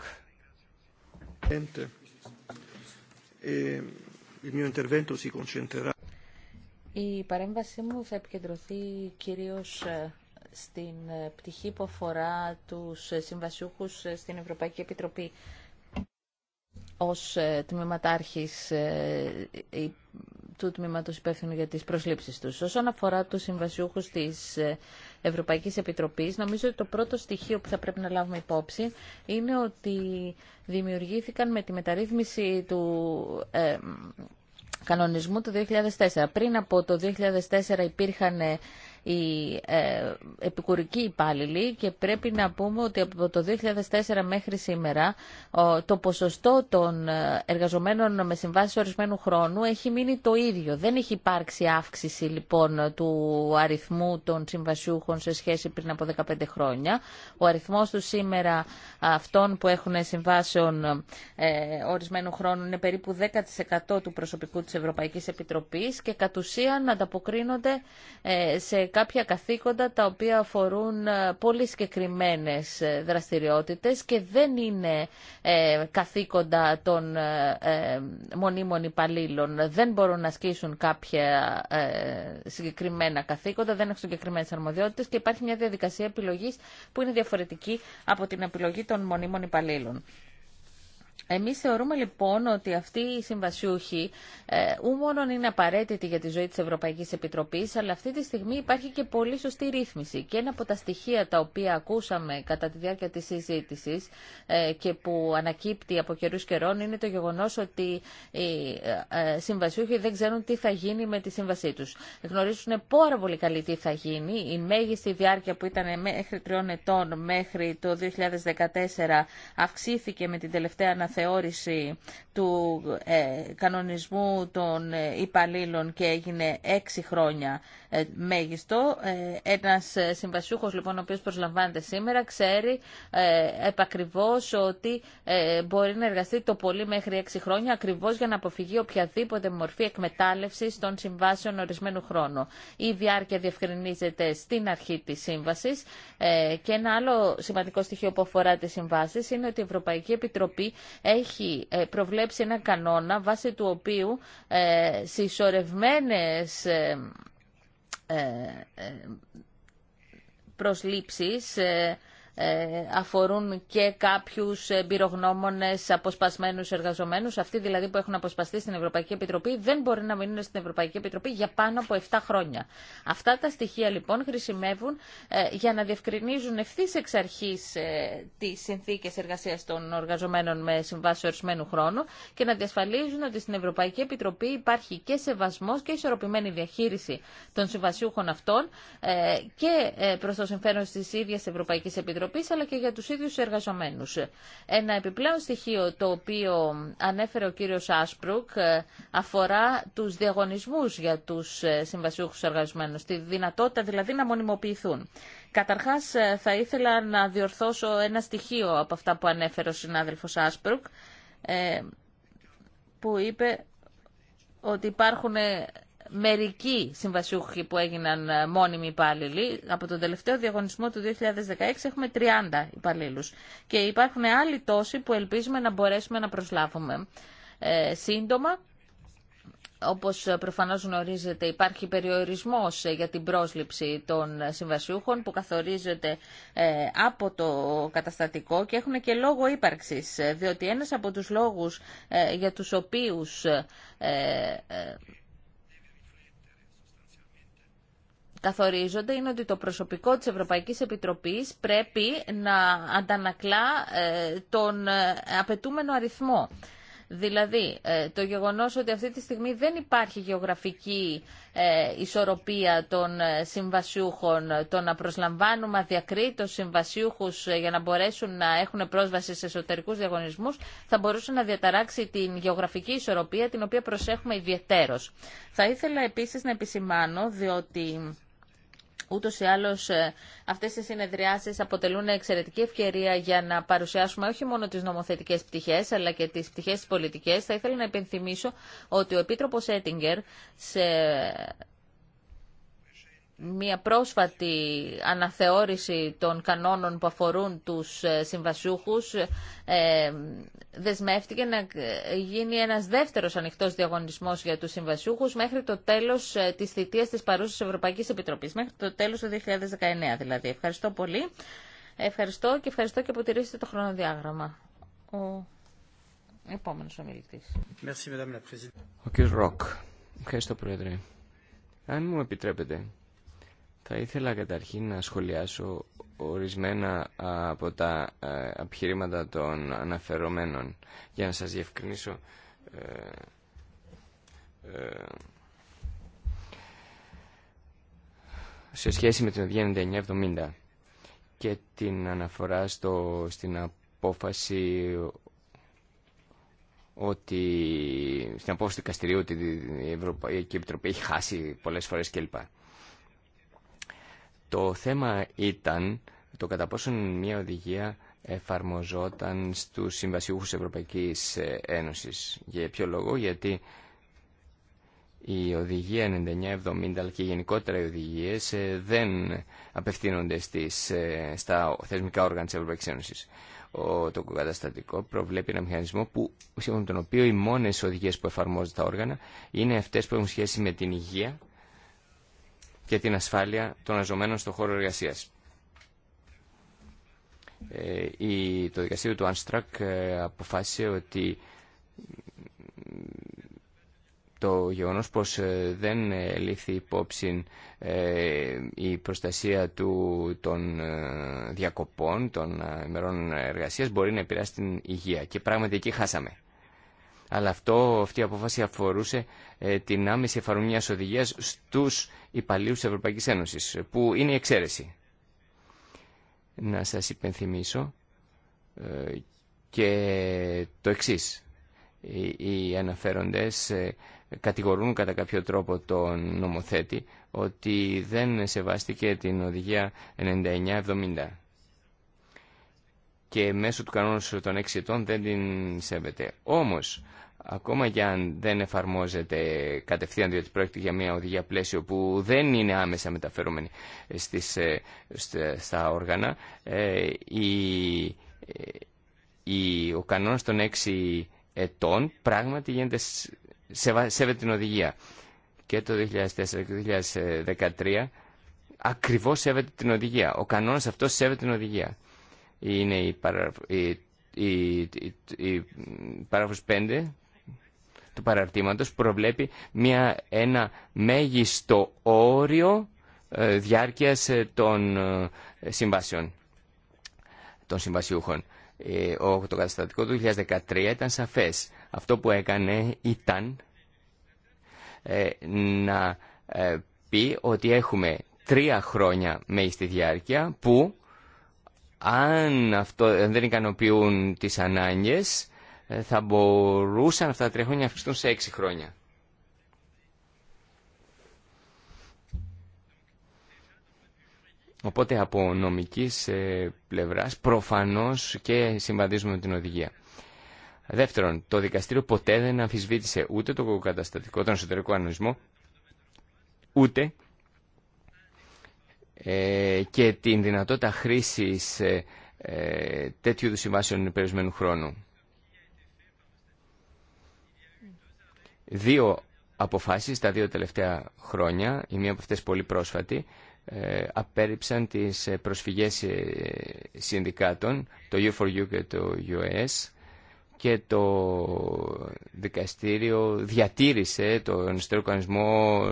Ε, η παρέμβασή μου θα επικεντρωθεί κυρίως ε, στην ε, πτυχή που αφορά τους ε, συμβασιούχους ε, στην Ευρωπαϊκή Επιτροπή ως τμήματάρχης του τμήματος υπεύθυνου για τις προσλήψεις τους. Όσον αφορά τους συμβασιούχους της Ευρωπαϊκής Επιτροπής, νομίζω ότι το πρώτο στοιχείο που θα πρέπει να λάβουμε υπόψη είναι ότι δημιουργήθηκαν με τη μεταρρύθμιση του κανονισμού του 2004. Πριν από το 2004 υπήρχαν οι ε, επικουρικοί υπάλληλοι και πρέπει να πούμε ότι από το 2004 μέχρι σήμερα το ποσοστό των ε, εργαζομένων με συμβάσει ορισμένου χρόνου έχει μείνει το ίδιο. Δεν έχει υπάρξει αύξηση λοιπόν του αριθμού των συμβασιούχων σε σχέση πριν από 15 χρόνια. Ο αριθμός του σήμερα αυτών που έχουν συμβάσεων ε, ορισμένου χρόνου είναι περίπου 10% του προσωπικού της Ευρωπαϊκής Επιτροπής και κατ' ουσίαν ανταποκρίνονται ε, σε κάποια καθήκοντα τα οποία αφορούν ε, πολύ συγκεκριμένε ε, δραστηριότητες και δεν είναι ε, καθήκοντα των μονίμων υπαλλήλων. Δεν μπορούν να ασκήσουν κάποια συγκεκριμένα καθήκοντα, δεν έχουν συγκεκριμένε αρμοδιότητες και υπάρχει μια διαδικασία επιλογής που είναι διαφορετική από την επιλογή των μονίμων υπαλλήλων. Εμεί θεωρούμε λοιπόν ότι αυτή η συμβασιούχοι ε, ου μόνον είναι απαραίτητοι για τη ζωή τη Ευρωπαϊκή Επιτροπή, αλλά αυτή τη στιγμή υπάρχει και πολύ σωστή ρύθμιση. Και ένα από τα στοιχεία τα οποία ακούσαμε κατά τη διάρκεια τη συζήτηση ε, και που ανακύπτει από καιρού καιρών είναι το γεγονό ότι οι ε, ε, συμβασιούχοι δεν ξέρουν τι θα γίνει με τη σύμβασή του. Γνωρίζουν πάρα πολύ καλή τι θα γίνει. Η μέγιστη διάρκεια που ήταν μέχρι τριών ετών μέχρι το 2014 αυξήθηκε με την τελευταία αναθέτηση αναθεώρηση του ε, κανονισμού των ε, υπαλλήλων και έγινε έξι χρόνια ε, μέγιστο. Ε, ένας ε, συμβασιούχος λοιπόν ο οποίος προσλαμβάνεται σήμερα ξέρει επακριβώς ότι μπορεί να εργαστεί το πολύ μέχρι 6 χρόνια ακριβώς για να αποφυγεί οποιαδήποτε μορφή εκμετάλλευσης των συμβάσεων ορισμένου χρόνου. Η διάρκεια διευκρινίζεται στην αρχή της σύμβασης και ένα άλλο σημαντικό στοιχείο που αφορά τις συμβάσεις είναι ότι η Ευρωπαϊκή Επιτροπή έχει προβλέψει ένα κανόνα βάσει του οποίου συσσωρευμένες ε, ε, προσλήψεις ε, ε, αφορούν και κάποιους πυρογνώμονες αποσπασμένους εργαζομένους. Αυτοί δηλαδή που έχουν αποσπαστεί στην Ευρωπαϊκή Επιτροπή δεν μπορεί να μείνουν στην Ευρωπαϊκή Επιτροπή για πάνω από 7 χρόνια. Αυτά τα στοιχεία λοιπόν χρησιμεύουν ε, για να διευκρινίζουν ευθύ εξ αρχής ε, τις συνθήκες εργασίας των εργαζομένων με συμβάσει ορισμένου χρόνου και να διασφαλίζουν ότι στην Ευρωπαϊκή Επιτροπή υπάρχει και σεβασμό και ισορροπημένη διαχείριση των συμβασιούχων αυτών και προ το συμφέρον τη ίδια Ευρωπαϊκή Επιτροπή Επιτροπής αλλά και για τους ίδιους εργαζομένους. Ένα επιπλέον στοιχείο το οποίο ανέφερε ο κύριος Άσπρουκ ε, αφορά τους διαγωνισμούς για τους ε, συμβασιούχους εργαζομένους, τη δυνατότητα δηλαδή να μονιμοποιηθούν. Καταρχάς ε, θα ήθελα να διορθώσω ένα στοιχείο από αυτά που ανέφερε ο συνάδελφος Άσπρουκ που είπε ότι υπάρχουν μερικοί συμβασιούχοι που έγιναν ε, μόνιμοι υπάλληλοι. Από τον τελευταίο διαγωνισμό του 2016 έχουμε 30 υπαλλήλου. Και υπάρχουν άλλοι τόσοι που ελπίζουμε να μπορέσουμε να προσλάβουμε ε, σύντομα. Όπως προφανώς γνωρίζετε υπάρχει περιορισμός ε, για την πρόσληψη των συμβασιούχων που καθορίζεται ε, από το καταστατικό και έχουν και λόγο ύπαρξη, διότι ένα από του λόγου για του οποίου. καθορίζονται είναι ότι το προσωπικό της Ευρωπαϊκής Επιτροπής πρέπει να αντανακλά ε, τον ε, απαιτούμενο αριθμό. Δηλαδή, ε, το γεγονός ότι αυτή τη στιγμή δεν υπάρχει γεωγραφική ισορροπία των συμβασιούχων, το να προσλαμβάνουμε αδιακρίτως συμβασιούχους για να μπορέσουν να έχουν πρόσβαση σε εσωτερικούς διαγωνισμούς, θα μπορούσε να διαταράξει την γεωγραφική ισορροπία, την οποία προσέχουμε ιδιαιτέρως. Θα ήθελα επίσης να επισημάνω, διότι... Ούτως ή άλλως ε, αυτέ οι συνεδριάσει αποτελούν εξαιρετική ευκαιρία για να παρουσιάσουμε όχι μόνο τις νομοθετικές πτυχές αλλά και τις πτυχές τη πολιτικές. Θα ήθελα να υπενθυμίσω ότι ο Επίτροπος Έτιγκερ σε μία πρόσφατη αναθεώρηση των κανόνων που αφορούν τους ε, συμβασιούχους ε, δεσμεύτηκε να γίνει ένας δεύτερος ανοιχτός διαγωνισμός για τους συμβασιούχους μέχρι το τέλος ε, της θητείας της παρούσας Ευρωπαϊκής Επιτροπής, μέχρι το τέλος του 2019 δηλαδή. Ευχαριστώ πολύ. Ευχαριστώ και ευχαριστώ και που το χρονοδιάγραμμα. Ο επόμενος ομιλητής. Ο κ. Ροκ. Ευχαριστώ, Πρόεδρε. Αν μου επιτρέπετε, θα ήθελα καταρχήν να σχολιάσω ορισμένα από τα επιχειρήματα των αναφερομένων για να σας διευκρινίσω ε, ε, σε σχέση με την οδηγία και την αναφορά στο, στην απόφαση ότι στην απόφαση του δικαστηρίου ότι η Ευρωπαϊκή Επιτροπή έχει χάσει πολλές φορές κλπ. Το θέμα ήταν το κατά πόσον μια οδηγία εφαρμοζόταν στους συμβασιούχους Ευρωπαϊκής Ένωσης. Για ποιο λόγο, γιατί η οδηγία 9970 αλλά και γενικότερα οι οδηγίες ε, δεν απευθύνονται στις, ε, στα θεσμικά όργανα της Ευρωπαϊκής Ένωσης. Ο, το καταστατικό προβλέπει ένα μηχανισμό που, σύμφωνα με τον οποίο οι μόνες οδηγίες που εφαρμόζονται τα όργανα είναι αυτές που έχουν σχέση με την υγεία και την ασφάλεια των αζωμένων στον χώρο εργασία. Ε, το δικαστήριο του Άνστρακ ε, αποφάσισε ότι το γεγονός πως ε, δεν λήφθη υπόψη η προστασία του, των διακοπών, των ημερών εργασίας μπορεί να επηρεάσει την υγεία και πράγματι εκεί χάσαμε αλλά αυτό, αυτή η απόφαση αφορούσε ε, την άμεση εφαρμογή μια οδηγία στους υπαλλήλου τη Ευρωπαϊκής Ένωσης, που είναι η εξαίρεση. Να σας υπενθυμίσω ε, και το εξή Οι, οι αναφέροντες ε, κατηγορούν κατά κάποιο τρόπο τον νομοθέτη ότι δεν σεβάστηκε την οδηγία 9970 και μέσω του κανόνα των έξι ετών δεν την σέβεται. Όμως, ακόμα και αν δεν εφαρμόζεται κατευθείαν διότι πρόκειται για μια οδηγία πλαίσιο που δεν είναι άμεσα μεταφερόμενη στις, στα όργανα η, ο κανόνας των έξι ετών πράγματι γίνεται σέβεται την οδηγία και το 2004 και το 2013 ακριβώς σέβεται την οδηγία ο κανόνας αυτός σέβεται την οδηγία είναι η, παρα, η παράγραφος 5 του παραρτήματος προβλέπει μια, ένα μέγιστο όριο ε, διάρκειας ε, των ε, συμβάσεων, των συμβασιούχων. Ε, ο, το καταστατικό του 2013 ήταν σαφές. Αυτό που έκανε ήταν να πει ότι έχουμε τρία χρόνια μέγιστη διάρκεια που αν, αυτό, αν δεν ικανοποιούν τις ανάγκες ε, θα μπορούσαν αυτά τα τρία χρόνια να αυξηθούν σε έξι χρόνια. Οπότε από νομικής ε, πλευράς προφανώς και συμβαδίζουμε με την οδηγία. Δεύτερον, το δικαστήριο ποτέ δεν αμφισβήτησε ούτε το καταστατικό, τον εσωτερικό ανοισμό, ούτε ε, και την δυνατότητα χρήσης ε, τέτοιου είδους συμβάσεων περιορισμένου χρόνου. δύο αποφάσεις τα δύο τελευταία χρόνια, η μία από αυτές πολύ πρόσφατη, ε, απέρριψαν τις ε, προσφυγές ε, συνδικάτων, το U4U και το US, και το δικαστήριο διατήρησε τον ιστορικό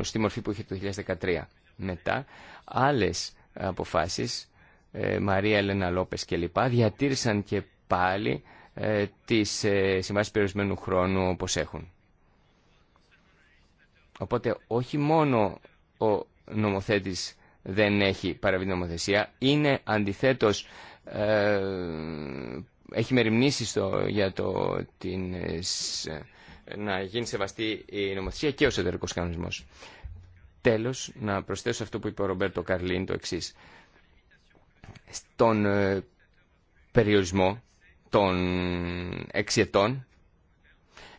στη μορφή που είχε το 2013. Μετά, άλλες αποφάσεις, Μαρία Ελένα Λόπες κλπ, διατήρησαν και πάλι τις συμβάσεις περιορισμένου χρόνου όπως έχουν. Οπότε όχι μόνο ο νομοθέτης δεν έχει παραβεί νομοθεσία, είναι αντιθέτως ε, έχει μεριμνήσει για το, την, ε, να γίνει σεβαστή η νομοθεσία και ο εσωτερικός κανονισμός. Τέλος, να προσθέσω αυτό που είπε ο Ρομπέρτο Καρλίν το εξή. Στον ε, περιορισμό των εξιετών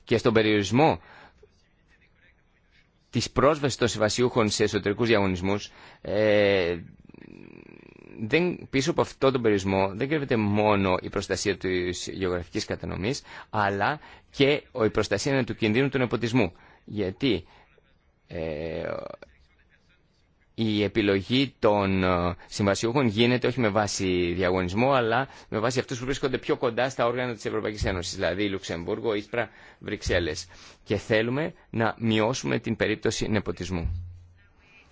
και στον περιορισμό Τη πρόσβασης των συμβασιούχων σε εσωτερικού διαγωνισμούς, ε, δεν, πίσω από αυτόν τον περιορισμό δεν κρύβεται μόνο η προστασία τη γεωγραφικής κατανομής, αλλά και η προστασία του κινδύνου του νεποτισμού. Γιατί ε, η επιλογή των ε, συμβασιούχων γίνεται όχι με βάση διαγωνισμό, αλλά με βάση αυτού που βρίσκονται πιο κοντά στα όργανα τη Ευρωπαϊκή Ένωση, δηλαδή Λουξεμβούργο, Ίσπρα, Βρυξέλλε. Και θέλουμε να μειώσουμε την περίπτωση νεποτισμού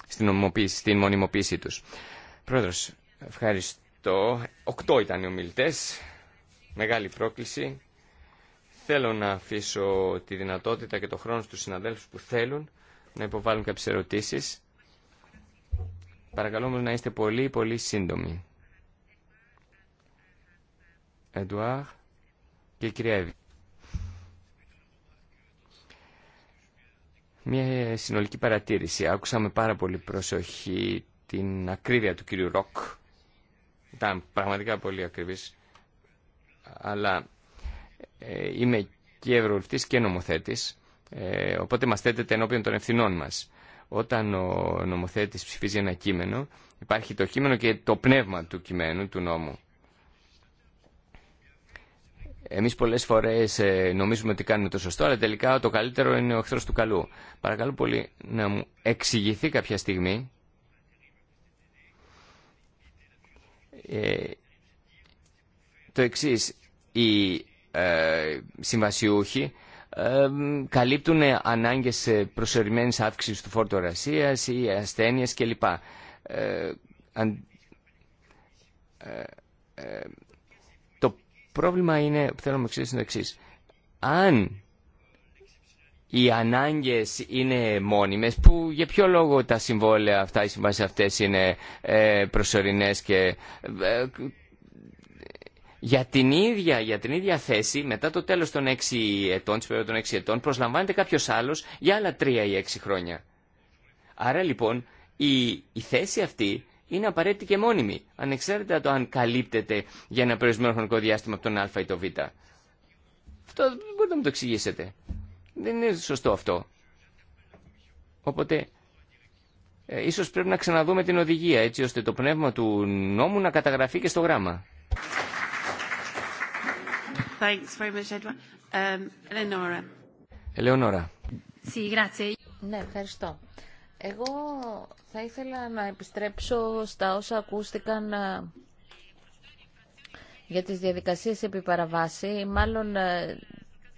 στην, στην μονιμοποίησή του. Πρόεδρος, ευχαριστώ. Οκτώ ήταν οι ομιλητέ, Μεγάλη πρόκληση. Θέλω να αφήσω τη δυνατότητα και το χρόνο στους συναδέλφους που θέλουν να υποβάλουν κάποιες ερωτήσεις. Παρακαλώ όμως να είστε πολύ πολύ σύντομοι. Εντουάρ και κυρία Εύη. Μια συνολική παρατήρηση. Άκουσα με πάρα πολύ προσοχή την ακρίβεια του κύριου Ροκ. Ήταν πραγματικά πολύ ακριβής. Αλλά ε, είμαι και ευρωβουλευτής και νομοθέτης. Ε, οπότε μας θέτεται ενώπιον των ευθυνών μας όταν ο νομοθέτης ψηφίζει ένα κείμενο, υπάρχει το κείμενο και το πνεύμα του κειμένου, του νόμου. Εμείς πολλές φορές ε, νομίζουμε ότι κάνουμε το σωστό, αλλά τελικά το καλύτερο είναι ο εχθρός του καλού. Παρακαλώ πολύ να μου εξηγηθεί κάποια στιγμή ε, το εξής. Οι ε, συμβασιούχοι καλύπτουν ανάγκες προσωρινής αύξησης του φόρτου εργασίας ή ασθένειες κλπ. Ε, ε, ε, το πρόβλημα είναι, θέλω να μου εξηγήσω το Αν οι ανάγκες είναι μόνιμες, που για ποιο λόγο τα συμβόλαια αυτά, οι συμβάσεις αυτές είναι προσωρινές και για την ίδια, για την ίδια θέση, μετά το τέλος των 6 ετών, της περίοδου των 6 ετών, προσλαμβάνεται κάποιος άλλος για άλλα 3 ή 6 χρόνια. Άρα λοιπόν η, η θέση αυτή είναι απαραίτητη και μόνιμη, ανεξάρτητα το αν καλύπτεται για ένα περιορισμένο χρονικό διάστημα από τον Α ή το Β. Αυτό δεν μπορείτε να μου το εξηγήσετε. Δεν είναι σωστό αυτό. Οπότε, ε, ίσως πρέπει να ξαναδούμε την οδηγία, έτσι ώστε το πνεύμα του νόμου να καταγραφεί και στο γράμμα. Thanks very much, um, Ναι, ευχαριστώ. Εγώ θα ήθελα να επιστρέψω στα όσα ακούστηκαν ε, για τις διαδικασίες επί παραβάση. Μάλλον, ε,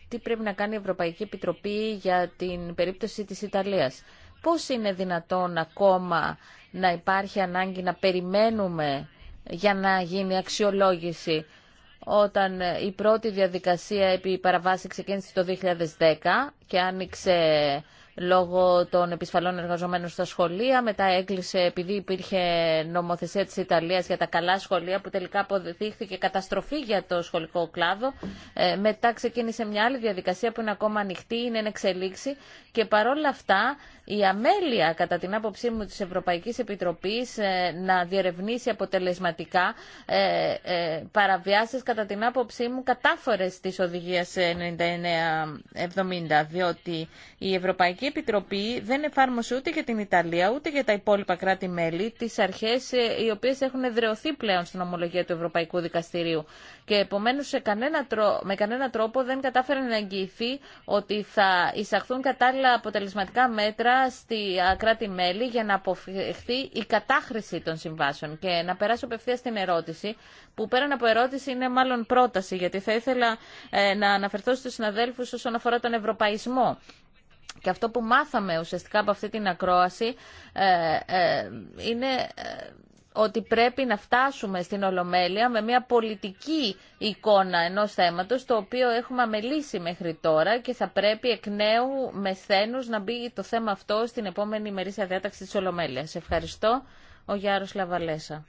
τι πρέπει να κάνει η Ευρωπαϊκή Επιτροπή για την περίπτωση της Ιταλίας. Πώς είναι δυνατόν ακόμα να υπάρχει ανάγκη να περιμένουμε για να γίνει αξιολόγηση όταν η πρώτη διαδικασία επί παραβάση ξεκίνησε το 2010 και άνοιξε λόγω των επισφαλών εργαζομένων στα σχολεία. Μετά έκλεισε επειδή υπήρχε νομοθεσία τη Ιταλία για τα καλά σχολεία που τελικά αποδείχθηκε καταστροφή για το σχολικό κλάδο. Ε, μετά ξεκίνησε μια άλλη διαδικασία που είναι ακόμα ανοιχτή, είναι εν εξελίξη και παρόλα αυτά η αμέλεια κατά την άποψή μου της Ευρωπαϊκής Επιτροπής ε, να διερευνήσει αποτελεσματικά ε, ε, παραβιάσεις κατά την άποψή μου κατάφορε τη οδηγία 9970, διότι η Ευρωπαϊκή Επιτροπή δεν εφάρμοσε ούτε για την Ιταλία ούτε για τα υπόλοιπα κράτη-μέλη τις αρχές ε, οι οποίες έχουν εδρεωθεί πλέον στην ομολογία του Ευρωπαϊκού Δικαστηρίου και επομένως κανένα, με κανένα τρόπο δεν κατάφερε να εγγυηθεί ότι θα εισαχθούν κατάλληλα αποτελεσματικά μέτρα στη κράτη-μέλη για να αποφευχθεί η κατάχρηση των συμβάσεων. Και να περάσω απευθεία στην ερώτηση, που πέραν από ερώτηση είναι μάλλον πρόταση, γιατί θα ήθελα ε, να αναφερθώ στους συναδέλφου όσον αφορά τον ευρωπαϊσμό. Και αυτό που μάθαμε ουσιαστικά από αυτή την ακρόαση ε, ε, είναι ε, ότι πρέπει να φτάσουμε στην Ολομέλεια με μια πολιτική εικόνα ενός θέματος, το οποίο έχουμε αμελήσει μέχρι τώρα και θα πρέπει εκ νέου μεθένους να μπει το θέμα αυτό στην επόμενη ημερήσια διάταξη της Ολομέλειας. Ευχαριστώ. Ο Γιάρος Λαβαλέσα.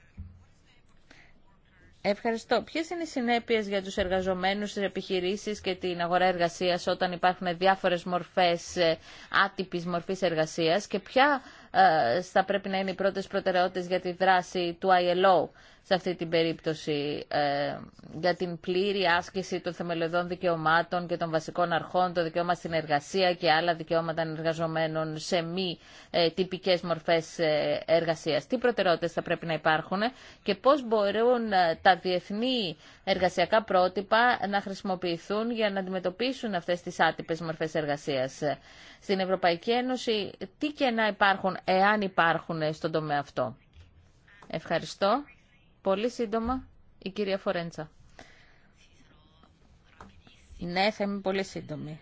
Ευχαριστώ. Ποιες είναι οι συνέπειες για τους εργαζομένους, τι επιχειρήσεις και την αγορά εργασίας όταν υπάρχουν διάφορες μορφές ε, άτυπης μορφής εργασίας και ποια ε, θα πρέπει να είναι οι πρώτες προτεραιότητες για τη δράση του ILO σε αυτή την περίπτωση ε, για την πλήρη άσκηση των θεμελιωδών δικαιωμάτων και των βασικών αρχών, το δικαίωμα στην εργασία και άλλα δικαιώματα εργαζομένων σε μη ε, τυπικές μορφές ε, εργασίας. Τι προτεραιότητες θα πρέπει να υπάρχουν και πώς μπορούν ε, τα διεθνή εργασιακά πρότυπα να χρησιμοποιηθούν για να αντιμετωπίσουν αυτές τις άτυπες μορφές εργασίας. Στην Ευρωπαϊκή Ένωση τι να υπάρχουν εάν υπάρχουν στον τομέα αυτό. Ευχαριστώ. Πολύ σύντομα, η κυρία Φορέντσα. Ναι, θα είμαι πολύ σύντομη.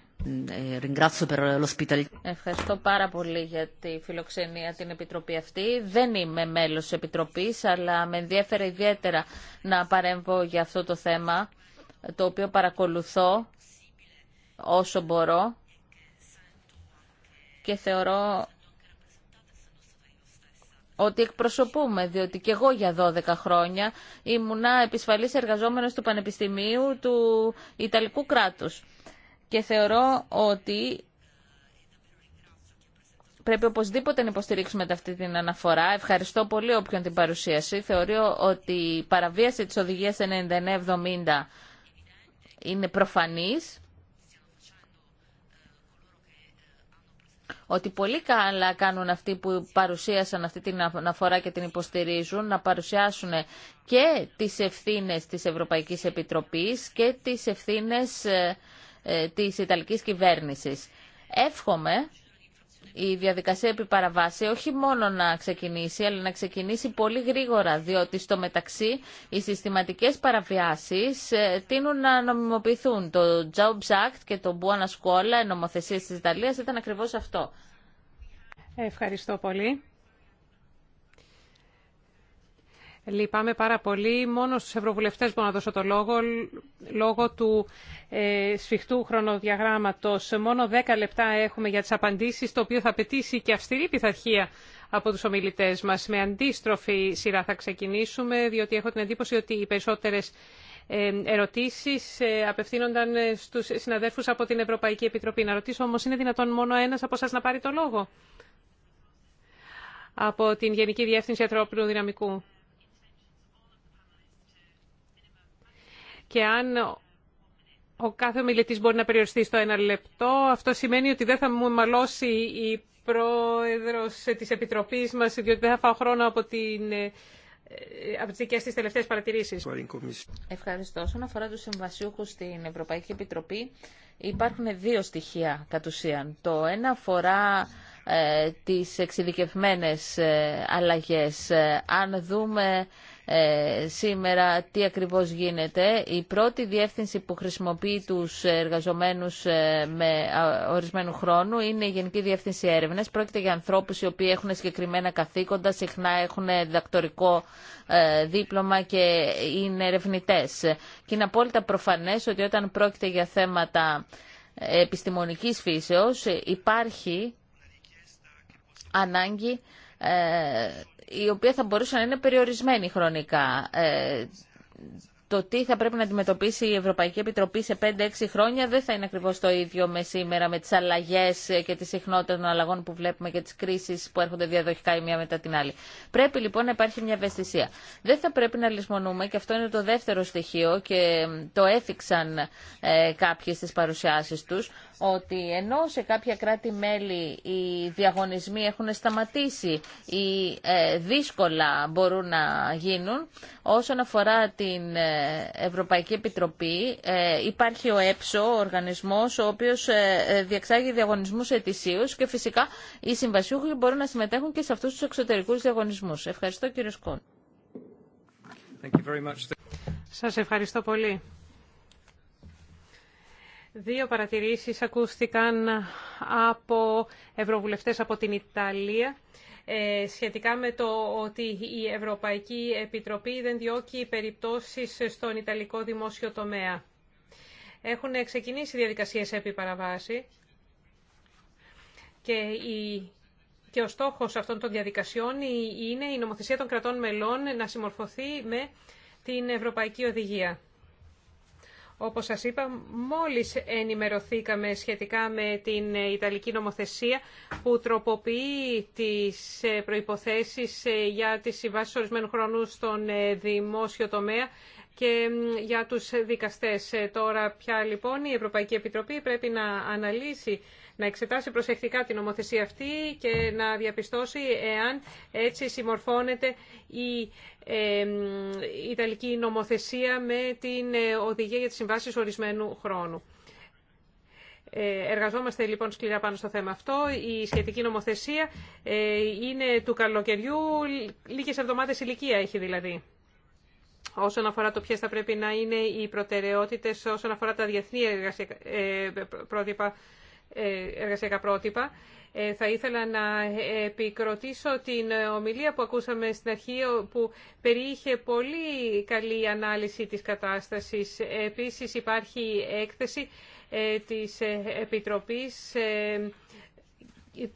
Ευχαριστώ πάρα πολύ για τη φιλοξενία την Επιτροπή αυτή. Δεν είμαι μέλος της Επιτροπής, αλλά με ενδιέφερε ιδιαίτερα να παρέμβω για αυτό το θέμα, το οποίο παρακολουθώ όσο μπορώ και θεωρώ ότι εκπροσωπούμε, διότι και εγώ για 12 χρόνια ήμουνα επισφαλής εργαζόμενος του Πανεπιστημίου του Ιταλικού κράτους. Και θεωρώ ότι πρέπει οπωσδήποτε να υποστηρίξουμε αυτή την αναφορά. Ευχαριστώ πολύ όποιον την παρουσίαση. Θεωρώ ότι η παραβίαση της οδηγίας 9970 είναι προφανής ότι πολύ καλά κάνουν αυτοί που παρουσίασαν αυτή την αναφορά και την υποστηρίζουν να παρουσιάσουν και τις ευθύνες της Ευρωπαϊκής Επιτροπής και τις ευθύνες ε, ε, της Ιταλικής Κυβέρνησης. Εύχομαι η διαδικασία επιπαραβάση όχι μόνο να ξεκινήσει, αλλά να ξεκινήσει πολύ γρήγορα, διότι στο μεταξύ οι συστηματικές παραβιάσεις ε, τείνουν να νομιμοποιηθούν. Το Jobs Act και το Buona Scuola, οι νομοθεσίες της Ιταλίας, ήταν ακριβώς αυτό. Ευχαριστώ πολύ. Λυπάμαι πάρα πολύ. Μόνο στους ευρωβουλευτές μπορώ να δώσω το λόγο, λόγω του ε, σφιχτού χρονοδιαγράμματος. Μόνο 10 λεπτά έχουμε για τις απαντήσεις, το οποίο θα απαιτήσει και αυστηρή πειθαρχία από τους ομιλητές μας. Με αντίστροφη σειρά θα ξεκινήσουμε, διότι έχω την εντύπωση ότι οι περισσότερες ε, ερωτήσεις ε, απευθύνονταν ε, στους συναδέλφους από την Ευρωπαϊκή Επιτροπή. Να ρωτήσω όμως, είναι δυνατόν μόνο ένας από εσάς να πάρει το λόγο από την Γενική Διεύθυνση Ανθρώπινου Δυναμικού. και αν ο κάθε ομιλητή μπορεί να περιοριστεί στο ένα λεπτό, αυτό σημαίνει ότι δεν θα μου μαλώσει η πρόεδρο τη επιτροπή μα, διότι δεν θα φάω χρόνο από την ε, από τις δικές της τελευταίες παρατηρήσεις. Ευχαριστώ. Όσον αφορά τους συμβασιούχους στην Ευρωπαϊκή Επιτροπή, υπάρχουν δύο στοιχεία κατ' ουσίαν. Το ένα αφορά ε, τις εξειδικευμένες ε, αλλαγές. αν δούμε ε, σήμερα τι ακριβώς γίνεται. Η πρώτη διεύθυνση που χρησιμοποιεί τους εργαζομένους ε, με ορισμένου χρόνου είναι η Γενική Διεύθυνση Έρευνες. Πρόκειται για ανθρώπους οι οποίοι έχουν συγκεκριμένα καθήκοντα, συχνά έχουν διδακτορικό ε, δίπλωμα και είναι ερευνητές. Και είναι απόλυτα προφανές ότι όταν πρόκειται για θέματα επιστημονικής φύσεως υπάρχει ανάγκη η οποία θα μπορούσε να είναι περιορισμένη χρονικά. Ε, το τι θα πρέπει να αντιμετωπίσει η Ευρωπαϊκή Επιτροπή σε 5-6 χρόνια δεν θα είναι ακριβώ το ίδιο με σήμερα, με τι αλλαγές και τις συχνότητα των αλλαγών που βλέπουμε και τι κρίσει που έρχονται διαδοχικά η μία μετά την άλλη. Πρέπει λοιπόν να υπάρχει μια ευαισθησία. Δεν θα πρέπει να λησμονούμε, και αυτό είναι το δεύτερο στοιχείο και το έθιξαν ε, κάποιοι παρουσιάσει του, ότι ενώ σε κάποια κράτη-μέλη οι διαγωνισμοί έχουν σταματήσει ή ε, δύσκολα μπορούν να γίνουν, όσον αφορά την ε, Ευρωπαϊκή Επιτροπή ε, υπάρχει ο ΕΠΣΟ, ο οργανισμός ο οποίος διεξάγει διαγωνισμούς ετησίους και φυσικά οι συμβασιούχοι μπορούν να συμμετέχουν και σε αυτούς τους εξωτερικούς διαγωνισμούς. Ευχαριστώ κύριε Σκόν. Σας ευχαριστώ πολύ. Δύο παρατηρήσεις ακούστηκαν από ευρωβουλευτές από την Ιταλία ε, σχετικά με το ότι η Ευρωπαϊκή Επιτροπή δεν διώκει περιπτώσεις στον Ιταλικό δημόσιο τομέα. Έχουν ξεκινήσει διαδικασίες επί παραβάση και, η, και ο στόχος αυτών των διαδικασιών είναι η νομοθεσία των κρατών μελών να συμμορφωθεί με την Ευρωπαϊκή Οδηγία. Όπως σας είπα, μόλις ενημερωθήκαμε σχετικά με την Ιταλική νομοθεσία που τροποποιεί τις προϋποθέσεις για τις συμβάσεις ορισμένου χρόνου στον δημόσιο τομέα και για τους δικαστές. Τώρα πια λοιπόν η Ευρωπαϊκή Επιτροπή πρέπει να αναλύσει να εξετάσει προσεκτικά την νομοθεσία αυτή και να διαπιστώσει εάν έτσι συμμορφώνεται η Ιταλική νομοθεσία με την ε, οδηγία για τις συμβάσεις ορισμένου χρόνου. Ε, εργαζόμαστε λοιπόν σκληρά πάνω στο θέμα αυτό. Η σχετική νομοθεσία ε, είναι του καλοκαιριού, λίγες εβδομάδες ηλικία έχει δηλαδή. Όσον αφορά το ποιε θα πρέπει να είναι οι προτεραιότητε, όσον αφορά τα διεθνή πρότυπα ε, εργασιακά πρότυπα. Ε, θα ήθελα να επικροτήσω την ομιλία που ακούσαμε στην αρχή που περιείχε πολύ καλή ανάλυση της κατάστασης. Επίσης υπάρχει έκθεση ε, της Επιτροπής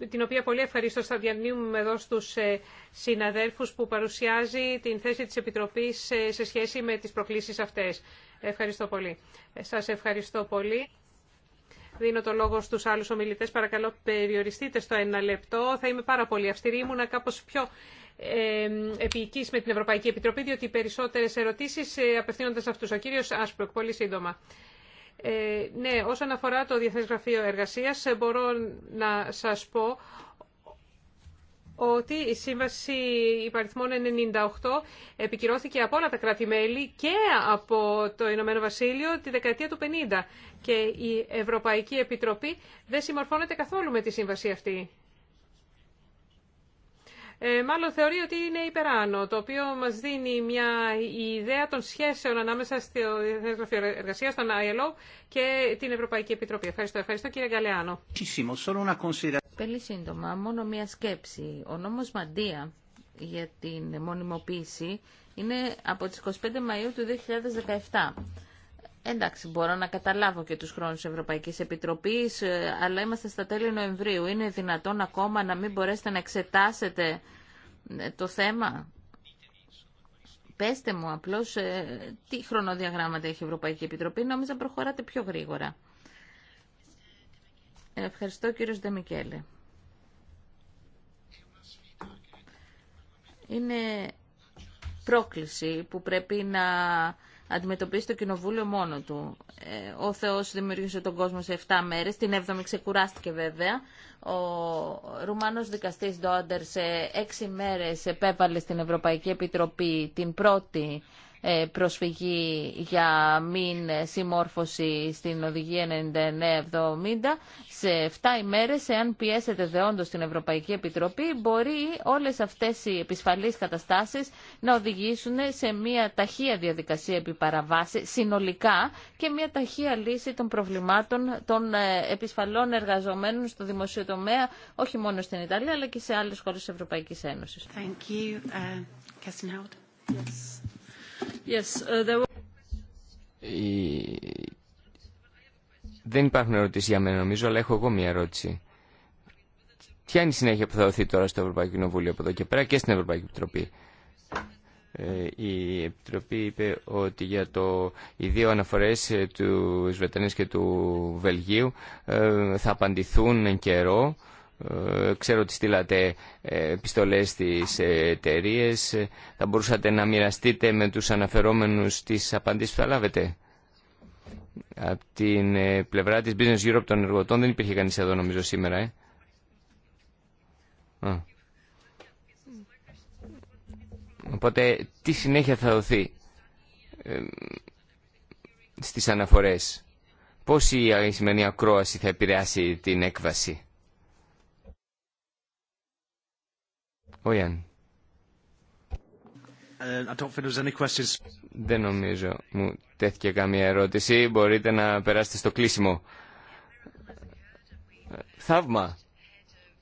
την οποία πολύ ευχαριστώ θα διανύουμε εδώ στους συναδέλφους που παρουσιάζει την θέση της Επιτροπής σε σχέση με τις προκλήσεις αυτές. Ευχαριστώ πολύ. Σας ευχαριστώ πολύ δίνω το λόγο στους άλλους ομιλητές. Παρακαλώ περιοριστείτε στο ένα λεπτό. Θα είμαι πάρα πολύ αυστηρή. Ήμουνα κάπως πιο ε, επίοικης με την Ευρωπαϊκή Επιτροπή, διότι οι περισσότερες ερωτήσεις ε, απευθύνονται σε αυτούς. Ο κύριος Άσπροκ, πολύ σύντομα. Ε, ναι, όσον αφορά το Διεθνές Γραφείο Εργασίας, ε, μπορώ να σας πω ότι η Σύμβαση Υπαριθμών 98 επικυρώθηκε από όλα τα κράτη-μέλη και από το Ηνωμένο Βασίλειο τη δεκαετία του 50 και η Ευρωπαϊκή Επιτροπή δεν συμμορφώνεται καθόλου με τη σύμβαση αυτή. Ε, μάλλον θεωρεί ότι είναι υπεράνω, το οποίο μα δίνει μια ιδέα των σχέσεων ανάμεσα στη Γραφείο Εργασία, στον ILO και την Ευρωπαϊκή Επιτροπή. Ευχαριστώ, ευχαριστώ κύριε Γκαλεάνο. Πολύ σύντομα, μόνο μια σκέψη. Ο νόμος Μαντία για την μονιμοποίηση είναι από τις 25 Μαΐου του 2017. Εντάξει, μπορώ να καταλάβω και τους χρόνους Ευρωπαϊκής Επιτροπής, ε, αλλά είμαστε στα τέλη Νοεμβρίου. Είναι δυνατόν ακόμα να μην μπορέσετε να εξετάσετε ε, το θέμα. Πέστε μου απλώς ε, τι χρονοδιαγράμματα έχει η Ευρωπαϊκή Επιτροπή. Νόμιζα προχωράτε πιο γρήγορα. Ευχαριστώ κύριος Δεμικέλε. Είναι πρόκληση που πρέπει να αντιμετωπίσει το κοινοβούλιο μόνο του. Ε, ο Θεός δημιούργησε τον κόσμο σε 7 μέρες, την 7η ξεκουράστηκε βέβαια. Ο Ρουμάνος δικαστής Ντόντερ σε 6 μέρες επέβαλε στην Ευρωπαϊκή Επιτροπή την πρώτη ε, προσφυγή για μην συμμόρφωση στην Οδηγία 99-70 Σε 7 ημέρες, εάν πιέσετε δεόντως την Ευρωπαϊκή Επιτροπή, μπορεί όλες αυτές οι επισφαλείς καταστάσεις να οδηγήσουν σε μια ταχεία διαδικασία επιπαραβάση συνολικά και μια ταχεία λύση των προβλημάτων των ε, επισφαλών εργαζομένων στο δημοσιο όχι μόνο στην Ιταλία αλλά και σε άλλες χώρες της Ευρωπαϊκής Ένωσης. Thank you. Uh, Uh, Δεν υπάρχουν ερωτήσει για μένα νομίζω, αλλά έχω εγώ μια ερώτηση. Ποια είναι η συνέχεια που θα δοθεί τώρα στο Ευρωπαϊκό Κοινοβούλιο από εδώ και πέρα και στην Ευρωπαϊκή Επιτροπή. Ε, η Επιτροπή είπε ότι για το, οι δύο αναφορές ε, του Βρετανίας και του Βελγίου ε, θα απαντηθούν εν καιρό ε, ξέρω ότι στείλατε ε, επιστολές στις εταιρείε. Θα μπορούσατε να μοιραστείτε με τους αναφερόμενους τις απαντήσεις που θα λάβετε. Από την ε, πλευρά της Business Europe των εργοτών δεν υπήρχε κανείς εδώ νομίζω σήμερα. Ε. Οπότε τι συνέχεια θα δοθεί στις αναφορές. Πώς η σημερινή ακρόαση θα επηρεάσει την έκβαση. Ε, Δεν νομίζω μου τέθηκε καμία ερώτηση. Μπορείτε να περάσετε στο κλείσιμο. Θαύμα.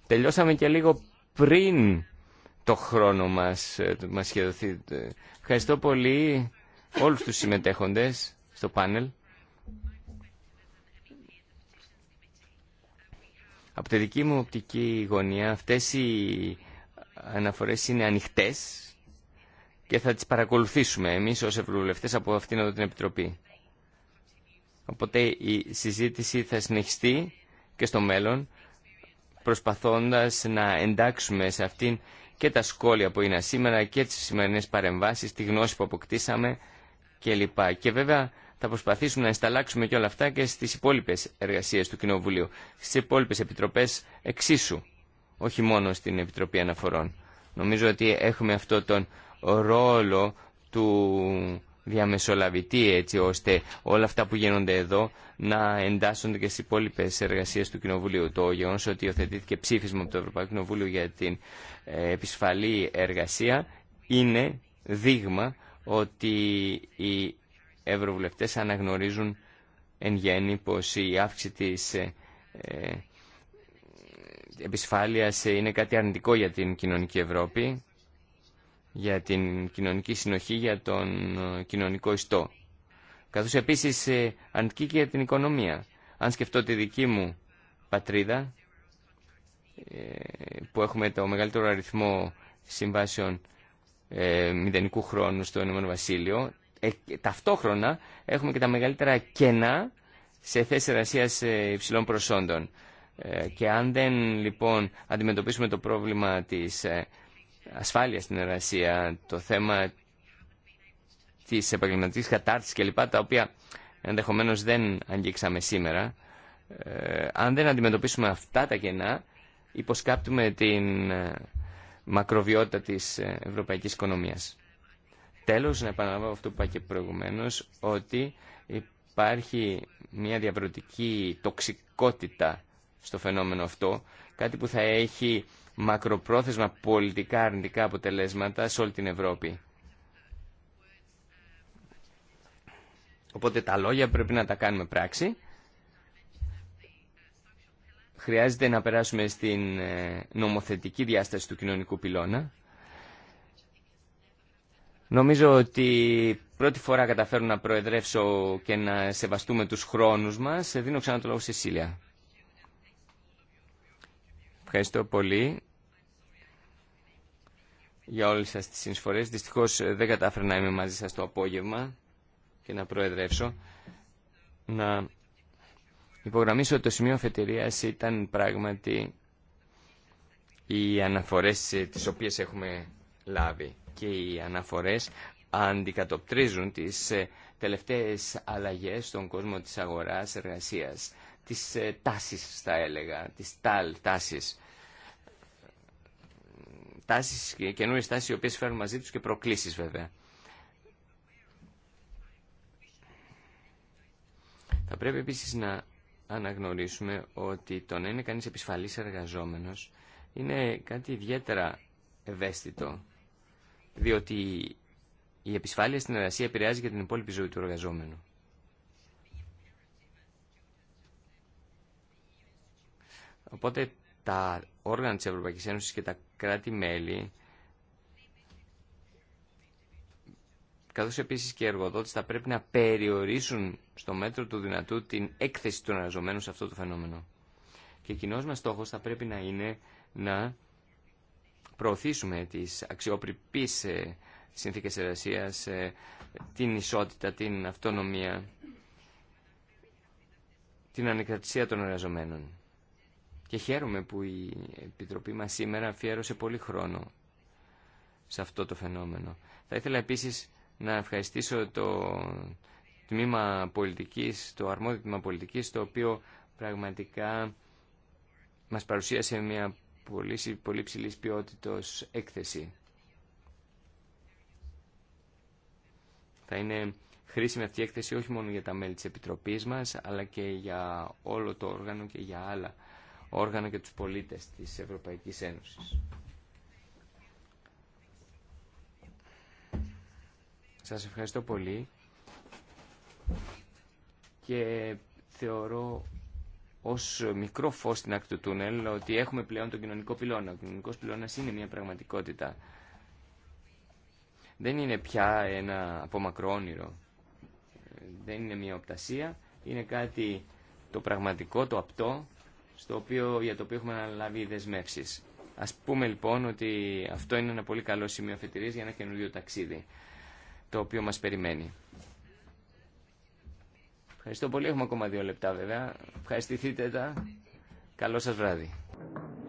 Τελειώσαμε και λίγο πριν το χρόνο μας, ε, μας Ευχαριστώ πολύ όλους τους συμμετέχοντες στο πάνελ. Από τη δική μου οπτική γωνία αυτές οι αναφορές είναι ανοιχτές και θα τις παρακολουθήσουμε εμείς ως ευρωβουλευτές από αυτήν εδώ την Επιτροπή. Οπότε η συζήτηση θα συνεχιστεί και στο μέλλον προσπαθώντας να εντάξουμε σε αυτήν και τα σχόλια που είναι σήμερα και τις σημερινές παρεμβάσεις, τη γνώση που αποκτήσαμε κλπ. Και βέβαια θα προσπαθήσουμε να ενσταλλάξουμε και όλα αυτά και στις υπόλοιπες εργασίες του Κοινοβουλίου, στις υπόλοιπες επιτροπές εξίσου όχι μόνο στην Επιτροπή Αναφορών. Νομίζω ότι έχουμε αυτό τον ρόλο του διαμεσολαβητή έτσι ώστε όλα αυτά που γίνονται εδώ να εντάσσονται και στι υπόλοιπε εργασίε του Κοινοβουλίου. Το γεγονό ότι υιοθετήθηκε ψήφισμα από το Ευρωπαϊκό Κοινοβούλιο για την ε, επισφαλή εργασία είναι δείγμα ότι οι ευρωβουλευτές αναγνωρίζουν εν γέννη πως η αύξηση της ε, ε, επισφάλειας είναι κάτι αρνητικό για την κοινωνική Ευρώπη, για την κοινωνική συνοχή, για τον ε, κοινωνικό ιστό. Καθώς επίσης ε, αρνητική και για την οικονομία. Αν σκεφτώ τη δική μου πατρίδα, ε, που έχουμε το μεγαλύτερο αριθμό συμβάσεων μηδενικού χρόνου στο Ηνωμένο Βασίλειο, ταυτόχρονα έχουμε και τα μεγαλύτερα κενά σε θέσεις εργασία υψηλών προσόντων. Ε, και αν δεν λοιπόν αντιμετωπίσουμε το πρόβλημα της ε, ασφάλειας στην εργασία, το θέμα της επαγγελματικής κατάρτισης κλπ, τα οποία ενδεχομένως δεν αγγίξαμε σήμερα, ε, αν δεν αντιμετωπίσουμε αυτά τα κενά, υποσκάπτουμε την μακροβιότητα της ευρωπαϊκής οικονομίας. Τέλος, να επαναλάβω αυτό που είπα και προηγουμένως, ότι υπάρχει μια διαβροτική τοξικότητα στο φαινόμενο αυτό, κάτι που θα έχει μακροπρόθεσμα πολιτικά αρνητικά αποτελέσματα σε όλη την Ευρώπη. Οπότε τα λόγια πρέπει να τα κάνουμε πράξη. Χρειάζεται να περάσουμε στην ε, νομοθετική διάσταση του κοινωνικού πυλώνα. Νομίζω ότι πρώτη φορά καταφέρω να προεδρεύσω και να σεβαστούμε τους χρόνους μας. Δίνω ξανά το λόγο σε Σίλια. Ευχαριστώ πολύ για όλες σας τις συνεισφορές. Δυστυχώς ε, δεν κατάφερα να είμαι μαζί σας το απόγευμα και να προεδρεύσω. Να υπογραμμίσω ότι το σημείο αφετηρίας ήταν πράγματι οι αναφορές ε, τις οποίες έχουμε λάβει και οι αναφορές αντικατοπτρίζουν τις ε, τελευταίες αλλαγές στον κόσμο της αγοράς εργασίας τις ε, τάσεις θα έλεγα, τις τάλ τάσεις. Τάσεις, καινούριες τάσεις οι οποίες φέρουν μαζί τους και προκλήσεις βέβαια. Θα πρέπει επίσης να αναγνωρίσουμε ότι το να είναι κανείς επισφαλής εργαζόμενος είναι κάτι ιδιαίτερα ευαίσθητο, διότι η επισφάλεια στην εργασία επηρεάζει και την υπόλοιπη ζωή του εργαζόμενου. Οπότε τα όργανα της Ευρωπαϊκής Ένωσης και τα κράτη-μέλη καθώς επίσης και οι εργοδότες θα πρέπει να περιορίσουν στο μέτρο του δυνατού την έκθεση των εργαζομένων σε αυτό το φαινόμενο. Και κοινό μας στόχος θα πρέπει να είναι να προωθήσουμε τις αξιοπρεπείς ε, συνθήκες εργασίας, ε, την ισότητα, την αυτονομία, την ανεκρατησία των εργαζομένων. Και χαίρομαι που η Επιτροπή μας σήμερα αφιέρωσε πολύ χρόνο σε αυτό το φαινόμενο. Θα ήθελα επίσης να ευχαριστήσω το τμήμα πολιτικής, το αρμόδιο τμήμα πολιτικής, το οποίο πραγματικά μας παρουσίασε μια πολύ, πολύ ψηλής ποιότητος έκθεση. Θα είναι χρήσιμη αυτή η έκθεση όχι μόνο για τα μέλη της Επιτροπής μας, αλλά και για όλο το όργανο και για άλλα όργανα και τους πολίτες της Ευρωπαϊκής Ένωσης. Σας ευχαριστώ πολύ και θεωρώ ως μικρό φως στην άκρη του τούνελ ότι έχουμε πλέον τον κοινωνικό πυλώνα. Ο κοινωνικός πυλώνας είναι μια πραγματικότητα. Δεν είναι πια ένα απόμακρο όνειρο. Δεν είναι μια οπτασία. Είναι κάτι το πραγματικό, το απτό, στο οποίο, για το οποίο έχουμε αναλάβει δεσμεύσει. Α πούμε λοιπόν ότι αυτό είναι ένα πολύ καλό σημείο αφετηρίας για ένα καινούριο ταξίδι, το οποίο μα περιμένει. Ευχαριστώ πολύ. Έχουμε ακόμα δύο λεπτά βέβαια. Ευχαριστηθείτε τα. Καλό σας βράδυ.